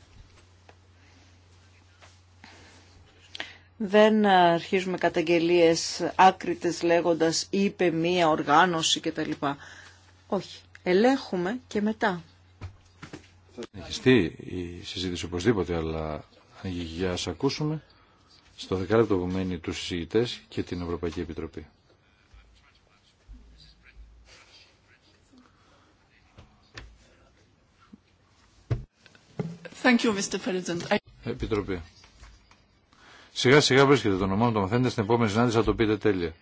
Δεν αρχίζουμε καταγγελίες άκριτες λέγοντας είπε μία οργάνωση κτλ. Όχι. Ελέγχουμε και μετά. Θα συνεχιστεί η συζήτηση οπωσδήποτε, αλλά για ακούσουμε στο δεκάλεπτο που μένει τους συζητητές και την Ευρωπαϊκή Επιτροπή. Thank you, Mr. President. Επιτροπή. Σιγά σιγά βρίσκεται το όνομά μου, το μαθαίνετε στην επόμενη συνάντηση θα το πείτε τέλεια.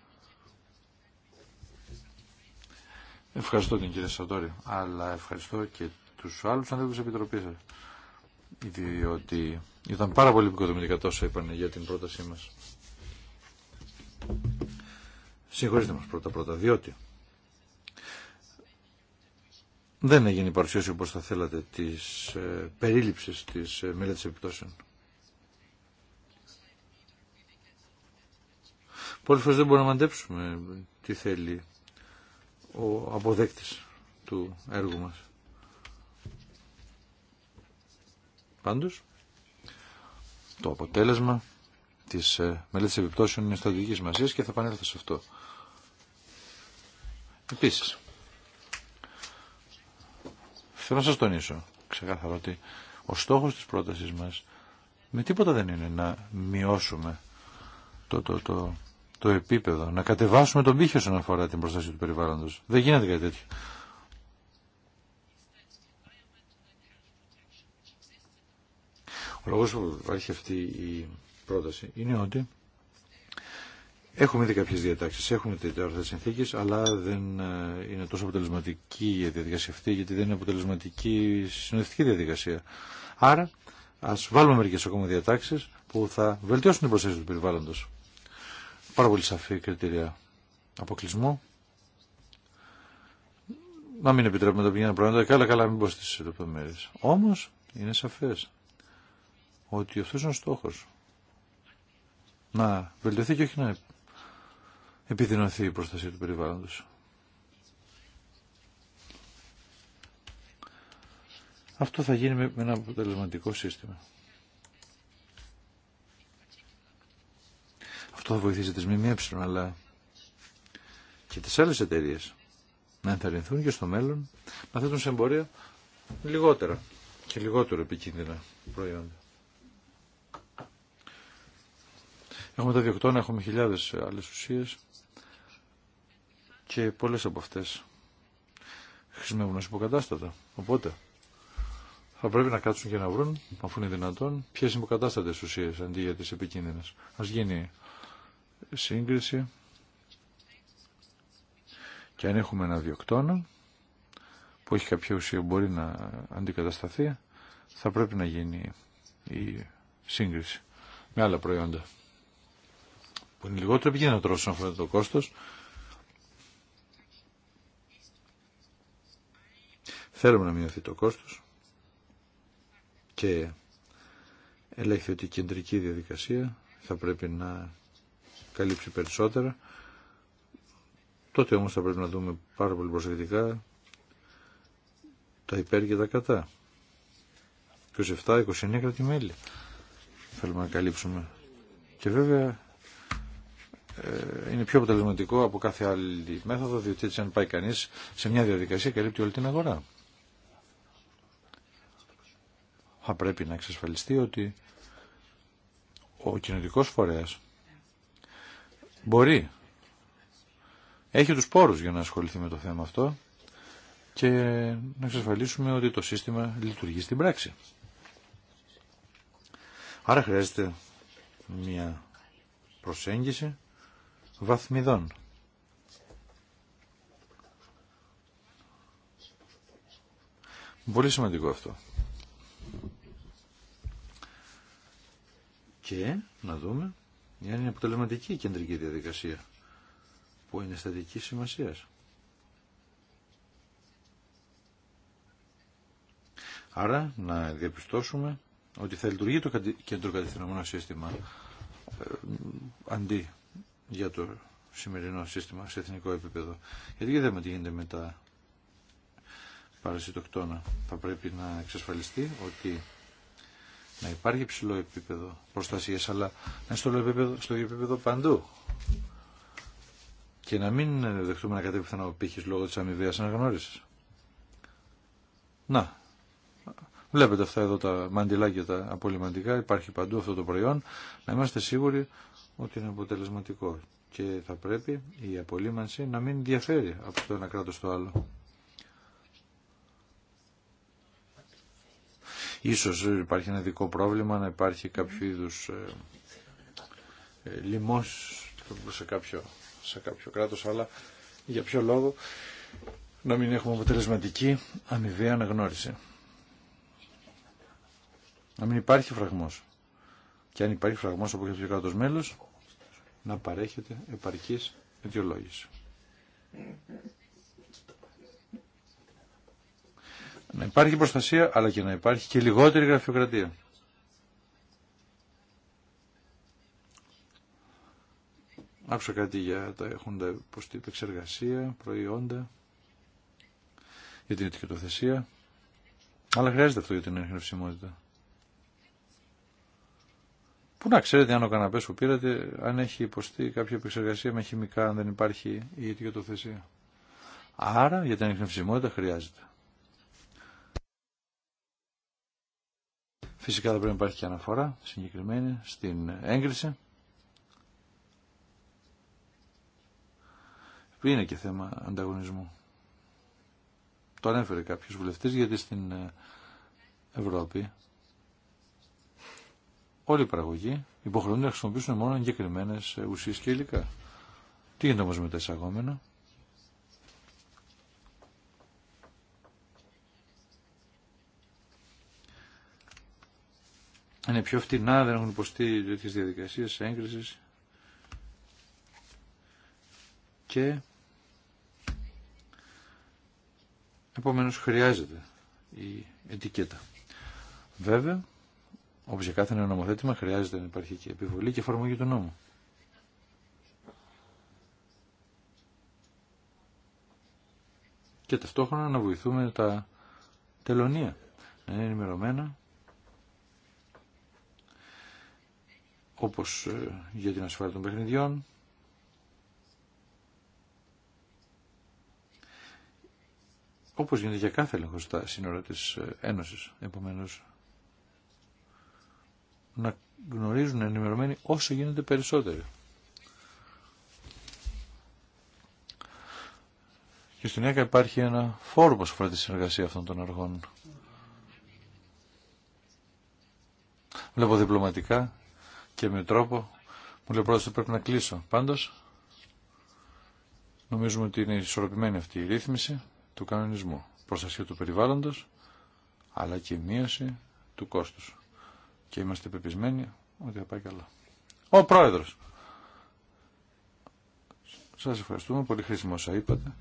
Ευχαριστώ την κυρία Σατόρη, αλλά ευχαριστώ και τους άλλους ανθρώπους της Επιτροπής σα, Διότι ήταν πάρα πολύ επικοδομητικά τόσα είπαν για την πρότασή μας. Συγχωρήστε μας πρώτα πρώτα, διότι δεν έγινε η παρουσίαση όπως θα θέλατε της ε, περίληψης της ε, μελέτης επιπτώσεων. Πολλές φορές δεν μπορούμε να μαντέψουμε τι θέλει ο αποδέκτης του έργου μας. Πάντως, το αποτέλεσμα της ε, μελέτης επιπτώσεων είναι στρατηγική σημασία και θα επανέλθω σε αυτό. Επίσης, Θέλω να σας τονίσω ξεκάθαρα ότι ο στόχος της πρότασης μας με τίποτα δεν είναι να μειώσουμε το, το, το, το επίπεδο, να κατεβάσουμε τον πύχη όσον αφορά την προστασία του περιβάλλοντος. Δεν γίνεται κάτι τέτοιο. Ο λόγος που υπάρχει αυτή η πρόταση είναι ότι Έχουμε ήδη κάποιε διατάξει, έχουμε τέτοια όρθα συνθήκε, αλλά δεν ε, είναι τόσο αποτελεσματική η διαδικασία αυτή, γιατί δεν είναι αποτελεσματική η συνοδευτική διαδικασία. Άρα, α βάλουμε μερικέ ακόμα διατάξει που θα βελτιώσουν την προσέγγιση του περιβάλλοντο. Πάρα πολύ σαφή κριτήρια αποκλεισμού. Να μην επιτρέπουμε τα πηγαίνοντα προϊόντα, καλά, καλά, μην πω στι λεπτομέρειε. Όμω, είναι σαφέ ότι αυτό είναι ο στόχο. Να βελτιωθεί και όχι να επιδεινωθεί η προστασία του περιβάλλοντος. Αυτό θα γίνει με ένα αποτελεσματικό σύστημα. Αυτό θα βοηθήσει τις ΜΜΕ, αλλά και τις άλλες εταιρείε να ενθαρρυνθούν και στο μέλλον να θέτουν σε εμπορία λιγότερα και λιγότερο επικίνδυνα προϊόντα. Έχουμε τα διοκτώνα, έχουμε χιλιάδες άλλες ουσίες και πολλές από αυτές χρησιμεύουν ως υποκατάστατα. Οπότε θα πρέπει να κάτσουν και να βρουν, αφού είναι δυνατόν, ποιε είναι υποκατάστατε ουσίε αντί για τι επικίνδυνε. Α γίνει σύγκριση και αν έχουμε ένα διοκτόνο που έχει κάποια ουσία που μπορεί να αντικατασταθεί, θα πρέπει να γίνει η σύγκριση με άλλα προϊόντα που είναι λιγότερο επικίνδυνο τρόπο να το κόστος Θέλουμε να μειωθεί το κόστος και ελέγχει ότι η κεντρική διαδικασία θα πρέπει να καλύψει περισσότερα. Τότε όμως θα πρέπει να δούμε πάρα πολύ προσεκτικά τα υπέρ και τα κατά. 27-29 κρατημέλη θέλουμε να καλύψουμε. Και βέβαια ε, είναι πιο αποτελεσματικό από κάθε άλλη μέθοδο, διότι έτσι αν πάει κανείς σε μια διαδικασία καλύπτει όλη την αγορά θα πρέπει να εξασφαλιστεί ότι ο κοινωνικός φορέας μπορεί, έχει τους πόρους για να ασχοληθεί με το θέμα αυτό και να εξασφαλίσουμε ότι το σύστημα λειτουργεί στην πράξη. Άρα χρειάζεται μια προσέγγιση βαθμιδών. Πολύ σημαντικό αυτό. και να δούμε αν είναι αποτελεσματική η κεντρική διαδικασία που είναι στατική σημασία. Άρα να διαπιστώσουμε ότι θα λειτουργεί το κέντρο κατευθυνόμενο σύστημα ε, αντί για το σημερινό σύστημα σε εθνικό επίπεδο. Γιατί είδαμε τι γίνεται με τα παρασυτοκτόνα. Θα πρέπει να εξασφαλιστεί ότι να υπάρχει ψηλό επίπεδο προστασία, αλλά να στο επίπεδο, στο επίπεδο παντού. Και να μην δεχτούμε να κατέβει ο πύχη λόγω της αμοιβία αναγνώριση. Να. Βλέπετε αυτά εδώ τα μαντιλάκια τα απολυμαντικά, υπάρχει παντού αυτό το προϊόν, να είμαστε σίγουροι ότι είναι αποτελεσματικό και θα πρέπει η απολύμανση να μην διαφέρει από το ένα κράτο στο άλλο. Ίσως υπάρχει ένα δικό πρόβλημα, να υπάρχει κάποιο είδους ε, ε, λοιμός σε κάποιο, σε κάποιο κράτος, αλλά για ποιο λόγο να μην έχουμε αποτελεσματική αμοιβαία αναγνώριση. Να μην υπάρχει φραγμός. Και αν υπάρχει φραγμός από κάποιο κράτος μέλος, να παρέχεται επαρκής αιτιολόγηση. Να υπάρχει προστασία αλλά και να υπάρχει και λιγότερη γραφειοκρατία. Άκουσα κάτι για τα έχουν τα επεξεργασία, προϊόντα, για την ετικετοθεσία. Αλλά χρειάζεται αυτό για την ενεχνευσιμότητα. Πού να ξέρετε αν ο καναπές που πήρατε, αν έχει υποστεί κάποια επεξεργασία με χημικά, αν δεν υπάρχει η ετικετοθεσία. Άρα για την ενεχνευσιμότητα χρειάζεται. Φυσικά δεν πρέπει να υπάρχει και αναφορά συγκεκριμένη στην έγκριση. Είναι και θέμα ανταγωνισμού. Το ανέφερε κάποιος βουλευτής γιατί στην ε, Ευρώπη όλοι οι παραγωγοί υποχρεούνται να χρησιμοποιήσουν μόνο εγκεκριμένε ε, ουσίες και υλικά. Τι γίνεται όμως με τα εισαγόμενα. είναι πιο φτηνά, δεν έχουν υποστεί τέτοιε διαδικασίε έγκριση. Και επομένω χρειάζεται η ετικέτα. Βέβαια, όπω για κάθε νέο νομοθέτημα, χρειάζεται να υπάρχει και επιβολή και εφαρμογή του νόμου. Και ταυτόχρονα να βοηθούμε τα τελωνία να είναι ενημερωμένα όπως ε, για την ασφάλεια των παιχνιδιών, όπως γίνεται για κάθε έλεγχο στα σύνορα της ε, Ένωσης, επομένως, να γνωρίζουν ενημερωμένοι όσο γίνεται περισσότεροι. Και στην ΕΚΑ υπάρχει ένα φόρο που αφορά τη συνεργασία αυτών των αργών. Βλέπω διπλωματικά και με τρόπο μου λέει ότι πρέπει να κλείσω. Πάντως νομίζουμε ότι είναι ισορροπημένη αυτή η ρύθμιση του κανονισμού. Προστασία του περιβάλλοντος αλλά και μείωση του κόστους. Και είμαστε πεπισμένοι ότι θα πάει καλά. Ο Πρόεδρος! Σας ευχαριστούμε. Πολύ χρήσιμο όσα είπατε.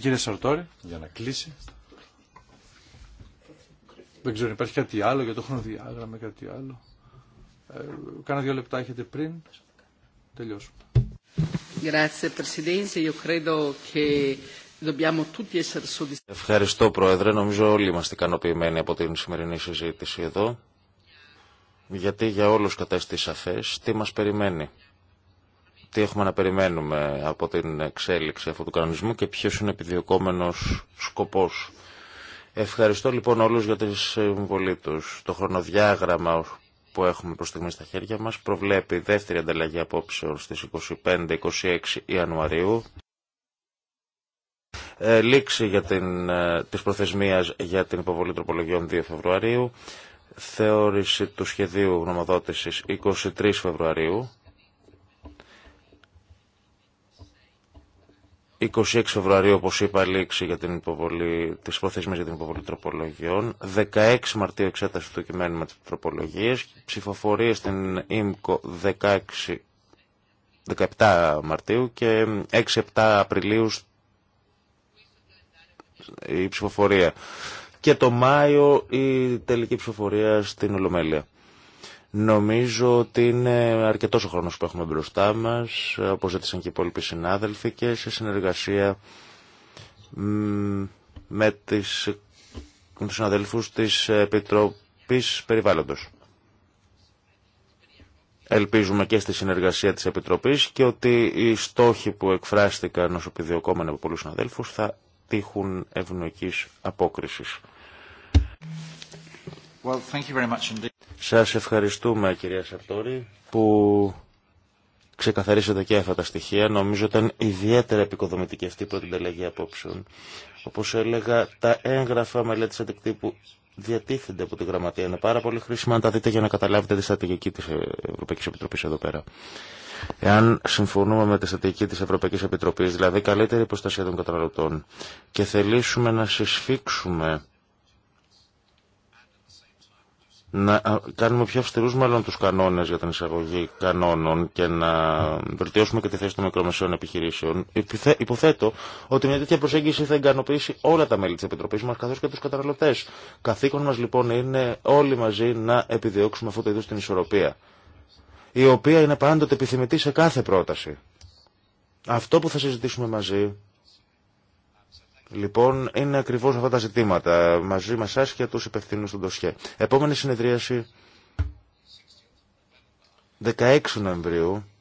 Κύριε Σαρτόρη, για να κλείσει. Δεν ξέρω, υπάρχει κάτι άλλο για το χρονοδιάγραμμα, κάτι άλλο. Ε, κάνα δύο λεπτά έχετε πριν. Τελειώσουμε. Ευχαριστώ, Πρόεδρε. Νομίζω όλοι είμαστε ικανοποιημένοι από την σημερινή συζήτηση εδώ. Γιατί για όλους κατέστη σαφές τι μας περιμένει τι έχουμε να περιμένουμε από την εξέλιξη αυτού του κανονισμού και ποιος είναι επιδιωκόμενος σκοπός. Ευχαριστώ λοιπόν όλους για τη συμβολή τους. Το χρονοδιάγραμμα που έχουμε προς στιγμή στα χέρια μας προβλέπει δεύτερη ανταλλαγή απόψεων στις 25-26 Ιανουαρίου. Ε, λήξη για την, ε, της προθεσμίας για την υποβολή τροπολογιών 2 Φεβρουαρίου. Θεώρηση του σχεδίου γνωμοδότησης 23 Φεβρουαρίου 26 Φεβρουαρίου, όπως είπα, λήξη για την υποβολή, για την υποβολή τροπολογιών. 16 Μαρτίου εξέταση του κειμένου με τις τροπολογίες. Ψηφοφορίες στην ΙΜΚΟ 16, 17 Μαρτίου και 6-7 Απριλίου η ψηφοφορία. Και το Μάιο η τελική ψηφοφορία στην Ολομέλεια. Νομίζω ότι είναι αρκετό ο χρόνο που έχουμε μπροστά μα, όπω ζήτησαν και οι υπόλοιποι συνάδελφοι, και σε συνεργασία με, τις, με τους συναδέλφους της Επιτροπής Περιβάλλοντος. Ελπίζουμε και στη συνεργασία της Επιτροπής και ότι οι στόχοι που εκφράστηκαν ως επιδιωκόμενοι από πολλούς συναδέλφους θα τύχουν ευνοϊκής απόκρισης. Well, Σας ευχαριστούμε κυρία Σαρτόρη που ξεκαθαρίσατε και αυτά τα στοιχεία. Νομίζω ήταν ιδιαίτερα επικοδομητική αυτή η πρώτη ανταλλαγή απόψεων. Όπως έλεγα, τα έγγραφα μελέτης αντικτύπου διατίθενται από τη Γραμματεία. Είναι πάρα πολύ χρήσιμα να τα δείτε για να καταλάβετε τη στρατηγική της Ευρωπαϊκής Επιτροπής εδώ πέρα. Εάν συμφωνούμε με τη στρατηγική της Ευρωπαϊκής Επιτροπής, δηλαδή καλύτερη προστασία των καταναλωτών και θελήσουμε να συσφίξουμε να κάνουμε πιο αυστηρούς μάλλον τους κανόνες για την εισαγωγή κανόνων και να βελτιώσουμε και τη θέση των μικρομεσαίων επιχειρήσεων. Υποθέτω ότι μια τέτοια προσέγγιση θα ικανοποιήσει όλα τα μέλη της Επιτροπής μας καθώς και τους καταναλωτές. Καθήκον μας λοιπόν είναι όλοι μαζί να επιδιώξουμε αυτό το είδους την ισορροπία η οποία είναι πάντοτε επιθυμητή σε κάθε πρόταση. Αυτό που θα συζητήσουμε μαζί Λοιπόν, είναι ακριβώ αυτά τα ζητήματα μαζί με εσά και του υπευθύνου του ντοσιέ. Επόμενη συνεδρίαση 16 Νοεμβρίου